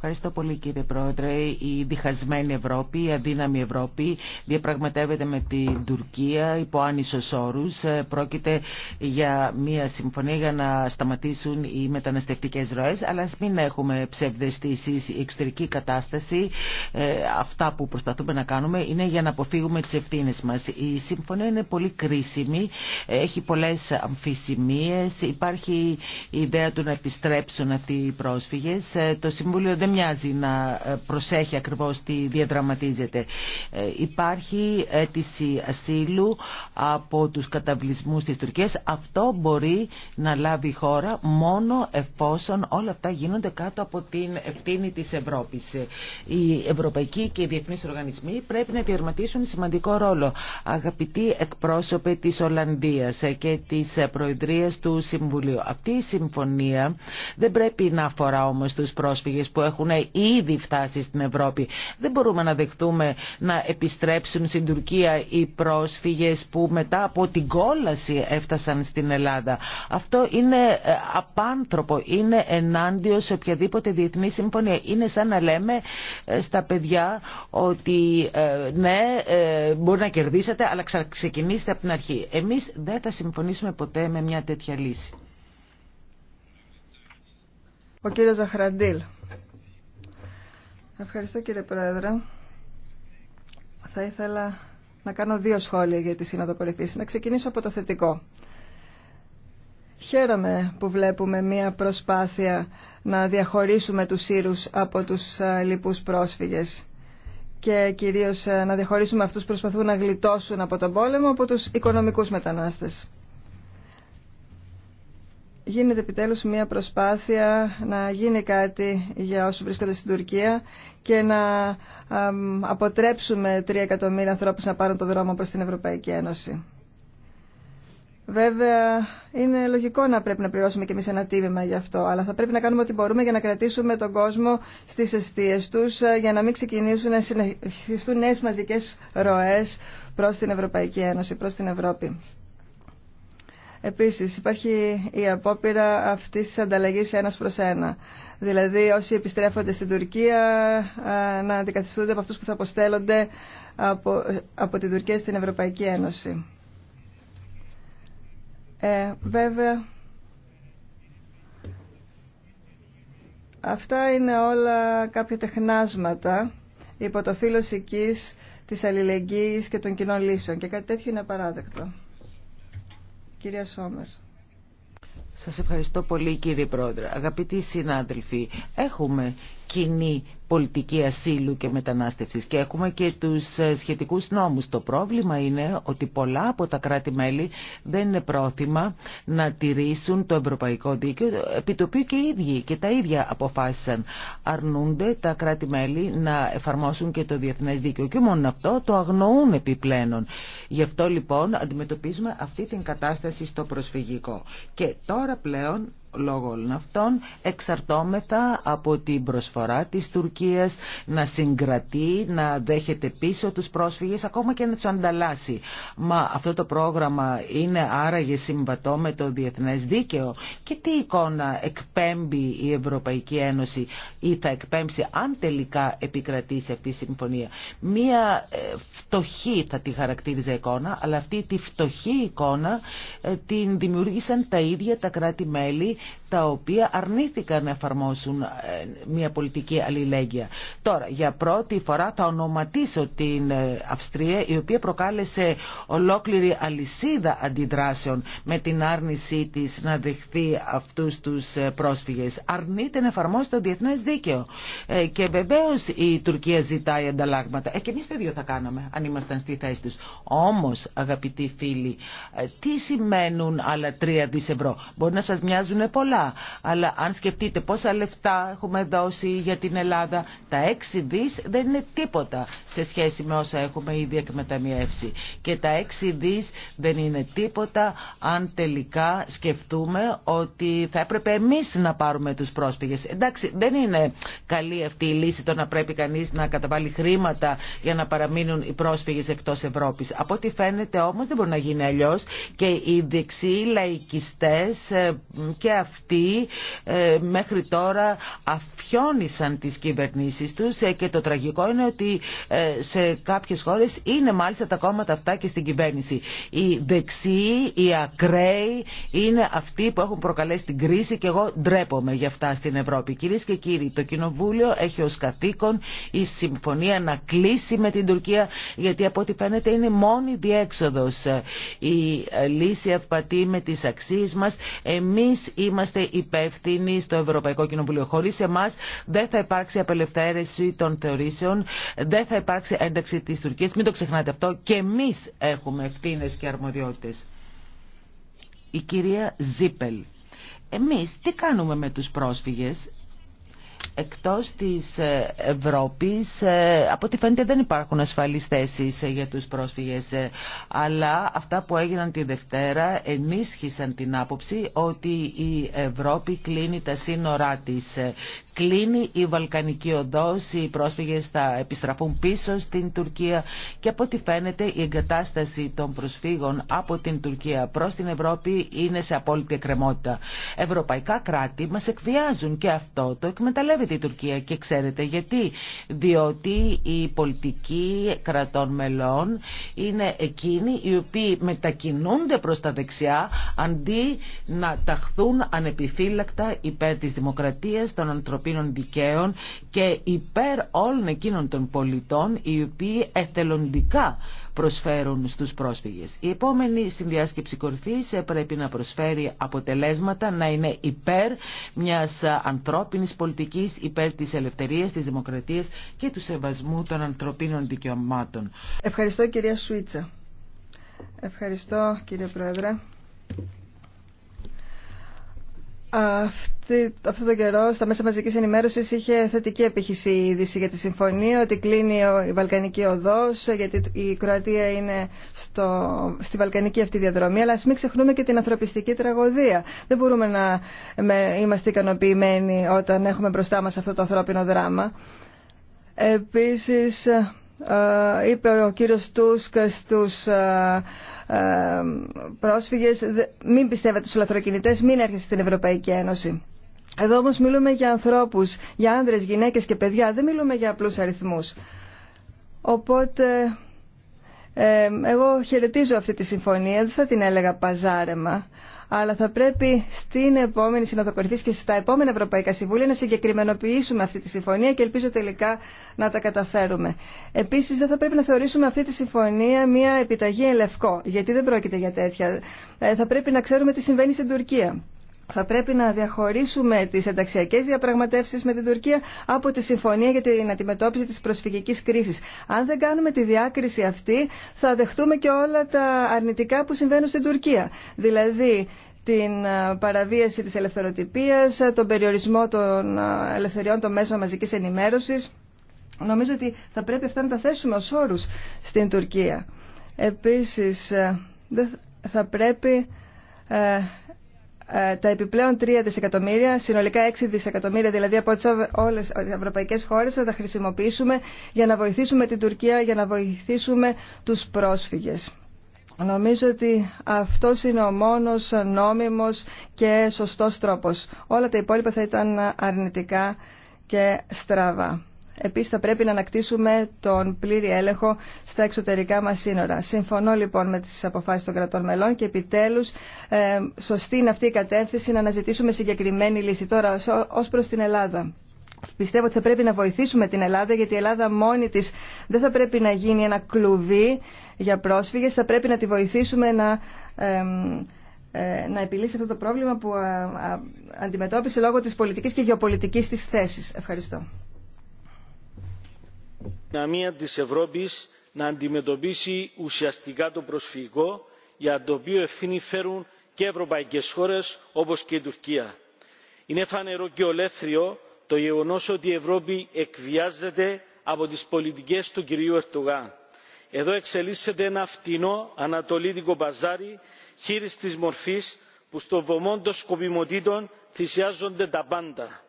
Ευχαριστώ πολύ κύριε Πρόεδρε. Η διχασμένη Ευρώπη, η αδύναμη Ευρώπη διαπραγματεύεται με την Τουρκία υπό άνισος όρους. Πρόκειται για μια συμφωνία για να σταματήσουν οι μεταναστευτικές ροές, αλλά ας μην έχουμε ψευδεστήσεις. Η εξωτερική κατάσταση, ε, αυτά που προσπαθούμε να κάνουμε, είναι για να αποφύγουμε τις ευθύνε μας. Η συμφωνία είναι πολύ κρίσιμη, έχει πολλές αμφισημίες, υπάρχει η ιδέα του να επιστρέψουν αυτοί οι πρόσφυγες. Ε, το Συμβούλιο δεν μοιάζει να ε, προσέχει ακριβώς τι διαδραματίζεται. Ε, υπάρχει αίτηση ασύλου από τους καταβλισμούς της Τουρκίας. Αυτό μπορεί να λάβει η χώρα μόνο εφόσον όλα αυτά γίνονται κάτω από την ευθύνη της Ευρώπης. Ε, οι ευρωπαϊκοί και οι διεθνείς οργανισμοί πρέπει να διαρματίσουν σημαντικό ρόλο. Αγαπητοί εκπρόσωποι της Ολλανδίας και της Προεδρίας του Συμβουλίου. Αυτή η συμφωνία δεν πρέπει να αφορά όμως τους πρόσφυγες που έχουν έχουν ήδη φτάσει στην Ευρώπη. Δεν μπορούμε να δεχτούμε να επιστρέψουν στην Τουρκία οι πρόσφυγες που μετά από την κόλαση έφτασαν στην Ελλάδα. Αυτό είναι ε, απάνθρωπο, είναι ενάντιο σε οποιαδήποτε διεθνή συμφωνία. Είναι σαν να λέμε ε, στα παιδιά ότι ε, ναι, μπορεί να κερδίσετε, αλλά ξεκινήστε από την αρχή. Εμείς δεν θα συμφωνήσουμε ποτέ με μια τέτοια λύση. Ο Ζαχραντήλ. Ευχαριστώ κύριε Πρόεδρε. Θα ήθελα να κάνω δύο σχόλια για τη Σύνοδο Κορυφής. Να ξεκινήσω από το θετικό. Χαίρομαι που βλέπουμε μία προσπάθεια να διαχωρίσουμε τους Σύρους από τους λοιπούς πρόσφυγες και κυρίως να διαχωρίσουμε αυτούς που προσπαθούν να γλιτώσουν από τον πόλεμο από τους οικονομικούς μετανάστες γίνεται επιτέλους μια προσπάθεια να γίνει κάτι για όσους βρίσκονται στην Τουρκία και να αποτρέψουμε 3 εκατομμύρια ανθρώπους να πάρουν το δρόμο προς την Ευρωπαϊκή Ένωση. Βέβαια, είναι λογικό να πρέπει να πληρώσουμε κι εμεί ένα τίμημα γι' αυτό, αλλά θα πρέπει να κάνουμε ό,τι μπορούμε για να κρατήσουμε τον κόσμο στι αιστείε του, για να μην ξεκινήσουν να συνεχιστούν νέε μαζικέ ροέ προ την Ευρωπαϊκή Ένωση, προ την Ευρώπη. Επίσης υπάρχει η απόπειρα αυτής της ανταλλαγής ένας προς ένα. Δηλαδή όσοι επιστρέφονται στην Τουρκία να αντικαθιστούνται από αυτούς που θα αποστέλλονται από, την Τουρκία στην Ευρωπαϊκή Ένωση. Ε, βέβαια, αυτά είναι όλα κάποια τεχνάσματα υπό το φύλλο της αλληλεγγύης και των κοινών λύσεων και κάτι τέτοιο είναι απαράδεκτο. Κυρία Σόμερ. Σας ευχαριστώ πολύ κύριε Πρόεδρε. Αγαπητοί συνάδελφοι, έχουμε κοινή πολιτική ασύλου και μετανάστευσης και έχουμε και τους ε, σχετικούς νόμους. Το πρόβλημα είναι ότι πολλά από τα κράτη-μέλη δεν είναι πρόθυμα να τηρήσουν το ευρωπαϊκό δίκαιο, επί το οποίο και οι ίδιοι και τα ίδια αποφάσισαν. Αρνούνται τα κράτη-μέλη να εφαρμόσουν και το διεθνές δίκαιο και μόνο αυτό το αγνοούν επιπλέον. Γι' αυτό λοιπόν αντιμετωπίζουμε αυτή την κατάσταση στο προσφυγικό. Και τώρα πλέον λόγω όλων αυτών εξαρτώμεθα από την προσφορά της Τουρκίας να συγκρατεί, να δέχεται πίσω τους πρόσφυγες ακόμα και να του ανταλλάσσει. Μα αυτό το πρόγραμμα είναι άραγε συμβατό με το διεθνές δίκαιο και τι εικόνα εκπέμπει η Ευρωπαϊκή Ένωση ή θα εκπέμψει αν τελικά επικρατήσει αυτή η συμφωνία. Μία ε, φτωχή θα τη χαρακτήριζε εικόνα αλλά αυτή τη φτωχή εικόνα ε, την δημιούργησαν τα ίδια τα κράτη-μέλη τα οποία αρνήθηκαν να εφαρμόσουν ε, μια πολιτική αλληλέγγυα. Τώρα, για πρώτη φορά θα ονοματίσω την ε, Αυστρία, η οποία προκάλεσε ολόκληρη αλυσίδα αντιδράσεων με την άρνησή της να δεχθεί αυτούς τους ε, πρόσφυγες. Αρνείται να εφαρμόσει το διεθνές δίκαιο. Και βεβαίως η Τουρκία ζητάει ανταλλάγματα. Ε, και εμείς το ίδιο θα κάναμε, αν ήμασταν στη θέση τους. Όμως, αγαπητοί φίλοι, τι σημαίνουν άλλα 3 δις Μπορεί να σας μοιάζουν πολλά. Αλλά αν σκεφτείτε πόσα λεφτά έχουμε δώσει για την Ελλάδα, τα 6 δις δεν είναι τίποτα σε σχέση με όσα έχουμε ήδη εκμεταμιεύσει. Και τα 6 δις δεν είναι τίποτα αν τελικά σκεφτούμε ότι θα έπρεπε εμείς να πάρουμε τους πρόσφυγες. Εντάξει, δεν είναι καλή αυτή η λύση το να πρέπει κανείς να καταβάλει χρήματα για να παραμείνουν οι πρόσφυγες εκτός Ευρώπης. Από ό,τι φαίνεται όμως δεν μπορεί να γίνει αλλιώ και οι δεξιοί λαϊκιστές ε, και αυτοί ε, μέχρι τώρα αφιόνισαν τις κυβερνήσεις τους ε, και το τραγικό είναι ότι ε, σε κάποιες χώρες είναι μάλιστα τα κόμματα αυτά και στην κυβέρνηση. Οι δεξιοί, οι ακραίοι είναι αυτοί που έχουν προκαλέσει την κρίση και εγώ ντρέπομαι για αυτά στην Ευρώπη. Κυρίες και κύριοι, το Κοινοβούλιο έχει ως καθήκον η συμφωνία να κλείσει με την Τουρκία γιατί από ό,τι φαίνεται είναι μόνη διέξοδος η λύση ευπατή με τις αξίες μας. Εμείς είμαστε υπεύθυνοι στο Ευρωπαϊκό Κοινοβούλιο. Χωρί εμά δεν θα υπάρξει απελευθέρωση των θεωρήσεων, δεν θα υπάρξει ένταξη της Τουρκία. Μην το ξεχνάτε αυτό. Και εμείς έχουμε ευθύνε και αρμοδιότητες. Η κυρία Ζίπελ. Εμείς τι κάνουμε με τους πρόσφυγες, εκτός της Ευρώπης ε, από ό,τι φαίνεται δεν υπάρχουν ασφαλείς θέσεις ε, για τους πρόσφυγες ε, αλλά αυτά που έγιναν τη Δευτέρα ενίσχυσαν την άποψη ότι η Ευρώπη κλείνει τα σύνορά της κλείνει η Βαλκανική οδός, οι πρόσφυγες θα επιστραφούν πίσω στην Τουρκία και από ό,τι φαίνεται η εγκατάσταση των προσφύγων από την Τουρκία προς την Ευρώπη είναι σε απόλυτη εκκρεμότητα. Ευρωπαϊκά κράτη μας εκβιάζουν και αυτό το εκμεταλλεύεται η Τουρκία και ξέρετε γιατί. Διότι η πολιτική κρατών μελών είναι εκείνοι οι οποίοι μετακινούνται προς τα δεξιά αντί να ταχθούν ανεπιφύλακτα υπέρ της δημοκρατίας των ανθρωπίνων και υπέρ όλων εκείνων των πολιτών οι οποίοι εθελοντικά προσφέρουν στους πρόσφυγες. Η επόμενη συνδιάσκεψη κορφής πρέπει να προσφέρει αποτελέσματα, να είναι υπέρ μιας ανθρώπινης πολιτικής, υπέρ της ελευθερίας, της δημοκρατίας και του σεβασμού των ανθρωπίνων δικαιωμάτων. Ευχαριστώ κυρία Σουίτσα. Ευχαριστώ κύριε Πρόεδρε. Αυτή, αυτό το καιρό στα μέσα μαζικής ενημέρωσης είχε θετική επίχυση η είδηση για τη συμφωνία ότι κλείνει η Βαλκανική οδός γιατί η Κροατία είναι στο, στη Βαλκανική αυτή διαδρομή αλλά ας μην ξεχνούμε και την ανθρωπιστική τραγωδία. Δεν μπορούμε να είμαστε ικανοποιημένοι όταν έχουμε μπροστά μας αυτό το ανθρώπινο δράμα. Επίσης ε, είπε ο κύριος Τούσκ στους ε, ε, πρόσφυγες μην πιστεύετε στους λαθροκινητές, μην έρχεστε στην Ευρωπαϊκή Ένωση. Εδώ όμως μιλούμε για ανθρώπους, για άνδρες, γυναίκες και παιδιά, δεν μιλούμε για απλούς αριθμούς. Οπότε εγώ χαιρετίζω αυτή τη συμφωνία, δεν θα την έλεγα παζάρεμα, αλλά θα πρέπει στην επόμενη συνοδοκορυφή και στα επόμενα Ευρωπαϊκά Συμβούλια να συγκεκριμενοποιήσουμε αυτή τη συμφωνία και ελπίζω τελικά να τα καταφέρουμε. Επίση, δεν θα πρέπει να θεωρήσουμε αυτή τη συμφωνία μια επιταγή ελευκό, γιατί δεν πρόκειται για τέτοια. Ε, θα πρέπει να ξέρουμε τι συμβαίνει στην Τουρκία θα πρέπει να διαχωρίσουμε τις ενταξιακές διαπραγματεύσεις με την Τουρκία από τη συμφωνία για την αντιμετώπιση της προσφυγικής κρίσης. Αν δεν κάνουμε τη διάκριση αυτή, θα δεχτούμε και όλα τα αρνητικά που συμβαίνουν στην Τουρκία. Δηλαδή, την ε, παραβίαση της ελευθεροτυπίας, ε, τον περιορισμό των ε, ελευθεριών των μέσων μαζικής ενημέρωσης. Νομίζω ότι θα πρέπει αυτά να τα θέσουμε ως όρους στην Τουρκία. Επίσης, θα πρέπει ε, τα επιπλέον 3 δισεκατομμύρια, συνολικά 6 δισεκατομμύρια δηλαδή από όλες τις ευρωπαϊκές χώρες θα τα χρησιμοποιήσουμε για να βοηθήσουμε την Τουρκία, για να βοηθήσουμε τους πρόσφυγες. Νομίζω ότι αυτό είναι ο μόνος νόμιμος και σωστός τρόπος. Όλα τα υπόλοιπα θα ήταν αρνητικά και στραβά. Επίσης θα πρέπει να ανακτήσουμε τον πλήρη έλεγχο στα εξωτερικά μας σύνορα. Συμφωνώ λοιπόν με τις αποφάσεις των κρατών μελών και επιτέλους ε, σωστή είναι αυτή η κατεύθυνση να αναζητήσουμε συγκεκριμένη λύση τώρα ως προς την Ελλάδα. Πιστεύω ότι θα πρέπει να βοηθήσουμε την Ελλάδα γιατί η Ελλάδα μόνη της δεν θα πρέπει να γίνει ένα κλουβί για πρόσφυγες. Θα πρέπει να τη βοηθήσουμε να, ε, να επιλύσει αυτό το πρόβλημα που ε, ε, αντιμετώπισε λόγω της πολιτικής και γεωπολιτικής της θέσης. Ευχαριστώ δυναμία της Ευρώπης να αντιμετωπίσει ουσιαστικά το προσφυγικό για το οποίο ευθύνη φέρουν και ευρωπαϊκές χώρες όπως και η Τουρκία. Είναι φανερό και ολέθριο το γεγονός ότι η Ευρώπη εκβιάζεται από τις πολιτικές του κυρίου Ερτογά. Εδώ εξελίσσεται ένα φτηνό ανατολίτικο μπαζάρι χείρις της μορφής που στο βωμό των σκοπιμοτήτων θυσιάζονται τα πάντα.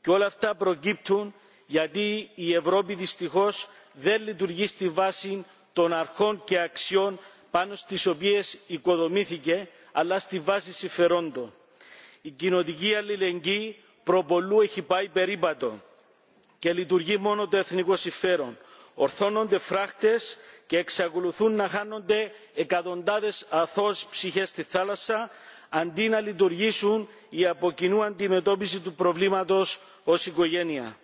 Και όλα αυτά προκύπτουν γιατί η Ευρώπη δυστυχώς δεν λειτουργεί στη βάση των αρχών και αξιών πάνω στις οποίες οικοδομήθηκε αλλά στη βάση συμφερόντων. Η κοινοτική αλληλεγγύη προπολού έχει πάει περίπατο και λειτουργεί μόνο το εθνικό συμφέρον. Ορθώνονται φράχτες και εξακολουθούν να χάνονται εκατοντάδες αθώες ψυχές στη θάλασσα αντί να λειτουργήσουν η από αντιμετώπιση του προβλήματος ως οικογένεια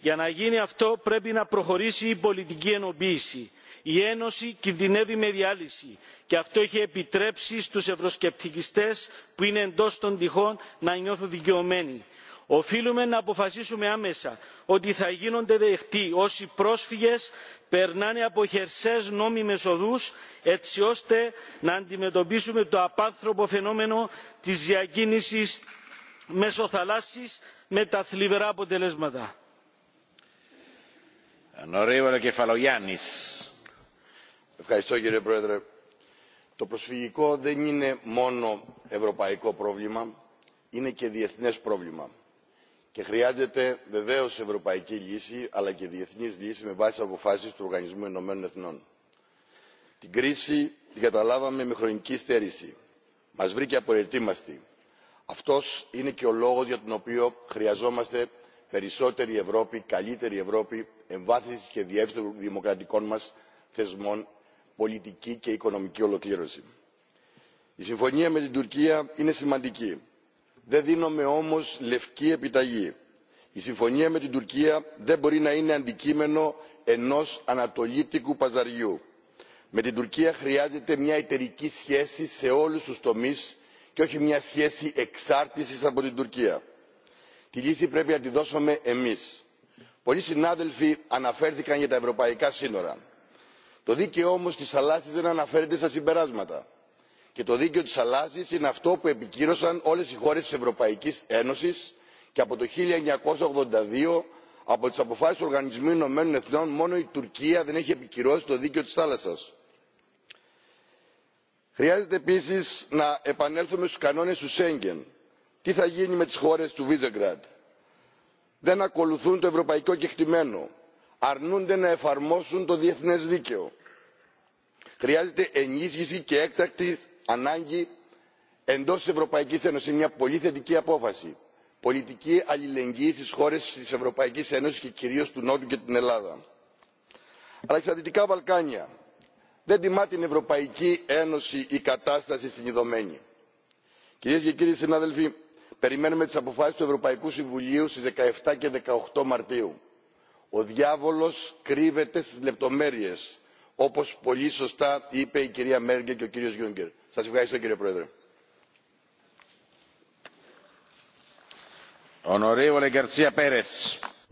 για να γίνει αυτό πρέπει να προχωρήσει η πολιτική ενοποίηση. η ένωση κινδυνεύει με διάλυση και αυτό έχει επιτρέψει στους ευρωσκεπτικιστές που είναι εντός των τυχών να νιώθουν δικαιωμένοι. οφείλουμε να αποφασίσουμε άμεσα ότι θα γίνονται δεχτοί όσοι πρόσφυγες περνάνε από χερσαίες νόμιμες οδούς έτσι ώστε να αντιμετωπίσουμε το απάνθρωπο φαινόμενο της διακίνησης μέσω θαλάσσης με τα θλιβερά αποτελέσματα. Ευχαριστώ κύριε Πρόεδρε. Το προσφυγικό δεν είναι μόνο ευρωπαϊκό πρόβλημα, είναι και διεθνές πρόβλημα. Και χρειάζεται βεβαίως ευρωπαϊκή λύση, αλλά και διεθνής λύση με βάση αποφάσεις του Οργανισμού Ηνωμένων Την κρίση την καταλάβαμε με χρονική στέρηση. Μας βρήκε απροετοίμαστοι. Αυτός είναι και ο λόγος για τον οποίο χρειαζόμαστε περισσότερη ευρώπη καλύτερη ευρώπη εμβάθυνση και διεύθυνση των δημοκρατικών μας θεσμών πολιτική και οικονομική ολοκλήρωση. η συμφωνία με την τουρκία είναι σημαντική. δεν δίνουμε όμως λευκή επιταγή. η συμφωνία με την τουρκία δεν μπορεί να είναι αντικείμενο ενός ανατολίτικου παζαριού. με την τουρκία χρειάζεται μια εταιρική σχέση σε όλους τους τομείς και όχι μια σχέση εξάρτησης από την τουρκία. Τη λύση πρέπει να τη δώσουμε εμείς. Πολλοί συνάδελφοι αναφέρθηκαν για τα ευρωπαϊκά σύνορα. Το δίκαιο όμω τη θαλάσση δεν αναφέρεται στα συμπεράσματα. Και το δίκαιο τη θαλάσση είναι αυτό που επικύρωσαν όλε οι χώρε τη Ευρωπαϊκή Ένωση και από το 1982 από τι αποφάσει του Οργανισμού Ηνωμένων Εθνών μόνο η Τουρκία δεν έχει επικυρώσει το δίκαιο τη θάλασσα. Χρειάζεται επίση να επανέλθουμε στου κανόνε του Σέγγεν τι θα γίνει με τις χώρες του βίζεγκραντ. δεν ακολουθούν το ευρωπαϊκό κεκτημένο αρνούνται να εφαρμόσουν το διεθνές δίκαιο. χρειάζεται ενίσχυση και έκτακτη ανάγκη εντός της ευρωπαϊκής ένωσης μια πολύ θετική απόφαση πολιτική αλληλεγγύη στις χώρες της ευρωπαϊκής ένωσης και κυρίως του νότου και την ελλάδα. αλλά και στα δυτικά βαλκάνια δεν τιμά την ευρωπαϊκή ένωση η κατάσταση στην ιδωμένη. κυρίες και κύριοι συνάδελφοι περιμένουμε τις αποφάσεις του ευρωπαϊκού συμβουλίου στις 17 και 18 μαρτίου. ο διάβολος κρύβεται στις λεπτομέρειες όπως πολύ σωστά είπε η κυρία μέρκελ και ο κύριος juncker. σας ευχαριστώ κύριε πρόεδρε.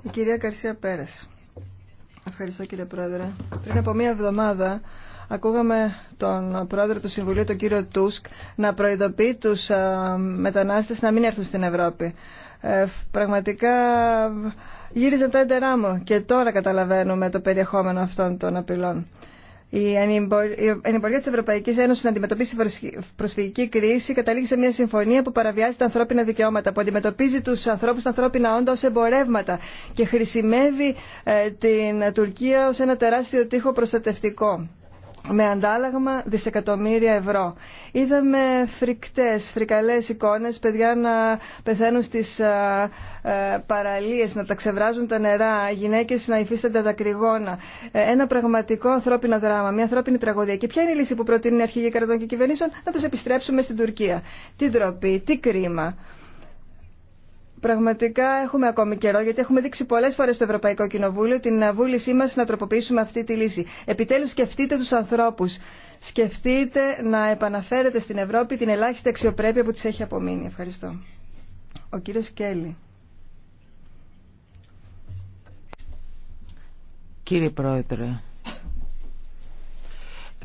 Η κυρία Πέρες. Ευχαριστώ κύριε Πρόεδρε. Πριν από μία εβδομάδα Ακούγαμε τον πρόεδρο του Συμβουλίου, τον κύριο Τούσκ, να προειδοποιεί τους ε, μετανάστες να μην έρθουν στην Ευρώπη. Ε, πραγματικά γύριζαν τα έντερά μου και τώρα καταλαβαίνουμε το περιεχόμενο αυτών των απειλών. Η ενημπορία τη Ευρωπαϊκή Ένωση να αντιμετωπίσει προσφυγική κρίση καταλήγει σε μια συμφωνία που παραβιάζει τα ανθρώπινα δικαιώματα, που αντιμετωπίζει του ανθρώπου, τα ανθρώπινα όντα ω εμπορεύματα και χρησιμεύει ε, την Τουρκία ω ένα τεράστιο τείχο προστατευτικό με αντάλλαγμα δισεκατομμύρια ευρώ. Είδαμε φρικτές, φρικαλές εικόνες, παιδιά να πεθαίνουν στις παραλίες, να τα ξεβράζουν τα νερά, γυναίκες να υφίστανται κρυγόνα. Ε, ένα πραγματικό ανθρώπινο δράμα, μια ανθρώπινη τραγωδία. Και ποια είναι η λύση που προτείνουν η αρχηγοί κρατών και κυβερνήσεων, να τους επιστρέψουμε στην Τουρκία. Τι ντροπή, τι κρίμα. Πραγματικά έχουμε ακόμη καιρό, γιατί έχουμε δείξει πολλέ φορέ στο Ευρωπαϊκό Κοινοβούλιο την βούλησή μα να τροποποιήσουμε αυτή τη λύση. Επιτέλου, σκεφτείτε του ανθρώπου. Σκεφτείτε να επαναφέρετε στην Ευρώπη την ελάχιστη αξιοπρέπεια που τη έχει απομείνει. Ευχαριστώ. Ο κύριο Κέλλη. Κύριε Πρόεδρε,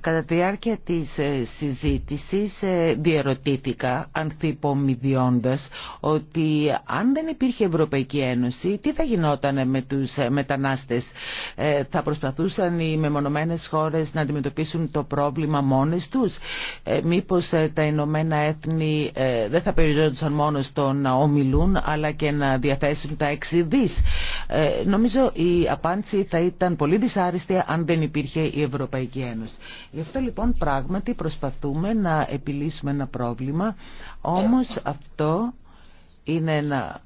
Κατά τη διάρκεια της ε, συζήτησης ε, διερωτήθηκα ανθυπομοιδιώντας ότι αν δεν υπήρχε Ευρωπαϊκή Ένωση τι θα γινόταν με τους ε, μετανάστες. Θα προσπαθούσαν οι μεμονωμένες χώρες να αντιμετωπίσουν το πρόβλημα μόνες τους. Μήπως τα Ηνωμένα Έθνη δεν θα περιζόντουσαν μόνο στο να ομιλούν αλλά και να διαθέσουν τα εξειδείς. Νομίζω η απάντηση θα ήταν πολύ δυσάρεστη αν δεν υπήρχε η Ευρωπαϊκή Ένωση. Γι' αυτό λοιπόν πράγματι προσπαθούμε να επιλύσουμε ένα πρόβλημα, όμως αυτό είναι ένα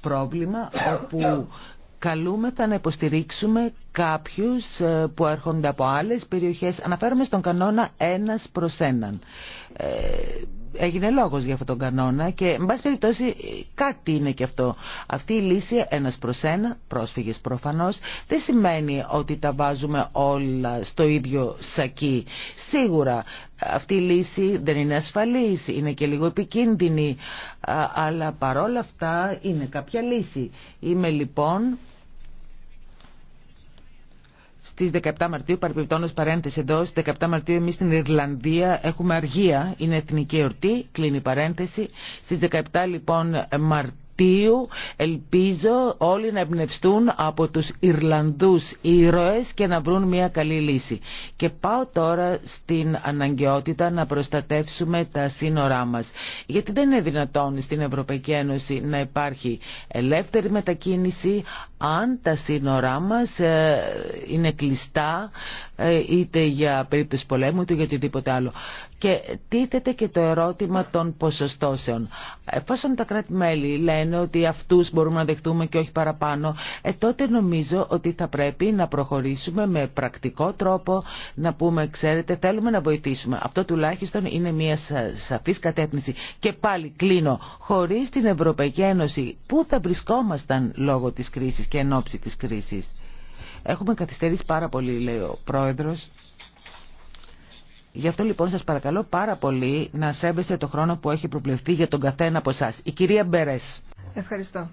πρόβλημα όπου καλούμεθα να υποστηρίξουμε κάποιους ε, που έρχονται από άλλες περιοχές. Αναφέρομαι στον κανόνα ένας προς έναν. Ε, έγινε λόγος για αυτόν τον κανόνα και, με πάση περιπτώσει, κάτι είναι και αυτό. Αυτή η λύση ένας προς ένα, πρόσφυγες προφανώς, δεν σημαίνει ότι τα βάζουμε όλα στο ίδιο σακί. Σίγουρα αυτή η λύση δεν είναι ασφαλής, είναι και λίγο επικίνδυνη, αλλά παρόλα αυτά είναι κάποια λύση. Είμαι λοιπόν στις 17 Μαρτίου, παρεμπιπτόνως παρένθεση εδώ, στις 17 Μαρτίου εμεί στην Ιρλανδία έχουμε αργία, είναι εθνική εορτή, κλείνει παρένθεση. Στις 17 λοιπόν Μαρτίου ελπίζω όλοι να εμπνευστούν από τους Ιρλανδούς ήρωες και να βρουν μια καλή λύση. Και πάω τώρα στην αναγκαιότητα να προστατεύσουμε τα σύνορά μας. Γιατί δεν είναι δυνατόν στην Ευρωπαϊκή Ένωση να υπάρχει ελεύθερη μετακίνηση, αν τα σύνορά μας ε, είναι κλειστά ε, είτε για περίπτωση πολέμου είτε για οτιδήποτε άλλο. Και τίθεται και το ερώτημα των ποσοστώσεων. Εφόσον τα κράτη-μέλη λένε ότι αυτούς μπορούμε να δεχτούμε και όχι παραπάνω, ε, τότε νομίζω ότι θα πρέπει να προχωρήσουμε με πρακτικό τρόπο, να πούμε, ξέρετε, θέλουμε να βοηθήσουμε. Αυτό τουλάχιστον είναι μια σαφής κατεύθυνση. Και πάλι κλείνω, χωρίς την Ευρωπαϊκή Ένωση, πού θα βρισκόμασταν λόγω της κρίσης και εν ώψη της κρίσης. Έχουμε καθυστερήσει πάρα πολύ, λέει ο Πρόεδρος. Γι' αυτό λοιπόν σας παρακαλώ πάρα πολύ να σέβεστε το χρόνο που έχει προβλεφθεί για τον καθένα από εσά. Η κυρία Μπερές. Ευχαριστώ.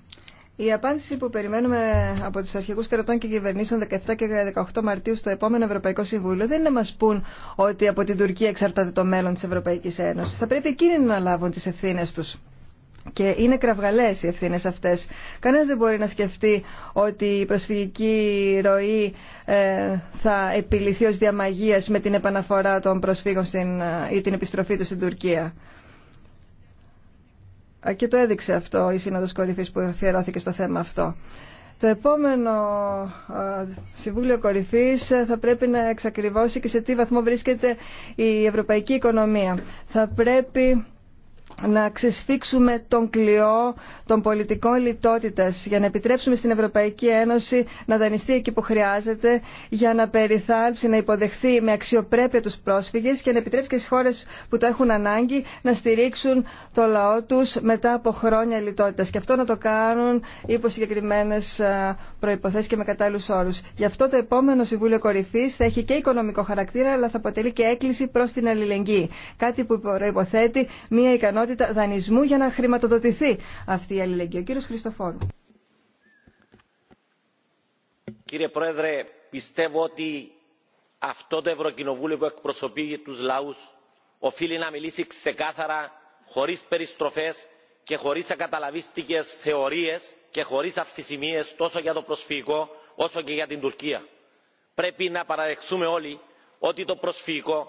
Η απάντηση που περιμένουμε από του αρχηγού κρατών και κυβερνήσεων 17 και 18 Μαρτίου στο επόμενο Ευρωπαϊκό Συμβούλιο δεν είναι να μα πούν ότι από την Τουρκία εξαρτάται το μέλλον τη Ευρωπαϊκή Ένωση. Θα πρέπει εκείνοι να λάβουν τι ευθύνε του. Και είναι κραυγαλές οι ευθύνε αυτές. Κανένας δεν μπορεί να σκεφτεί ότι η προσφυγική ροή ε, θα επιληθεί ω διαμαγεία με την επαναφορά των προσφύγων στην, ε, ή την επιστροφή του στην Τουρκία. Και το έδειξε αυτό η σύνοδο κορυφή που αφιερώθηκε στο θέμα αυτό. Το επόμενο ε, Συμβούλιο Κορυφής θα πρέπει να εξακριβώσει και σε τι βαθμό βρίσκεται η ευρωπαϊκή οικονομία. Θα πρέπει να ξεσφίξουμε τον κλειό των πολιτικών λιτότητας για να επιτρέψουμε στην Ευρωπαϊκή Ένωση να δανειστεί εκεί που χρειάζεται για να περιθάλψει, να υποδεχθεί με αξιοπρέπεια τους πρόσφυγες και να επιτρέψει και στις χώρες που το έχουν ανάγκη να στηρίξουν το λαό τους μετά από χρόνια λιτότητας και αυτό να το κάνουν υπό συγκεκριμένε ε, προϋποθέσεις και με κατάλληλους όρους. Γι' αυτό το επόμενο Συμβούλιο Κορυφής θα έχει και οικονομικό χαρακτήρα αλλά θα αποτελεί και έκκληση προς την αλληλεγγύη. Κάτι που προϋποθέτει μια ικανότητα πιθανότητα δανεισμού για να χρηματοδοτηθεί αυτή η αλληλεγγύη. Ο κύριος Χριστοφόρου. Κύριε Πρόεδρε, πιστεύω ότι αυτό το Ευρωκοινοβούλιο που εκπροσωπεί τους λαούς οφείλει να μιλήσει ξεκάθαρα, χωρίς περιστροφές και χωρίς ακαταλαβίστικες θεωρίες και χωρίς αυθυσιμίες τόσο για το προσφυγικό όσο και για την Τουρκία. Πρέπει να παραδεχθούμε όλοι ότι το προσφυγικό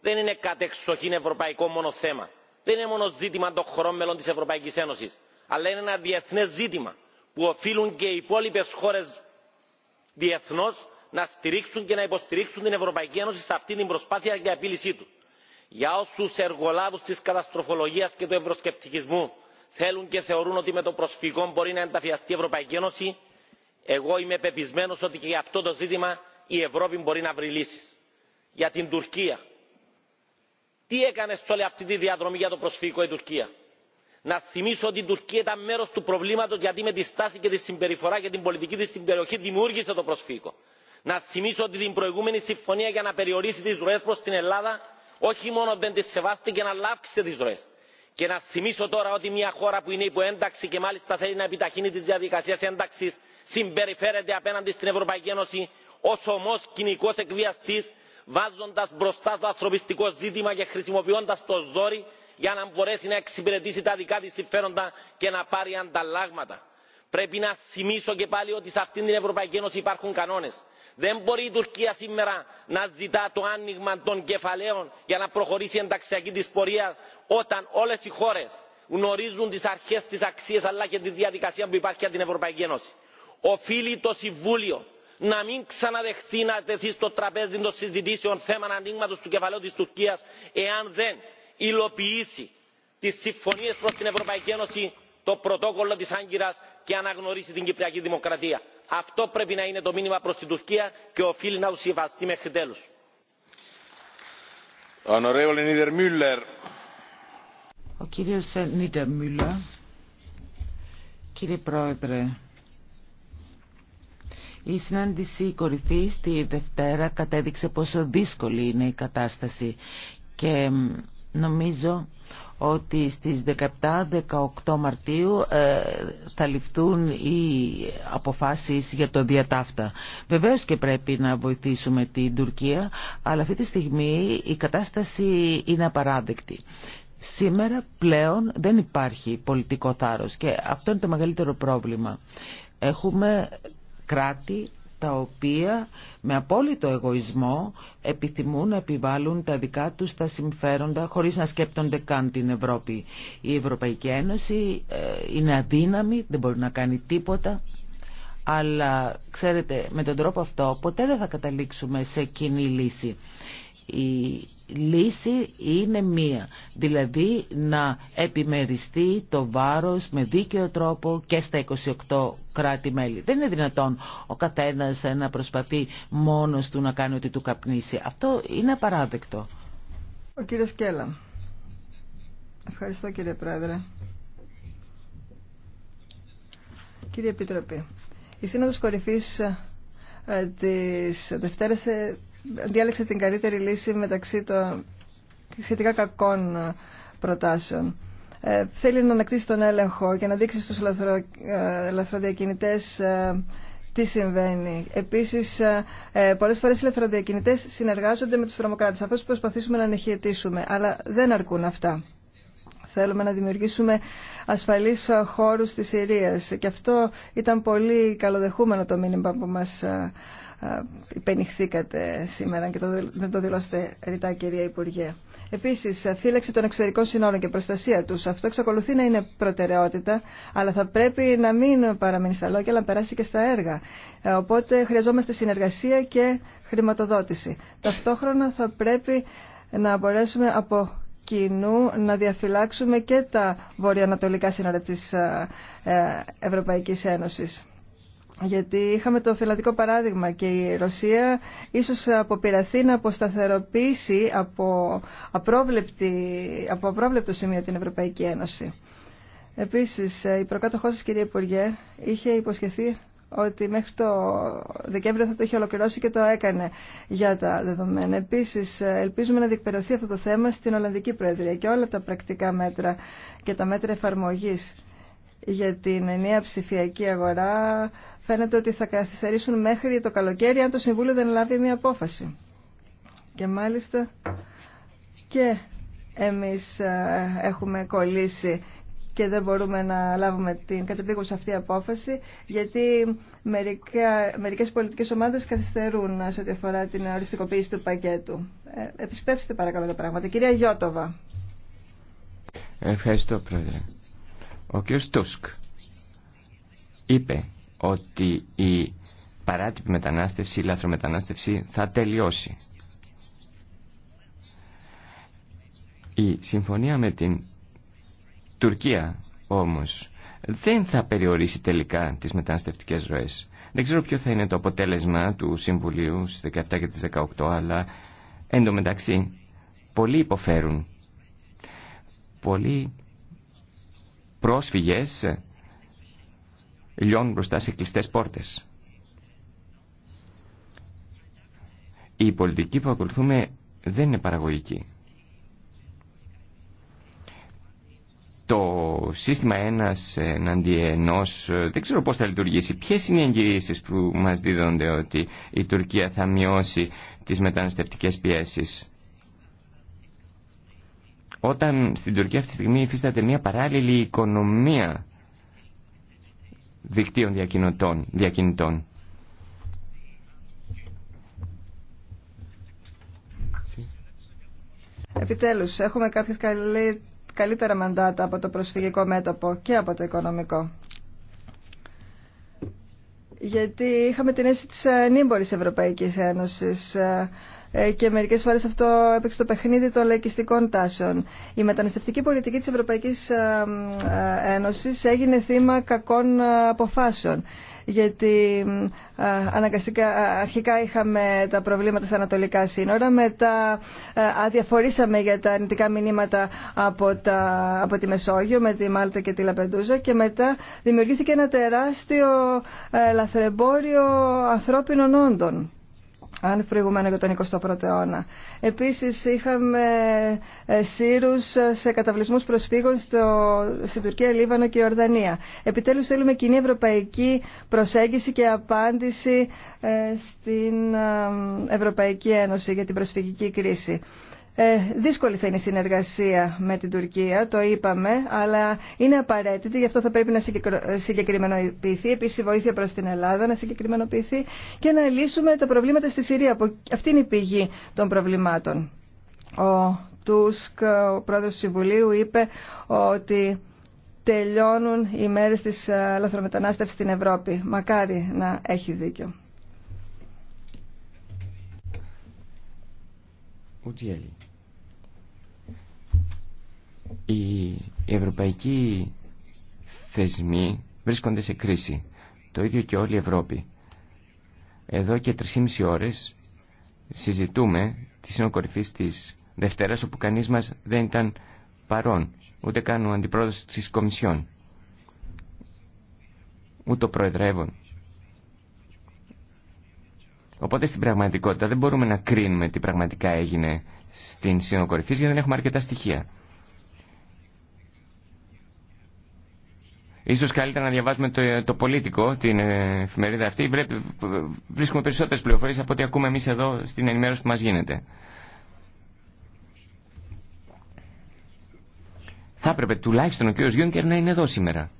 δεν είναι κατεξοχήν ευρωπαϊκό μόνο θέμα δεν είναι μόνο ζήτημα των χωρών μελών της Ευρωπαϊκής Ένωσης, αλλά είναι ένα διεθνές ζήτημα που οφείλουν και οι υπόλοιπε χώρες διεθνώς να στηρίξουν και να υποστηρίξουν την Ευρωπαϊκή Ένωση σε αυτή την προσπάθεια για επίλυσή του. Για όσου εργολάβους της καταστροφολογίας και του ευρωσκεπτικισμού θέλουν και θεωρούν ότι με το προσφυγό μπορεί να ενταφιαστεί η Ευρωπαϊκή Ένωση, εγώ είμαι πεπισμένος ότι και για αυτό το ζήτημα η Ευρώπη μπορεί να βρει λύσει. Για την Τουρκία, τι έκανε σε όλη αυτή τη διαδρομή για το προσφυγικό η Τουρκία. Να θυμίσω ότι η Τουρκία ήταν μέρο του προβλήματο γιατί με τη στάση και τη συμπεριφορά και την πολιτική τη στην περιοχή δημιούργησε το προσφύγιο. Να θυμίσω ότι την προηγούμενη συμφωνία για να περιορίσει τι ροέ προ την Ελλάδα όχι μόνο δεν τη σεβάστηκε αλλά αύξησε τι ροέ. Και να θυμίσω τώρα ότι μια χώρα που είναι υπό ένταξη και μάλιστα θέλει να επιταχύνει τι διαδικασίε ένταξη συμπεριφέρεται απέναντι στην Ευρωπαϊκή Ένωση ω ομό κοινικό εκβιαστή βάζοντας μπροστά το ανθρωπιστικό ζήτημα και χρησιμοποιώντας το ζόρι για να μπορέσει να εξυπηρετήσει τα δικά της συμφέροντα και να πάρει ανταλλάγματα. Πρέπει να θυμίσω και πάλι ότι σε αυτήν την Ευρωπαϊκή Ένωση υπάρχουν κανόνες. Δεν μπορεί η Τουρκία σήμερα να ζητά το άνοιγμα των κεφαλαίων για να προχωρήσει η ενταξιακή της πορεία όταν όλες οι χώρες γνωρίζουν τις αρχές, τις αξίες αλλά και τη διαδικασία που υπάρχει για την Ευρωπαϊκή Ένωση. Οφείλει το Συμβούλιο να μην ξαναδεχθεί να τεθεί στο τραπέζι των συζητήσεων θέμα ανοίγματο του κεφαλαίου τη Τουρκία εάν δεν υλοποιήσει τι συμφωνίε προ την Ευρωπαϊκή Ένωση, το πρωτόκολλο τη Άγκυρα και αναγνωρίσει την Κυπριακή Δημοκρατία. Αυτό πρέπει να είναι το μήνυμα προ την Τουρκία και οφείλει να ουσιαστεί μέχρι τέλου. Η συνάντηση κορυφή τη Δευτέρα κατέδειξε πόσο δύσκολη είναι η κατάσταση και νομίζω ότι στις 17-18 Μαρτίου ε, θα ληφθούν οι αποφάσεις για το διατάφτα. Βεβαίως και πρέπει να βοηθήσουμε την Τουρκία, αλλά αυτή τη στιγμή η κατάσταση είναι απαράδεκτη. Σήμερα πλέον δεν υπάρχει πολιτικό θάρρος και αυτό είναι το μεγαλύτερο πρόβλημα. Έχουμε κράτη τα οποία με απόλυτο εγωισμό επιθυμούν να επιβάλλουν τα δικά τους τα συμφέροντα χωρίς να σκέπτονται καν την Ευρώπη. Η Ευρωπαϊκή Ένωση ε, είναι αδύναμη, δεν μπορεί να κάνει τίποτα αλλά ξέρετε με τον τρόπο αυτό ποτέ δεν θα καταλήξουμε σε κοινή λύση. Η λύση είναι μία, δηλαδή να επιμεριστεί το βάρος με δίκαιο τρόπο και στα 28 κράτη-μέλη. Δεν είναι δυνατόν ο καθένας να προσπαθεί μόνος του να κάνει ότι του καπνίσει. Αυτό είναι απαράδεκτο. Ο κύριος Κέλλα. Ευχαριστώ κύριε Πρόεδρε. Κύριε Επιτροπή, η Σύνοδος Κορυφής ε, της Δευτέρας ε, διάλεξε την καλύτερη λύση μεταξύ των σχετικά κακών ε, προτάσεων. Ε, θέλει να ανακτήσει τον έλεγχο και να δείξει στους λαθρο, ε, ε, τι συμβαίνει. Επίσης, ε, πολλές φορές οι λαθροδιακινητές συνεργάζονται με τους τρομοκράτες. Αφού προσπαθήσουμε να ανεχιετήσουμε, αλλά δεν αρκούν αυτά. Θέλουμε να δημιουργήσουμε ασφαλείς χώρους της Συρίας. Και αυτό ήταν πολύ καλοδεχούμενο το μήνυμα που μας ε, υπενηχθήκατε σήμερα και δεν το δηλώσετε ρητά κυρία Υπουργέ. Επίσης, ε, φύλαξη των εξωτερικών συνόρων και προστασία τους. Αυτό εξακολουθεί να είναι προτεραιότητα, αλλά θα πρέπει να μην παραμείνει στα λόγια, αλλά να περάσει και στα έργα. Ε, οπότε χρειαζόμαστε συνεργασία και χρηματοδότηση. Ταυτόχρονα θα πρέπει να μπορέσουμε από κοινού να διαφυλάξουμε και τα βορειοανατολικά σύνορα της Ευρωπαϊκής Ένωσης. Γιατί είχαμε το φιλανδικό παράδειγμα και η Ρωσία ίσως αποπειραθεί να αποσταθεροποιήσει από, απρόβλεπτη, από απρόβλεπτο σημείο την Ευρωπαϊκή Ένωση. Επίσης, η προκάτοχός σας, κυρία Υπουργέ, είχε υποσχεθεί ότι μέχρι το Δεκέμβριο θα το είχε ολοκληρώσει και το έκανε για τα δεδομένα. Επίσης, ελπίζουμε να διεκπαιρεωθεί αυτό το θέμα στην Ολλανδική Προεδρία και όλα τα πρακτικά μέτρα και τα μέτρα εφαρμογής για την ενιαία ψηφιακή αγορά, φαίνεται ότι θα καθυστερήσουν μέχρι το καλοκαίρι αν το Συμβούλιο δεν λάβει μια απόφαση. Και μάλιστα και εμείς ε, έχουμε κολλήσει και δεν μπορούμε να λάβουμε την κατεπίγουσα αυτή απόφαση, γιατί μερικά, μερικές πολιτικές ομάδες καθυστερούν σε ό,τι αφορά την οριστικοποίηση του πακέτου. Ε, επισπεύστε παρακαλώ τα πράγματα. Κυρία Γιώτοβα. Ευχαριστώ, Πρόεδρε. Ο κ. Τούσκ είπε ότι η παράτυπη μετανάστευση, η λαθρομετανάστευση θα τελειώσει. Η συμφωνία με την Τουρκία όμως δεν θα περιορίσει τελικά τις μεταναστευτικές ροές. Δεν ξέρω ποιο θα είναι το αποτέλεσμα του Συμβουλίου στις 17 και τις 18, αλλά μεταξύ, πολλοί υποφέρουν. Πολλοί πρόσφυγες λιώνουν μπροστά σε κλειστέ πόρτε. Η πολιτική που ακολουθούμε δεν είναι παραγωγική. Το σύστημα ένας εναντί δεν ξέρω πώς θα λειτουργήσει. Ποιες είναι οι εγγυήσεις που μας δίδονται ότι η Τουρκία θα μειώσει τις μεταναστευτικές πιέσεις. Όταν στην Τουρκία αυτή τη στιγμή υφίσταται μια παράλληλη οικονομία δικτύων διακινητών. Επιτέλους, έχουμε κάποιες καλύτερα μαντάτα από το προσφυγικό μέτωπο και από το οικονομικό. Γιατί είχαμε την αίσθηση της ανήμπορης ε, Ευρωπαϊκής Ένωσης ε, ε, και μερικές φορές αυτό έπαιξε το παιχνίδι των λαϊκιστικών τάσεων. Η μεταναστευτική πολιτική της Ευρωπαϊκής ε, ε, Ένωσης έγινε θύμα κακών αποφάσεων γιατί αναγκαστικά αρχικά είχαμε τα προβλήματα στα ανατολικά σύνορα, μετά αδιαφορήσαμε για τα αρνητικά μηνύματα από, από τη Μεσόγειο με τη Μάλτα και τη Λαπεντούζα και μετά δημιουργήθηκε ένα τεράστιο λαθρεμπόριο ανθρώπινων όντων αν προηγουμένω για τον 21ο αιώνα. Επίσης είχαμε ε, σύρους σε καταβλισμούς προσφύγων στο, στην Τουρκία, Λίβανο και Ορδανία. Επιτέλους θέλουμε κοινή ευρωπαϊκή προσέγγιση και απάντηση ε, στην ε, Ευρωπαϊκή Ένωση για την προσφυγική κρίση. Ε, δύσκολη θα είναι η συνεργασία με την Τουρκία, το είπαμε, αλλά είναι απαραίτητη, γι' αυτό θα πρέπει να συγκεκριμενοποιηθεί επίσης η βοήθεια προς την Ελλάδα, να συγκεκριμενοποιηθεί και να λύσουμε τα προβλήματα στη Συρία, αυτή είναι η πηγή των προβλημάτων. Ο Τούσκ, ο πρόεδρος του Συμβουλίου, είπε ότι τελειώνουν οι μέρες της ε, λαθρομετανάστευσης στην Ευρώπη. Μακάρι να έχει δίκιο οι ευρωπαϊκοί θεσμοί βρίσκονται σε κρίση. Το ίδιο και όλη η Ευρώπη. Εδώ και 3,5 ώρες συζητούμε τη συνοκορυφή της Δευτέρας όπου κανείς μας δεν ήταν παρόν, ούτε καν ο αντιπρόεδρος της Κομισιόν, ούτε ο Προεδρεύων. Οπότε στην πραγματικότητα δεν μπορούμε να κρίνουμε τι πραγματικά έγινε στην συνοκορυφή γιατί δεν έχουμε αρκετά στοιχεία. Ίσως καλύτερα να διαβάζουμε το, το πολίτικο, την εφημερίδα αυτή. Βρίσκουμε περισσότερες πληροφορίες από ό,τι ακούμε εμείς εδώ στην ενημέρωση που μας γίνεται. Θα έπρεπε τουλάχιστον ο κ. Γιούνκερ να είναι εδώ σήμερα.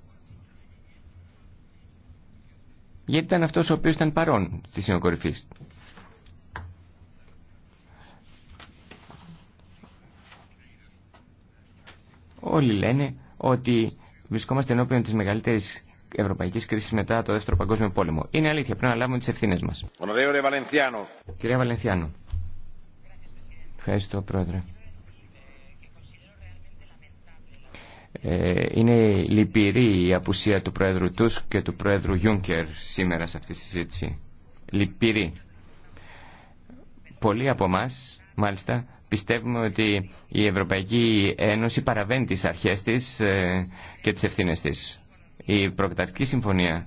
Γιατί ήταν αυτός ο οποίος ήταν παρόν στη συνοκορυφή. Όλοι λένε ότι βρισκόμαστε ενώπιον τη μεγαλύτερη ευρωπαϊκή κρίση μετά το Δεύτερο Παγκόσμιο Πόλεμο. Είναι αλήθεια, πρέπει να λάβουμε τι ευθύνε μα. Κυρία Βαλενθιάνο. Ευχαριστώ, Πρόεδρε. Ε, είναι λυπηρή η απουσία του Πρόεδρου Τούσκ και του Πρόεδρου Γιούνκερ σήμερα σε αυτή τη συζήτηση. Λυπηρή. Πολλοί από εμά, μάλιστα, Πιστεύουμε ότι η Ευρωπαϊκή Ένωση παραβαίνει τις αρχές της ε, και τις ευθύνες της. Η Προκαταρκτική Συμφωνία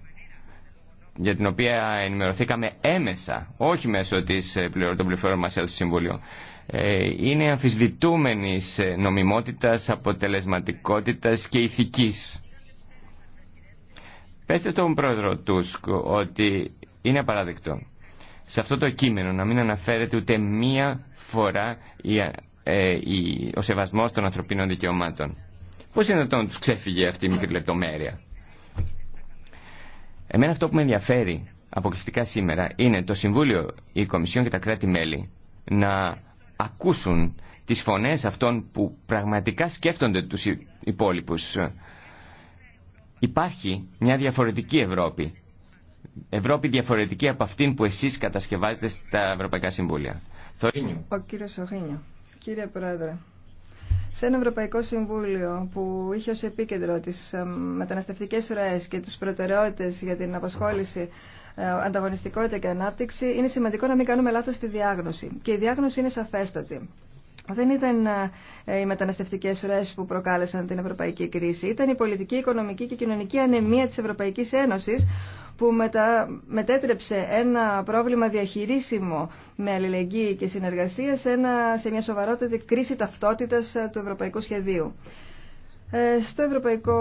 για την οποία ενημερωθήκαμε έμεσα, όχι μέσω της, ε, των πληροφοριών μας στο Συμβούλιο, ε, είναι αμφισβητούμενης νομιμότητας, αποτελεσματικότητας και ηθικής. Πέστε στον πρόεδρο Τούσκ ότι είναι απαράδεκτο σε αυτό το κείμενο να μην αναφέρεται ούτε μία αφορά η, ε, η, ο σεβασμός των ανθρωπίνων δικαιωμάτων. Πώς είναι να τους ξέφυγε αυτή η μικρή λεπτομέρεια. Εμένα αυτό που με ενδιαφέρει αποκλειστικά σήμερα είναι το Συμβούλιο, η Κομισιόν και τα κράτη-μέλη να ακούσουν τις φωνές αυτών που πραγματικά σκέφτονται τους υπόλοιπους. Υπάρχει μια διαφορετική Ευρώπη. Ευρώπη διαφορετική από αυτήν που εσείς κατασκευάζετε στα Ευρωπαϊκά Συμβούλια. Ο κύριο Σοχίνιο. Κύριε Πρόεδρε, σε ένα Ευρωπαϊκό Συμβούλιο που είχε ω επίκεντρο τις ε, μεταναστευτικέ ροέ και τι προτεραιότητε για την απασχόληση ε, ανταγωνιστικότητα και ανάπτυξη, είναι σημαντικό να μην κάνουμε λάθο στη διάγνωση. Και η διάγνωση είναι σαφέστατη. Δεν ήταν ε, οι μεταναστευτικέ ροέ που προκάλεσαν την ευρωπαϊκή κρίση. Ήταν η πολιτική, οικονομική και κοινωνική ανεμία τη Ευρωπαϊκή Ένωση που μετέτρεψε ένα πρόβλημα διαχειρίσιμο με αλληλεγγύη και συνεργασία σε, ένα... σε μια σοβαρότητα κρίση ταυτότητας ε, του Ευρωπαϊκού Σχεδίου. Ε, στο Ευρωπαϊκό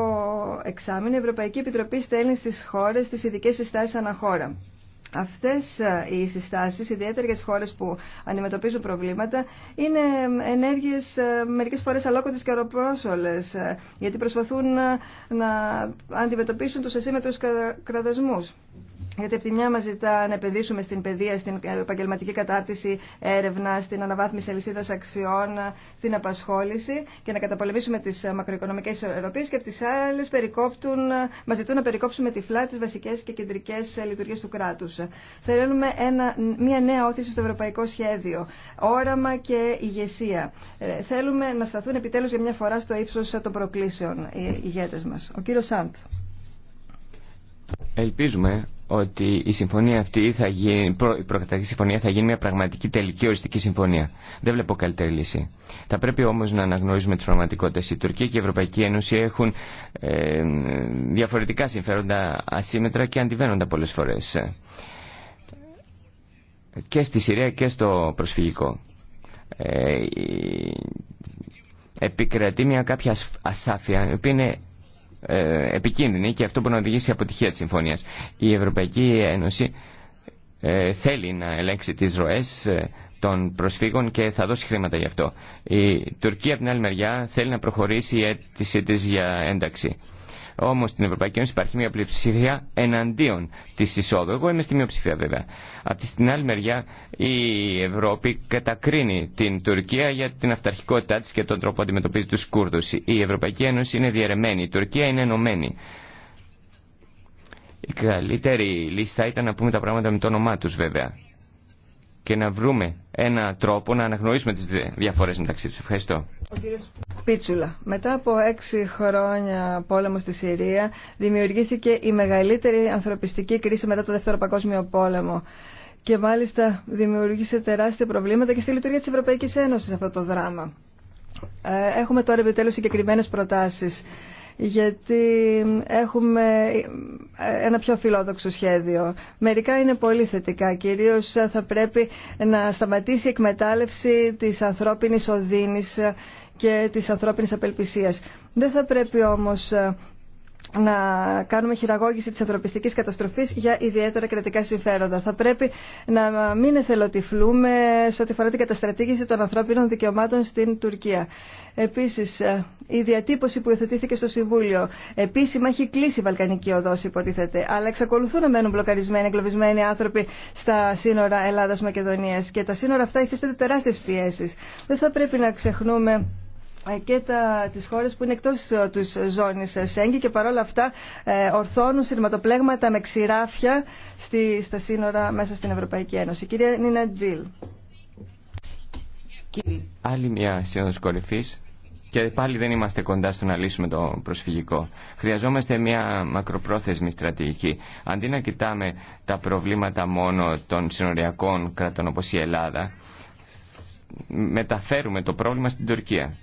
Εξάμεινο, η Ευρωπαϊκή Επιτροπή στέλνει στις χώρες τις ειδικές συστάσεις αναχώρα. Αυτές ε, οι συστάσεις, ιδιαίτερα για τις χώρες που αντιμετωπίζουν προβλήματα, είναι ενέργειες ε, μερικές φορές αλόκοτε και αεροπρόσωλες, ε, γιατί προσπαθούν να αντιμετωπίσουν τους ασύμμετρους κραδασμούς. Γιατί από τη μια μα ζητά να επενδύσουμε στην παιδεία, στην επαγγελματική κατάρτιση έρευνα, στην αναβάθμιση αλυσίδα αξιών, στην απασχόληση και να καταπολεμήσουμε τι μακροοικονομικέ ισορροπίε. Και από τι άλλε μα ζητούν να περικόψουμε τυφλά τι βασικέ και κεντρικέ λειτουργίε του κράτου. Θέλουμε ένα, μια νέα όθηση στο ευρωπαϊκό σχέδιο. Όραμα και ηγεσία. Ε, θέλουμε να σταθούν επιτέλου για μια φορά στο ύψο των προκλήσεων οι ηγέτε μα. Ο κύριο Σαντ. Ελπίζουμε ότι η συμφωνία αυτή θα γίνει, η προκαταρχή συμφωνία θα γίνει μια πραγματική τελική οριστική συμφωνία. Δεν βλέπω καλύτερη λύση. Θα πρέπει όμω να αναγνωρίζουμε τι πραγματικότητε. Η Τουρκία και η Ευρωπαϊκή Ένωση έχουν ε, διαφορετικά συμφέροντα ασύμετρα και αντιβαίνοντα πολλέ φορέ. Και στη Συρία και στο προσφυγικό. Ε, επικρατεί μια κάποια ασάφεια, η οποία είναι ε, επικίνδυνη και αυτό μπορεί να οδηγήσει σε αποτυχία της συμφωνίας. Η Ευρωπαϊκή Ένωση ε, θέλει να ελέγξει τις ροές ε, των προσφύγων και θα δώσει χρήματα γι' αυτό. Η Τουρκία από την άλλη μεριά θέλει να προχωρήσει η αίτησή της για ένταξη. Όμω στην Ευρωπαϊκή Ένωση υπάρχει μια πλειοψηφία εναντίον τη εισόδου. Εγώ είμαι στη μειοψηφία βέβαια. Απ' την άλλη μεριά η Ευρώπη κατακρίνει την Τουρκία για την αυταρχικότητά τη και τον τρόπο που αντιμετωπίζει του Κούρδου. Η Ευρωπαϊκή Ένωση είναι διαιρεμένη. Η Τουρκία είναι ενωμένη. Η καλύτερη λύση θα ήταν να πούμε τα πράγματα με το όνομά του βέβαια και να βρούμε ένα τρόπο να αναγνωρίσουμε τις διαφορές μεταξύ τους. Ευχαριστώ. Ο κύριος Πίτσουλα, μετά από έξι χρόνια πόλεμο στη Συρία δημιουργήθηκε η μεγαλύτερη ανθρωπιστική κρίση μετά το Δεύτερο Παγκόσμιο Πόλεμο και μάλιστα δημιούργησε τεράστια προβλήματα και στη λειτουργία της Ευρωπαϊκής Ένωσης αυτό το δράμα. Ε, έχουμε τώρα επιτέλους συγκεκριμένε προτάσεις γιατί έχουμε ένα πιο φιλόδοξο σχέδιο. Μερικά είναι πολύ θετικά. Κυρίως θα πρέπει να σταματήσει η εκμετάλλευση της ανθρώπινης οδύνης και της ανθρώπινης απελπισίας. Δεν θα πρέπει όμως να κάνουμε χειραγώγηση της ανθρωπιστικής καταστροφής για ιδιαίτερα κρατικά συμφέροντα. Θα πρέπει να μην εθελοτυφλούμε σε ό,τι αφορά την καταστρατήγηση των ανθρώπινων δικαιωμάτων στην Τουρκία. Επίσης, ε, η διατύπωση που υιοθετήθηκε στο Συμβούλιο. Επίσημα έχει κλείσει η Βαλκανική οδός, υποτίθεται. Αλλά εξακολουθούν να μένουν μπλοκαρισμένοι, εγκλωβισμένοι άνθρωποι στα σύνορα Ελλάδας-Μακεδονίας. Και τα σύνορα αυτά υφίστανται τεράστιες πιέσεις. Δεν θα πρέπει να ξεχνούμε ε, και τα, τις χώρες που είναι εκτός ε, της ζώνης ε, Σέγγι και παρόλα αυτά ορθώνουν σειρματοπλέγματα με ξηράφια στη, στα σύνορα μέσα στην Ευρωπαϊκή Ένωση. Κυρία Νίνα Τζιλ. Άλλη μια σύνοδος κορυφής και πάλι δεν είμαστε κοντά στο να λύσουμε το προσφυγικό. Χρειαζόμαστε μια μακροπρόθεσμη στρατηγική. Αντί να κοιτάμε τα προβλήματα μόνο των συνοριακών κρατών όπως η Ελλάδα, μεταφέρουμε το πρόβλημα στην Τουρκία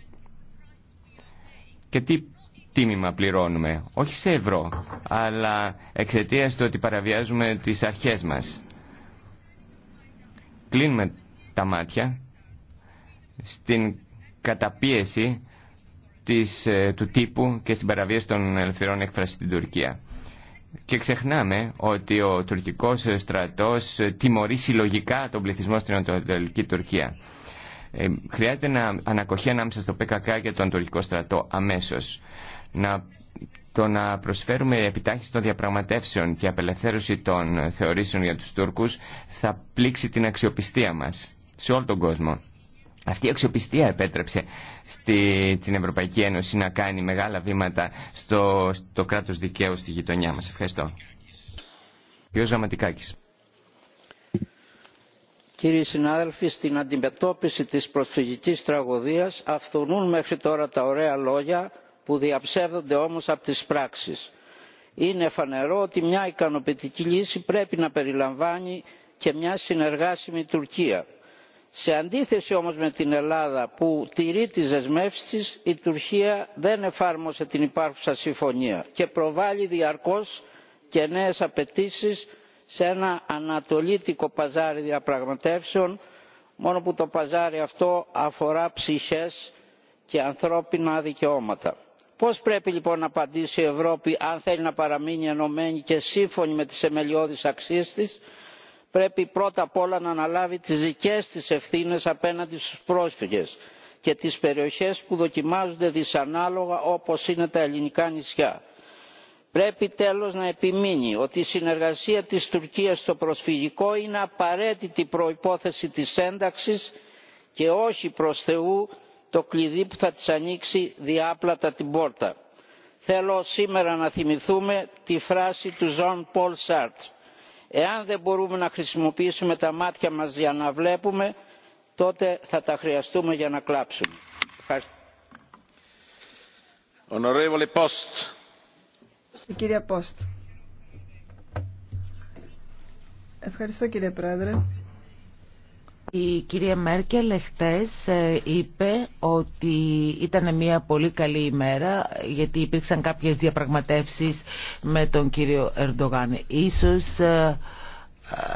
και τι τίμημα πληρώνουμε. Όχι σε ευρώ, αλλά εξαιτία του ότι παραβιάζουμε τις αρχές μας. Κλείνουμε τα μάτια στην καταπίεση της, ε, του τύπου και στην παραβίαση των ελευθερών έκφρασης στην Τουρκία. Και ξεχνάμε ότι ο τουρκικός στρατός τιμωρεί συλλογικά τον πληθυσμό στην Ανατολική Τουρκία. Ε, χρειάζεται να ανακοχή ανάμεσα στο ΠΚΚ και τον τουρκικό στρατό αμέσως. Να, το να προσφέρουμε επιτάχυνση των διαπραγματεύσεων και απελευθέρωση των θεωρήσεων για τους Τούρκους θα πλήξει την αξιοπιστία μας σε όλο τον κόσμο. Αυτή η αξιοπιστία επέτρεψε στη, την Ευρωπαϊκή Ένωση να κάνει μεγάλα βήματα στο, στο κράτος δικαίου στη γειτονιά μας. Ευχαριστώ κύριοι συνάδελφοι στην αντιμετώπιση της προσφυγικής τραγωδίας αυθονούν μέχρι τώρα τα ωραία λόγια που διαψεύδονται όμως από τις πράξεις. Είναι φανερό ότι μια ικανοποιητική λύση πρέπει να περιλαμβάνει και μια συνεργάσιμη Τουρκία. Σε αντίθεση όμως με την Ελλάδα που τηρεί τις δεσμεύσεις της, η Τουρκία δεν εφάρμοσε την υπάρχουσα συμφωνία και προβάλλει διαρκώς και νέες απαιτήσεις σε ένα ανατολίτικο παζάρι διαπραγματεύσεων μόνο που το παζάρι αυτό αφορά ψυχές και ανθρώπινα δικαιώματα. Πώς πρέπει λοιπόν να απαντήσει η Ευρώπη αν θέλει να παραμείνει ενωμένη και σύμφωνη με τις εμελιώδεις αξίες της πρέπει πρώτα απ' όλα να αναλάβει τις δικές της ευθύνες απέναντι στους πρόσφυγες και τις περιοχές που δοκιμάζονται δυσανάλογα όπως είναι τα ελληνικά νησιά πρέπει τέλος να επιμείνει ότι η συνεργασία της τουρκίας στο προσφυγικό είναι απαραίτητη προϋπόθεση της ένταξης και όχι προς θεού το κλειδί που θα της ανοίξει διάπλατα την πόρτα. θέλω σήμερα να θυμηθούμε τη φράση του Ζων πολ Σάρτ. εάν δεν μπορούμε να χρησιμοποιήσουμε τα μάτια μας για να βλέπουμε τότε θα τα χρειαστούμε για να κλάψουμε. Η κυρία Πόστ. Ευχαριστώ κύριε Πρόεδρε. Η κυρία Μέρκελ εχθές ε, είπε ότι ήταν μια πολύ καλή ημέρα γιατί υπήρξαν κάποιες διαπραγματεύσεις με τον κύριο Ερντογάν. Ίσως ε,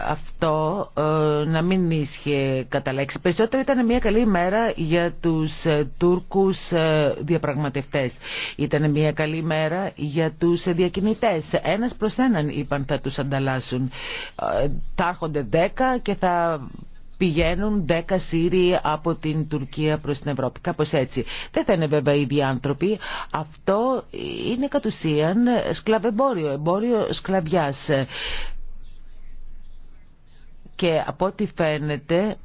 αυτό ε, να μην ίσχυε καταλέξει. Περισσότερο ήταν μια καλή μέρα για τους ε, Τούρκους ε, διαπραγματευτές. Ήταν μια καλή μέρα για τους διακινητές. Ένας προς έναν είπαν θα τους ανταλλάσσουν. Θα έρχονται δέκα και θα πηγαίνουν δέκα Σύριοι από την Τουρκία προς την Ευρώπη. Κάπως έτσι. Δεν θα είναι βέβαια ίδιοι άνθρωποι. Αυτό είναι κατ' ουσίαν σκλαβεμπόριο, εμπόριο σκλαβιάς. Και από ό,τι φαίνεται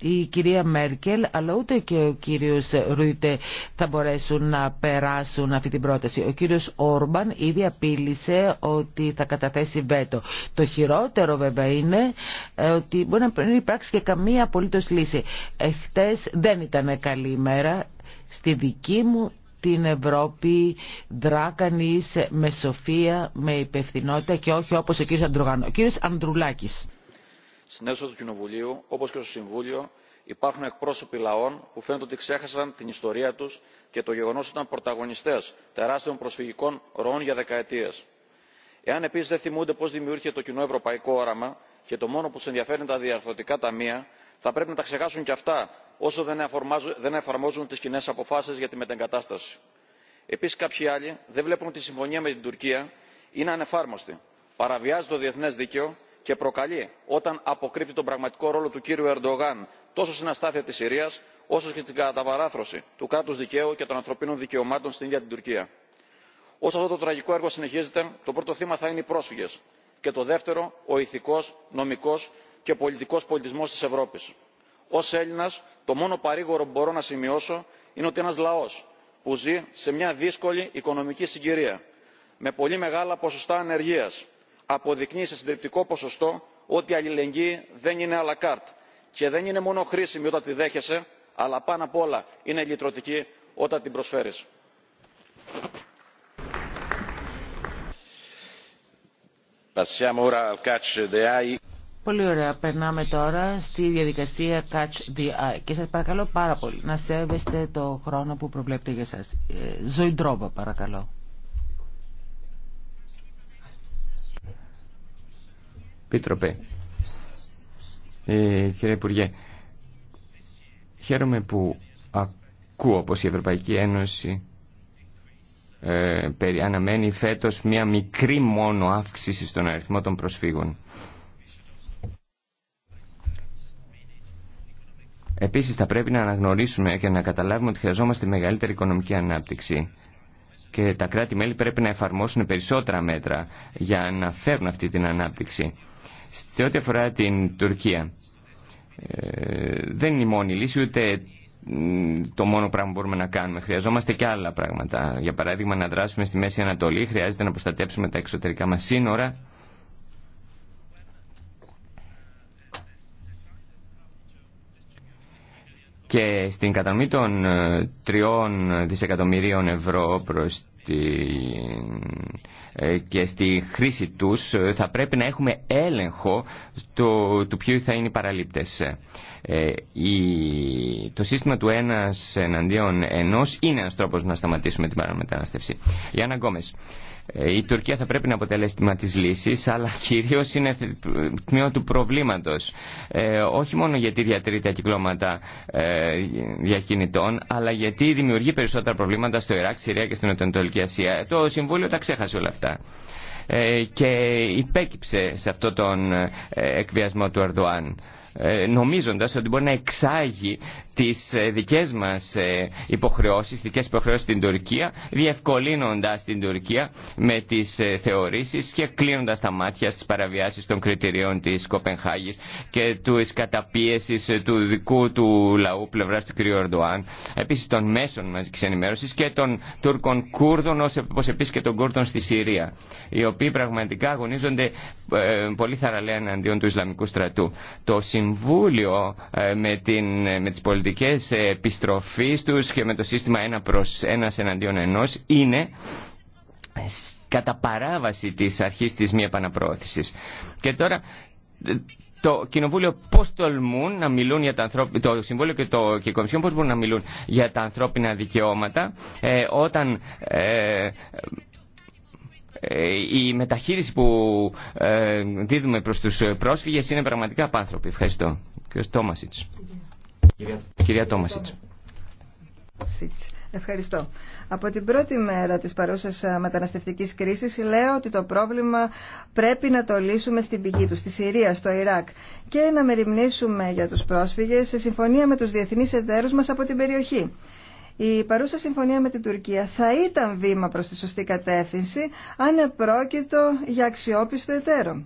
η κυρία Μέρκελ αλλά ούτε και ο κύριος Ρούιτε θα μπορέσουν να περάσουν αυτή την πρόταση. Ο κύριος Όρμπαν ήδη απείλησε ότι θα καταθέσει βέτο. Το χειρότερο βέβαια είναι ε, ότι μπορεί να υπάρξει και καμία απολύτως λύση. Εχθές δεν ήταν καλή ημέρα. Στη δική μου την Ευρώπη δράκανης με σοφία, με υπευθυνότητα και όχι όπως ο κύριος Ο κύριος Ανδρουλάκης στην αίθουσα του κοινοβουλίου όπω και στο συμβούλιο υπάρχουν εκπρόσωποι λαών που φαίνεται ότι ξέχασαν την ιστορία του και το γεγονό ότι ήταν πρωταγωνιστέ τεράστιων προσφυγικών ροών για δεκαετίε. εάν επίση δεν θυμούνται πώ δημιούργηκε το κοινό ευρωπαϊκό όραμα και το μόνο που του ενδιαφέρει είναι τα διαρθρωτικά ταμεία θα πρέπει να τα ξεχάσουν και αυτά όσο δεν εφαρμόζουν τι κοινέ αποφάσει για τη μετεγκατάσταση. επίση κάποιοι άλλοι δεν βλέπουν ότι η συμφωνία με την τουρκία είναι ανεφάρμοστη παραβιάζει το διεθνέ δίκαιο και προκαλεί όταν αποκρύπτει τον πραγματικό ρόλο του κύριου ερντογάν τόσο στην αστάθεια της συρίας όσο και στην καταβαράθρωση του κράτους δικαίου και των ανθρωπίνων δικαιωμάτων στην ίδια την τουρκία. όσο αυτό το τραγικό έργο συνεχίζεται το πρώτο θύμα θα είναι οι πρόσφυγες και το δεύτερο ο ηθικός νομικός και πολιτικός πολιτισμός της ευρώπης. ως έλληνας το μόνο παρήγορο που μπορώ να σημειώσω είναι ότι ένας λαός που ζει σε μια δύσκολη οικονομική συγκυρία με πολύ μεγάλα ποσοστά ανεργίας αποδεικνύει σε συντριπτικό ποσοστό ότι η αλληλεγγύη δεν είναι la και δεν είναι μόνο χρήσιμη όταν τη δέχεσαι αλλά πάνω απ' όλα είναι λυτρωτική όταν την προσφέρεις. Πολύ ωραία. Περνάμε τώρα στη διαδικασία Catch the Eye. Και σας παρακαλώ πάρα πολύ να σέβεστε το χρόνο που προβλέπετε για σας. Ε, Ζωηντρόβα παρακαλώ. Πίτροπε, ε, κύριε Υπουργέ, χαίρομαι που ακούω πως η Ευρωπαϊκή Ένωση ε, περι, αναμένει φέτος μία μικρή μόνο αύξηση στον αριθμό των προσφύγων. Επίσης θα πρέπει να αναγνωρίσουμε και να καταλάβουμε ότι χρειαζόμαστε μεγαλύτερη οικονομική ανάπτυξη και τα κράτη-μέλη πρέπει να εφαρμόσουν περισσότερα μέτρα για να φέρουν αυτή την ανάπτυξη. Σε ό,τι αφορά την Τουρκία, ε, δεν είναι η μόνη λύση ούτε το μόνο πράγμα που μπορούμε να κάνουμε. Χρειαζόμαστε και άλλα πράγματα. Για παράδειγμα, να δράσουμε στη Μέση Ανατολή, χρειάζεται να προστατέψουμε τα εξωτερικά μας σύνορα Και στην κατανομή των 3 ε, δισεκατομμυρίων ευρώ προς τη... Ε, και στη χρήση τους ε, θα πρέπει να έχουμε έλεγχο του, του θα είναι οι παραλήπτες. Το σύστημα του ένας εναντίον ενός είναι ένας τρόπος να σταματήσουμε την παραμεταναστεύση. Γιάννα Γκόμες. Ε, η Τουρκία θα πρέπει να αποτελέσει τμήμα της λύσης, αλλά κυρίως είναι τμήμα του προβλήματος. Ε, όχι μόνο γιατί διατηρεί τα κυκλώματα ε, διακινητών, αλλά γιατί δημιουργεί περισσότερα προβλήματα στο Ιράκ, Συρία και στην Ανατολική Ασία. Ε, το Συμβούλιο τα ξέχασε όλα αυτά ε, και υπέκυψε σε αυτό τον ε, εκβιασμό του Ερντοάν νομίζοντας ότι μπορεί να εξάγει τις ε, δικές μας ε, υποχρεώσεις, δικές υποχρεώσεις στην Τουρκία, διευκολύνοντας την Τουρκία με τις ε, θεωρήσεις και κλείνοντας τα μάτια στις παραβιάσεις των κριτηρίων της Κοπενχάγης και του καταπίεσης του δικού του λαού πλευράς του κ. Ερντοάν, επίσης των μέσων μαζικής ενημέρωσης και των Τούρκων Κούρδων, όπως επίσης και των Κούρδων στη Συρία, οι οποίοι πραγματικά αγωνίζονται πολύ θαραλέα εναντίον του Ισλαμικού στρατού. Το Συμβούλιο με, την, με τις πολιτικές επιστροφής τους και με το σύστημα ένα προς ένα εναντίον ενός είναι κατά παράβαση της αρχής της μη επαναπρόθεση. Και τώρα το Κοινοβούλιο πώ τολμούν να μιλούν για τα Το Συμβούλιο και, το... και η Κομισιόν πώ μπορούν να μιλούν για τα ανθρώπινα δικαιώματα ε, όταν. Ε, ε, η μεταχείριση που ε, δίδουμε προς τους πρόσφυγες είναι πραγματικά απάνθρωπη. Ευχαριστώ. Κυρία, Κυρία Ευχαριστώ. Από την πρώτη μέρα της παρούσας ε, μεταναστευτικής κρίσης λέω ότι το πρόβλημα πρέπει να το λύσουμε στην πηγή του, στη Συρία, στο Ιράκ και να μεριμνήσουμε για τους πρόσφυγες σε συμφωνία με τους διεθνείς εταίρους μας από την περιοχή. Η παρούσα συμφωνία με την Τουρκία θα ήταν βήμα προς τη σωστή κατεύθυνση αν επρόκειτο για αξιόπιστο εταίρο.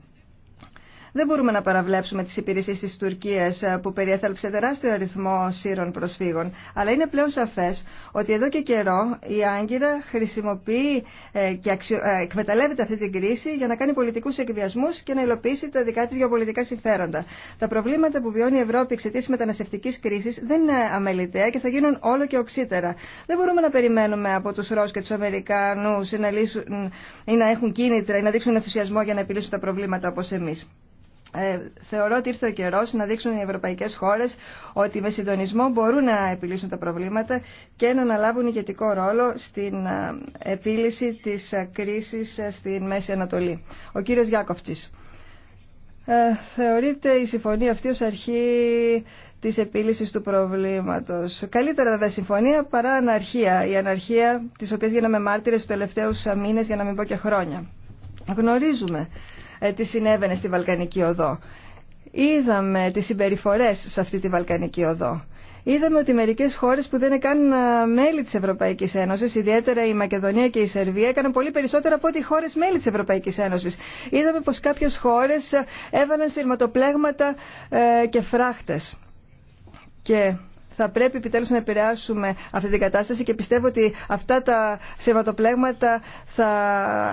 Δεν μπορούμε να παραβλέψουμε τις υπηρεσίες της Τουρκίας ε, που περιέθαλψε τεράστιο αριθμό σύρων προσφύγων. Αλλά είναι πλέον σαφές ότι εδώ και καιρό η Άγκυρα χρησιμοποιεί ε, και ε, εκμεταλλεύεται αυτή την κρίση για να κάνει πολιτικούς εκβιασμούς και να υλοποιήσει τα δικά της γεωπολιτικά συμφέροντα. Τα προβλήματα που βιώνει η Ευρώπη εξαιτία μεταναστευτική κρίση δεν είναι αμεληταία και θα γίνουν όλο και οξύτερα. Δεν μπορούμε να περιμένουμε από του Ρώσου και του Αμερικάνου να, λύσουν, ή να έχουν κίνητρα ή να δείξουν ενθουσιασμό για να επιλύσουν τα προβλήματα όπως εμεί. Ε, θεωρώ ότι ήρθε ο καιρό να δείξουν οι ευρωπαϊκέ χώρε ότι με συντονισμό μπορούν να επιλύσουν τα προβλήματα και να αναλάβουν ηγετικό ρόλο στην ε, επίλυση τη ε, κρίση στην Μέση Ανατολή. Ο κύριο Ε, θεωρείται η συμφωνία αυτή ως αρχή της επίλυσης του προβλήματος. Καλύτερα βέβαια συμφωνία παρά αναρχία. Η αναρχία της οποίας γίναμε μάρτυρες του τελευταίους μήνες για να μην πω και χρόνια. Γνωρίζουμε ε, τι συνέβαινε στη Βαλκανική Οδό. Είδαμε τις συμπεριφορές σε αυτή τη Βαλκανική Οδό. Είδαμε ότι μερικές χώρες που δεν έκανε μέλη της Ευρωπαϊκής Ένωσης, ιδιαίτερα η Μακεδονία και η Σερβία, έκαναν πολύ περισσότερα από ό,τι οι χώρες μέλη της Ευρωπαϊκής Ένωσης. Είδαμε πως κάποιες χώρες ε, έβαλαν σειρματοπλέγματα ε, και φράχτες. Και θα πρέπει επιτέλους να επηρεάσουμε αυτή την κατάσταση και πιστεύω ότι αυτά τα σύρματοπλέγματα θα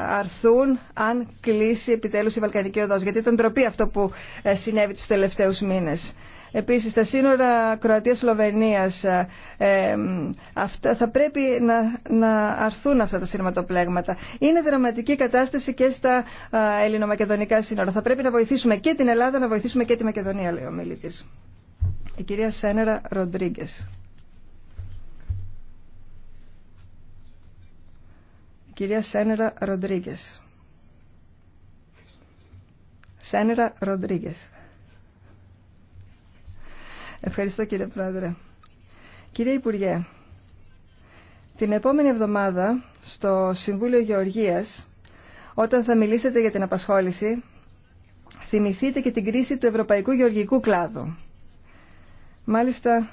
αρθούν αν κλείσει επιτέλους η Βαλκανική οδό. Γιατί ήταν ντροπή αυτό που ε, συνέβη τους τελευταίους μήνες. Επίσης, τα σύνορα Κροατίας-Σλοβενίας, ε, θα πρέπει να, να αρθούν αυτά τα σύρματοπλέγματα. Είναι δραματική κατάσταση και στα ε, ελληνομακεδονικά σύνορα. Θα πρέπει να βοηθήσουμε και την Ελλάδα, να βοηθήσουμε και τη Μακεδονία, λέει ο μιλήτης η κυρία Σένερα Ροντρίγκε. Η κυρία Σένερα Ροντρίγκε. Σένερα Ροντρίγκε. Ευχαριστώ κύριε Πρόεδρε. Κύριε Υπουργέ, την επόμενη εβδομάδα στο Συμβούλιο Γεωργίας, όταν θα μιλήσετε για την απασχόληση, θυμηθείτε και την κρίση του ευρωπαϊκού γεωργικού κλάδου. Μάλιστα,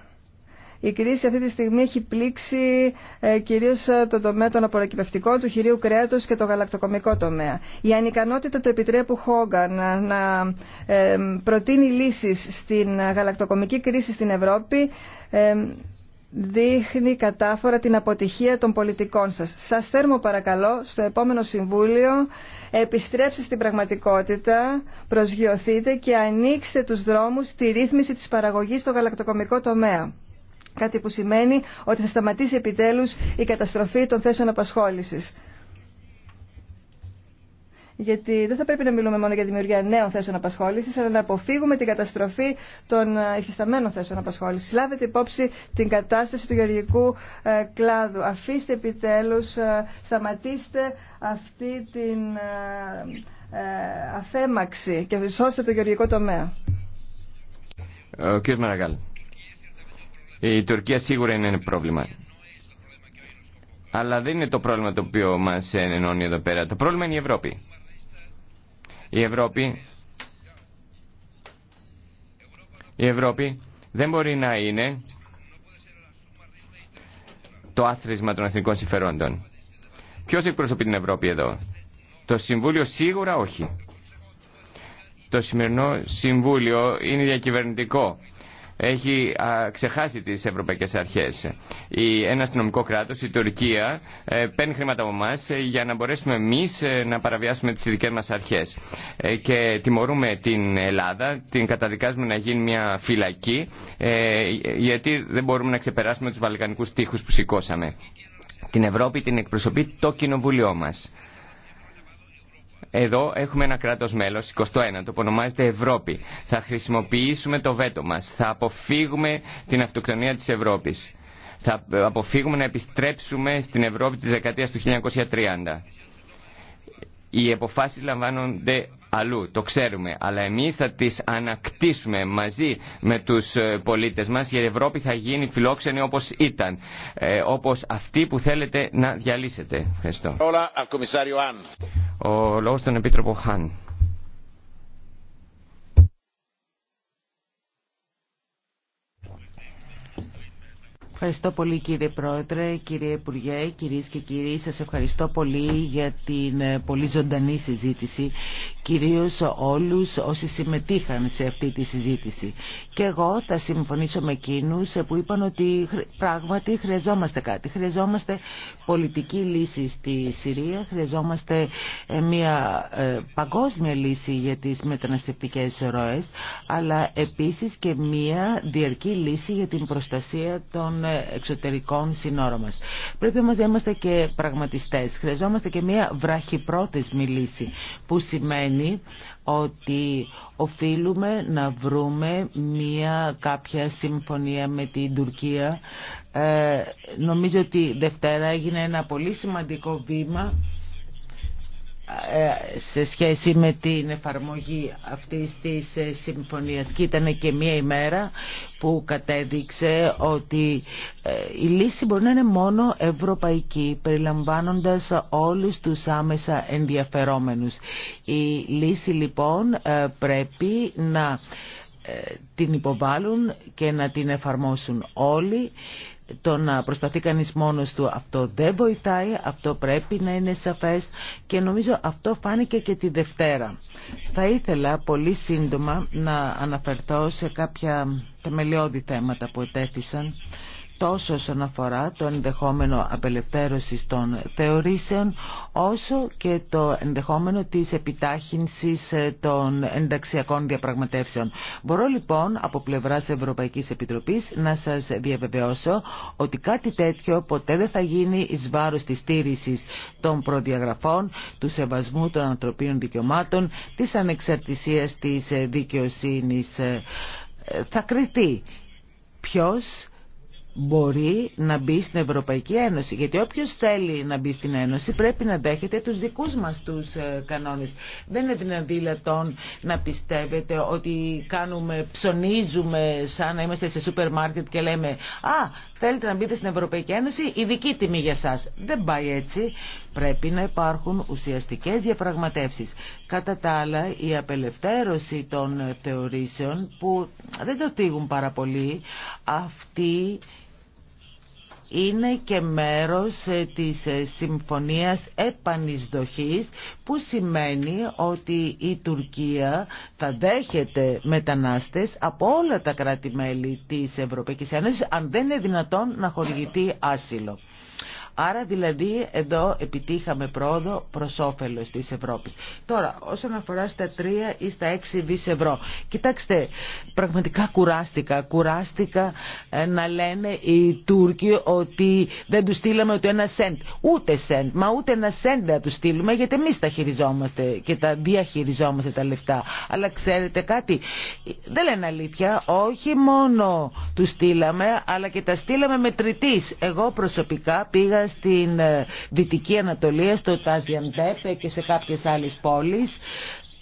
η κρίση αυτή τη στιγμή έχει πλήξει ε, κυρίως ε, το τομέα των απορροκυπευτικών, του χειρίου κρέατος και το γαλακτοκομικό τομέα. Η ανικανότητα του επιτρέπου Χόγκαν ε, να, να ε, προτείνει λύσεις στην γαλακτοκομική κρίση στην Ευρώπη δείχνει κατάφορα την αποτυχία των πολιτικών σας. Σας θέρμο παρακαλώ στο επόμενο Συμβούλιο επιστρέψτε στην πραγματικότητα, προσγειωθείτε και ανοίξτε τους δρόμους στη ρύθμιση της παραγωγής στο γαλακτοκομικό τομέα. Κάτι που σημαίνει ότι θα σταματήσει επιτέλους η καταστροφή των θέσεων απασχόλησης γιατί δεν θα πρέπει να μιλούμε μόνο για δημιουργία νέων θέσεων απασχόληση, αλλά να αποφύγουμε την καταστροφή των ε, υφισταμένων θέσεων απασχόληση. Λάβετε υπόψη την κατάσταση του γεωργικού ε, κλάδου. Αφήστε επιτέλους, ε, σταματήστε αυτή την αφέμαξη και σώστε το γεωργικό τομέα. Ο κ. Μαραγκάλ, η Τουρκία σίγουρα είναι ένα πρόβλημα. Αλλά δεν είναι το πρόβλημα το οποίο μας ενώνει εδώ πέρα. Το πρόβλημα είναι η Ευρώπη. Η Ευρώπη, Ευρώπη δεν μπορεί να είναι το άθροισμα των εθνικών συμφερόντων. Ποιο εκπροσωπεί την Ευρώπη εδώ, Το Συμβούλιο σίγουρα όχι. Το σημερινό Συμβούλιο είναι διακυβερνητικό έχει ξεχάσει τις ευρωπαϊκές αρχές. ένα αστυνομικό κράτος, η Τουρκία, ε, παίρνει χρήματα από εμά ε, για να μπορέσουμε εμείς ε, να παραβιάσουμε τις δικές μας αρχές. και τιμωρούμε την Ελλάδα, την καταδικάζουμε να γίνει μια φυλακή, γιατί δεν μπορούμε να ξεπεράσουμε τους βαλκανικούς τείχους που σηκώσαμε. Την Ευρώπη την εκπροσωπεί το κοινοβούλιο μας. Εδώ έχουμε ένα κράτος μέλος, 21, το που ονομάζεται Ευρώπη. Θα χρησιμοποιήσουμε το βέτο μας. Θα αποφύγουμε την αυτοκτονία της Ευρώπης. Θα αποφύγουμε να επιστρέψουμε στην Ευρώπη της δεκαετία του 1930. Οι αποφάσει λαμβάνονται αλλού, το ξέρουμε. Αλλά εμείς θα τις ανακτήσουμε μαζί με τους ε, πολίτες μας γιατί η Ευρώπη θα γίνει φιλόξενη όπως ήταν. Ε, όπως αυτή που θέλετε να διαλύσετε. Ευχαριστώ. Ο λόγο στον Επίτροπο Χάν. Ευχαριστώ πολύ κύριε Πρόεδρε, κύριε Υπουργέ, κυρίες και κύριοι. Σας ευχαριστώ πολύ για την ε, πολύ ζωντανή συζήτηση, κυρίως όλους όσοι συμμετείχαν σε αυτή τη συζήτηση. Και εγώ θα συμφωνήσω με εκείνους που είπαν ότι πράγματι χρειαζόμαστε κάτι. Χρειαζόμαστε πολιτική λύση στη Συρία, χρειαζόμαστε ε, μια ε, παγκόσμια λύση για τις μεταναστευτικές ροές, αλλά επίσης και μια διαρκή λύση για την προστασία των εξωτερικών συνόρων μας. Πρέπει όμω να είμαστε και πραγματιστές. Χρειαζόμαστε και μια βραχυπρόθεσμη λύση που σημαίνει ότι οφείλουμε να βρούμε μια κάποια συμφωνία με την Τουρκία. Ε, νομίζω ότι Δευτέρα έγινε ένα πολύ σημαντικό βήμα σε σχέση με την εφαρμογή αυτής της ε, συμφωνίας και ήταν και μία ημέρα που κατέδειξε ότι ε, η λύση μπορεί να είναι μόνο ευρωπαϊκή περιλαμβάνοντας όλους τους άμεσα ενδιαφερόμενους. Η λύση λοιπόν ε, πρέπει να την υποβάλουν και να την εφαρμόσουν όλοι το να προσπαθεί κανείς μόνος του αυτό δεν βοηθάει, αυτό πρέπει να είναι σαφές και νομίζω αυτό φάνηκε και τη Δευτέρα. Θα ήθελα πολύ σύντομα να αναφερθώ σε κάποια θεμελιώδη θέματα που ετέθησαν τόσο όσον αφορά το ενδεχόμενο απελευθέρωσης των θεωρήσεων όσο και το ενδεχόμενο της επιτάχυνσης ε, των ενταξιακών διαπραγματεύσεων. Μπορώ λοιπόν από πλευράς Ευρωπαϊκής Επιτροπής να σας διαβεβαιώσω ότι κάτι τέτοιο ποτέ δεν θα γίνει εις βάρος της στήρησης των προδιαγραφών, του σεβασμού των ανθρωπίνων δικαιωμάτων, της ανεξαρτησίας της ε, δικαιοσύνης. Ε, θα κριθεί ποιος μπορεί να μπει στην Ευρωπαϊκή Ένωση. Γιατί όποιος θέλει να μπει στην Ένωση πρέπει να δέχεται τους δικούς μας τους ε, κανόνες. Δεν είναι δυνατόν να πιστεύετε ότι κάνουμε, ψωνίζουμε σαν να είμαστε σε σούπερ μάρκετ και λέμε «Α, θέλετε να μπείτε στην Ευρωπαϊκή Ένωση, ειδική τιμή για σας». Δεν πάει έτσι. Πρέπει να υπάρχουν ουσιαστικές διαπραγματεύσεις. Κατά τα άλλα, η απελευθέρωση των θεωρήσεων που δεν το θίγουν πάρα πολύ, αυτή είναι και μέρος ε, της ε, συμφωνίας επανεισδοχής που σημαίνει ότι η Τουρκία θα δέχεται μετανάστες από όλα τα κράτη-μέλη της Ευρωπαϊκής Ένωσης αν δεν είναι δυνατόν να χορηγηθεί άσυλο. Άρα δηλαδή εδώ επιτύχαμε πρόοδο προς όφελος της Ευρώπης. Τώρα όσον αφορά στα 3 ή στα 6 δις ευρώ. Κοιτάξτε, πραγματικά κουράστηκα. Κουράστηκα ε, να λένε οι Τούρκοι ότι δεν του στείλαμε ούτε ένα σέντ. Ούτε σέντ, μα ούτε ένα σέντ δεν του στείλουμε γιατί εμεί τα χειριζόμαστε και τα διαχειριζόμαστε τα λεφτά. Αλλά ξέρετε κάτι, δεν λένε αλήθεια, όχι μόνο του στείλαμε αλλά και τα στείλαμε μετρητής. Εγώ προσωπικά πήγα στην ε, Δυτική Ανατολία, στο Ταζιαντέπε και σε κάποιες άλλες πόλεις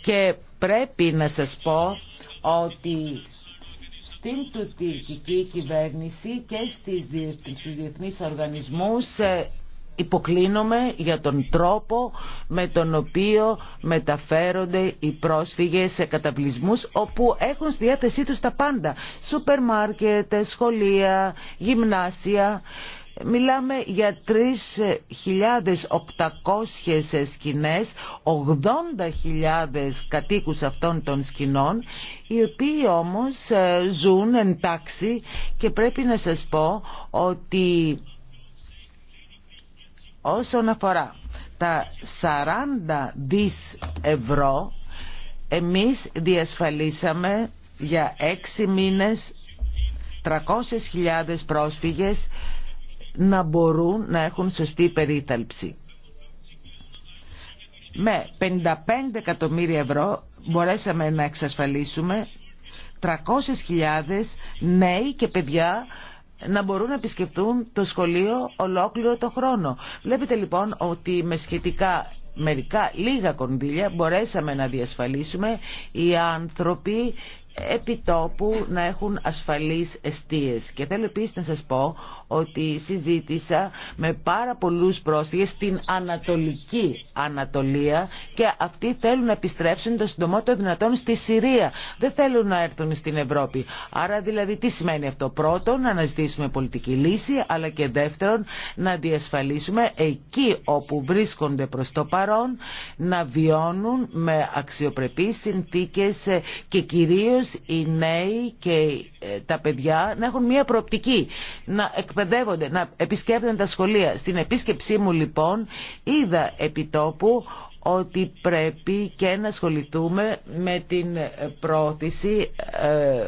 και πρέπει να σας πω ότι στην τουρκική κυβέρνηση και στους διεθνείς οργανισμούς ε, υποκλίνομαι για τον τρόπο με τον οποίο μεταφέρονται οι πρόσφυγες σε καταβλισμούς όπου έχουν στη διάθεσή τους τα πάντα. Σούπερ μάρκετ, σχολεία, γυμνάσια Μιλάμε για 3.800 σκηνές, 80.000 κατοίκους αυτών των σκηνών, οι οποίοι όμως ε, ζουν εντάξει και πρέπει να σας πω ότι όσον αφορά τα 40 δις ευρώ, εμείς διασφαλίσαμε για 6 μήνες 300.000 πρόσφυγες να μπορούν να έχουν σωστή περίταλψη. Με 55 εκατομμύρια ευρώ μπορέσαμε να εξασφαλίσουμε 300.000 νέοι και παιδιά να μπορούν να επισκεφτούν το σχολείο ολόκληρο το χρόνο. Βλέπετε λοιπόν ότι με σχετικά μερικά λίγα κονδύλια μπορέσαμε να διασφαλίσουμε οι άνθρωποι επιτόπου να έχουν ασφαλείς εστίες. Και θέλω επίσης να σας πω ότι συζήτησα με πάρα πολλούς πρόσφυγες στην Ανατολική Ανατολία και αυτοί θέλουν να επιστρέψουν το συντομότερο δυνατόν στη Συρία. Δεν θέλουν να έρθουν στην Ευρώπη. Άρα δηλαδή τι σημαίνει αυτό. Πρώτον να αναζητήσουμε πολιτική λύση αλλά και δεύτερον να διασφαλίσουμε εκεί όπου βρίσκονται προς το παρόν να βιώνουν με αξιοπρεπείς συνθήκες ε, και κυρίως οι νέοι και ε, τα παιδιά να έχουν μια προοπτική, να εκπαιδεύονται, να επισκέπτονται τα σχολεία. Στην επίσκεψή μου λοιπόν είδα επιτόπου ότι πρέπει και να ασχοληθούμε με την πρόθεση ε,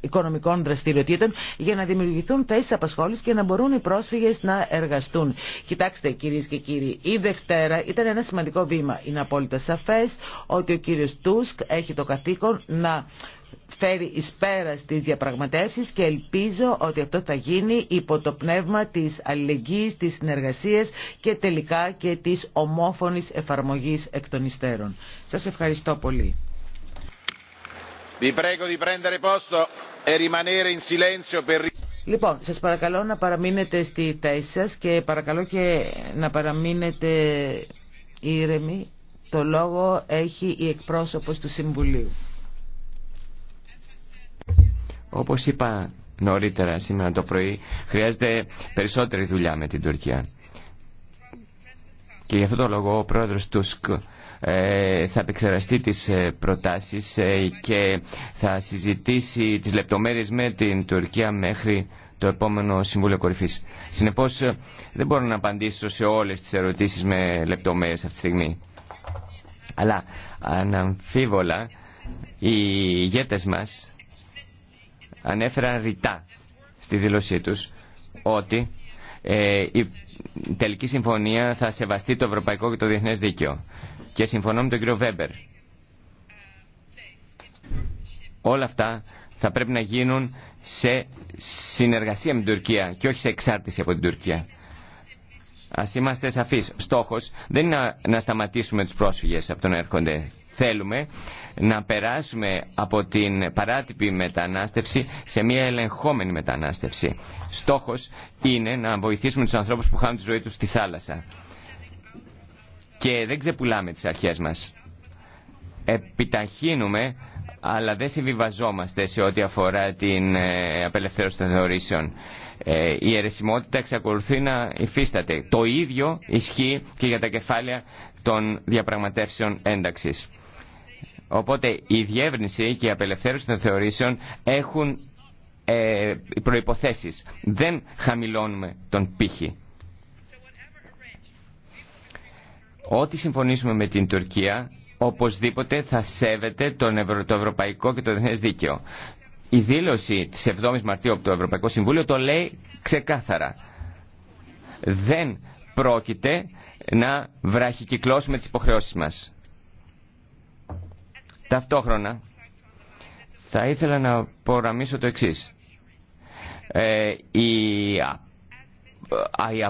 οικονομικών δραστηριοτήτων για να δημιουργηθούν θέσει απασχόληση και να μπορούν οι πρόσφυγε να εργαστούν. Κοιτάξτε κυρίε και κύριοι, η Δευτέρα ήταν ένα σημαντικό βήμα. Είναι απόλυτα σαφέ ότι ο κύριο Τούσκ έχει το καθήκον να φέρει εις πέρα στις διαπραγματεύσεις και ελπίζω ότι αυτό θα γίνει υπό το πνεύμα της αλληλεγγύης, της συνεργασίας και τελικά και της ομόφωνης εφαρμογής εκ των υστέρων. Σας ευχαριστώ πολύ. Λοιπόν, σας παρακαλώ να παραμείνετε στη θέση σας και παρακαλώ και να παραμείνετε ήρεμοι. Το λόγο έχει η εκπρόσωπος του Συμβουλίου. Όπως είπα νωρίτερα σήμερα το πρωί, χρειάζεται περισσότερη δουλειά με την Τουρκία. Και για αυτό το λόγο ο πρόεδρος Τούσκ ε, θα επεξεργαστεί τις ε, προτάσεις ε, και θα συζητήσει τις λεπτομέρειες με την Τουρκία μέχρι το επόμενο Συμβούλιο Κορυφής. Συνεπώς δεν μπορώ να απαντήσω σε όλες τις ερωτήσεις με λεπτομέρειες αυτή τη στιγμή. Αλλά αναμφίβολα οι ηγέτες μας ανέφεραν ρητά στη δήλωσή τους ότι η τελική συμφωνία θα σεβαστεί το ευρωπαϊκό και το διεθνές δίκαιο. Και συμφωνώ με τον κύριο Βέμπερ. Όλα αυτά θα πρέπει να γίνουν σε συνεργασία με την Τουρκία και όχι σε εξάρτηση από την Τουρκία. Α είμαστε σαφεί. Στόχο δεν είναι να, σταματήσουμε του πρόσφυγε από τον έρχονται. Θέλουμε να περάσουμε από την παράτυπη μετανάστευση σε μια ελεγχόμενη μετανάστευση. Στόχος είναι να βοηθήσουμε τους ανθρώπους που χάνουν τη ζωή τους στη θάλασσα και δεν ξεπουλάμε τις αρχές μας. Επιταχύνουμε, αλλά δεν συμβιβαζόμαστε σε ό,τι αφορά την ε, απελευθέρωση των θεωρήσεων. Ε, η αιρεσιμότητα εξακολουθεί να υφίσταται. Το ίδιο ισχύει και για τα κεφάλαια των διαπραγματεύσεων ένταξης. Οπότε η διεύρυνση και η απελευθέρωση των θεωρήσεων έχουν ε, προϋποθέσεις. Δεν χαμηλώνουμε τον πύχη. Ό,τι συμφωνήσουμε με την Τουρκία οπωσδήποτε θα σέβεται τον το ευρωπαϊκό και το διεθνές δίκαιο. Η δήλωση της 7 Η Μαρτίου από το Ευρωπαϊκό Συμβούλιο το λέει ξεκάθαρα. Δεν πρόκειται να βραχικυκλώσουμε τις υποχρεώσεις μας. Ταυτόχρονα θα ήθελα να προγραμμίσω το εξής. Ε, η, α, η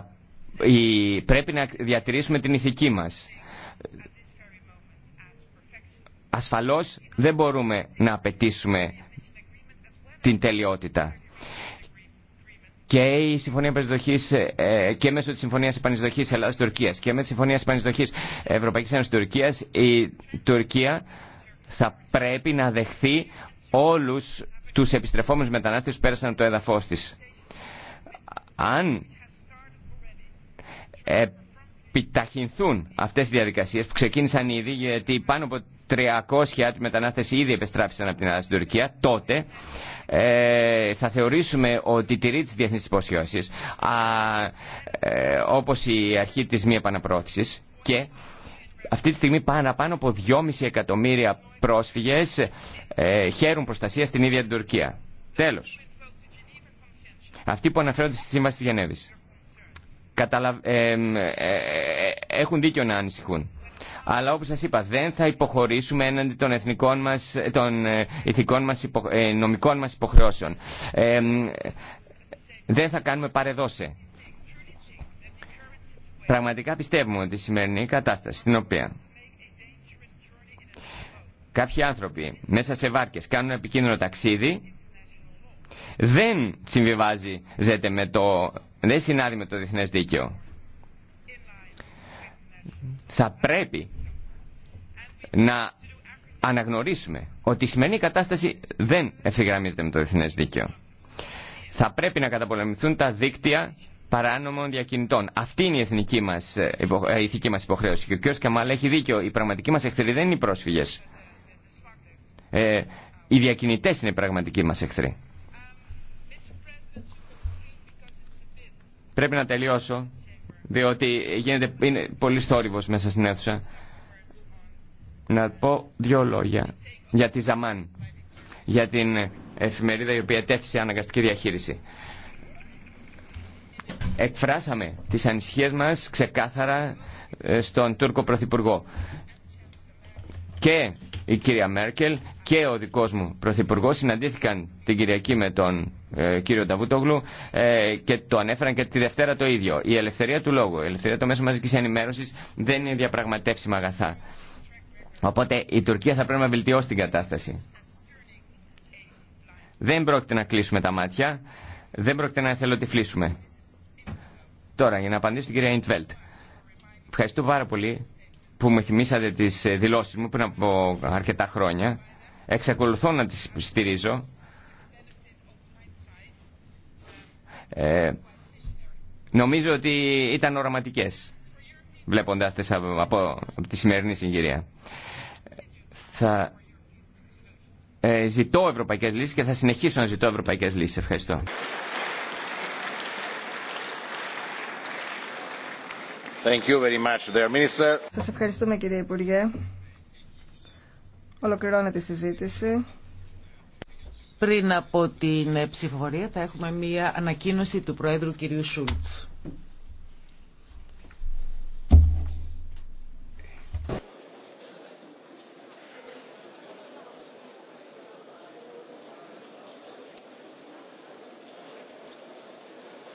πρέπει να διατηρήσουμε την ηθική μας. Ασφαλώς δεν μπορούμε να απαιτήσουμε την τελειότητα. Και η Συμφωνία Επανεισδοχής ε, και μέσω της Συμφωνία επανεισδοχη Ελλάδα Τουρκία και μέσω της συμφωνία επανεισδοχη Ευρωπαϊκής Ένωση Τουρκία, η Τουρκία θα πρέπει να δεχθεί όλους τους επιστρεφόμενου μετανάστες που πέρασαν από το έδαφό τη. Αν επιταχυνθούν αυτές οι διαδικασίες που ξεκίνησαν ήδη γιατί πάνω από 300 μετανάστες ήδη επεστράφησαν από την Ελλάδα στην Τουρκία, τότε ε, θα θεωρήσουμε ότι τηρεί τις διεθνείς υποσχέσεις ε, όπως η αρχή της μη επαναπρόθεσης και αυτή τη στιγμή πάνω, από 2,5 εκατομμύρια πρόσφυγες ε, χαίρουν προστασία στην ίδια την Τουρκία. Τέλος. Αυτοί που αναφέρονται στη Σύμβαση της Γενέβης καταλα... Ε, ε, έχουν δίκιο να ανησυχούν. Αλλά όπως σας είπα δεν θα υποχωρήσουμε έναντι των, εθνικών μας, των ε, ηθικών μας νομικών μας υποχρεώσεων. δεν θα κάνουμε παρεδόσε. Πραγματικά πιστεύουμε ότι η σημερινή κατάσταση στην οποία κάποιοι άνθρωποι μέσα σε βάρκες κάνουν επικίνδυνο ταξίδι δεν συμβιβάζει ζέτε με το δεν συνάδει με το διεθνές δίκαιο. Θα πρέπει να αναγνωρίσουμε ότι η σημερινή κατάσταση δεν ευθυγραμμίζεται με το διεθνές δίκαιο. Θα πρέπει να καταπολεμηθούν τα δίκτυα παράνομων διακινητών. Αυτή είναι η, εθνική μας, ε, ε, ηθική μας υποχρέωση. Και ο κ. Καμάλ έχει δίκιο. Η πραγματική μας εχθροί δεν είναι οι πρόσφυγες. Ε, οι διακινητές είναι οι πραγματικοί μας εχθροί. Πρέπει να τελειώσω, διότι γίνεται, είναι πολύ θόρυβος μέσα στην αίθουσα. Να πω δύο λόγια για τη Ζαμάν, για την εφημερίδα η οποία τέθησε αναγκαστική διαχείριση. Εκφράσαμε τις ανησυχίες μας ξεκάθαρα ε, στον Τούρκο Πρωθυπουργό. Και η κυρία Μέρκελ και ο δικός μου πρωθυπουργό συναντήθηκαν την Κυριακή με τον ε, κύριο Νταβούτογλου ε, και το ανέφεραν και τη Δευτέρα το ίδιο. Η ελευθερία του λόγου, η ελευθερία των μέσων μαζικής ενημέρωσης δεν είναι διαπραγματεύσιμα αγαθά. Οπότε η Τουρκία θα πρέπει να βελτιώσει την κατάσταση. Δεν πρόκειται να κλείσουμε τα μάτια, δεν πρόκειται να φλήσουμε. Τώρα, για να απαντήσω στην κυρία Ιντβέλτ. Ευχαριστώ πάρα πολύ που μου θυμήσατε τις ε, δηλώσεις μου πριν από αρκετά χρόνια. Εξακολουθώ να τις στηρίζω. Ε, νομίζω ότι ήταν οραματικές, βλέποντας τις από, τη σημερινή συγκυρία. Θα ε, ζητώ ευρωπαϊκές λύσεις και θα συνεχίσω να ζητώ ευρωπαϊκές λύσεις. Ευχαριστώ. Σας ευχαριστούμε κύριε Υπουργέ. Ολοκληρώνεται η συζήτηση. Πριν από την ψηφοφορία θα έχουμε μία ανακοίνωση του Προέδρου κυρίου Σούλτς.